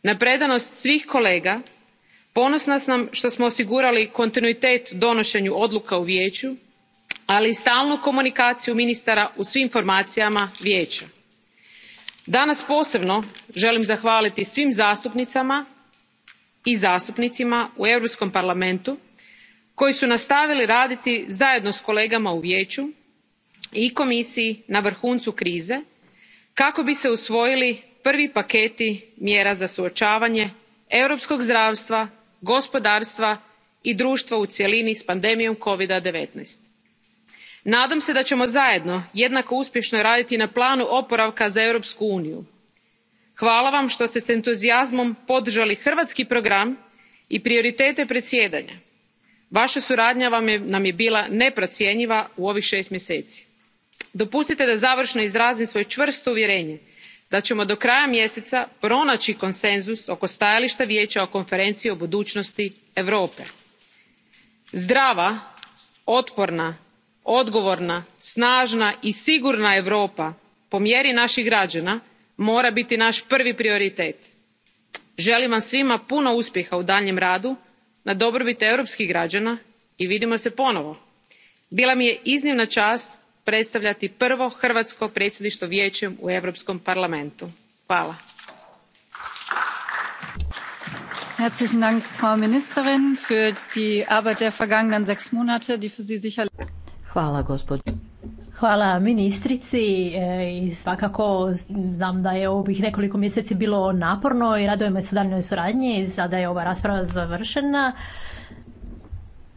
na predanost svih kolega ponosna sam što smo osigurali kontinuitet donoenju odluka u Vijeću, ali i stalnu komunikaciju ministara u svim formacijama Vijeća. danas posebno želim zahvaliti svim zastupnicama i zastupnicima u europskom parlamentu koji su nastavili raditi zajedno s kolegama u Vijeću i komisiji na vrhuncu krize kako bi se usvojili prvi paketi mjera za suočavanje europskog zdravstva gospodarstva i društva u cjelini s pandemijom covid 19 nadam se da ćemo zajedno jednako uspjeno raditi na planu oporavka za europsku uniju. hvala vam to ste s entuzijazmom podrali hrvatski program i prioritete predsjedanja. vaa suradnja nam je bila neprocjenjiva u ovih šest mjeseci. dopustite da zavrno izrazim svoje vrsto uvjerenje da ćemo do kraja mjeseca pronaći konsenzus oko stajališta vijeća o konferenciji o budućnosti europe. zdrava otporna odgovorna snažna i sigurna europa po mjeri naših građana mora biti naš prvi prioritet. želim vam svima puno uspjeha u daljnjem radu na dobrobit europskih građana i vidimo se ponovo. bila mi je iznimna čast predstavljati prvo hrvatsko predsjedništvo vijećem u europskom parlamentu. hvala. Hvala Hvala ministrici e, i svakako znam da je ovih nekoliko mjeseci bilo naporno i radujem se daljnjoj suradnji. Sada je ova rasprava završena.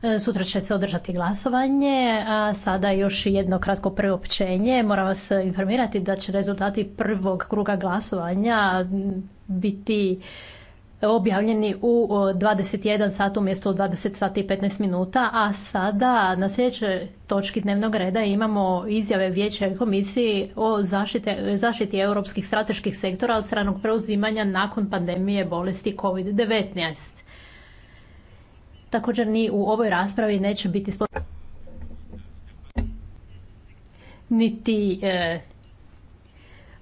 E, sutra će se održati glasovanje, a sada još jedno kratko preopćenje. Moram vas informirati da će rezultati prvog kruga glasovanja biti objavljeni u 21 sat umjesto u 20 sati i 15 minuta, a sada na sljedećoj točki dnevnog reda imamo izjave Vijeća komisije Komisiji o zaštiti europskih strateških sektora od stranog preuzimanja nakon pandemije bolesti COVID-19. Također ni u ovoj raspravi neće biti niti e,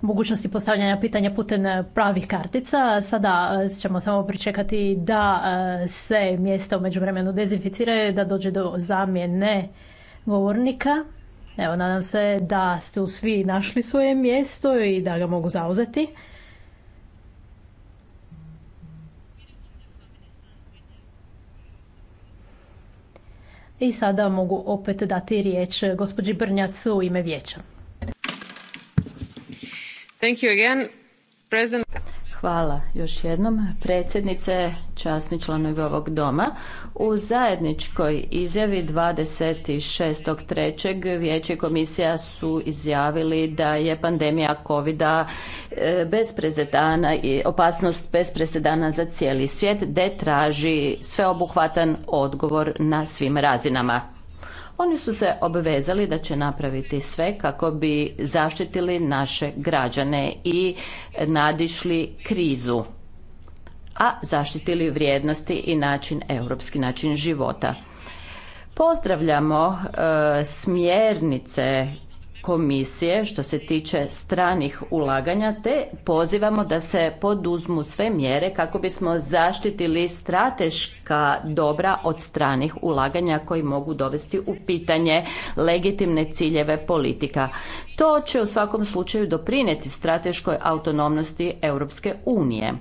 mogućnosti postavljanja pitanja putem e, pravih kartica. Sada e, ćemo samo pričekati da se mjesta u međuvremenu dezinficiraju, da dođe do zamjene govornika. Evo, nadam se da ste svi našli svoje mjesto i da ga mogu zauzeti. I sada mogu opet dati riječ gospođi Brnjacu u ime vijeća. Thank you again, President. Hvala još jednom predsjednice, časni članovi ovog doma. U zajedničkoj izjavi 26.3. Vijeće i komisija su izjavili da je pandemija covid e, bez i opasnost bez presedana za cijeli svijet, da traži sveobuhvatan odgovor na svim razinama. Oni su se obvezali da će napraviti sve kako bi zaštitili naše građane i nadišli krizu, a zaštitili vrijednosti i način, europski način života. Pozdravljamo e, smjernice komisije što se tiče stranih ulaganja te pozivamo da se poduzmu sve mjere kako bismo zaštitili strateška dobra od stranih ulaganja koji mogu dovesti u pitanje legitimne ciljeve politika. To će u svakom slučaju doprineti strateškoj autonomnosti Europske unije.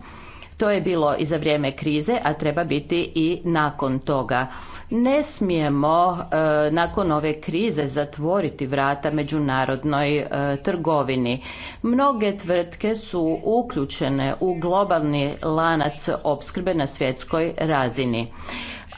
To je bilo i za vrijeme krize, a treba biti i nakon toga. Ne smijemo e, nakon ove krize zatvoriti vrata međunarodnoj e, trgovini. Mnoge tvrtke su uključene u globalni lanac opskrbe na svjetskoj razini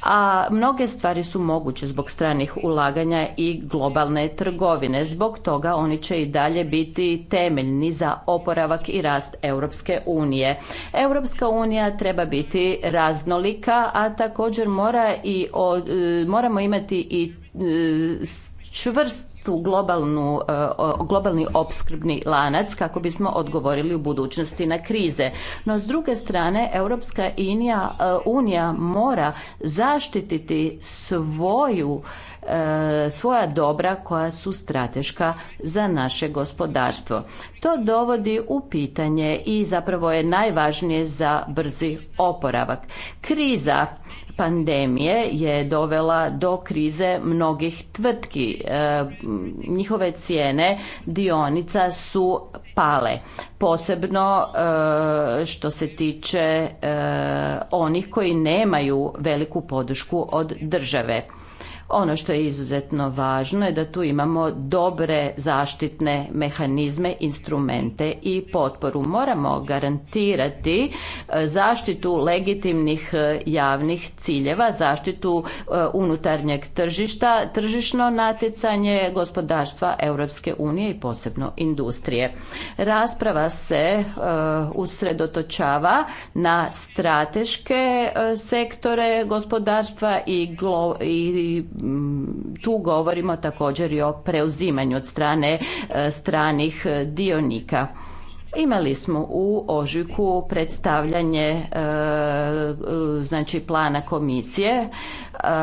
a mnoge stvari su moguće zbog stranih ulaganja i globalne trgovine. Zbog toga oni će i dalje biti temeljni za oporavak i rast Europske unije. Europska unija treba biti raznolika, a također mora i, e, moramo imati i e, čvrst tu globalnu, e, globalni opskrbni lanac kako bismo odgovorili u budućnosti na krize. No s druge strane Europska unija, e, unija mora zaštititi svoju e, svoja dobra koja su strateška za naše gospodarstvo. To dovodi u pitanje i zapravo je najvažnije za brzi oporavak. Kriza pandemije je dovela do krize mnogih tvrtki. E, njihove cijene dionica su pale, posebno e, što se tiče e, onih koji nemaju veliku podršku od države. Ono što je izuzetno važno je da tu imamo dobre zaštitne mehanizme, instrumente i potporu. Moramo garantirati e, zaštitu legitimnih e, javnih ciljeva, zaštitu e, unutarnjeg tržišta, tržišno natjecanje gospodarstva Europske unije i posebno industrije. Rasprava se usredotočava na strateške sektore gospodarstva i tu govorimo također i o preuzimanju od strane e, stranih e, dionika. Imali smo u ožujku predstavljanje e, e, znači plana komisije. E,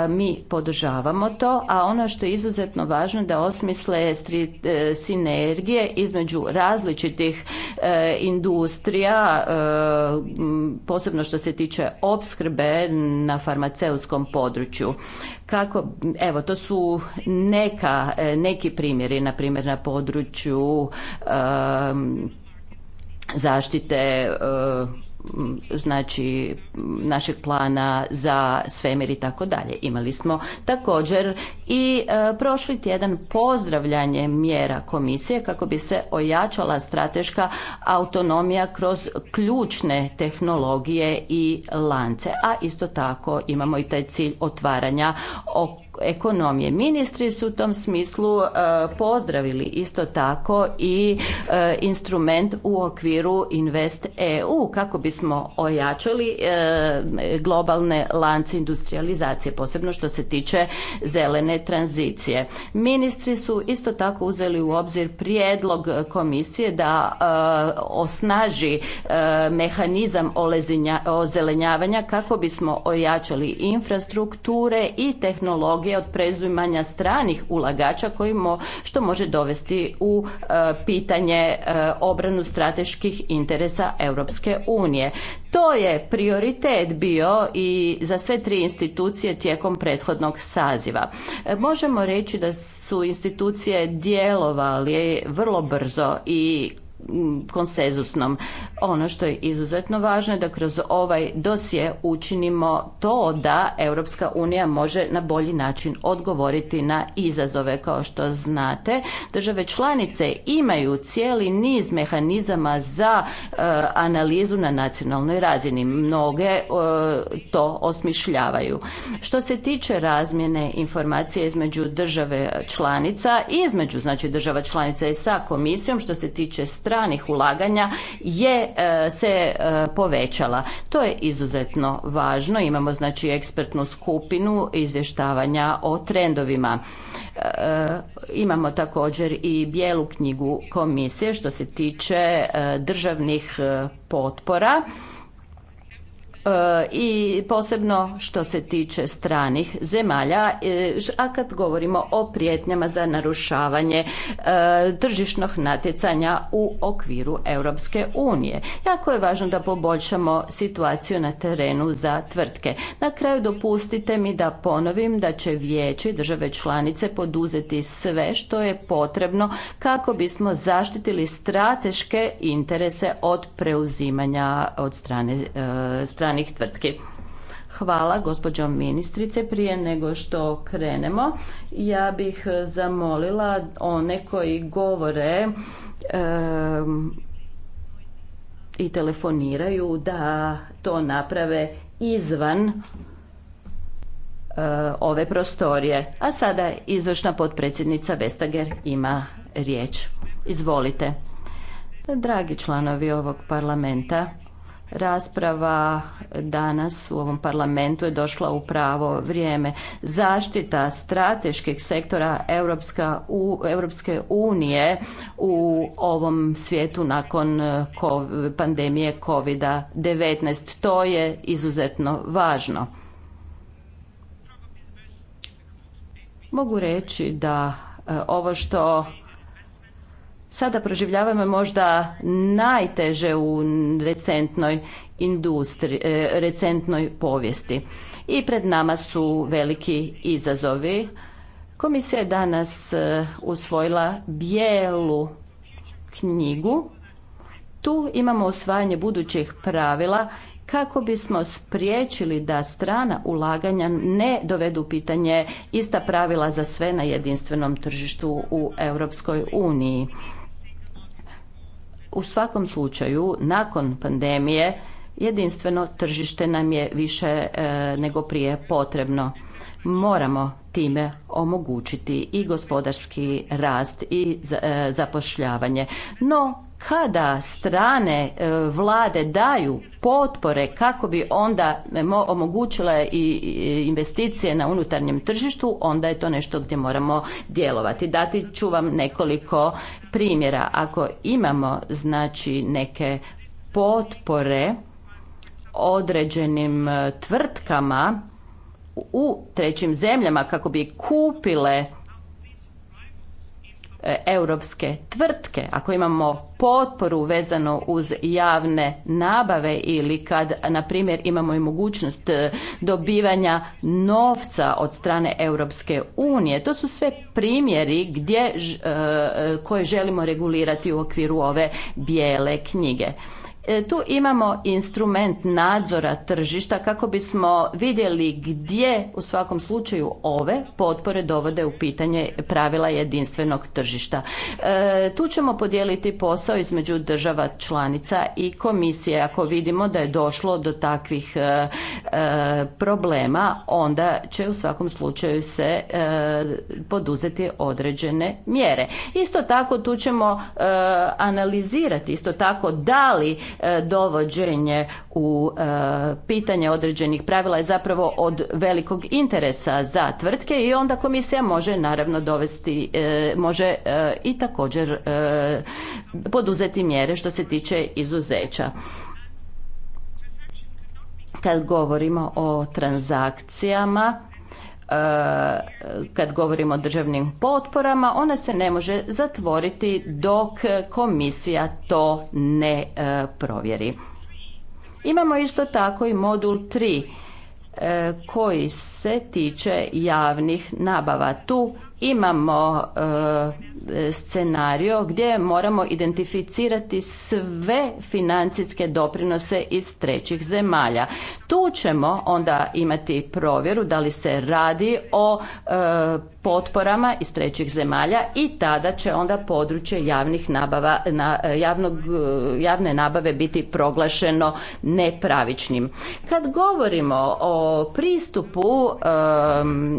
mi podržavamo to, a ono što je izuzetno važno da osmisle sinergije između različitih industrija, posebno što se tiče opskrbe na farmaceutskom području. Kako, evo, to su neka, neki primjeri, na primjer na području zaštite e, znači našeg plana za svemir i tako dalje. Imali smo također i e, prošli tjedan pozdravljanje mjera komisije kako bi se ojačala strateška autonomija kroz ključne tehnologije i lance, a isto tako imamo i taj cilj otvaranja ekonomije. Ministri su u tom smislu e, pozdravili isto tako i e, instrument u okviru Invest EU kako bismo ojačali e, globalne lance industrializacije, posebno što se tiče zelene tranzicije. Ministri su isto tako uzeli u obzir prijedlog komisije da osnaži mehanizam ozelenjavanja kako bismo ojačali infrastrukture i tehnologije tehnologije od preuzimanja stranih ulagača što može dovesti u e, pitanje e, obranu strateških interesa Europske unije. To je prioritet bio i za sve tri institucije tijekom prethodnog saziva. E, možemo reći da su institucije djelovali vrlo brzo i konsezusnom. Ono što je izuzetno važno je da kroz ovaj dosje učinimo to da Europska unija može na bolji način odgovoriti na izazove. Kao što znate, države članice imaju cijeli niz mehanizama za e, analizu na nacionalnoj razini. Mnoge e, to osmišljavaju. Što se tiče razmjene informacije između države članica između znači, država članica i sa komisijom što se tiče stranih ulaganja je e, se e, povećala. To je izuzetno važno. Imamo znači ekspertnu skupinu izvještavanja o trendovima. E, imamo također i bijelu knjigu komisije što se tiče državnih potpora E, i posebno što se tiče stranih zemalja, e, a kad govorimo o prijetnjama za narušavanje e, tržišnog natjecanja u okviru Europske unije. Jako je važno da poboljšamo situaciju na terenu za tvrtke. Na kraju dopustite mi da ponovim da će vijeće države članice poduzeti sve što je potrebno kako bismo zaštitili strateške interese od preuzimanja od strane strane stranih tvrtki. Hvala gospođo ministrice. Prije nego što krenemo, ja bih zamolila one koji govore i telefoniraju da to naprave izvan eh, ove prostorije. A sada izvršna potpredsjednica Vestager ima riječ. Izvolite. Dragi članovi ovog parlamenta, Rasprava danas u ovom parlamentu je došla u pravo vrijeme. Zaštita strateških sektora Europska, u, Europske unije u ovom svijetu nakon eh, pandemije COVID-19. To je izuzetno važno. Mogu reći da eh, ovo što sada proživljavamo možda najteže u recentnoj industri, e, recentnoj povijesti. I pred nama su veliki izazovi. Komisija je danas e, usvojila bijelu knjigu. Tu imamo usvajanje budućih pravila kako bismo spriječili da strana ulaganja ne dovedu pitanje ista pravila za sve na jedinstvenom tržištu u Europskoj uniji. U svakom slučaju, nakon pandemije, jedinstveno tržište nam je više e, nego prije potrebno. Moramo time omogućiti i gospodarski rast i e, zapošljavanje. No, kada strane e, vlade daju potpore kako bi onda omogućile i investicije na unutarnjem tržištu, onda je to nešto gdje moramo djelovati. Dati ću vam nekoliko primjera. Ako imamo znači neke potpore određenim e, tvrtkama u trećim zemljama kako bi kupile E, europske tvrtke, ako imamo potporu vezano uz javne nabave ili kad, na primjer, imamo i mogućnost e, dobivanja novca od strane Europske unije. To su sve primjeri gdje, e, koje želimo regulirati u okviru ove bijele knjige. E, tu imamo instrument nadzora tržišta kako bismo vidjeli gdje u svakom slučaju ove potpore dovode u pitanje pravila jedinstvenog tržišta. E, tu ćemo podijeliti posao između država članica i komisije. Ako vidimo da je došlo do takvih e, problema, onda će u svakom slučaju se poduzeti određene mjere. Isto tako tu ćemo analizirati isto tako da li E, dovođenje u e, pitanje određenih pravila je zapravo od velikog interesa za tvrtke i onda komisija može naravno dovesti, e, može i također poduzeti mjere što se tiče izuzeća. Kad govorimo o transakcijama, Eh, kad govorimo o državnim potporama, ona se ne može zatvoriti dok komisija to ne eh, provjeri. Imamo isto tako i modul 3 eh, koji se tiče javnih nabava. Tu imamo scenario gdje moramo identificirati sve financijske doprinose iz trećih zemalja. Tu ćemo onda imati provjeru da li se radi o e, potporama iz trećih zemalja i tada će onda područje javnih nabava, na, javnog, javne nabave biti proglašeno nepravičnim. Kad govorimo o pristupu e,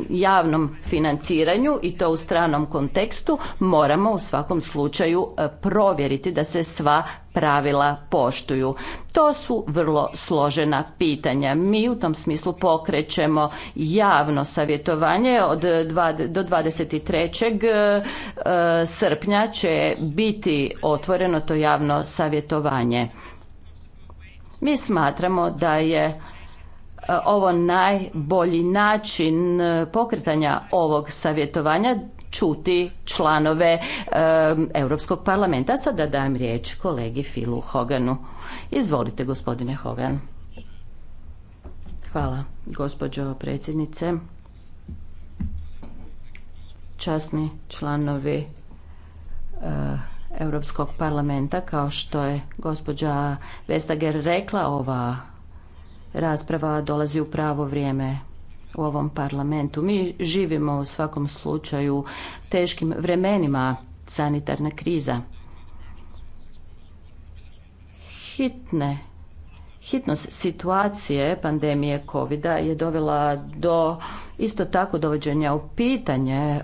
javnom financiranju i to u stranom kontekstu moramo u svakom slučaju e, provjeriti da se sva pravila poštuju. To su vrlo složena pitanja. Mi u tom smislu pokrećemo javno savjetovanje od dva, do 23. E, e, srpnja će biti otvoreno to javno savjetovanje. Mi smatramo da je ovo najbolji način pokretanja ovog savjetovanja čuti članove Europskog parlamenta. Sada dajem riječ kolegi Filu Hoganu. Izvolite gospodine Hogan. Hvala gospođo predsjednice. Časni članovi eh, Europskog parlamenta, kao što je gospođa Vestager rekla, ova rasprava dolazi u pravo vrijeme u ovom parlamentu. Mi živimo u svakom slučaju teškim vremenima sanitarna kriza. Hitne Hitnost situacije pandemije covid je dovela do isto tako dovođenja u pitanje e,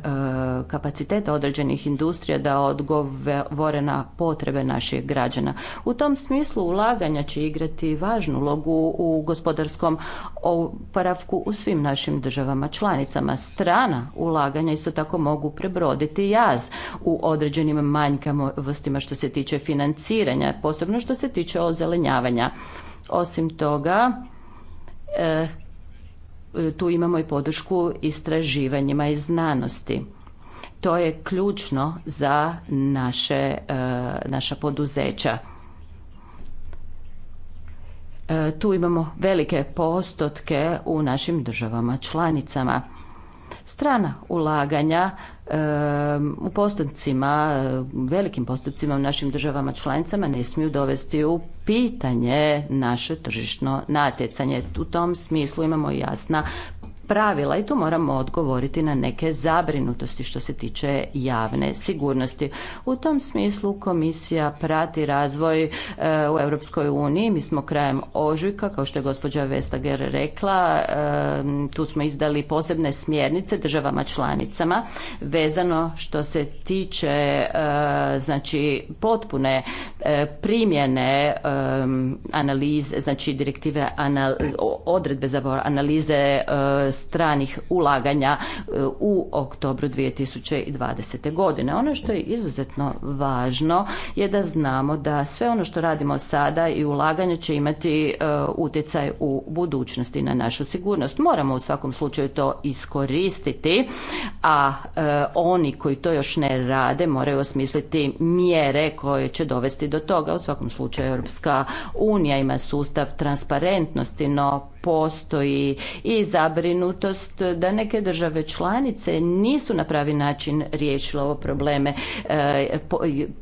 kapaciteta određenih industrija da odgovore na potrebe naših građana. U tom smislu ulaganja će igrati važnu ulogu u gospodarskom oporavku u svim našim državama članicama. Strana ulaganja isto tako mogu prebroditi jaz u određenim manjkavostima što se tiče financiranja, posebno što se tiče ozelenjavanja. Osim toga, e, tu imamo i podršku istraživanjima i znanosti. To je ključno za naše, e, naša poduzeća. E, tu imamo velike postotke u našim državama članicama. Strana ulaganja u postupcima, velikim postupcima u našim državama članicama ne smiju dovesti u pitanje naše tržišno natjecanje. U tom smislu imamo jasna pravila i tu moramo odgovoriti na neke zabrinutosti što se tiče javne sigurnosti. U tom smislu komisija prati razvoj e, u Europskoj uniji. Mi smo krajem ožujka, kao što je gospođa Vestager rekla, e, tu smo izdali posebne smjernice državama članicama vezano što se tiče e, znači potpune primjene analize, znači direktive odredbe za analize stranih ulaganja e, u oktobru 2020. godine. Ono što je izuzetno važno je da znamo da sve ono što radimo sada i ulaganje će imati e, utjecaj u budućnosti na našu sigurnost. Moramo u svakom slučaju to iskoristiti, a e, oni koji to još ne rade moraju osmisliti mjere koje će dovesti do toga. U svakom slučaju Europska unija ima sustav transparentnosti, no postoji i zabrinutost da neke države članice nisu na pravi način riješile ovo probleme e,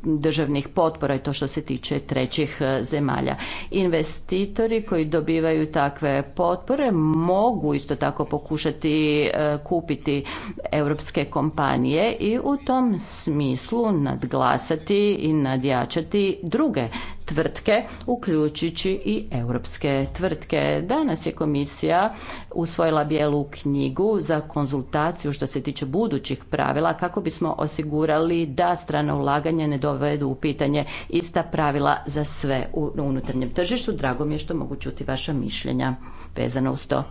državnih potpora i to što se tiče trećih e, zemalja. Investitori koji dobivaju takve potpore mogu isto tako pokušati e, kupiti europske kompanije i u tom smislu nadglasati i nadjačati druge tvrtke, uključujući i europske tvrtke. Danas je komisija usvojila bijelu knjigu za konzultaciju što se tiče budućih pravila kako bismo osigurali da strana ulaganja ne dovedu u pitanje ista pravila za sve u unutarnjem tržištu. Drago mi je što mogu čuti vaša mišljenja vezano uz to.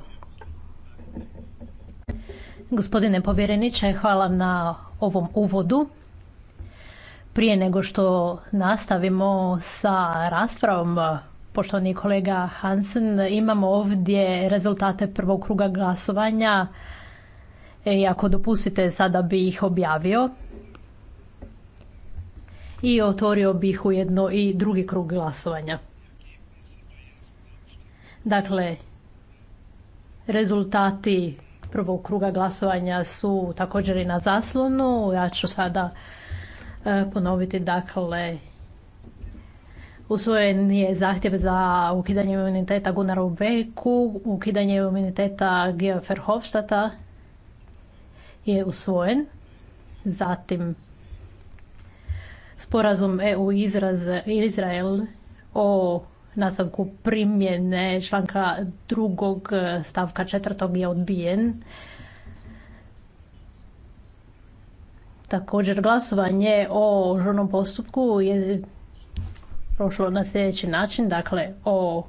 Gospodine povjereniče, hvala na ovom uvodu. Prije nego što nastavimo sa raspravom, poštovani kolega Hansen, imamo ovdje rezultate prvog kruga glasovanja. I e, ako dopustite, sada bi ih objavio. I otvorio bih jedno i drugi krug glasovanja. Dakle, rezultati prvog kruga glasovanja su također i na zaslonu. Ja ću sada E, ponoviti. Dakle, usvojen je zahtjev za ukidanje imuniteta Gunaru Beku, ukidanje imuniteta Geo Verhofstadta je usvojen. Zatim, sporazum EU izraz, Izrael o nastavku primjene članka drugog stavka četvrtog je odbijen. Također glasovanje o žurnom postupku je prošlo na sljedeći način, dakle o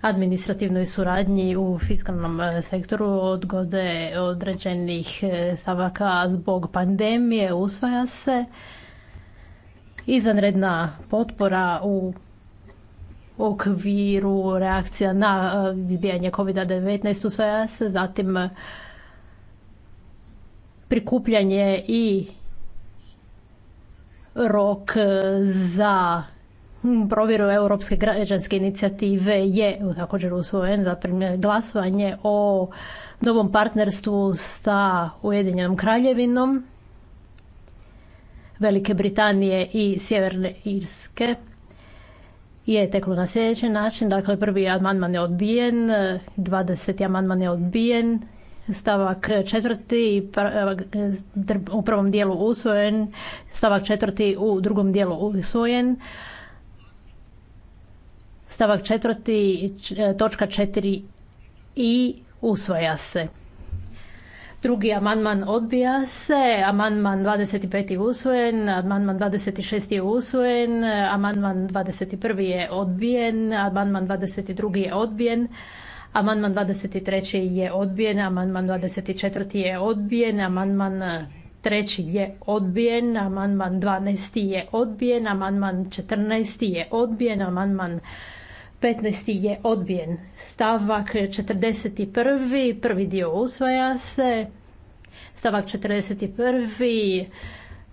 administrativnoj suradnji u fiskalnom e, sektoru odgode određenih e, stavaka zbog pandemije usvaja se izvanredna potpora u okviru reakcija na e, izbijanje COVID-19 usvaja se, zatim prikupljanje i rok e, za provjeru Europske građanske inicijative je također usvojen za glasovanje o novom partnerstvu sa Ujedinjenom kraljevinom Velike Britanije i Sjeverne Irske je teklo na sljedeći način. Dakle, prvi amandman je odbijen, 20. amandman je odbijen stavak četvrti u prvom dijelu usvojen, stavak četvrti u drugom dijelu usvojen, stavak četvrti e, točka četiri i usvoja se. Drugi amandman odbija se, amandman 25. usvojen, amandman 26. je usvojen, amandman 21. je odbijen, amandman 22. je odbijen, Amandman 23. je odbijen, amandman 24. je odbijen, amandman 3. E, je odbijen, amandman 12. je odbijen, amandman 14. je odbijen, amandman 15. je odbijen. Stavak 41. prvi dio usvaja se. Stavak 41.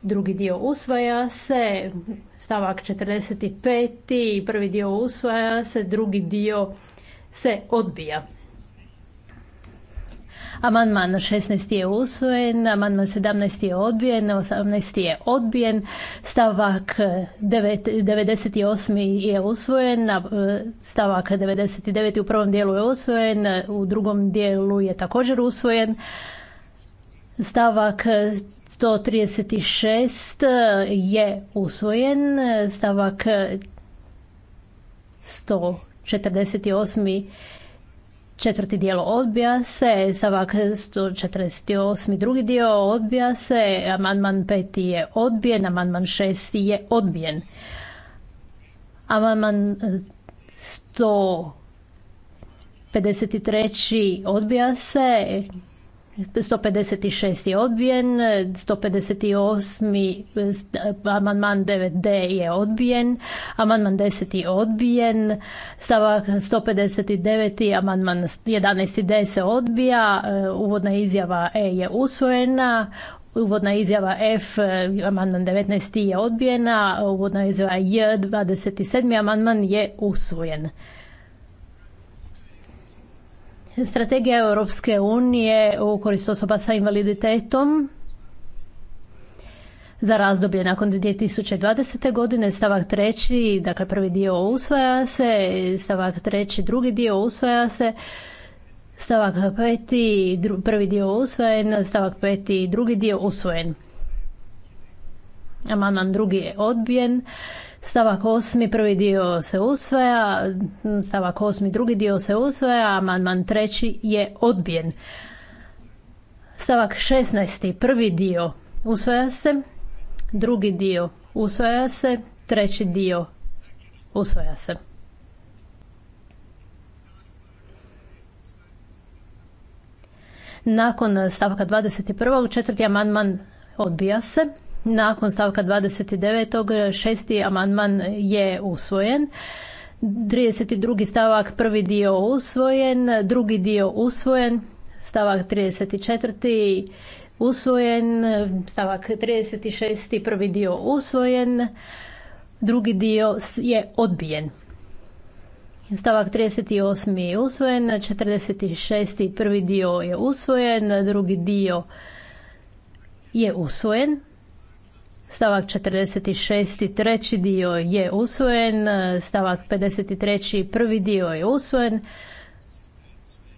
drugi dio usvaja se. Stavak 45. prvi dio usvaja se, drugi dio se odbija. Amandman 16 je usvojen, amandman 17 je odbijen, 18 je odbijen, stavak 98 je usvojen, e, stavak 99 u prvom dijelu je usvojen, u drugom dijelu je također usvojen, stavak 136 je usvojen, stavak 100 48. Četvrti dijelo odbija se, stavak 148. drugi dio odbija se, amandman 5. je odbijen, amandman šesti je odbijen. Amandman 153. odbija se, 156 je odbijen, 158 amandman 9d je odbijen, amandman 10 je odbijen, stavak 159 amandman 11d se odbija, e, uvodna izjava E je usvojena, Uvodna izjava F, amandman 19. je odbijena, uvodna izjava J, 27. amandman je usvojen. Strategija Europske unije u korist osoba sa invaliditetom za razdoblje nakon 2020. godine stavak treći, dakle prvi dio usvaja se, stavak treći drugi dio usvaja se, stavak peti prvi dio usvojen, stavak peti drugi dio usvojen. Amandman drugi je odbijen. Stavak 8. prvi dio se usvaja, stavak 8. drugi dio se usvaja, amandman treći je odbijen. Stavak 16. prvi dio usvaja se, drugi dio usvaja se, treći dio usvaja se. Nakon stavka 21. četvrti amandman odbija se. Nakon stavka 29. šesti amandman je usvojen. 32. stavak prvi dio usvojen, drugi dio usvojen, stavak 34. usvojen, stavak 36. prvi dio usvojen, drugi dio je odbijen. Stavak 38. je usvojen, 46. prvi dio je usvojen, drugi dio je usvojen. Stavak 46. treći dio je usvojen, stavak 53. prvi dio je usvojen,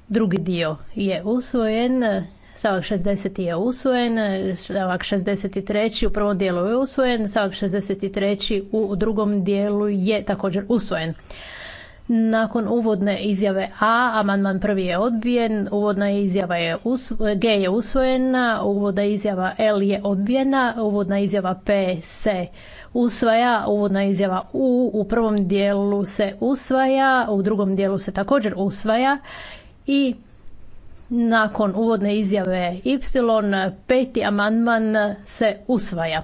drugi dio je usvojen, stavak 60. je usvojen, stavak 63. u prvom dijelu je usvojen, stavak 63. u drugom dijelu je također usvojen. Nakon uvodne izjave A, amandman prvi je odbijen, uvodna izjava je G je usvojena, uvodna izjava L je odbijena, uvodna izjava P se usvaja, uvodna izjava U u prvom dijelu se usvaja, u drugom dijelu se također usvaja i nakon uvodne izjave Y peti amandman se usvaja.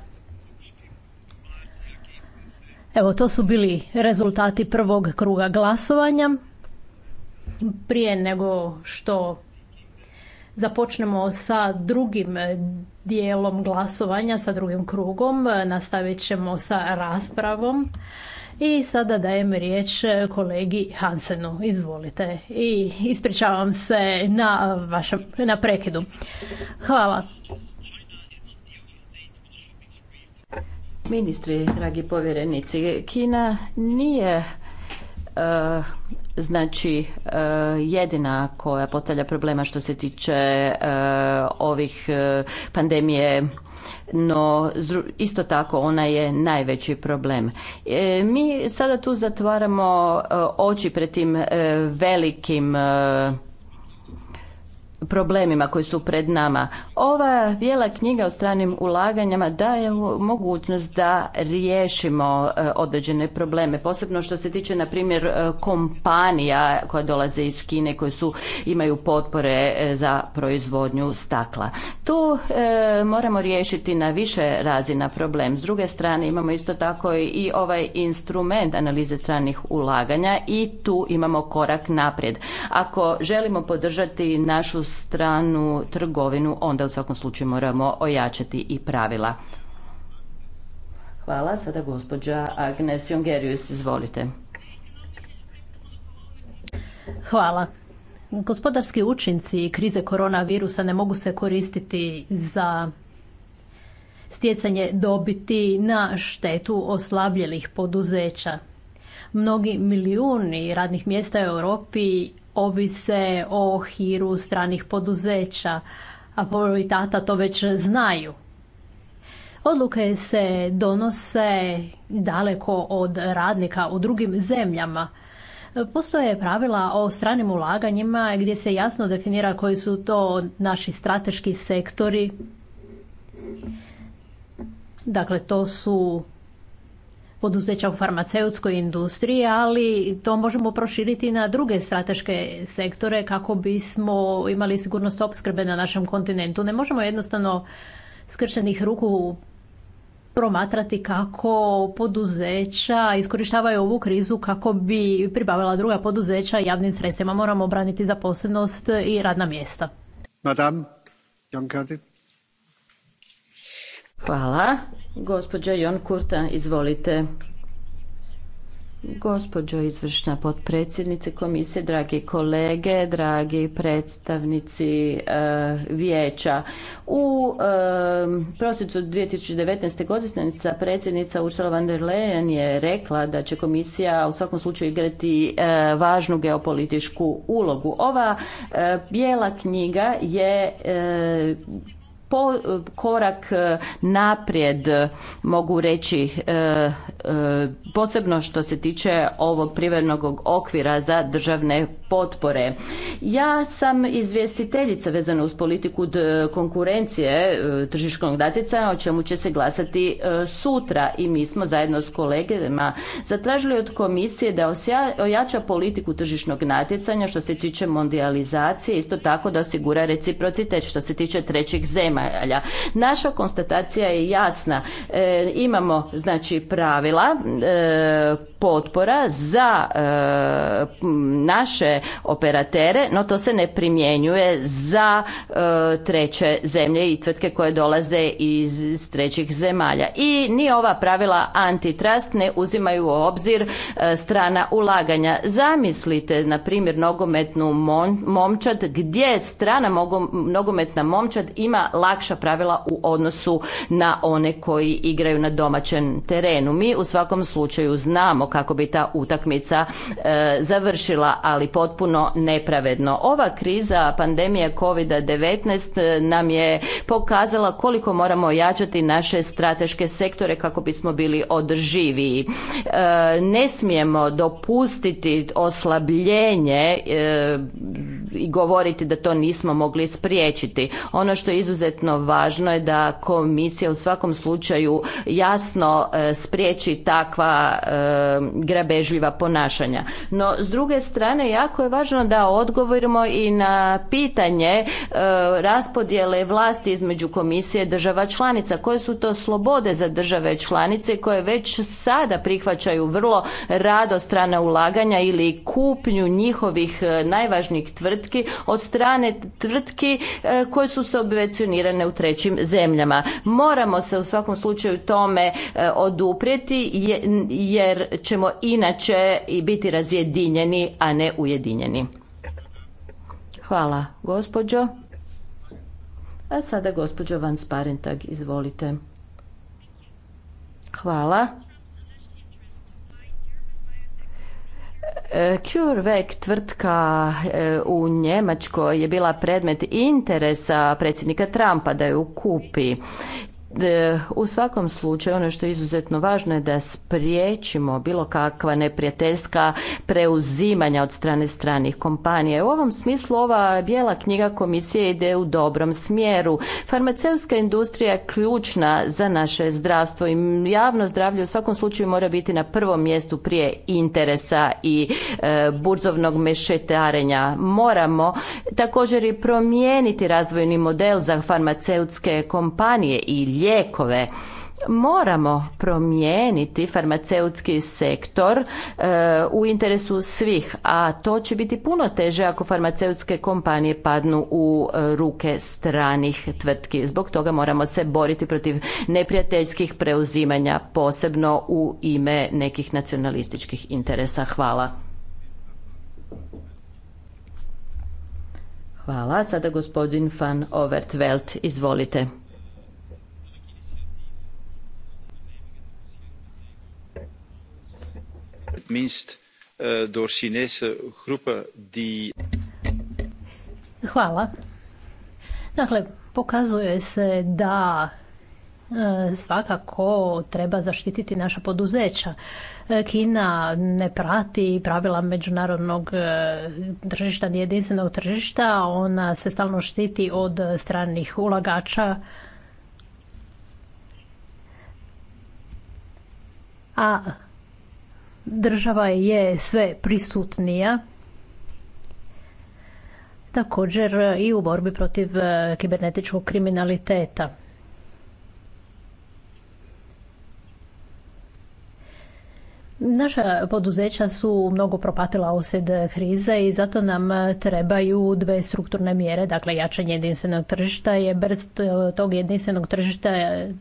Evo, to su bili rezultati prvog kruga glasovanja. Prije nego što započnemo sa drugim dijelom glasovanja, sa drugim krugom, nastavit ćemo sa raspravom. I sada dajem riječ kolegi Hansenu. Izvolite. I ispričavam se na, vašem, na prekidu. Hvala. Ministri, dragi povjerenici, Kina nije e, znači e, jedina koja postavlja problema što se tiče e, ovih pandemije no isto tako ona je najveći problem. Mi sada tu zatvaramo oči pred tim velikim problemima koji su pred nama. Ova bijela knjiga o stranim ulaganjama daje mogućnost da riješimo e, određene probleme, posebno što se tiče na primjer e, kompanija koja dolaze iz Kine koje su imaju potpore e, za proizvodnju stakla. Tu moramo riješiti na više razina problem. S druge strane imamo isto tako i ovaj instrument analize stranih ulaganja i tu imamo korak naprijed. Ako želimo podržati našu stranu trgovinu, onda u svakom slučaju moramo ojačati i pravila. Hvala. Sada gospođa Agnes Jongerius, izvolite. Hvala. Gospodarski učinci krize koronavirusa ne mogu se koristiti za stjecanje dobiti na štetu oslabljelih poduzeća. Mnogi milijuni radnih mjesta u Europi ovise o hiru stranih poduzeća, a i tata to već znaju. Odluke se donose daleko od radnika u drugim zemljama. Postoje pravila o stranim ulaganjima gdje se jasno definira koji su to naši strateški sektori. Dakle, to su poduzeća u farmaceutskoj industriji, ali to možemo proširiti na druge strateške sektore kako bismo imali sigurnost opskrbe na našem kontinentu. Ne možemo jednostavno skršenih ruku promatrati kako poduzeća iskorištavaju ovu krizu kako bi pribavila druga poduzeća javnim sredstvima. Moramo obraniti zaposlenost i radna mjesta. Hvala. Gospođa Jon Kurta, izvolite. Gospođo izvršna potpredsjednice komisije, dragi kolege, dragi predstavnici e, vijeća. U e, prosincu 2019. godine predsjednica Ursula von der Leyen je rekla da će komisija u svakom slučaju igrati e, važnu geopolitičku ulogu. Ova e, bijela knjiga je e, po, korak e, naprijed e, mogu reći e, posebno što se tiče ovog privrednog okvira za državne potpore. Ja sam izvjestiteljica vezana uz politiku konkurencije e, tržišnog natjecanja o čemu će se glasati e, sutra i mi smo zajedno s kolegama zatražili od komisije da ojača politiku tržišnog natjecanja što se tiče mondializacije, isto tako da osigura reciprocitet što se tiče trećih zemalja. Naša konstatacija je jasna. E, imamo znači pravila potpora za naše operatere, no to se ne primjenjuje za e, treće zemlje i tvrtke koje dolaze iz trećih zemalja. I ni ova pravila antitrust ne uzimaju u obzir e, strana ulaganja. Zamislite, na primjer, nogometnu momčad gdje strana nogometna momčad ima lakša pravila u odnosu na one koji igraju na domaćem terenu. Mi u svakom slučaju znamo kako bi ta utakmica e, završila, ali potpuno potpuno nepravedno. Ova kriza pandemije COVID-19 eh, nam je pokazala koliko moramo ojačati naše strateške sektore kako bismo bili održiviji. Eh, ne smijemo dopustiti oslabljenje eh, i govoriti da to nismo mogli spriječiti. Ono što je izuzetno važno je da komisija u svakom slučaju jasno spriječi takva grabežljiva ponašanja. No, s druge strane, jako je važno da odgovorimo i na pitanje e, raspodjele vlasti između komisije država članica. Koje su to slobode za države članice koje već sada prihvaćaju vrlo rado strana ulaganja ili kupnju njihovih e, najvažnijih tvrtki od strane tvrtki e, koje su subvencionirane u trećim zemljama. Moramo se u svakom slučaju tome e, oduprijeti jer ćemo inače i biti razjedinjeni, a ne ujedinjeni objedinjeni. Hvala, gospođo. A sada gospođo Van Sparentag, izvolite. Hvala. E, CureVac tvrtka e, u Njemačkoj je bila predmet interesa predsjednika Trumpa da ju kupi. E, u svakom slučaju ono što je izuzetno važno je da spriječimo bilo kakva neprijateljska preuzimanja od strane stranih kompanija. U ovom smislu ova bijela knjiga komisije ide u dobrom smjeru. Farmaceutska industrija je ključna za naše zdravstvo i javno zdravlje u svakom slučaju mora biti na prvom mjestu prije interesa i e, burzovnog mešetarenja. Moramo također i promijeniti razvojni model za farmaceutske kompanije i lijekove moramo promijeniti farmaceutski sektor e, u interesu svih a to će biti puno teže ako farmaceutske kompanije padnu u e, ruke stranih tvrtki zbog toga moramo se boriti protiv neprijateljskih preuzimanja posebno u ime nekih nacionalističkih interesa hvala Hvala. Sada gospodin Van Overtveld. Izvolite. minst eh, door Chinese groepen die... Hvala. Dakle, pokazuje se da eh, svakako treba zaštititi naša poduzeća. Eh, Kina ne prati pravila međunarodnog tržišta, ni jedinstvenog tržišta, ona se stalno štiti od stranih ulagača. A država je sve prisutnija također i u borbi protiv eh, kibernetičkog kriminaliteta. Naša poduzeća su mnogo propatila osjed krize i zato nam trebaju dve strukturne mjere, dakle jačanje jedinstvenog tržišta je brz tog jedinstvenog tržišta e,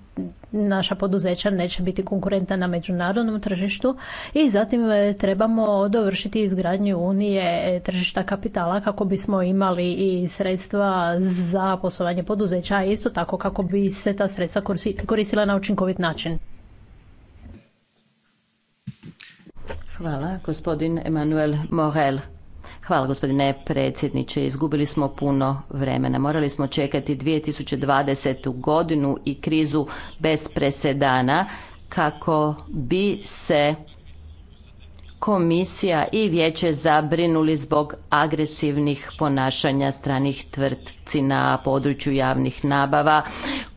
naša poduzeća neće biti konkurentna na međunarodnom tržištu i zatim e, trebamo dovršiti izgradnju unije e, tržišta kapitala kako bismo imali i sredstva za poslovanje poduzeća, a isto tako kako bi se ta sredstva koristila na učinkovit način. Hvala, gospodin Emanuel Morel. Hvala gospodine predsjedniče. Izgubili smo puno vremena. Morali smo čekati 2020. godinu i krizu bez presedana kako bi se komisija i vijeće zabrinuli zbog agresivnih ponašanja stranih tvrtci na području javnih nabava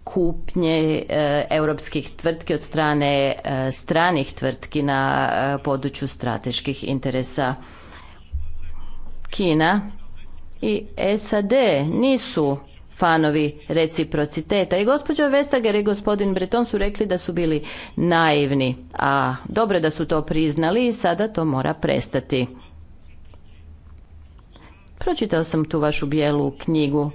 kupnje e, europskih tvrtki od strane e, stranih tvrtki na e, području strateških interesa. Kina i SAD nisu fanovi reciprociteta. I gospođa Vestager i gospodin Breton su rekli da su bili naivni, a dobro da su to priznali i sada to mora prestati. Pročitao sam tu vašu bijelu knjigu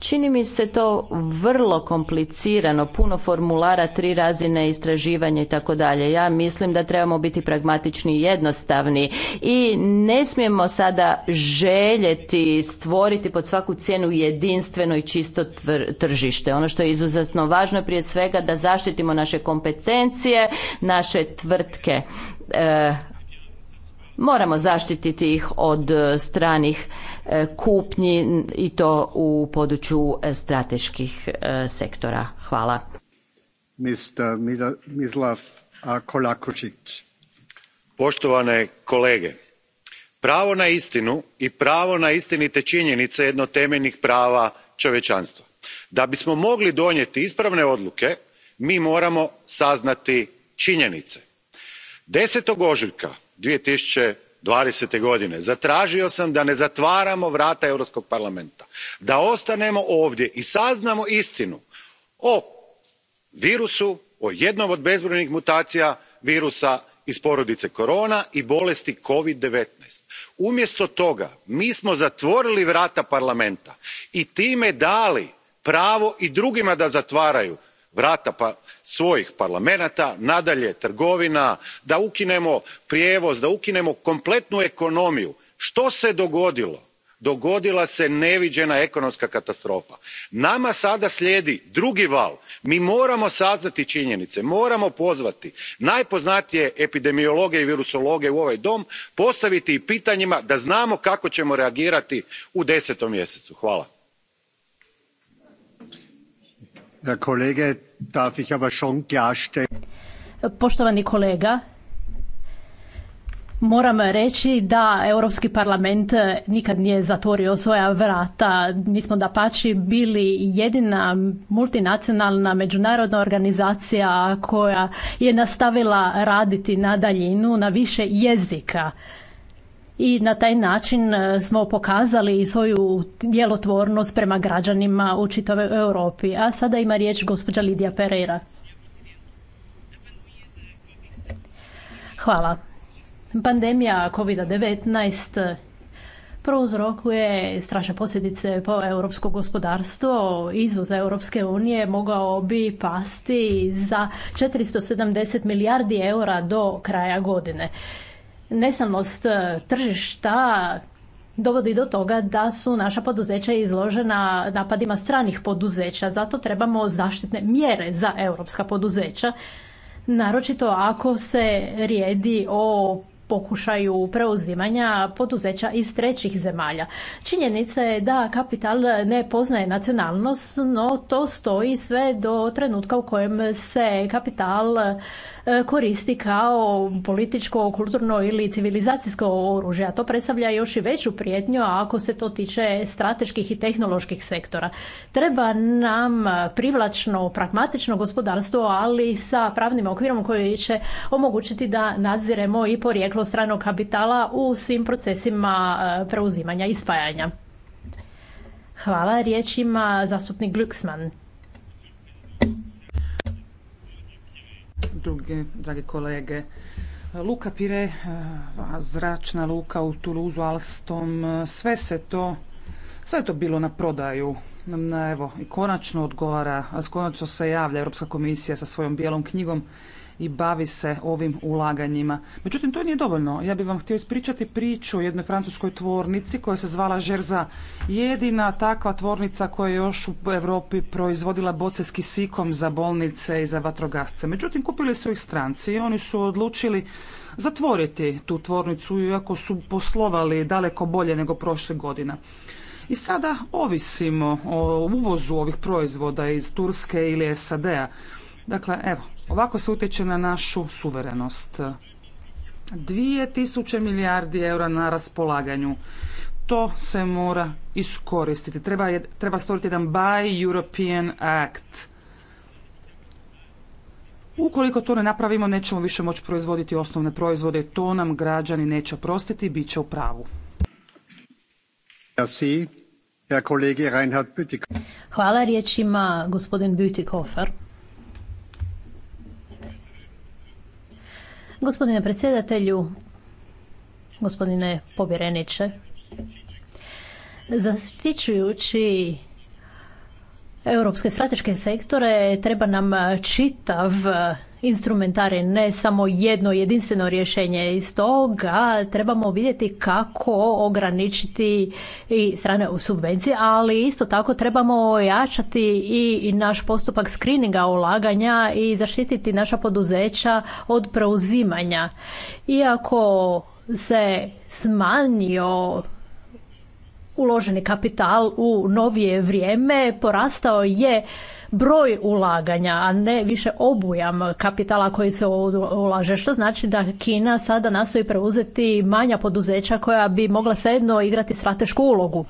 Čini mi se to vrlo komplicirano, puno formulara, tri razine istraživanja i tako dalje. Ja mislim da trebamo biti pragmatični i jednostavni i ne smijemo sada željeti stvoriti pod svaku cijenu jedinstveno i čisto tržište. Ono što je izuzetno važno prije svega da zaštitimo naše kompetencije, naše tvrtke. E, moramo zaštititi ih od e, stranih E, kupnji i to u području e, strateških e, sektora. Hvala. Mr. Mislav Poštovane kolege, pravo na istinu i pravo na istinite činjenice jedno temeljnih prava čovječanstva. Da bismo mogli donijeti ispravne odluke, mi moramo saznati činjenice. 10. ožujka two twenty godine zatraio sam da ne zatvaramo vrata europskog parlamenta da ostanemo ovdje i saznamo istinu o virusu o jednom od bezbrojnih mutacija virusa iz porodice korona i bolesti covid nineteen umjesto toga mi smo zatvorili vrata parlamenta i time dali pravo i drugima da zatvaraju vrata pa svojih parlamenata nadalje trgovina da ukinemo prijevoz da ukinemo kompletnu ekonomiju. što se dogodilo? dogodila se neviđena ekonomska katastrofa. nama sada slijedi drugi val. mi moramo saznati činjenice moramo pozvati najpoznatije epidemiologe i virusologe u ovaj dom postaviti i pitanjima da znamo kako ćemo reagirati u desetom mjesecu. hvala. Poštovani kolega, Moram reći da Europski parlament nikad nije zatvorio svoja vrata. Mi smo da pači bili jedina multinacionalna međunarodna organizacija koja je nastavila raditi na daljinu na više jezika i na taj način e, smo pokazali svoju djelotvornost prema građanima u čitavoj Europi. A sada ima riječ gospođa Lidija Pereira. Hvala. Pandemija COVID-19 prouzrokuje strašne posljedice po europsko gospodarstvo. Izvoz Europske unije mogao bi pasti za 470 milijardi eura do kraja godine. Nesanost e, tržišta dovodi do toga da su naša poduzeća izložena napadima stranih poduzeća. Zato trebamo zaštitne mjere za europska poduzeća, naročito ako se rijedi o pokušaju preuzimanja poduzeća iz trećih zemalja. Činjenica je da kapital ne poznaje nacionalnost, no to stoji sve do trenutka u kojem se kapital E, koristi kao političko, kulturno ili civilizacijsko oružje, a to predstavlja još i veću prijetnju ako se to tiče strateških i tehnoloških sektora. Treba nam privlačno, pragmatično gospodarstvo, ali sa pravnim okvirom koji će omogućiti da nadziremo i porijeklo stranog kapitala u svim procesima e, preuzimanja i spajanja. Hvala. Riječ ima zastupnik Glücksmann. drugi, dragi kolege. Luka Pire, eh, zračna luka u tuluzu Alstom, eh, sve se to, sve je to bilo na prodaju. Mm, evo, i konačno odgovara, a konačno se javlja Europska komisija sa svojom bijelom knjigom i bavi se ovim ulaganjima. Međutim, to nije dovoljno. Ja bih vam htio ispričati priču o jednoj francuskoj tvornici koja se zvala Žerza. Jedina takva tvornica koja je još u Europi proizvodila boce s kisikom za bolnice i za vatrogasce. Međutim, kupili su ih stranci i oni su odlučili zatvoriti tu tvornicu iako su poslovali daleko bolje nego prošle godine. I sada ovisimo o uvozu ovih proizvoda iz Turske ili SAD-a. Dakle, evo, Ovako se utječe na našu suverenost. 2000 milijardi eura na raspolaganju. To se mora iskoristiti. Treba, treba stvoriti jedan Buy European Act. Ukoliko to ne napravimo, nećemo više moći proizvoditi osnovne proizvode. To nam građani neće oprostiti i bit će u pravu. Hvala riječima gospodin Bütikofer. Gospodine predsjedatelju, gospodine povjereniče, zaštićujući europske strateške sektore treba nam čitav instrumentari, ne samo jedno jedinstveno rješenje. Iz toga trebamo vidjeti kako ograničiti i strane subvencije, ali isto tako trebamo ojačati i naš postupak screeninga ulaganja i zaštititi naša poduzeća od preuzimanja. Iako se smanjio uloženi kapital u novije vrijeme, porastao je broj ulaganja, a ne više obujam kapitala koji se ulaže, što znači da Kina sada nastoji preuzeti manja poduzeća koja bi mogla svejedno igrati stratešku ulogu.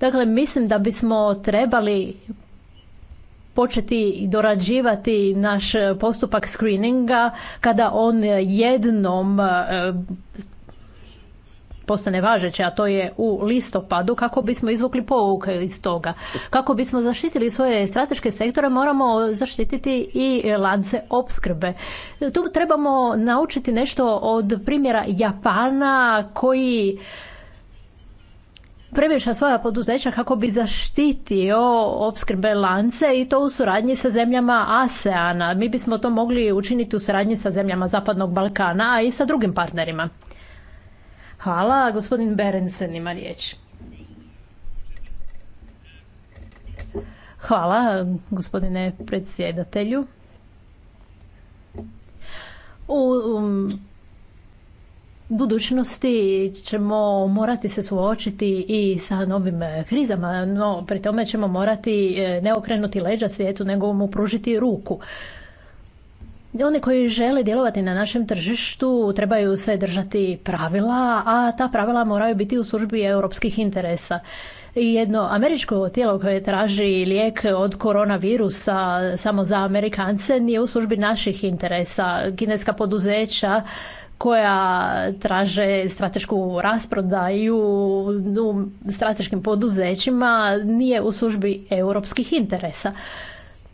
Dakle, mislim da bismo trebali početi dorađivati naš postupak screeninga kada on jednom e, postane važeće, a to je u listopadu, kako bismo izvukli pouke iz toga. Kako bismo zaštitili svoje strateške sektore, moramo zaštititi i lance opskrbe. Tu trebamo naučiti nešto od primjera Japana koji premješa svoja poduzeća kako bi zaštitio opskrbe lance i to u suradnji sa zemljama ASEANA. Mi bismo to mogli učiniti u suradnji sa zemljama Zapadnog Balkana i sa drugim partnerima. Hvala. Gospodin Berensen ima riječ. Hvala, gospodine predsjedatelju. U budućnosti ćemo morati se suočiti i sa novim krizama, no pri tome ćemo morati e, ne okrenuti leđa svijetu, nego mu pružiti ruku. Oni koji žele djelovati na našem tržištu trebaju se držati pravila, a ta pravila moraju biti u službi europskih interesa. Jedno američko tijelo koje traži lijek od koronavirusa samo za Amerikance nije u službi naših interesa. Kineska poduzeća koja traže stratešku rasprodaju u strateškim poduzećima nije u službi europskih interesa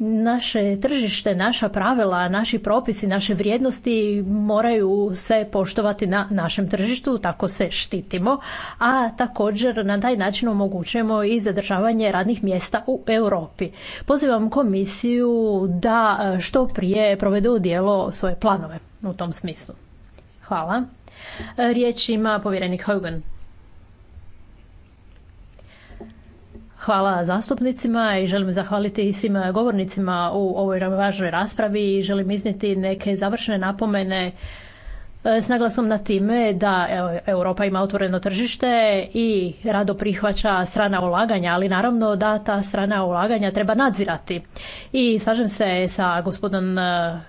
naše tržište, naša pravila, naši propisi, naše vrijednosti moraju se poštovati na našem tržištu, tako se štitimo, a također na taj način omogućujemo i zadržavanje radnih mjesta u Europi. Pozivam komisiju da što prije provedu u dijelo svoje planove u tom smislu. Hvala. Riječ ima povjerenik Hogan. Hvala zastupnicima i želim zahvaliti i svim govornicima u ovoj važnoj raspravi i želim iznijeti neke završne napomene E, s naglasom na time da Europa ima otvoreno tržište i rado prihvaća strana ulaganja, ali naravno da ta strana ulaganja treba nadzirati. I slažem se sa gospodom e,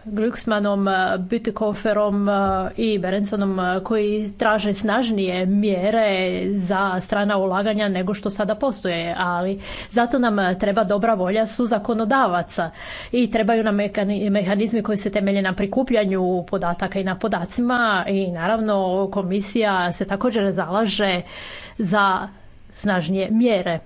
Glucksmanom, e, Bütikoferom i Berensonom koji traže snažnije mjere za strana ulaganja nego što sada postoje, ali zato nam treba dobra volja su zakonodavaca i trebaju nam mehanizmi koji se temelje na prikupljanju podataka i na podacima i naravno komisija se također zalaže za snažnije mjere.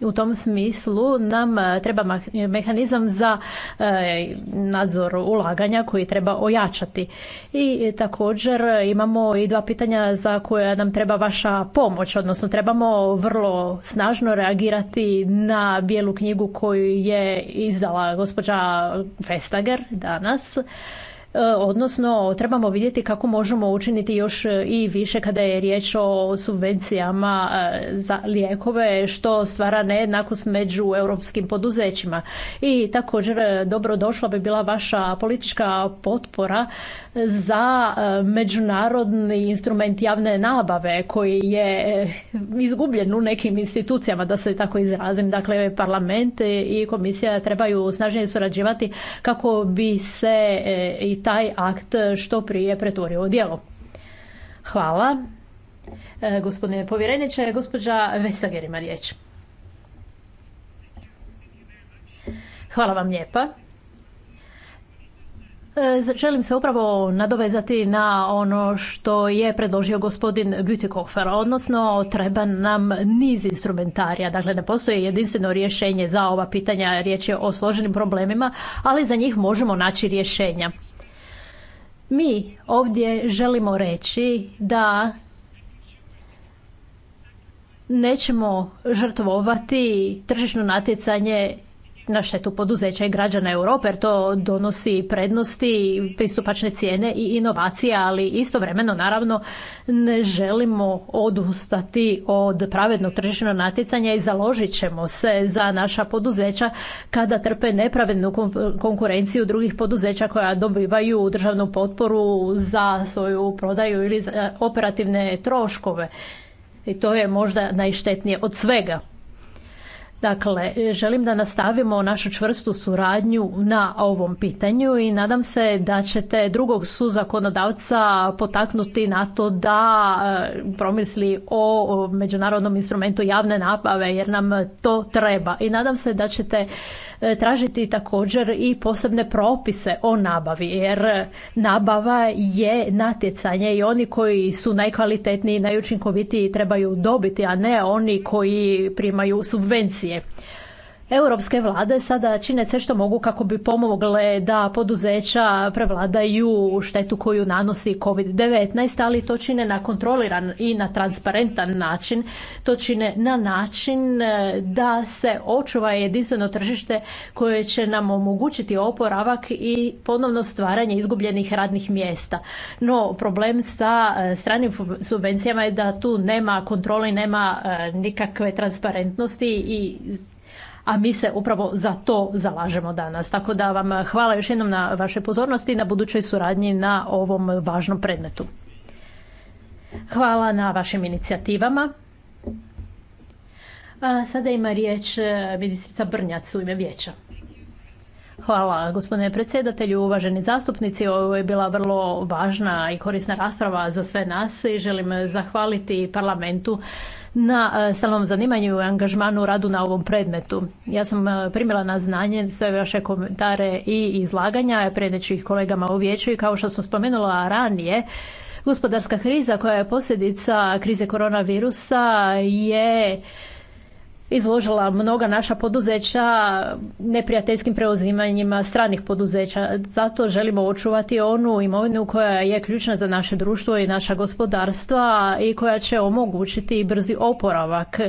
U tom smislu nam e, treba mehanizam za e, nadzor ulaganja koji treba ojačati. I također imamo i dva pitanja za koja nam treba vaša pomoć, odnosno trebamo vrlo snažno reagirati na bijelu knjigu koju je izdala gospođa Festager danas E, odnosno trebamo vidjeti kako možemo učiniti još e, i više kada je riječ o subvencijama e, za lijekove što stvara nejednakost među europskim poduzećima. I također dobro došla bi bila vaša politička potpora za međunarodni instrument javne nabave koji je izgubljen u nekim institucijama da se tako izrazim. Dakle, parlament i komisija trebaju snažnije surađivati kako bi se i taj akt što prije pretvorio u djelo. Hvala. E, gospodine povjereniče, gospođa Vesager ima riječ. Hvala vam lijepa. E, želim se upravo nadovezati na ono što je predložio gospodin Bütikofer, odnosno treba nam niz instrumentarija. Dakle, ne postoji jedinstveno rješenje za ova pitanja, riječ je o složenim problemima, ali za njih možemo naći rješenja. Mi ovdje želimo reći da nećemo žrtvovati tržišno natjecanje na štetu poduzeća i građana Europe jer to donosi prednosti, pristupačne cijene i inovacije, ali istovremeno naravno ne želimo odustati od pravednog tržišnog natjecanja i založit ćemo se za naša poduzeća kada trpe nepravednu konkurenciju drugih poduzeća koja dobivaju državnu potporu za svoju prodaju ili za operativne troškove. I to je možda najštetnije od svega. Dakle, želim da nastavimo našu čvrstu suradnju na ovom pitanju i nadam se da ćete drugog suzakonodavca potaknuti na to da e, promisli o međunarodnom instrumentu javne nabave jer nam to treba. I nadam se da ćete E, tražiti također i posebne propise o nabavi jer nabava je natjecanje i oni koji su najkvalitetniji i najučinkovitiji trebaju dobiti, a ne oni koji primaju subvencije. Europske vlade sada čine sve što mogu kako bi pomogle da poduzeća prevladaju štetu koju nanosi COVID-19, ali to čine na kontroliran i na transparentan način. To čine na način e, da se očuva jedinstveno tržište koje će nam omogućiti oporavak i ponovno stvaranje izgubljenih radnih mjesta. No, problem sa e, stranim subvencijama je da tu nema kontrole, nema e, nikakve transparentnosti i a mi se upravo za to zalažemo danas. Tako da vam hvala još jednom na vašoj pozornosti i na budućoj suradnji na ovom važnom predmetu. Hvala na vašim inicijativama. sada ima riječ eh, ministrica Brnjac u ime vijeća. Hvala gospodine predsjedatelju, uvaženi zastupnici. Ovo je bila vrlo važna i korisna rasprava za sve nas i želim zahvaliti parlamentu na e, samom zanimanju i angažmanu radu na ovom predmetu. Ja sam e, primila na znanje sve vaše komentare i izlaganja ih kolegama u vijeću i kao što sam spomenula ranije, gospodarska kriza koja je posljedica krize koronavirusa je izložila mnoga naša poduzeća neprijateljskim preuzimanjima stranih poduzeća. Zato želimo očuvati onu imovinu koja je ključna za naše društvo i naša gospodarstva i koja će omogućiti brzi oporavak.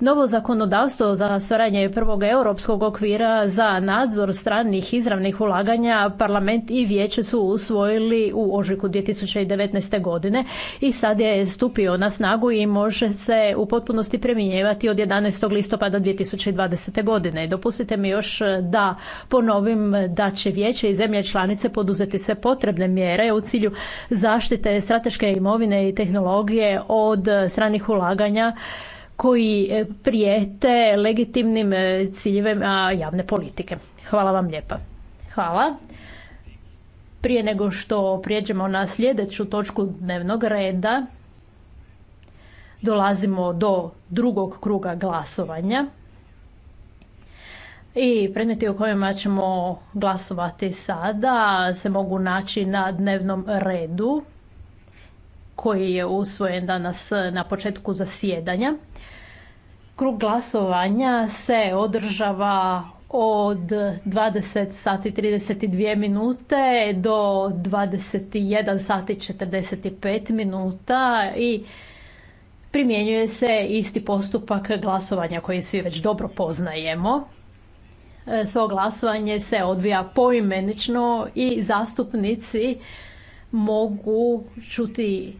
Novo zakonodavstvo za stvaranje prvog europskog okvira za nadzor stranih izravnih ulaganja parlament i vijeće su usvojili u ožujku 2019. godine i sad je stupio na snagu i može se u potpunosti primjenjivati od 11 listopada 2020. godine. Dopustite mi još e, da ponovim da će vijeće i zemlje članice poduzeti sve potrebne mjere u cilju zaštite strateške imovine i tehnologije od stranih ulaganja koji e, prijete legitimnim e, ciljevima javne politike. Hvala vam lijepa. Hvala. Prije nego što prijeđemo na sljedeću točku dnevnog reda, dolazimo do drugog kruga glasovanja i predmeti o kojima ćemo glasovati sada se mogu naći na dnevnom redu koji je usvojen danas na početku zasjedanja. Krug glasovanja se održava od 20 sati 32 minute do 21 sati 45 minuta i primjenjuje se isti postupak glasovanja koji svi već dobro poznajemo. E, svo glasovanje se odvija poimenično i zastupnici mogu čuti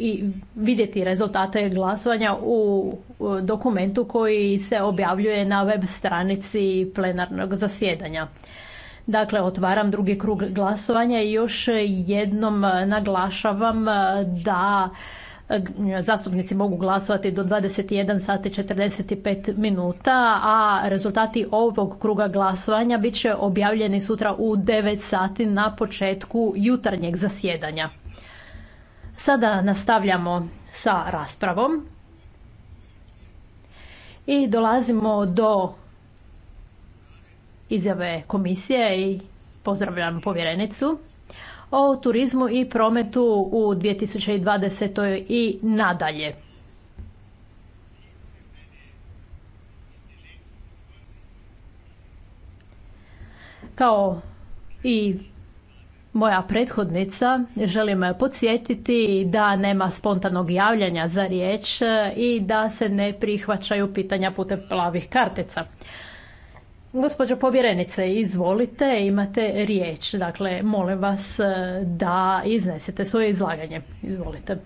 i vidjeti rezultate glasovanja u dokumentu koji se objavljuje na web stranici plenarnog zasjedanja. Dakle, otvaram drugi krug glasovanja i još jednom naglašavam da zastupnici mogu glasovati do 21 sati 45 minuta, a rezultati ovog kruga glasovanja bit će objavljeni sutra u 9 sati na početku jutarnjeg zasjedanja. Sada nastavljamo sa raspravom i dolazimo do izjave komisije i pozdravljam povjerenicu o turizmu i prometu u 2020. i nadalje. Kao i moja prethodnica, želim podsjetiti da nema spontanog javljanja za riječ i da se ne prihvaćaju pitanja putem plavih kartica. Gospođo povjerenice, izvolite, imate riječ. Dakle, molim vas e, da iznesete svoje izlaganje. Izvolite.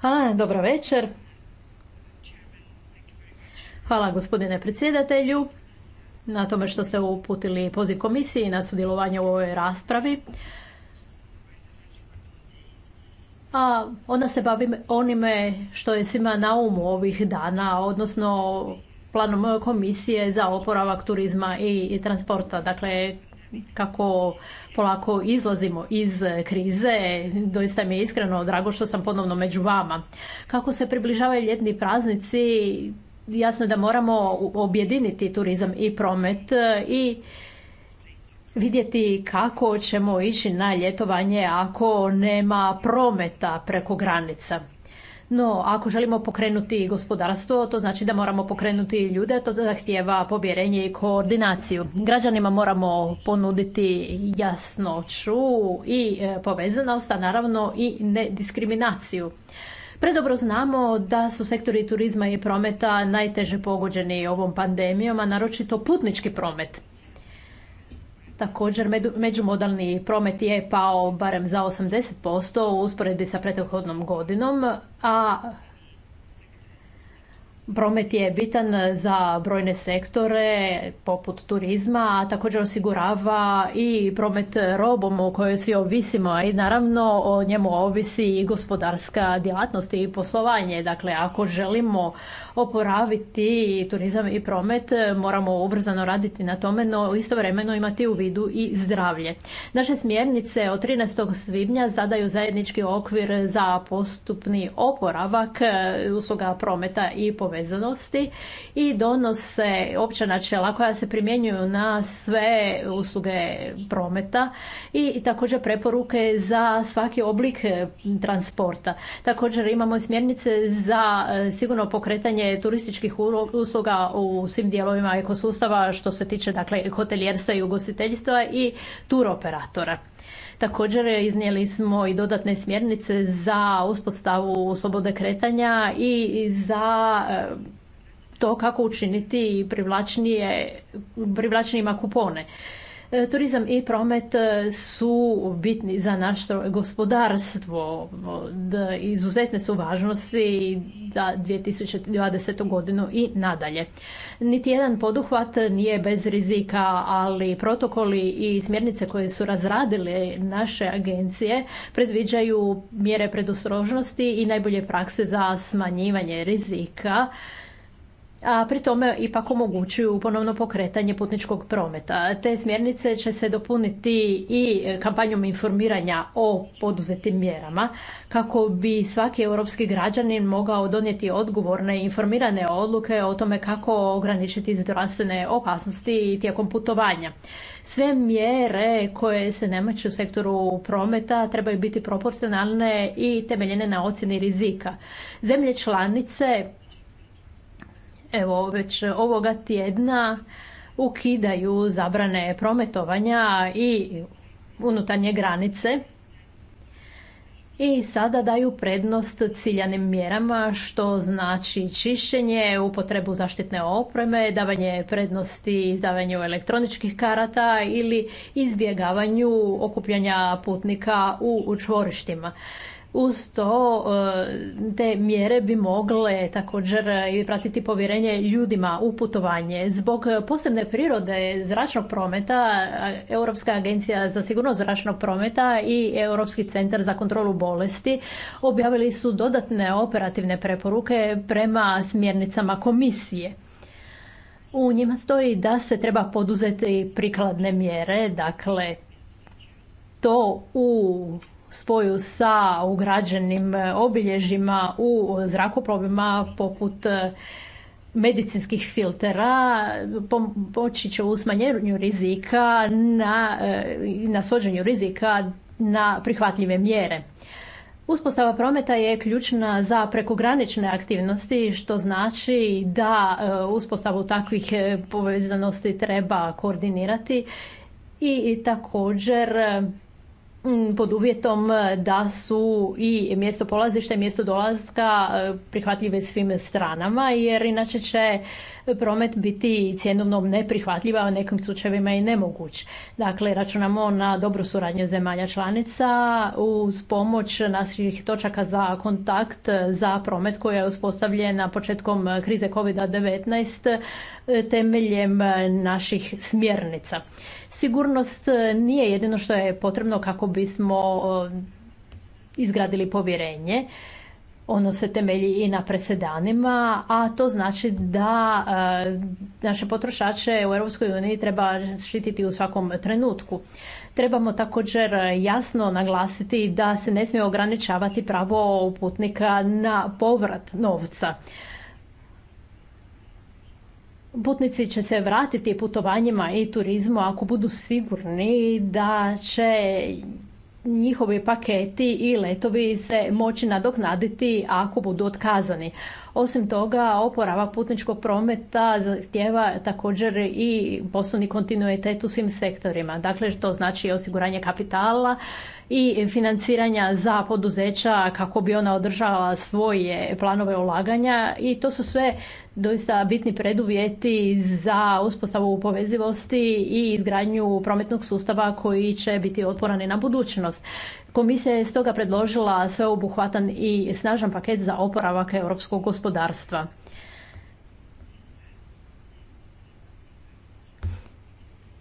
Hvala, dobro večer. Hvala gospodine predsjedatelju na tome što ste uputili poziv komisiji na sudjelovanje u ovoj raspravi. A onda se bavim onime što je svima na umu ovih dana, odnosno planom e, Komisije za oporavak turizma i transporta. Dakle, kako polako izlazimo iz krize. Doista mi je iskreno drago što sam ponovno među vama. Kako se približavaju ljetni praznici, jasno je da moramo objediniti turizam i promet e, i vidjeti kako ćemo ići na ljetovanje ako nema prometa preko granica. No, ako želimo pokrenuti gospodarstvo, to znači da moramo pokrenuti ljude, to zahtijeva povjerenje i koordinaciju. Građanima moramo ponuditi jasnoću i e, povezanost, a naravno i nediskriminaciju. Predobro znamo da su sektori turizma i prometa najteže pogođeni ovom pandemijom, a naročito putnički promet. Također, međumodalni promet je pao barem za 80% u usporedbi sa prethodnom godinom, a Promet je bitan za brojne sektore, poput turizma, a također osigurava i promet robom o kojoj svi ovisimo, a i naravno o njemu ovisi i gospodarska djelatnost i poslovanje. Dakle, ako želimo oporaviti turizam i promet, e, moramo ubrzano raditi na tome, no istovremeno imati u vidu i zdravlje. Naše smjernice od 13. svibnja zadaju zajednički okvir za postupni oporavak e, usluga prometa i povezanosti i donose opća načela koja se primjenjuju na sve usluge prometa i također preporuke za svaki oblik e, transporta. Također imamo smjernice za sigurno pokretanje turističkih usluga u svim dijelovima ekosustava što se tiče dakle, hotelijerstva i ugostiteljstva i turoperatora. Također iznijeli smo i dodatne smjernice za uspostavu slobode kretanja i za e, to kako učiniti privlačnije, privlačnijima kupone. E, turizam i promet e, su bitni za naše gospodarstvo. izuzetne su važnosti za 2020. godinu i nadalje. Niti jedan poduhvat nije bez rizika, ali protokoli i smjernice koje su razradile naše agencije predviđaju mjere predostrožnosti i najbolje prakse za smanjivanje rizika a pri tome ipak omogućuju ponovno pokretanje putničkog prometa. Te smjernice će se dopuniti i kampanjom informiranja o poduzetim mjerama kako bi svaki europski građanin mogao donijeti odgovorne i informirane odluke o tome kako ograničiti zdravstvene opasnosti tijekom putovanja. Sve mjere koje se nemaću u sektoru prometa trebaju biti proporcionalne i temeljene na ocjeni rizika. Zemlje članice evo već ovoga tjedna ukidaju zabrane prometovanja i unutarnje granice i sada daju prednost ciljanim mjerama što znači čišćenje, upotrebu zaštitne opreme, davanje prednosti izdavanju elektroničkih karata ili izbjegavanju okupljanja putnika u čvorištima. Uz to e, te mjere bi mogle također pratiti povjerenje ljudima u putovanje. Zbog posebne prirode zračnog prometa, Europska agencija za sigurnost zračnog prometa i Europski centar za kontrolu bolesti objavili su dodatne operativne preporuke prema smjernicama komisije. U njima stoji da se treba poduzeti prikladne mjere, dakle to u spoju sa ugrađenim e, obilježjima u zrakoplovima poput e, medicinskih filtera pomoći će u smanjenju rizika na, e, na svođenju rizika na prihvatljive mjere. Uspostava prometa je ključna za prekogranične aktivnosti, što znači da uspostavu takvih povezanosti treba koordinirati i također Mm, pod uvjetom e, da su i mjesto polazišta i mjesto dolaska e, prihvatljive svim stranama jer inače će promet biti cjenovno neprihvatljiva, a u nekim slučajevima i nemoguć. Dakle, računamo na dobru suradnje zemalja članica uz pomoć naših točaka za kontakt za promet koja je uspostavljena početkom krize COVID-19 e, temeljem naših smjernica sigurnost e, nije jedino što je potrebno kako bismo e, izgradili povjerenje. Ono se temelji i na presedanima, a to znači da e, naše potrošače u EU treba štititi u svakom trenutku. Trebamo također jasno naglasiti da se ne smije ograničavati pravo putnika na povrat novca. Putnici će se vratiti putovanjima i turizmu ako budu sigurni da će njihovi paketi i letovi se moći nadoknaditi ako budu otkazani. Osim toga, oporava putničkog prometa zahtjeva također i poslovni kontinuitet u svim sektorima. Dakle, to znači osiguranje kapitala i financiranja za poduzeća kako bi ona održala svoje planove ulaganja i to su sve doista bitni preduvjeti za uspostavu povezivosti i izgradnju prometnog sustava koji će biti otporan na budućnost. Komisija je stoga predložila sveobuhvatan i snažan paket za oporavak europskog gospodarstva.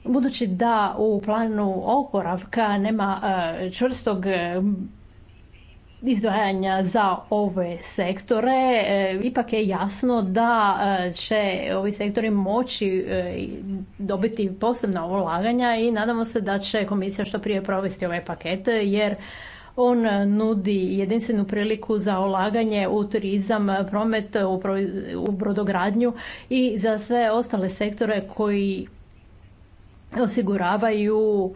Budući da u planu oporavka nema e, čvrstog izdvajanja za ove sektore, e, ipak je jasno da e, će ovi sektori moći e, dobiti posebna ulaganja i nadamo se da će komisija što prije provesti ovaj paket jer on nudi jedinstvenu priliku za ulaganje u turizam, promet, u brodogradnju i za sve ostale sektore koji osiguravaju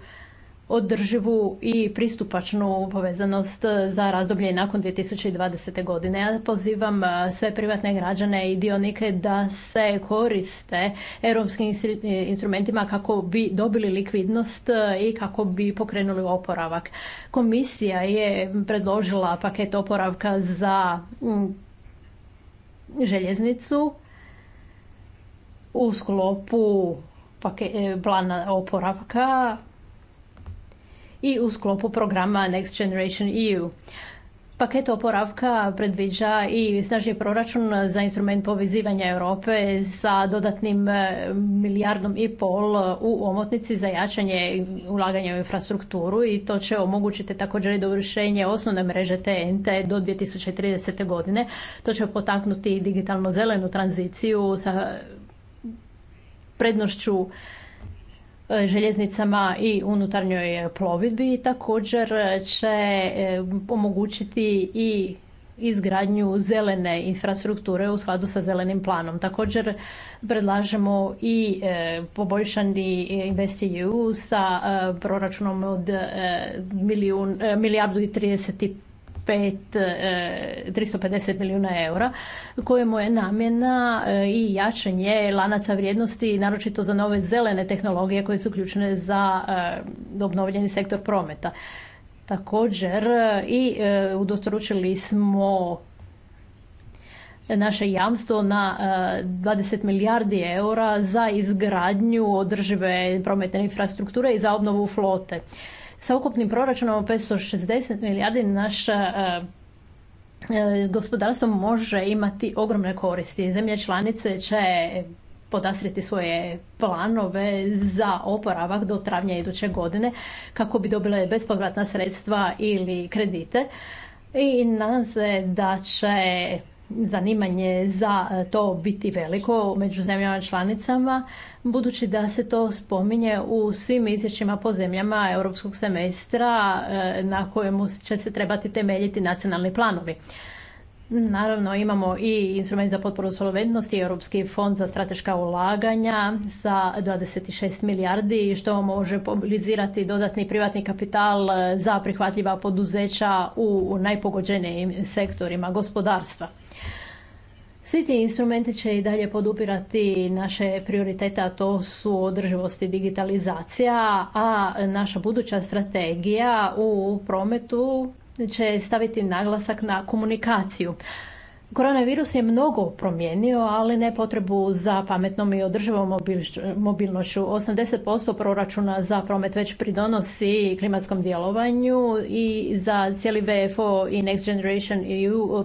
održivu i pristupačnu povezanost za razdoblje nakon 2020. godine. Ja pozivam e, sve privatne građane i dionike da se koriste europskim e, instrumentima kako bi dobili likvidnost e, i kako bi pokrenuli oporavak. Komisija je predložila paket oporavka za željeznicu u sklopu plana oporavka i u sklopu programa Next Generation EU. Paket oporavka predviđa i snažni proračun za instrument povezivanja Europe sa dodatnim e, milijardom i pol u omotnici za jačanje ulaganja u infrastrukturu i to će omogućiti također i dovršenje osnovne mreže TNT do 2030. godine. To će potaknuti digitalno zelenu tranziciju sa prednošću E, željeznicama i unutarnjoj plovidbi i također će e, omogućiti i izgradnju zelene infrastrukture u skladu sa zelenim planom. Također predlažemo i e, poboljšani investiju sa proračunom od milijardu i 35 350 e, milijuna eura kojemu je namjena e, i jačanje lanaca vrijednosti naročito za nove zelene tehnologije koje su ključne za e, obnovljeni sektor prometa. Također i udostručili smo naše jamstvo na 20 milijardi eura za izgradnju održive prometne infrastrukture i za obnovu flote sa ukupnim proračunom 560 milijardi naša e, e, gospodarstvo može imati ogromne koristi. Zemlje članice će podasriti svoje planove za oporavak do travnja iduće godine kako bi dobile bespovratna sredstva ili kredite. I nadam se da će zanimanje za e, to biti veliko među zemljama članicama budući da se to spominje u svim izvješćima po zemljama europskog semestra e, na kojemu će se trebati temeljiti nacionalni planovi. Naravno imamo i instrument za potporu solventnosti, Europski fond za strateška ulaganja sa 26 milijardi što može mobilizirati dodatni privatni kapital e, za prihvatljiva poduzeća u najpogođenijim sektorima gospodarstva. Svi ti instrumenti će i dalje podupirati naše prioritete, a to su održivost i digitalizacija, a naša buduća strategija u prometu će staviti naglasak na komunikaciju. Koronavirus je mnogo promijenio, ali ne potrebu za pametnom i održivom mobilnošću. 80% proračuna za promet već pridonosi klimatskom djelovanju i za cijeli VFO i Next Generation EU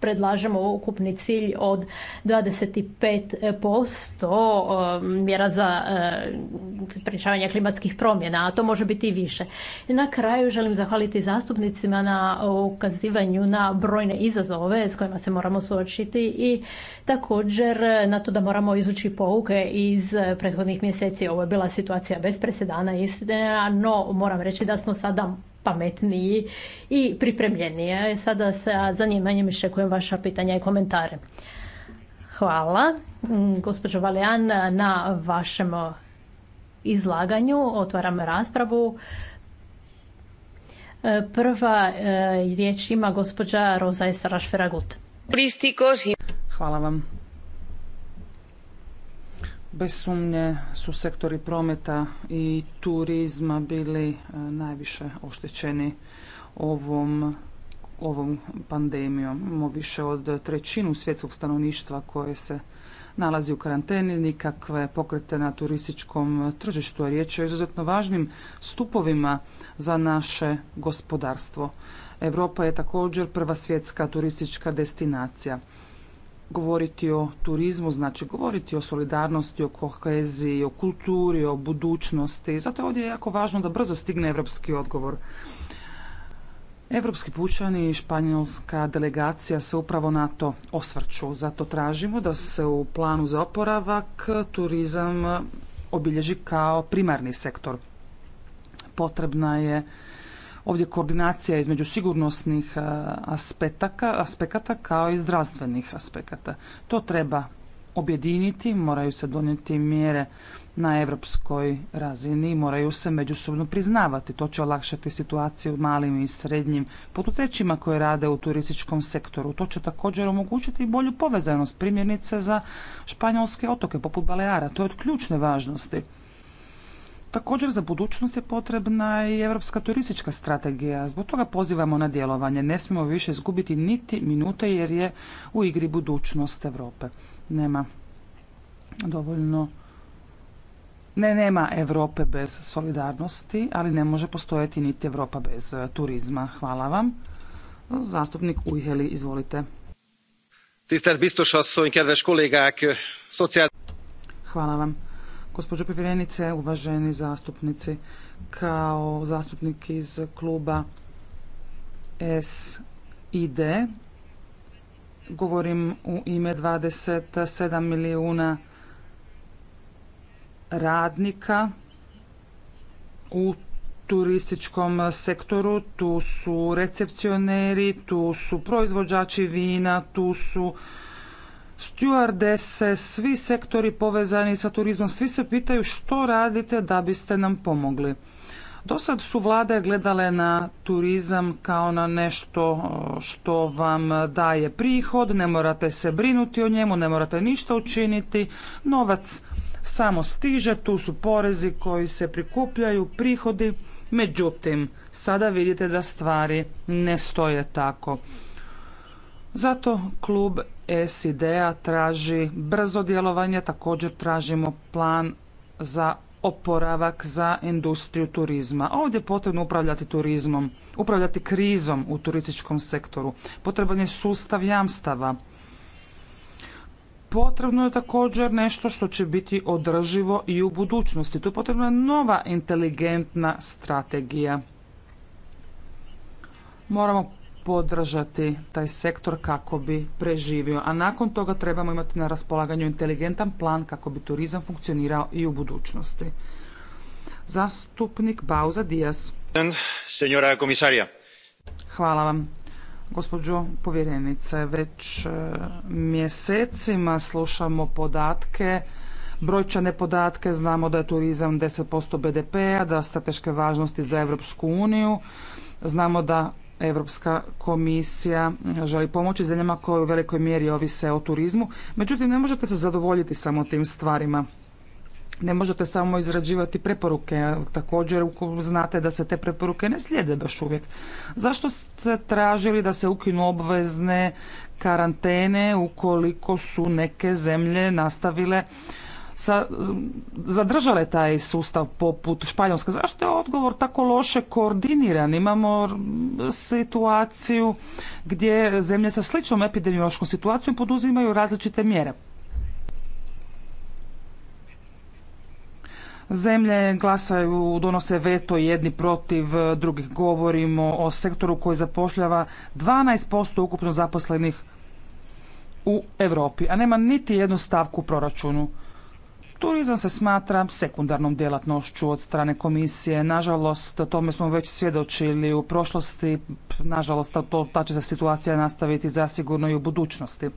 predlažemo ukupni cilj od 25% um, mjera za uh, sprječavanje klimatskih promjena, a to može biti i više. Na kraju želim zahvaliti zastupnicima na ukazivanju na brojne izazove s kojima se moramo suočiti i također na to da moramo izvući pouke iz prethodnih mjeseci. Ovo je bila situacija bez presedana, istina, no moram reći da smo sada pametniji i pripremljenije. Sada sa zanimanjem iščekujem vaša pitanja i komentare. Hvala, gospođo Valijan, na vašem izlaganju. Otvaram raspravu. E, prva e, riječ ima gospođa Roza Esaraš Feragut. Hvala vam. Bez sumnje su sektori prometa i turizma bili e, najviše oštećeni ovom, ovom pandemijom. Imamo više od trećinu svjetskog stanovništva koje se nalazi u karanteni, nikakve pokrete na turističkom tržištu, a riječ je o izuzetno važnim stupovima za naše gospodarstvo. Europa je također prva svjetska turistička destinacija govoriti o turizmu, znači govoriti o solidarnosti, o koheziji, o kulturi, o budućnosti. Zato je ovdje jako važno da brzo stigne evropski odgovor. Evropski pučani i španjolska delegacija se upravo na to osvrću. Zato tražimo da se u planu za oporavak turizam obilježi kao primarni sektor. Potrebna je ovdje koordinacija između sigurnosnih e, aspekata kao i zdravstvenih aspekata. To treba objediniti, moraju se donijeti mjere na europskoj razini, moraju se međusobno priznavati. To će olakšati situaciju malim i srednjim poduzećima koje rade u turističkom sektoru. To će također omogućiti bolju povezanost primjerice za španjolske otoke poput Baleara. To je od ključne važnosti. Također za budućnost je potrebna i europska turistička strategija. Zbog toga pozivamo na djelovanje. Ne smijemo više izgubiti niti minute jer je u igri budućnost Europe. Nema dovoljno ne, nema Europe bez solidarnosti, ali ne može postojati niti Europa bez turizma. Hvala vam. Zastupnik Ujheli, izvolite. Hvala vam. Gospođo povjerenice, uvaženi zastupnici, kao zastupnik iz kluba SID govorim u ime 27 milijuna radnika u turističkom sektoru, tu su recepcioneri, tu su proizvođači vina, tu su se svi sektori povezani sa turizmom, svi se pitaju što radite da biste nam pomogli. Dosad su vlade gledale na turizam kao na nešto e, što vam daje prihod, ne morate se brinuti o njemu, ne morate ništa učiniti, novac samo stiže, tu su porezi koji se prikupljaju, prihodi, međutim, sada vidite da stvari ne stoje tako. Zato klub SID-a traži brzo djelovanje, također tražimo plan za oporavak za industriju turizma. Ovdje je potrebno upravljati turizmom, upravljati krizom u turističkom sektoru. Potreban je sustav jamstava. Potrebno je također nešto što će biti održivo i u budućnosti. Tu potrebna je nova inteligentna strategija. Moramo podržati taj sektor kako bi preživio. A nakon toga trebamo imati na raspolaganju inteligentan plan kako bi turizam funkcionirao i u budućnosti. Zastupnik Bauza Dijas. Hvala vam. Gospođo povjerenice, već e, mjesecima slušamo podatke brojčane podatke, znamo da je turizam 10% BDP-a, da je strateške važnosti za Europsku uniju, znamo da Europska komisija želi pomoći zemljama koje u velikoj mjeri ovise o turizmu, međutim ne možete se zadovoljiti samo tim stvarima. Ne možete samo izrađivati preporuke, također znate da se te preporuke ne slijede baš uvijek. Zašto ste tražili da se ukinu obvezne karantene ukoliko su neke zemlje nastavile sa, zadržale taj sustav poput Španjolske? Zašto je odgovor tako loše koordiniran? Imamo situaciju gdje zemlje sa sličnom epidemiološkom situacijom poduzimaju različite mjere. Zemlje glasaju, donose veto jedni protiv e, drugih. Govorimo o sektoru koji zapošljava 12% ukupno zaposlenih u Europi, a nema niti jednu stavku u proračunu. Turizam se smatra sekundarnom djelatnošću od strane komisije. Nažalost, tome smo već svjedočili u prošlosti. Nažalost, to, ta će se situacija nastaviti zasigurno i u budućnosti.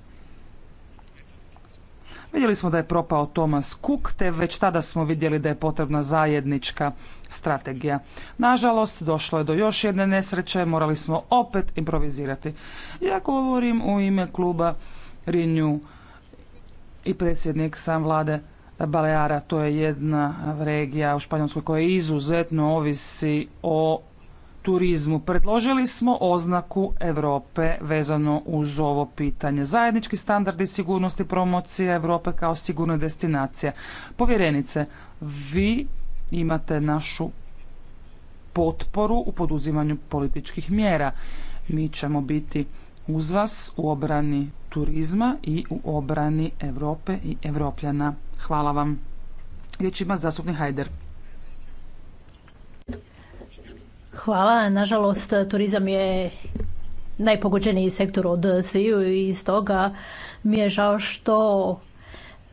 Vidjeli smo da je propao Thomas Cook, te već tada smo vidjeli da je potrebna zajednička strategija. Nažalost, došlo je do još jedne nesreće, morali smo opet improvizirati. Ja govorim u ime kluba Rinju i predsjednik sam vlade Baleara, to je jedna regija u Španjolskoj koja izuzetno ovisi o turizmu. Predložili smo oznaku Europe vezano uz ovo pitanje. Zajednički standardi sigurnosti promocije Europe kao sigurna destinacija. Povjerenice, vi imate našu potporu u poduzimanju političkih mjera. Mi ćemo biti uz vas u obrani turizma i u obrani Europe i Evropljana. Hvala vam. Riječ ima Hajder. Hvala. Nažalost, turizam je najpogođeniji sektor od sviju i stoga mi je žao što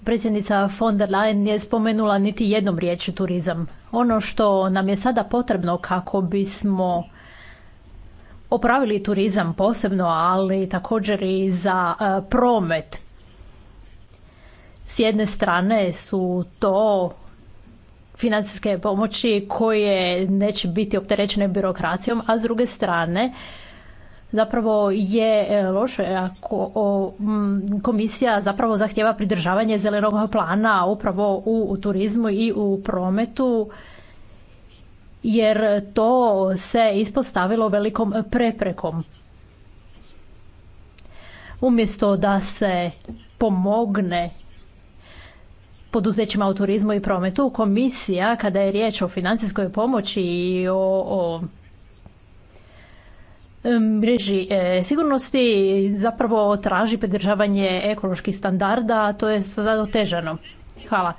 predsjednica von der Leyen nije spomenula niti jednom riječi turizam. Ono što nam je sada potrebno kako bismo opravili turizam posebno, ali također i za e, promet s jedne strane su to financijske pomoći koje neće biti opterećene birokracijom, a s druge strane zapravo je e, loše ako komisija zapravo zahtjeva pridržavanje zelenog plana upravo u turizmu i u prometu jer to se ispostavilo velikom preprekom. Umjesto da se pomogne poduzećima u turizmu i prometu. Komisija, kada je riječ o financijskoj pomoći i o, mreži e, sigurnosti, zapravo traži pridržavanje ekoloških standarda, a to je sada otežano. Hvala.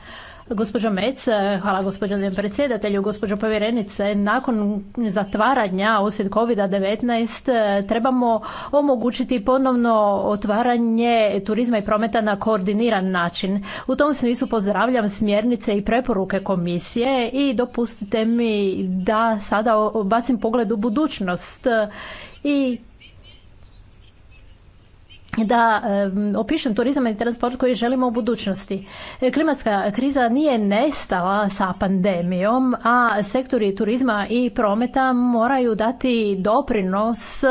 Gospođo Mec, hvala gospođo predsjedatelju, gospođo povjerenice. Nakon zatvaranja uslijed COVID-19 trebamo omogućiti ponovno otvaranje turizma i prometa na koordiniran način. U tom smislu pozdravljam smjernice i preporuke komisije i dopustite mi da sada bacim pogled u budućnost i da e, opišem turizam i transport koji želimo u budućnosti. E, klimatska kriza nije nestala sa pandemijom, a sektori turizma i prometa moraju dati doprinos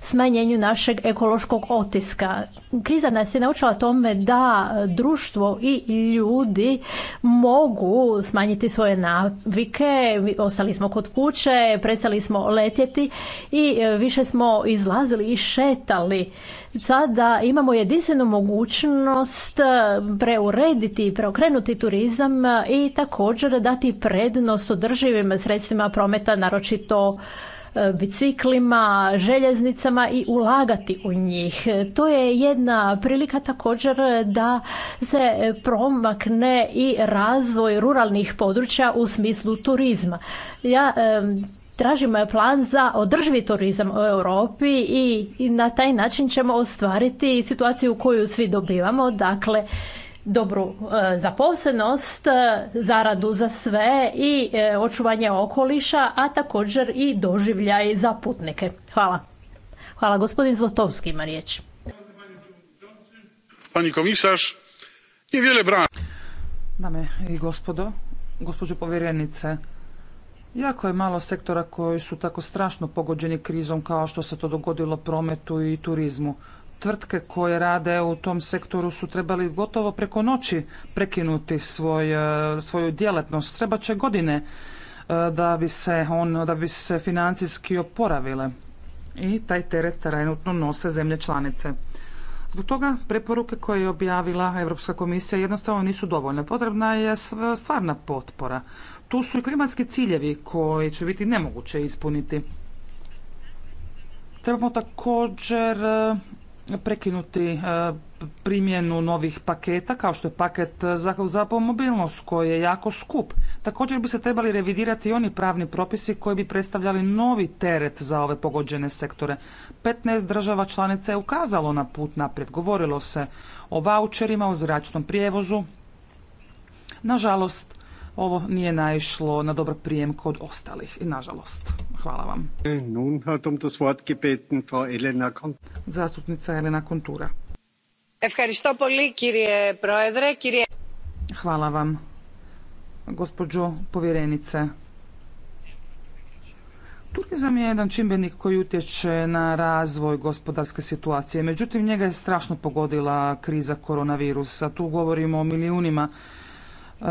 smanjenju našeg ekološkog otiska. Kriza nas je naučila tome da društvo i ljudi mogu smanjiti svoje navike, ostali smo kod kuće, prestali smo letjeti i e, više smo izlazili i šetali sada imamo jedinstvenu mogućnost e, preurediti i preokrenuti turizam e, i također dati prednost održivim sredstvima prometa, naročito e, biciklima, željeznicama i ulagati u njih. To je jedna prilika također da se promakne i razvoj ruralnih područja u smislu turizma. Ja Tražimo je plan za održivi turizam u Europi i na taj način ćemo ostvariti situaciju koju svi dobivamo, dakle dobru e, zaposlenost, e, zaradu za sve i e, očuvanje okoliša, a također i doživljaj za putnike. Hvala. Hvala. Gospodin Zlotovski ima riječ. Pani Dame i gospodo, gospođo povjerenice, Jako je malo sektora koji su tako strašno pogođeni krizom kao što se to dogodilo prometu i turizmu. Tvrtke koje rade u tom sektoru su trebali gotovo preko noći prekinuti svoj, e, svoju djelatnost. Treba će godine e, da bi se, on, da bi se financijski oporavile. I taj teret trenutno nose zemlje članice. Zbog toga preporuke koje je objavila Europska komisija jednostavno nisu dovoljne. Potrebna je stvarna potpora. Tu su i klimatski ciljevi koji će biti nemoguće ispuniti. Trebamo također eh, prekinuti eh, primjenu novih paketa, kao što je paket eh, za mobilnost koji je jako skup. Također bi se trebali revidirati i oni pravni propisi koji bi predstavljali novi teret za ove pogođene sektore. 15 država članica je ukazalo na put naprijed. Govorilo se o voucherima, o zračnom prijevozu. Nažalost, ovo nije naišlo na dobar prijem kod ostalih nažalost. Hvala vam. Nun um Elena Zastupnica Elena Kontura. Hvala vam, gospođo povjerenice. Turizam je jedan čimbenik koji utječe na razvoj gospodarske situacije, međutim njega je strašno pogodila kriza koronavirusa. Tu govorimo o milijunima e,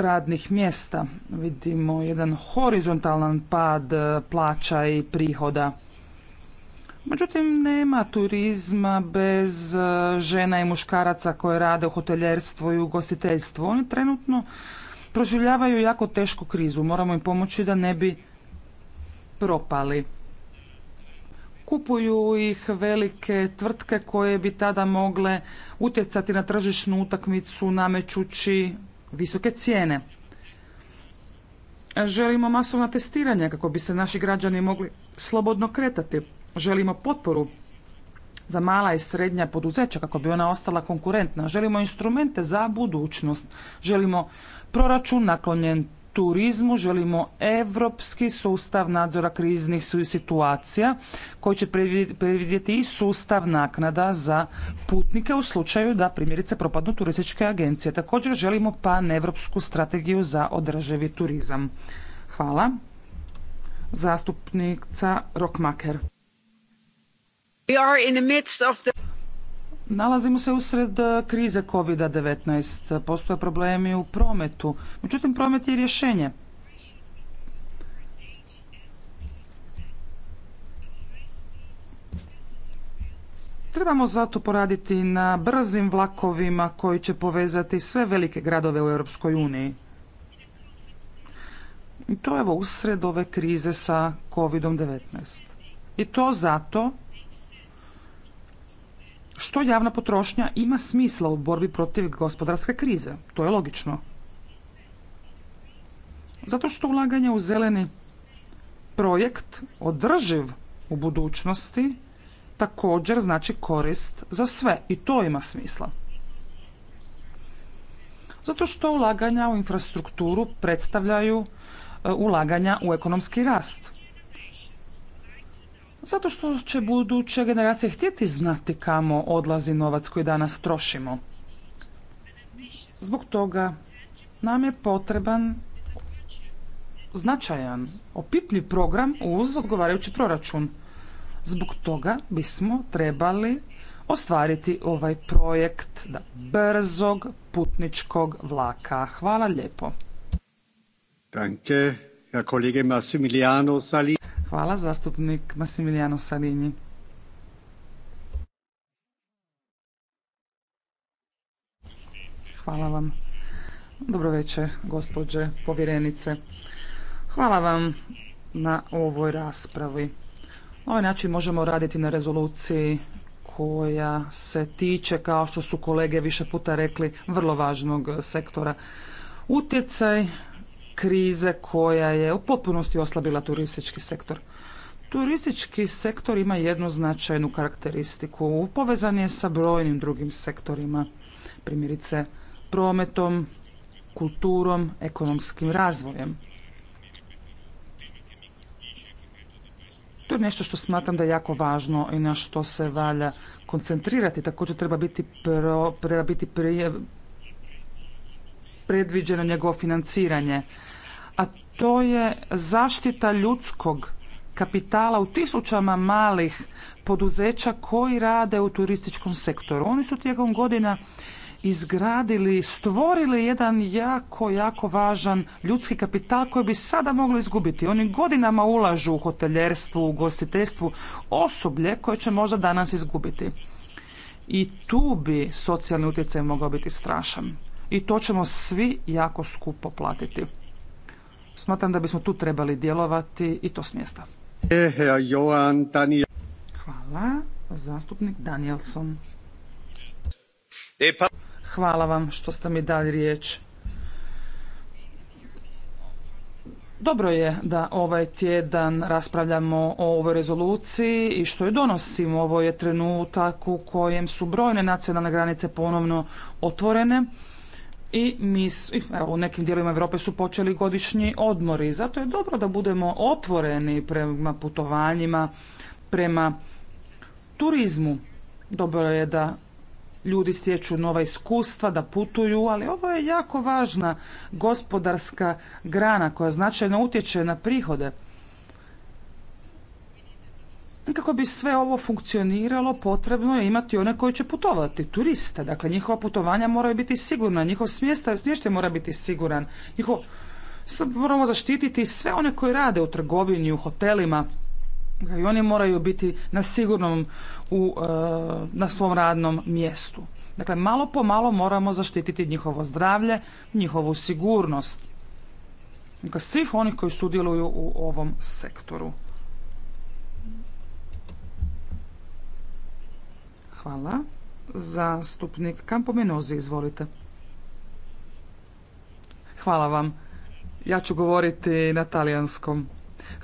radnih mjesta. Vidimo jedan horizontalan pad e, plaća i prihoda. Međutim, nema turizma bez e, žena i muškaraca koje rade u hoteljerstvu i ugostiteljstvu. Oni trenutno proživljavaju jako tešku krizu. Moramo im pomoći da ne bi propali. Kupuju ih velike tvrtke koje bi tada mogle utjecati na tržišnu utakmicu namećući visoke cijene. Želimo masovna testiranja kako bi se naši građani mogli slobodno kretati. Želimo potporu za mala i srednja poduzeća kako bi ona ostala konkurentna. Želimo instrumente za budućnost. Želimo proračun naklonjen turizmu želimo europski sustav nadzora kriznih situacija koji će predvidjeti i sustav naknada za putnike u slučaju da primjerice propadnu turističke agencije. Također želimo paneuropsku strategiju za održivi turizam. Hvala. Zastupnica the... Nalazimo se usred e, krize COVID-19, postoje problemi u prometu, međutim promet je rješenje. Trebamo zato poraditi na brzim vlakovima koji će povezati sve velike gradove u Europskoj uniji. I to evo usred ove krize sa COVID-19. I to zato što javna potrošnja ima smisla u borbi protiv gospodarske krize. To je logično. Zato što ulaganje u zeleni projekt održiv u budućnosti također znači korist za sve i to ima smisla. Zato što ulaganja u infrastrukturu predstavljaju e, ulaganja u ekonomski rast. Zato što će buduće generacije htjeti znati kamo odlazi novac koji danas trošimo. Zbog toga nam je potreban značajan, opipljiv program uz odgovarajući proračun. Zbog toga bismo trebali ostvariti ovaj projekt da, brzog putničkog vlaka. Hvala lijepo. Danke. Hvala, zastupnik Massimiliano Salini. Hvala vam. Dobro večer, gospođe povjerenice. Hvala vam na ovoj raspravi. Na ovaj način možemo raditi na rezoluciji koja se tiče, kao što su kolege više puta rekli, vrlo važnog sektora. Utjecaj krize koja je u potpunosti oslabila turistički sektor. Turistički sektor ima jednu značajnu karakteristiku. Povezan je sa brojnim drugim sektorima, primjerice prometom, kulturom, ekonomskim razvojem. To je nešto što smatram da je jako važno i na što se valja koncentrirati. Također treba biti, prije, predviđeno njegovo financiranje a to je zaštita ljudskog kapitala u tisućama malih poduzeća koji rade u turističkom sektoru. Oni su tijekom godina izgradili, stvorili jedan jako, jako važan ljudski kapital koji bi sada mogli izgubiti. Oni godinama ulažu u hoteljerstvu, u gostiteljstvu, osoblje koje će možda danas izgubiti. I tu bi socijalni utjecaj mogao biti strašan. I to ćemo svi jako skupo platiti. Smatram da bismo tu trebali djelovati i to s mjesta. E, Hvala. Zastupnik Danielson. E, pa- Hvala vam što ste mi dali riječ. Dobro je da ovaj tjedan raspravljamo o ovoj rezoluciji i što je donosimo. Ovo je trenutak u kojem su brojne nacionalne granice ponovno otvorene i, mi evo, u nekim dijelima Europe su počeli godišnji odmori. Zato je dobro da budemo otvoreni prema putovanjima, prema turizmu. Dobro je da ljudi stječu nova iskustva, da putuju, ali ovo je jako važna gospodarska grana koja značajno utječe na prihode. Kako bi sve ovo funkcioniralo, potrebno je imati one koji će putovati, turiste. Dakle, njihova putovanja moraju biti sigurna, njihov smjesta, smještaj mora biti siguran. Njihov, moramo zaštititi sve one koji rade u trgovini, u hotelima. Dakle, I oni moraju biti na sigurnom u, e, na svom radnom mjestu. Dakle, malo po malo moramo zaštititi njihovo zdravlje, njihovu sigurnost. Dakle, svih onih koji sudjeluju u ovom sektoru. Hvala. Zastupnik Kampomenozi, izvolite. Hvala vam. Ja ću govoriti na talijanskom.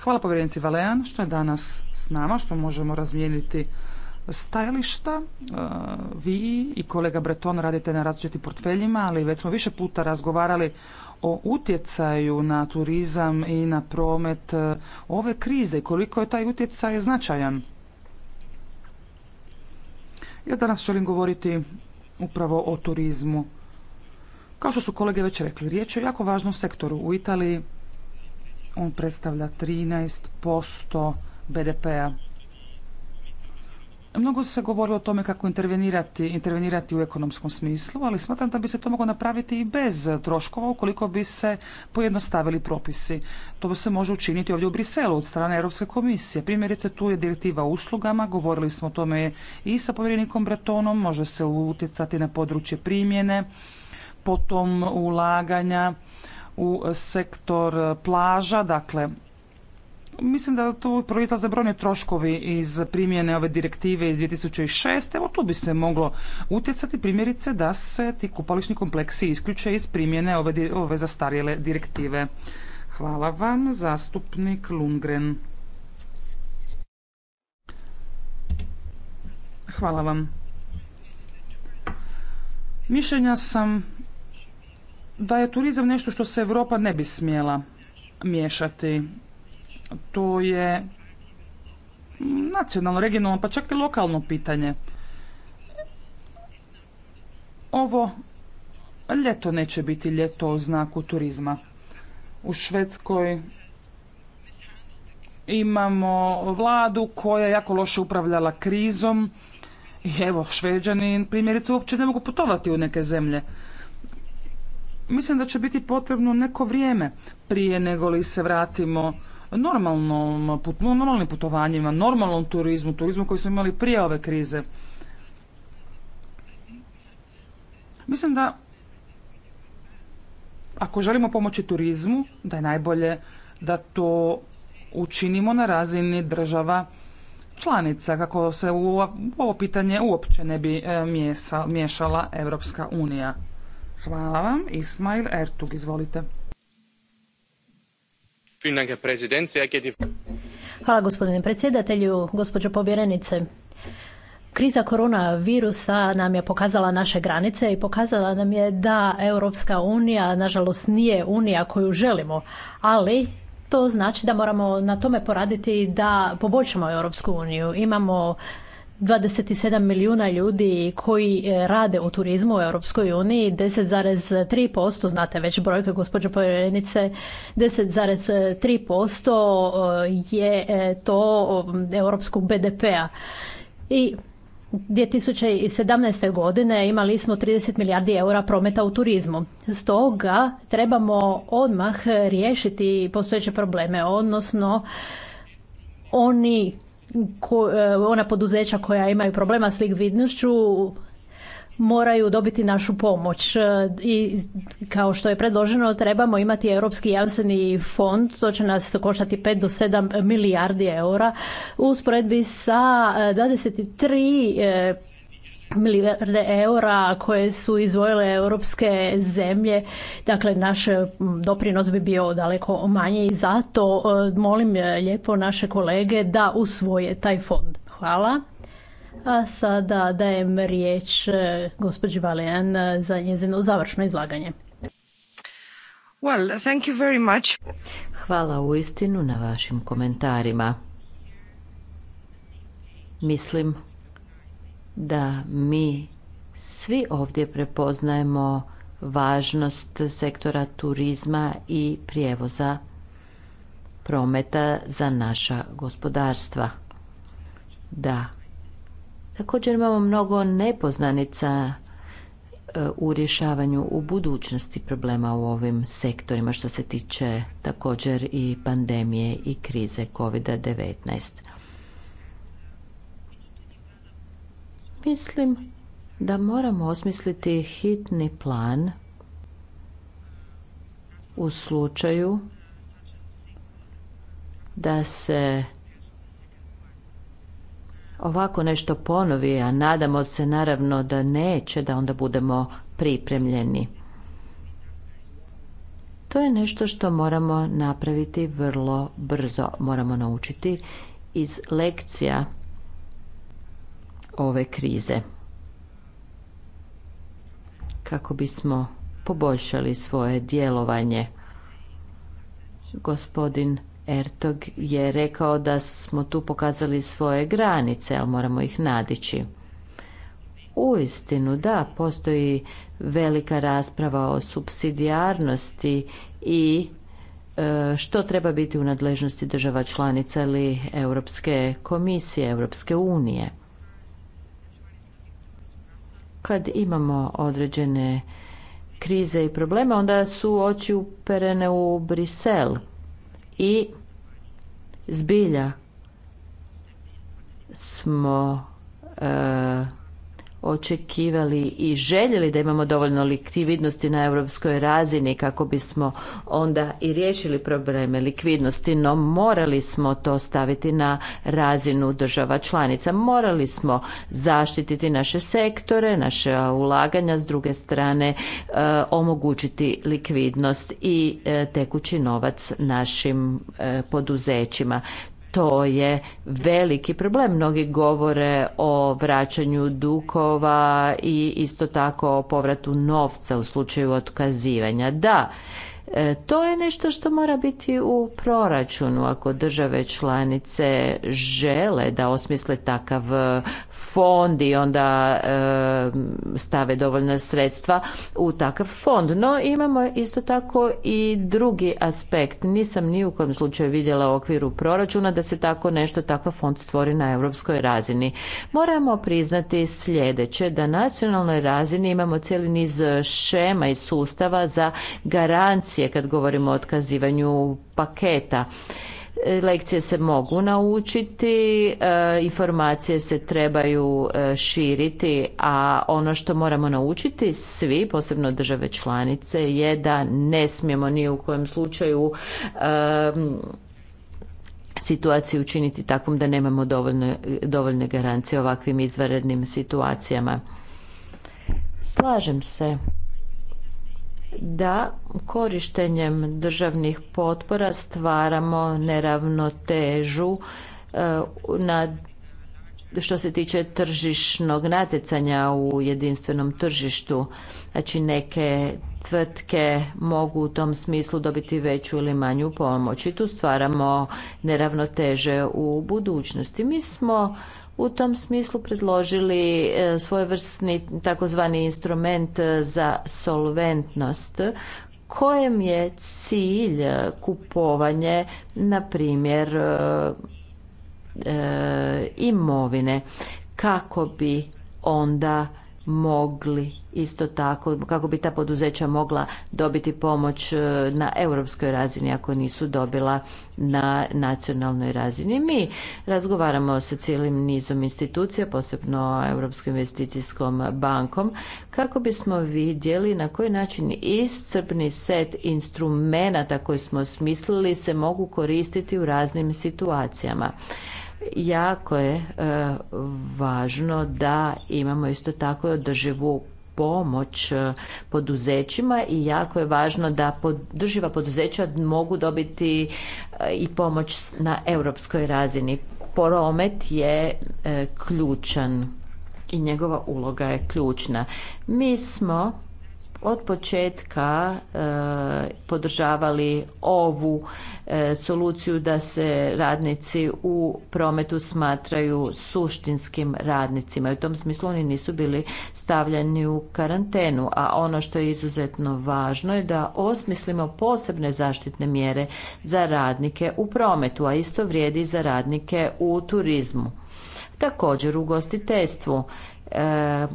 Hvala povjerenici Valean što je danas s nama, što možemo razmijeniti stajališta. E, vi i kolega Breton radite na različitim portfeljima, ali već smo više puta razgovarali o utjecaju na turizam i na promet e, ove krize i koliko je taj utjecaj značajan. Ja danas želim govoriti upravo o turizmu. Kao što su kolege već rekli, riječ je o jako važnom sektoru. U Italiji on predstavlja 13% BDP-a. Mnogo se govorilo o tome kako intervenirati, intervenirati u ekonomskom smislu, ali smatram da bi se to moglo napraviti i bez troškova ukoliko bi se pojednostavili propisi. To se može učiniti ovdje u Briselu od strane Europske komisije. Primjerice tu je direktiva o uslugama, govorili smo o tome i sa povjerenikom Bretonom, može se utjecati na područje primjene, potom ulaganja u sektor plaža, dakle Mislim da tu proizlaze brojni troškovi iz primjene ove direktive iz 2006. Evo tu bi se moglo utjecati primjerice da se ti kupališni kompleksi isključe iz primjene ove, zastarjele direktive. Hvala vam, zastupnik Lundgren. Hvala vam. Mišljenja sam da je turizam nešto što se Europa ne bi smjela miješati to je nacionalno, regionalno, pa čak i lokalno pitanje. Ovo ljeto neće biti ljeto o znaku turizma. U Švedskoj imamo vladu koja je jako loše upravljala krizom i evo Šveđani primjerice uopće ne mogu putovati u neke zemlje. Mislim da će biti potrebno neko vrijeme prije nego li se vratimo normalnom, normalnim putovanjima, normalnom turizmu, turizmu koji smo imali prije ove krize. Mislim da ako želimo pomoći turizmu, da je najbolje da to učinimo na razini država članica, kako se u ovo pitanje uopće ne bi e, miješala Europska unija. Hvala vam. Ismail Ertug, izvolite. Hvala gospodine predsjedatelju, gospođo povjerenice. Kriza koronavirusa nam je pokazala naše granice i pokazala nam je da Europska unija nažalost nije unija koju želimo, ali to znači da moramo na tome poraditi da poboljšamo Europsku uniju. Imamo 27 milijuna ljudi koji e, rade u turizmu u Europskoj uniji, 10,3%, znate već brojke gospođe povjerenice, 10,3% e, je e, to europskog BDP-a. I 2017. godine imali smo 30 milijardi eura prometa u turizmu. Stoga trebamo odmah riješiti postojeće probleme, odnosno oni E, ona poduzeća koja imaju problema s likvidnošću moraju dobiti našu pomoć e, i kao što je predloženo trebamo imati europski jamstveni fond to će nas koštati 5 do 7 milijardi eura u usporedbi sa 23 e, milijarde eura koje su izvojile europske zemlje. Dakle, naš doprinos bi bio daleko manji i zato e, molim e, lijepo naše kolege da usvoje taj fond. Hvala. A sada dajem riječ e, gospođi Valijan za njezino završno izlaganje. Hvala u istinu na vašim komentarima. Mislim da mi svi ovdje prepoznajemo važnost sektora turizma i prijevoza prometa za naša gospodarstva. Da. Također imamo mnogo nepoznanica e, u rješavanju u budućnosti problema u ovim sektorima što se tiče također i pandemije i krize COVID-19. Mislim da moramo osmisliti hitni plan u slučaju da se ovako nešto ponovi, a nadamo se naravno da neće, da onda budemo pripremljeni. To je nešto što moramo napraviti vrlo brzo. Moramo naučiti iz lekcija ove krize kako bismo poboljšali svoje djelovanje. Gospodin Ertog je rekao da smo tu pokazali svoje granice, ali moramo ih nadići. Uistinu, da, postoji velika rasprava o subsidijarnosti i e, što treba biti u nadležnosti država članica ili Europske komisije, Europske unije. Kad imamo određene krize i probleme, onda su oči uperene u Brisel i zbilja smo e, očekivali i željeli da imamo dovoljno likvidnosti na europskoj razini kako bismo onda i riješili probleme likvidnosti, no morali smo to staviti na razinu država članica. Morali smo zaštititi naše sektore, naše ulaganja, s druge strane e, omogućiti likvidnost i e, tekući novac našim e, poduzećima to je veliki problem. Mnogi govore o vraćanju dukova i isto tako o povratu novca u slučaju otkazivanja. Da, E, to je nešto što mora biti u proračunu ako države članice žele da osmisle takav e, fond i onda e, stave dovoljna sredstva u takav fond. No imamo isto tako i drugi aspekt. Nisam ni u kojem slučaju vidjela u okviru proračuna da se tako nešto, takav fond stvori na europskoj razini. Moramo priznati sljedeće, da nacionalnoj razini imamo cijeli niz šema i sustava za garancije lekcije kad govorimo o otkazivanju paketa. E, lekcije se mogu naučiti, e, informacije se trebaju e, širiti, a ono što moramo naučiti svi, posebno države članice, je da ne smijemo ni u kojem slučaju situaciju učiniti takvom da nemamo dovoljne, dovoljne garancije ovakvim izvanrednim situacijama. Slažem se da korištenjem državnih potpora stvaramo neravnotežu e, na što se tiče tržišnog natjecanja u jedinstvenom tržištu. Znači neke tvrtke mogu u tom smislu dobiti veću ili manju pomoć i tu stvaramo neravnoteže u budućnosti. Mi smo u tom smislu predložili e, svojevrsni takozvani instrument e, za solventnost kojem je cilj kupovanje na primjer e, imovine kako bi onda mogli isto tako kako bi ta poduzeća mogla dobiti pomoć e, na europskoj razini ako nisu dobila na nacionalnoj razini. Mi razgovaramo sa cijelim nizom institucija, posebno Europskom investicijskom bankom, kako bismo vidjeli na koji način iscrpni set instrumenata koji smo smislili se mogu koristiti u raznim situacijama jako je e, važno da imamo isto tako održivu pomoć e, poduzećima i jako je važno da podrživa poduzeća mogu dobiti e, i pomoć na europskoj razini. Promet je e, ključan i njegova uloga je ključna. Mi smo od početka e, podržavali ovu e, soluciju da se radnici u prometu smatraju suštinskim radnicima. U tom smislu oni nisu bili stavljeni u karantenu, a ono što je izuzetno važno je da osmislimo posebne zaštitne mjere za radnike u prometu, a isto vrijedi i za radnike u turizmu. Također u gostiteljstvu e,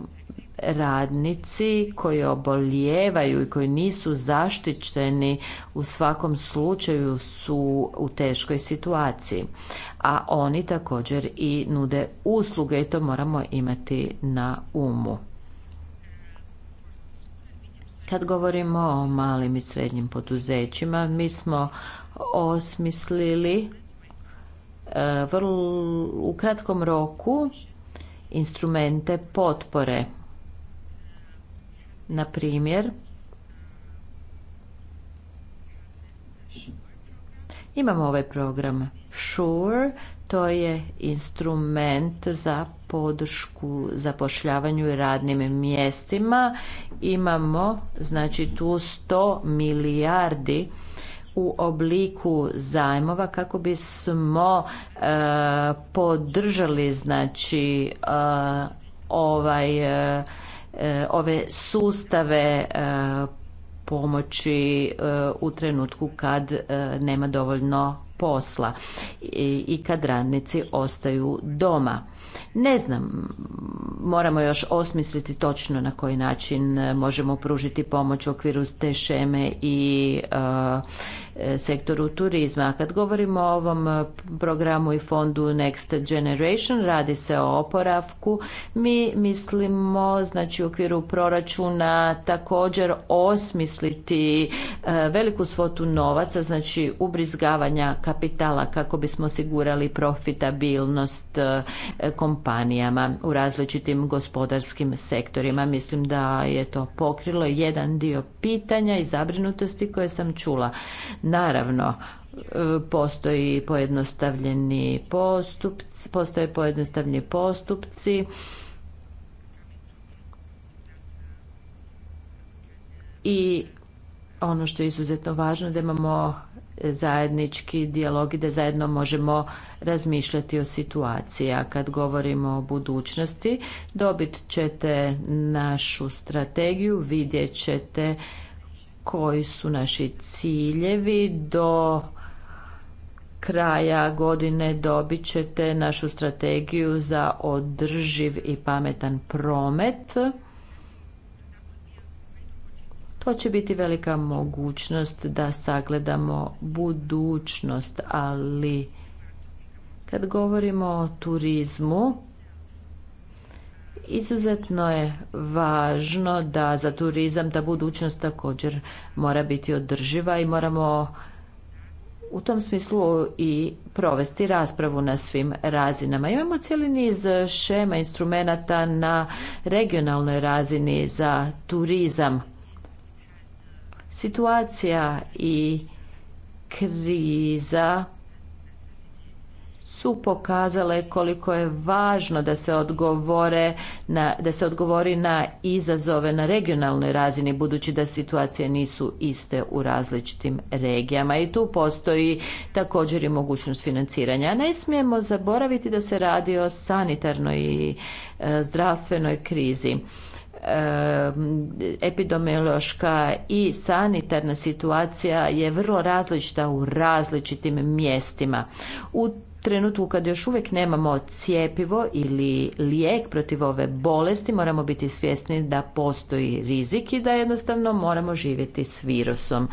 radnici koji oboljevaju i koji nisu zaštićeni u svakom slučaju su u teškoj situaciji a oni također i nude usluge i to moramo imati na umu kad govorimo o malim i srednjim poduzećima mi smo osmislili e, u kratkom roku instrumente potpore na primjer, imamo ovaj program SURE, to je instrument za podršku zapošljavanju i radnim mjestima. Imamo znači tu 100 milijardi u obliku zajmova kako bismo e, podržali znači e, ovaj e, E, ove sustave e, pomoći e, u trenutku kad nema dovoljno posla i kad radnici ostaju doma. Ne znam, moramo još osmisliti točno na koji način možemo pružiti pomoć u okviru te šeme i sektoru turizma. Kad govorimo o ovom e, programu i fondu Next Generation, radi se o oporavku. Mi mislimo, znači u okviru proračuna također osmisliti e, veliku svotu novaca, znači ubrizgavanja kapitala kako bismo osigurali profitabilnost e, kompanijama u različitim gospodarskim sektorima. Mislim da je to pokrilo jedan dio pitanja i zabrinutosti koje sam čula. Naravno, e, postoji pojednostavljeni postupci, postoje pojednostavljeni postupci i ono što je izuzetno važno da imamo zajednički dijalog i da zajedno možemo razmišljati o situaciji. A kad govorimo o budućnosti, dobit ćete našu strategiju, vidjet ćete koji su naši ciljevi do kraja godine dobit ćete našu strategiju za održiv i pametan promet. To će biti velika mogućnost da sagledamo budućnost, ali kad govorimo o turizmu, Izuzetno je važno da za turizam ta budućnost također mora biti održiva i moramo u tom smislu i provesti raspravu na svim razinama. Imamo cijeli niz šema instrumenata na regionalnoj razini za turizam. Situacija i kriza su pokazale koliko je važno da se odgovore na, da se odgovori na izazove na regionalnoj razini budući da situacije nisu iste u različitim regijama i tu postoji također i mogućnost financiranja. Ne smijemo zaboraviti da se radi o sanitarnoj i e, zdravstvenoj krizi e, epidemiološka i sanitarna situacija je vrlo različita u različitim mjestima. U trenutku kad još uvijek nemamo cjepivo ili lijek protiv ove bolesti, moramo biti svjesni da postoji rizik i da jednostavno moramo živjeti s virusom.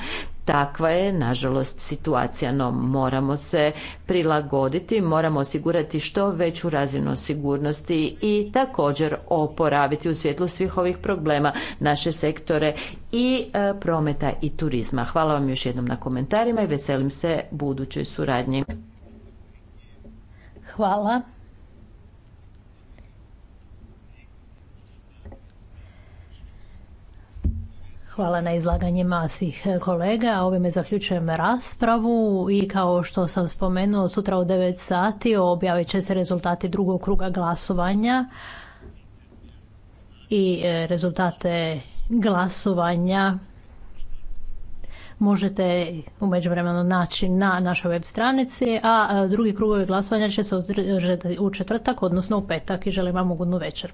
Takva je, nažalost, situacija, no moramo se prilagoditi, moramo osigurati što veću razinu sigurnosti i također oporaviti u svjetlu svih ovih problema naše sektore i e, prometa i turizma. Hvala vam još jednom na komentarima i veselim se budućoj suradnji. Hvala. Hvala na izlaganjima svih kolega. Ovime zaključujem raspravu i kao što sam spomenuo, sutra u 9 sati objavit će se rezultati drugog kruga glasovanja i e, rezultate glasovanja možete u međuvremenu naći na našoj web stranici, a drugi krugovi glasovanja će se održati u četvrtak, odnosno u petak i želim vam ugodnu večer.